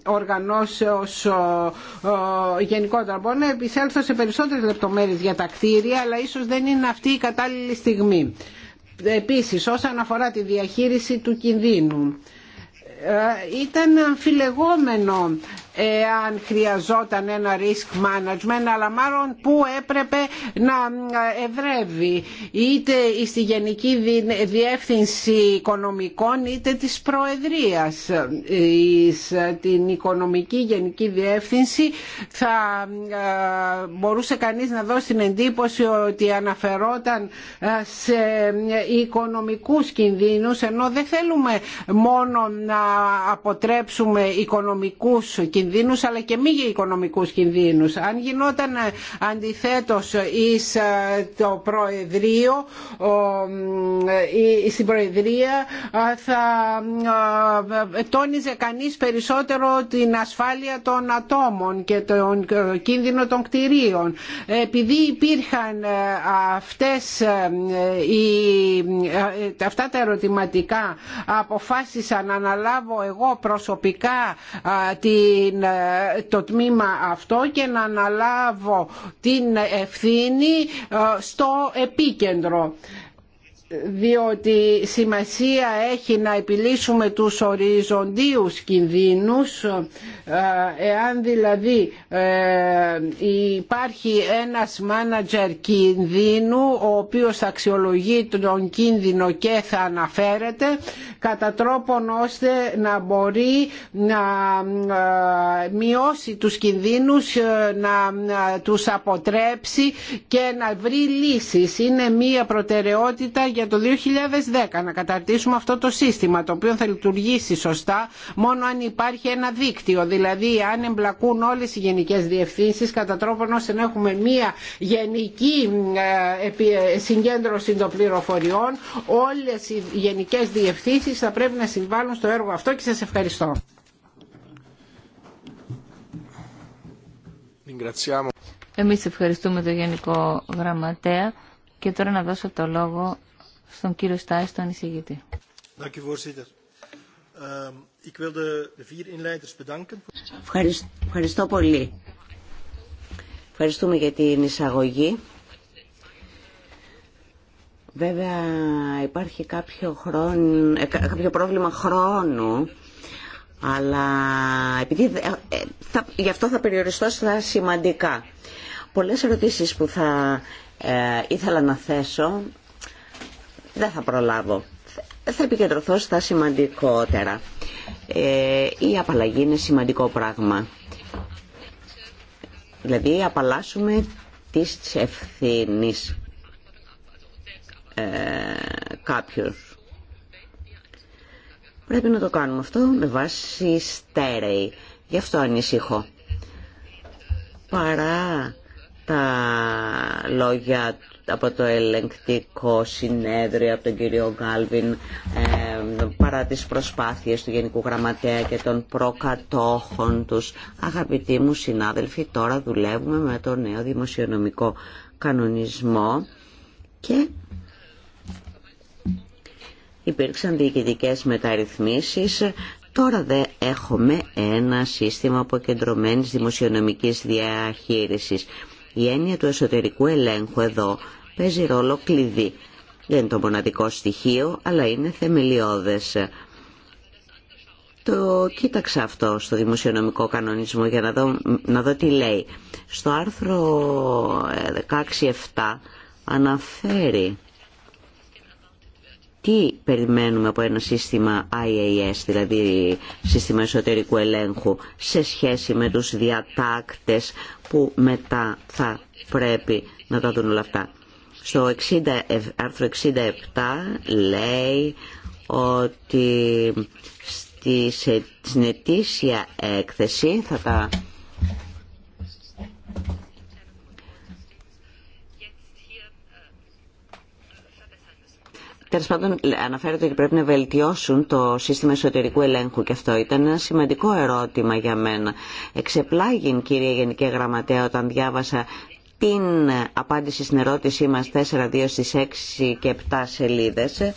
οργανώσεως γενικότερα. Μπορώ να επισέλθω σε περισσότερες λεπτομέρειες για τα κτίρια, αλλά ίσως δεν είναι αυτή η κατάλληλη στιγμή. Επίσης, όσον αφορά τη διαχείριση του κινδύνου, ε, ήταν αμφιλεγόμενο εάν χρειαζόταν ένα risk management αλλά μάλλον που έπρεπε να εδρεύει είτε στη Γενική Διεύθυνση Οικονομικών είτε της Προεδρίας την Οικονομική Γενική Διεύθυνση θα ε, μπορούσε κανείς να δώσει την εντύπωση ότι αναφερόταν ε, σε ε, οικονομικούς κινδύνους ενώ δεν θέλουμε μόνο να αποτρέψουμε οικονομικούς κινδύνους κινδύνους αλλά και μη οικονομικούς κινδύνους. Αν γινόταν ε, αντιθέτως εις ε, το Προεδρείο, ε, στην Προεδρία θα τόνιζε κανείς περισσότερο την ασφάλεια των ατόμων και τον κίνδυνο των κτηρίων. Επειδή υπήρχαν αυτές αυτά τα ερωτηματικά αποφάσισα να αναλάβω εγώ προσωπικά την ε, το τμήμα αυτό και να αναλάβω την ευθύνη ε, στο επίκεντρο διότι σημασία έχει να επιλύσουμε τους οριζοντίους κινδύνους ε, εάν δηλαδή ε, υπάρχει ένας μάνατζερ κινδύνου ο οποίος αξιολογεί τον κίνδυνο και θα αναφέρεται κατά τρόπον ώστε να μπορεί να ε, μειώσει τους κινδύνους να τους αποτρέψει και να βρει λύσεις. Είναι μία προτεραιότητα για το 2010 να καταρτήσουμε αυτό το σύστημα το οποίο θα λειτουργήσει σωστά μόνο αν υπάρχει ένα δίκτυο δηλαδή αν εμπλακούν όλες οι γενικές διευθύνσεις κατά τρόπον ώστε να έχουμε μία γενική ε, ε, συγκέντρωση των πληροφοριών όλες οι γενικές διευθύνσεις θα πρέπει να συμβάλλουν στο έργο αυτό και σας ευχαριστώ. Εμείς ευχαριστούμε τον Γενικό Γραμματέα και τώρα να δώσω το λόγο στον κύριο Στάις, τον εισηγητή. Ehm, ευχαριστώ πολύ. Ευχαριστούμε για την εισαγωγή. Βέβαια υπάρχει κάποιο, ε, πρόβλημα χρόνου, αλλά επειδή ε, ε, θα, γι' αυτό θα περιοριστώ στα σημαντικά. Πολλές ερωτήσεις που θα ήθελα να θέσω δεν θα προλάβω. Θα επικεντρωθώ στα σημαντικότερα. Ε, η απαλλαγή είναι σημαντικό πράγμα. Δηλαδή απαλλάσσουμε τις ευθύνης ε, κάποιους. Πρέπει να το κάνουμε αυτό με βάση στέρεη. Γι' αυτό ανησυχώ. Παρά τα λόγια από το ελεγκτικό συνέδριο, από τον κύριο Γκάλβιν, παρά τις προσπάθειες του Γενικού Γραμματέα και των προκατόχων τους. Αγαπητοί μου συνάδελφοι, τώρα δουλεύουμε με το νέο δημοσιονομικό κανονισμό και υπήρξαν διοικητικές μεταρρυθμίσεις Τώρα δε έχουμε ένα σύστημα αποκεντρωμένης δημοσιονομικής διαχείρισης. Η έννοια του εσωτερικού ελέγχου εδώ παίζει ρόλο κλειδί. Δεν είναι το μοναδικό στοιχείο, αλλά είναι θεμελιώδες. Το κοίταξα αυτό στο δημοσιονομικό κανονισμό για να δω, να δω τι λέει. Στο άρθρο 16.7 ε, αναφέρει τι περιμένουμε από ένα σύστημα IAS, δηλαδή σύστημα εσωτερικού ελέγχου, σε σχέση με τους διατάκτες που μετά θα πρέπει να τα δουν όλα αυτά. Στο άρθρο 67 λέει ότι ε, στη ετήσια έκθεση θα τα Τέλο πάντων, αναφέρεται ότι πρέπει να βελτιώσουν το σύστημα εσωτερικού ελέγχου και αυτό ήταν ένα σημαντικό ερώτημα για μένα. Εξεπλάγει, κύριε Γενική Γραμματέα, όταν διάβασα την απάντηση στην ερώτησή μας 4, 2 στις 6 και 7 σελίδες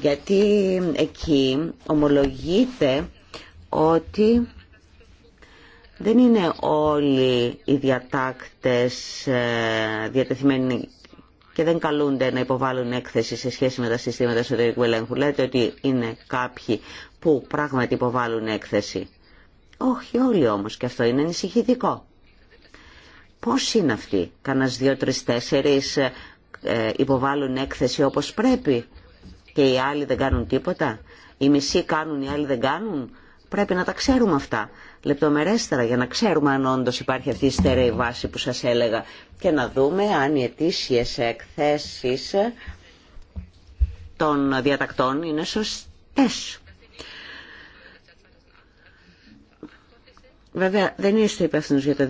γιατί εκεί ομολογείται ότι δεν είναι όλοι οι διατάκτες ε, διατεθειμένοι και δεν καλούνται να υποβάλουν έκθεση σε σχέση με τα συστήματα εσωτερικού ελέγχου. Λέτε ότι είναι κάποιοι που πράγματι υποβάλλουν έκθεση. Όχι όλοι όμως και αυτό είναι ανησυχητικό. Πώς είναι αυτοί, κανένας δύο, τρεις, τέσσερις ε, ε, υποβάλλουν έκθεση όπως πρέπει και οι άλλοι δεν κάνουν τίποτα. Οι μισοί κάνουν, οι άλλοι δεν κάνουν. Πρέπει να τα ξέρουμε αυτά λεπτομερέστερα για να ξέρουμε αν όντω υπάρχει αυτή η στερεή βάση που σας έλεγα και να δούμε αν οι αιτήσιες εκθέσεις των διατακτών είναι σωστές. Βέβαια δεν είστε υπεύθυνο για το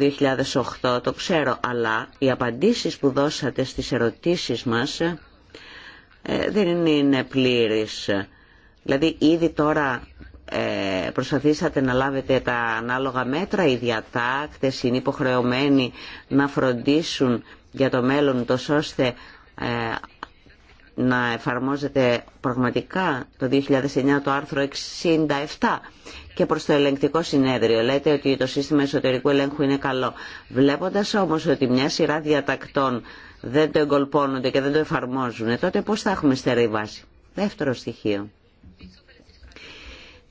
2008, το ξέρω, αλλά οι απαντήσεις που δώσατε στις ερωτήσεις μας ε, δεν είναι πλήρης. Δηλαδή ήδη τώρα ε, προσπαθήσατε να λάβετε τα ανάλογα μέτρα, οι διατάκτες είναι υποχρεωμένοι να φροντίσουν για το μέλλον τόσο ώστε ε, να εφαρμόζεται πραγματικά το 2009 το άρθρο 67 και προς το ελεγκτικό συνέδριο. Λέτε ότι το σύστημα εσωτερικού ελέγχου είναι καλό. Βλέποντας όμως ότι μια σειρά διατακτών δεν το εγκολπώνονται και δεν το εφαρμόζουν, ε, τότε πώς θα έχουμε στερεή βάση. Δεύτερο στοιχείο.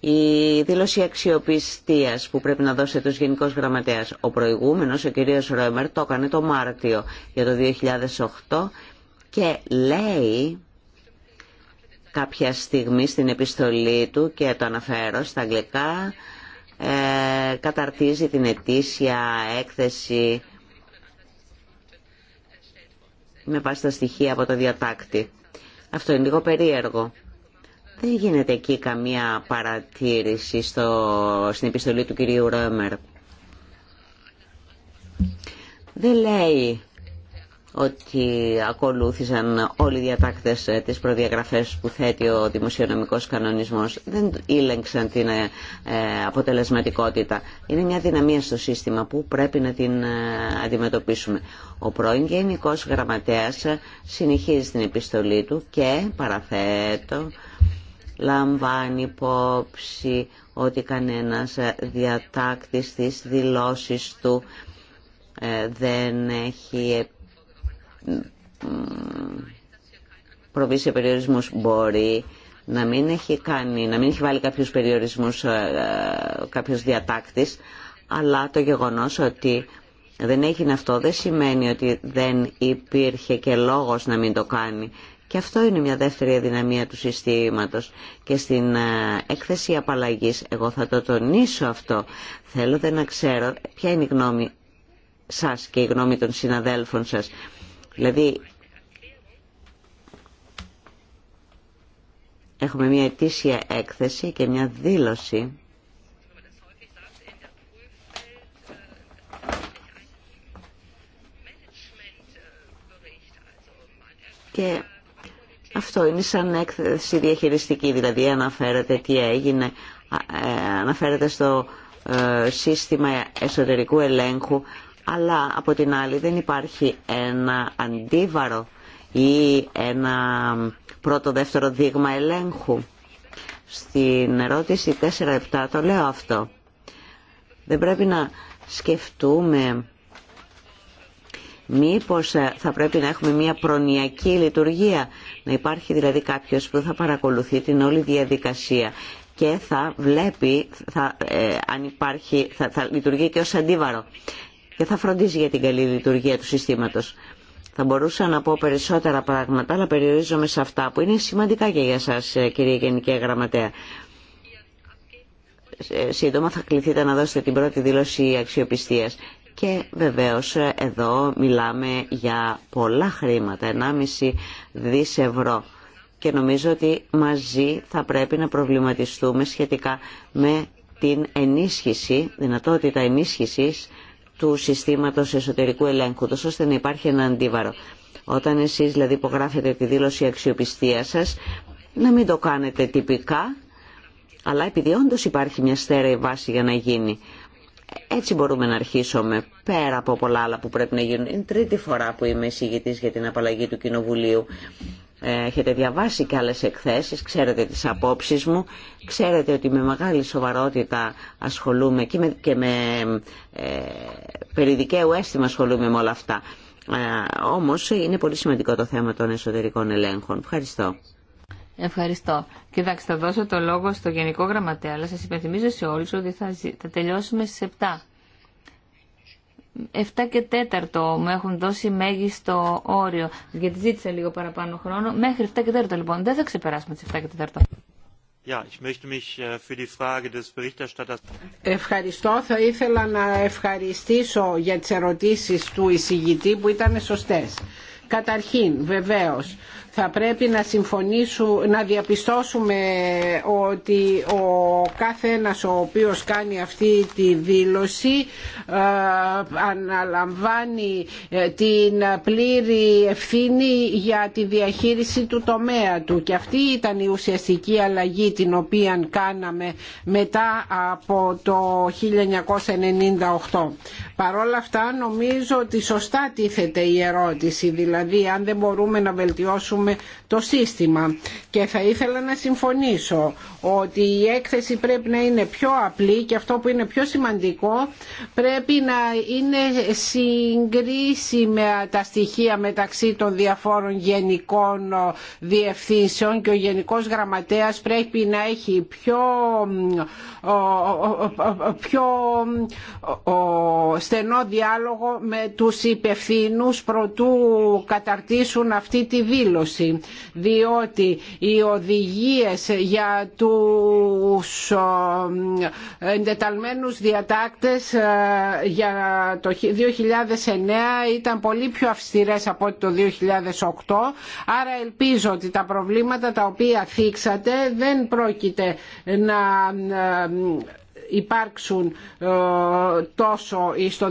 Η δήλωση αξιοπιστίας που πρέπει να δώσετε ως Γενικό Γραμματέας. Ο προηγούμενος, ο κ. Ρόιμερ, το έκανε το Μάρτιο για το 2008 και λέει κάποια στιγμή στην επιστολή του και το αναφέρω στα αγγλικά ε, καταρτίζει την ετήσια έκθεση με βάση τα στοιχεία από το διατάκτη. Αυτό είναι λίγο περίεργο. Δεν γίνεται εκεί καμία παρατήρηση στο, στην επιστολή του κυρίου Ρόμερ. Δεν λέει ότι ακολούθησαν όλοι οι διατάκτες ε, τις προδιαγραφές που θέτει ο δημοσιονομικός κανονισμός. Δεν ήλεγξαν την ε, ε, αποτελεσματικότητα. Είναι μια δυναμία στο σύστημα που πρέπει να την αντιμετωπίσουμε. Ο πρώην γενικός γραμματέας συνεχίζει την επιστολή του και παραθέτω λαμβάνει υπόψη ότι κανένας διατάκτης της δηλώσεις του δεν έχει προβεί σε περιορισμούς. Μπορεί να μην έχει, κάνει, να μην έχει βάλει κάποιους περιορισμούς, ε, ε, κάποιους διατάκτης, αλλά το γεγονός ότι δεν έγινε αυτό δεν σημαίνει ότι δεν υπήρχε και λόγος να μην το κάνει. Και αυτό είναι μια δεύτερη αδυναμία του συστήματος. Και στην ε, έκθεση απαλλαγής, εγώ θα το τονίσω αυτό, θέλω δεν να ξέρω ποια είναι η γνώμη σας και η γνώμη των συναδέλφων σας Δηλαδή, έχουμε μια ετήσια έκθεση και μια δήλωση και αυτό είναι σαν έκθεση διαχειριστική, δηλαδή αναφέρεται τι έγινε, ε, αναφέρεται στο ε, σύστημα εσωτερικού ελέγχου αλλά από την άλλη δεν υπάρχει ένα αντίβαρο ή ένα πρώτο-δεύτερο δείγμα ελέγχου. Στην ερώτηση 4-7 το λέω αυτό. Δεν πρέπει να σκεφτούμε μήπως ε, θα πρέπει να έχουμε μια προνοιακή λειτουργία, να υπάρχει δηλαδή κάποιος που θα παρακολουθεί την όλη διαδικασία και θα βλέπει θα, ε, αν υπάρχει, θα, θα λειτουργεί και ως αντίβαρο και θα φροντίζει για την καλή λειτουργία του συστήματος. Θα μπορούσα να πω περισσότερα πράγματα, αλλά περιορίζομαι σε αυτά που είναι σημαντικά και για σας, ε, κυρία Γενική Γραμματέα. Ε, σύντομα θα κληθείτε να δώσετε την πρώτη δήλωση αξιοπιστίας. Και βεβαίως ε, εδώ μιλάμε για πολλά χρήματα, 1,5 δις ευρώ. Και νομίζω ότι μαζί θα πρέπει να προβληματιστούμε σχετικά με την ενίσχυση, δυνατότητα ενίσχυσης του συστήματος εσωτερικού ελέγχου, τόσο ώστε να υπάρχει ένα αντίβαρο. Όταν εσείς δηλαδή υπογράφετε τη δήλωση αξιοπιστίας σας, να μην το κάνετε τυπικά, αλλά επειδή όντω υπάρχει μια στέρεη βάση για να γίνει. Έτσι μπορούμε να αρχίσουμε, πέρα από πολλά άλλα που πρέπει να γίνουν. Είναι τρίτη φορά που είμαι εισηγητής για την απαλλαγή του Κοινοβουλίου έχετε διαβάσει και άλλες εκθέσεις, ξέρετε τις απόψεις μου, ξέρετε ότι με μεγάλη σοβαρότητα ασχολούμαι και με, και με ε, περιδικαίου αίσθημα ασχολούμαι με όλα αυτά. Ε, όμως είναι πολύ σημαντικό το θέμα των εσωτερικών ελέγχων. Ευχαριστώ. Ευχαριστώ. Κοιτάξτε, θα δώσω το λόγο στο Γενικό Γραμματέα, αλλά σας υπενθυμίζω σε όλους ότι θα, τελειώσουμε στις 7. 7 και 4 μου έχουν δώσει μέγιστο όριο, γιατί ζήτησα λίγο παραπάνω χρόνο. Μέχρι 7 και 4 λοιπόν. Δεν θα ξεπεράσουμε τι 7 και 4. Äh, Ευχαριστώ. Θα ήθελα να ευχαριστήσω για τις ερωτήσεις του εισηγητή που ήταν σωστές. Καταρχήν, βεβαίως, θα πρέπει να συμφωνήσουμε, να διαπιστώσουμε ότι ο κάθε ένας ο οποίος κάνει αυτή τη δήλωση ε, αναλαμβάνει ε, την πλήρη ευθύνη για τη διαχείριση του τομέα του και αυτή ήταν η ουσιαστική αλλαγή την οποία κάναμε μετά από το 1998 όλα αυτά νομίζω ότι σωστά τίθεται η ερώτηση, δηλαδή αν δεν μπορούμε να βελτιώσουμε το σύστημα. Και θα ήθελα να συμφωνήσω ότι η έκθεση πρέπει να είναι πιο απλή και αυτό που είναι πιο σημαντικό πρέπει να είναι συγκρίσιμα τα στοιχεία μεταξύ των διαφόρων γενικών διευθύνσεων και ο Γενικός Γραμματέας πρέπει να έχει πιο, πιο στενό διάλογο με τους υπευθύνους προτού καταρτήσουν αυτή τη δήλωση διότι οι οδηγίες για τους εντεταλμένους διατάκτες ε, για το 2009 ήταν πολύ πιο αυστηρές από το 2008 άρα ελπίζω ότι τα προβλήματα τα οποία θίξατε δεν πρόκειται να υπάρξουν ε, τόσο το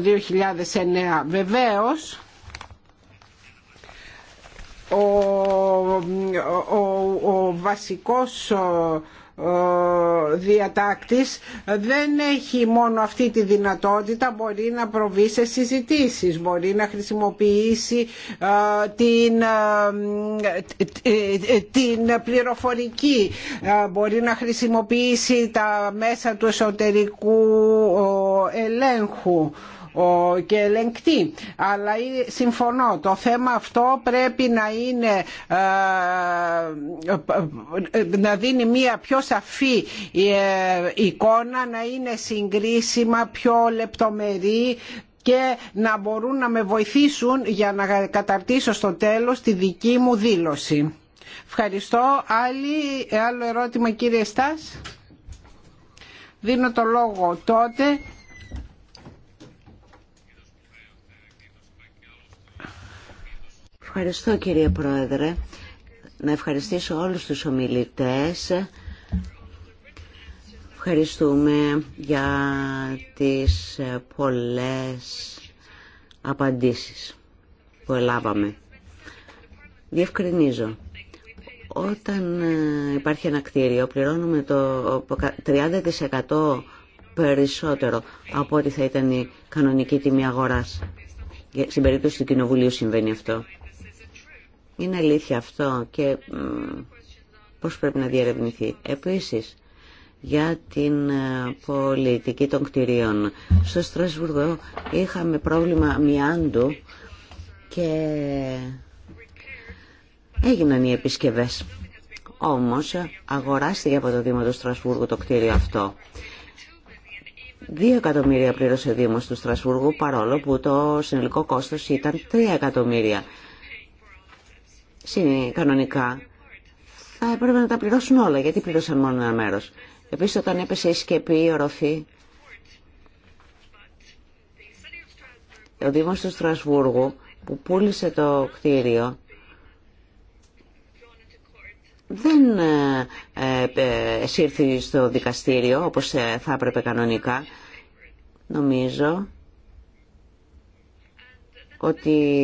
2009. Βεβαίως, ο, ο, ο, ο βασικός διατάκτης δεν έχει μόνο αυτή τη δυνατότητα μπορεί να προβεί σε συζητήσεις μπορεί να χρησιμοποιήσει ε, την, ε, ε, την πληροφορική μπορεί να χρησιμοποιήσει τα μέσα του εσωτερικού ελέγχου και ελεγκτή. Αλλά συμφωνώ, το θέμα αυτό πρέπει να είναι ε, ε, να δίνει μία πιο σαφή ε, εικόνα, να είναι συγκρίσιμα, πιο λεπτομερή, και να μπορούν να με βοηθήσουν για να καταρτήσω στο τέλος τη δική μου δήλωση. Ευχαριστώ. Άλλη, άλλο ερώτημα κύριε Στάς. Δίνω το λόγο τότε Ευχαριστώ κύριε Πρόεδρε. Να ευχαριστήσω όλους τους ομιλητές. Ευχαριστούμε για τις πολλές απαντήσεις που ελάβαμε. Διευκρινίζω. Όταν ε, υπάρχει ένα κτίριο πληρώνουμε το 30% περισσότερο από ό,τι θα ήταν η κανονική τιμή αγοράς. Στην περίπτωση του Κοινοβουλίου συμβαίνει αυτό. Είναι αλήθεια αυτό και πώς πρέπει να διερευνηθεί. Επίσης, για την ε, πολιτική των κτηρίων. Στο Στρασβουργό είχαμε πρόβλημα μιάντου και έγιναν οι επισκευές. Όμως αγοράστηκε από το Δήμο του Στρασβούργου το κτίριο αυτό. Δύο εκατομμύρια πλήρωσε ο Δήμος του Στρασβούργου παρόλο που το συνολικό κόστος ήταν τρία εκατομμύρια κανονικά θα έπρεπε να τα πληρώσουν όλα. Γιατί πλήρωσαν μόνο ένα μέρος. Επίση όταν έπεσε η σκεπή, η οροφή, ο Δήμος του Στρασβούργου που πούλησε το κτίριο δεν ε, ε, σύρθη στο δικαστήριο όπως ε, θα έπρεπε κανονικά. Νομίζω ότι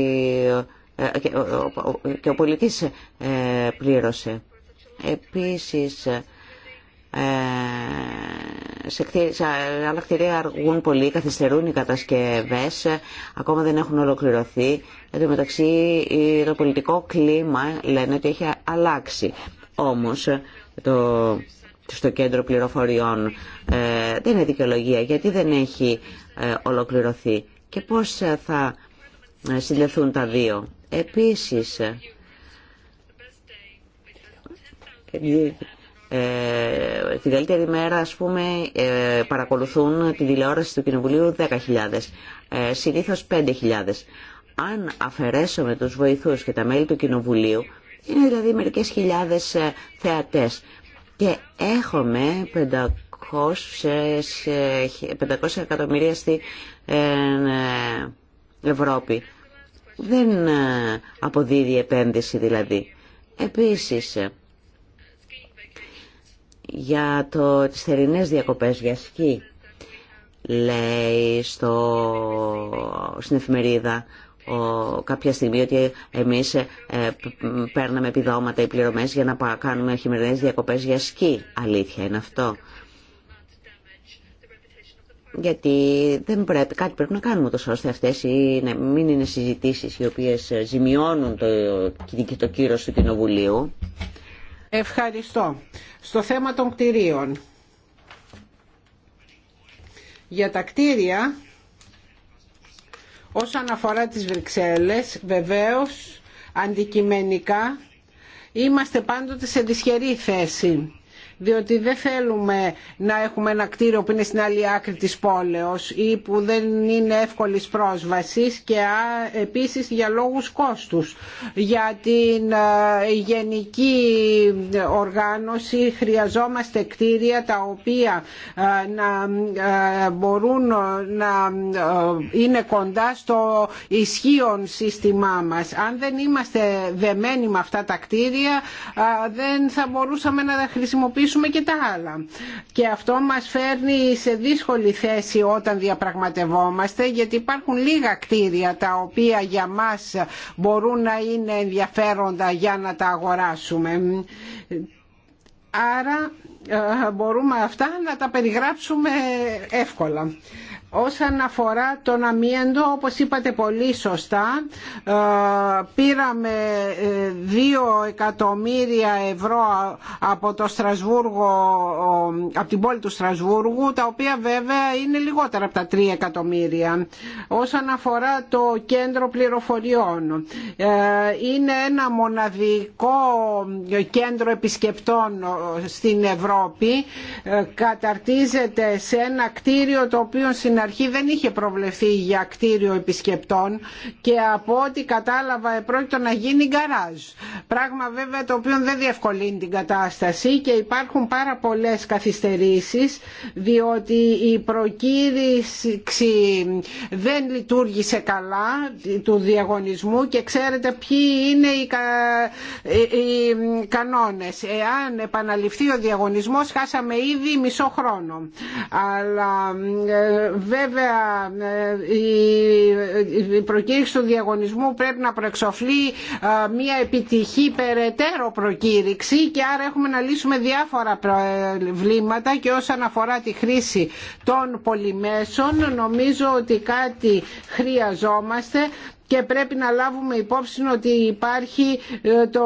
ε, και ο πολιτής ε, πλήρωσε. Επίσης, ε, σε άλλα κτηρία αργούν πολύ, καθυστερούν οι κατασκευές, ακόμα δεν έχουν ολοκληρωθεί. Εν τω μεταξύ το πολιτικό κλίμα λένε ότι έχει αλλάξει. Όμως το, στο κέντρο πληροφοριών δεν είναι δικαιολογία γιατί δεν έχει ολοκληρωθεί. Και πώς θα συνδεθούν τα δύο. Επίσης, ε, την καλύτερη μέρα ας πούμε ε, παρακολουθούν τη τηλεόραση του Κοινοβουλίου 10.000 ε, συνήθως 5.000 αν αφαιρέσουμε τους βοηθούς και τα μέλη του Κοινοβουλίου είναι δηλαδή μερικές χιλιάδες ε, θεατές και έχουμε 500, 500 εκατομμύρια στην Ευρώπη δεν ε, αποδίδει επένδυση δηλαδή. Επίσης, ε, για το, τις θερινές διακοπές για σκι, λέει στο, στην εφημερίδα ο, κάποια στιγμή ότι εμείς ε, παίρναμε επιδόματα ή πληρωμές για να κάνουμε χειμερινές διακοπές για σκι. Αλήθεια είναι αυτό γιατί δεν πρέπει, κάτι πρέπει να κάνουμε τόσο ώστε αυτές να μην είναι συζητήσεις οι οποίες ζημιώνουν το, το κύρος του Κοινοβουλίου. Ευχαριστώ. Στο θέμα των κτηρίων. Για τα κτίρια, όσον αφορά τις Βρυξέλλες, βεβαίως, αντικειμενικά, είμαστε πάντοτε σε δυσχερή θέση διότι δεν θέλουμε να έχουμε ένα κτίριο που είναι στην άλλη άκρη της πόλεως ή που δεν είναι εύκολης πρόσβασης και επίσης για λόγους κόστους. Για την γενική οργάνωση χρειαζόμαστε κτίρια τα οποία να μπορούν να είναι κοντά στο ισχύον σύστημά μας. Αν δεν είμαστε δεμένοι με αυτά τα κτίρια δεν θα μπορούσαμε να τα χρησιμοποιήσουμε και τα Και αυτό μας φέρνει σε δύσκολη θέση όταν διαπραγματευόμαστε γιατί υπάρχουν λίγα κτίρια τα οποία για μας μπορούν να είναι ενδιαφέροντα για να τα αγοράσουμε. Άρα ε, μπορούμε αυτά να τα περιγράψουμε εύκολα. Όσον αφορά τον αμίαντο, όπως είπατε πολύ σωστά, ε, πήραμε 2 ε, εκατομμύρια ευρώ από, το Στρασβούργο, από την πόλη του Στρασβούργου, τα οποία βέβαια είναι λιγότερα από τα 3 εκατομμύρια. Όσον αφορά το κέντρο πληροφοριών, ε, είναι ένα μοναδικό κέντρο επισκεπτών στην Ευρώπη, καταρτίζεται σε ένα κτίριο το οποίο στην αρχή δεν είχε προβλεφθεί για κτίριο επισκεπτών και από ό,τι κατάλαβα επρόκειτο να γίνει γκαράζ. Πράγμα βέβαια το οποίο δεν διευκολύνει την κατάσταση και υπάρχουν πάρα πολλές καθυστερήσεις διότι η προκήρυξη δεν λειτουργήσε καλά του διαγωνισμού και ξέρετε ποιοι είναι οι, κα... οι κανόνες. Εάν επαναληφθεί ο διαγωνισμός χάσαμε ήδη μισό χρόνο. Αλλά ε, Βέβαια ε, η προκήρυξη του διαγωνισμού πρέπει να προεξοφλεί ε, μια επιτυχή περαιτέρω προκήρυξη και άρα έχουμε να λύσουμε διάφορα προβλήματα και όσον αφορά τη χρήση των πολυμέσων νομίζω ότι κάτι χρειαζόμαστε και πρέπει να λάβουμε υπόψη ότι υπάρχει ε, το,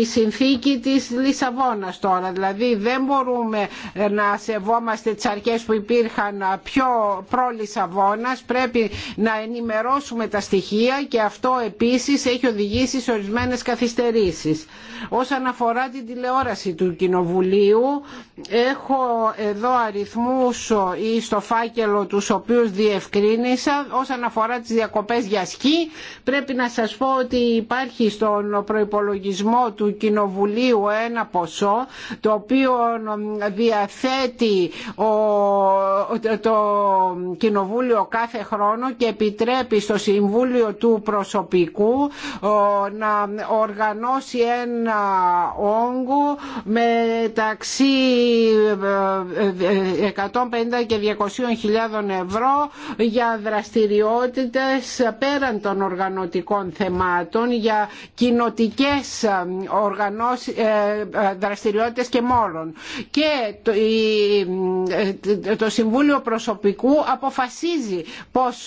η συνθήκη της Λισαβόνα τώρα. Δηλαδή δεν μπορούμε ε, να σεβόμαστε τις αρχές που υπήρχαν ε, πιο προ-Λισαβόνας. Πρέπει να ενημερώσουμε τα στοιχεία και αυτό επίσης έχει οδηγήσει σε ορισμένες καθυστερήσεις. Όσον αφορά την τηλεόραση του Κοινοβουλίου, έχω εδώ αριθμούς ή στο φάκελο τους οποίους διευκρίνησα όσον αφορά τις διακοπές για σκι Πρέπει να σας πω ότι υπάρχει στον προϋπολογισμό του Κοινοβουλίου ένα ποσό το οποίο διαθέτει το Κοινοβούλιο κάθε χρόνο και επιτρέπει στο Συμβούλιο του Προσωπικού να οργανώσει ένα όγκο μεταξύ 150 ε, ε, και 200 χιλιάδων ευρώ για δραστηριότητες πέραν των οργανώσεων οργανωτικών θεμάτων, για κοινοτικέ ε, ε, ε, δραστηριότητες και μόρων. Και το Συμβούλιο Προσωπικού αποφασίζει πώς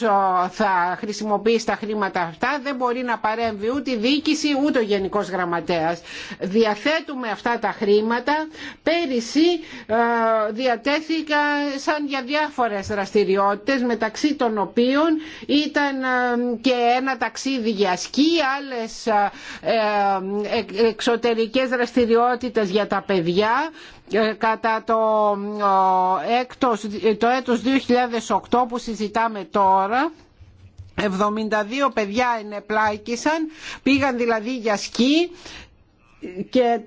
θα χρησιμοποιήσει τα χρήματα αυτά. Δεν μπορεί να παρέμβει ούτε η διοίκηση ούτε ο Γενικός Γραμματέας. Διαθέτουμε αυτά τα χρήματα. Πέρυσι διατέθηκα σαν για διάφορες δραστηριότητες μεταξύ των οποίων ήταν και ένα ταξίδι για σκι, άλλες ε, ε, εξωτερικές δραστηριότητες για τα παιδιά ε, κατά το, έκτος, το έτος 2008 που συζητάμε τώρα 72 παιδιά ενεπλάκησαν, πήγαν δηλαδή για σκι και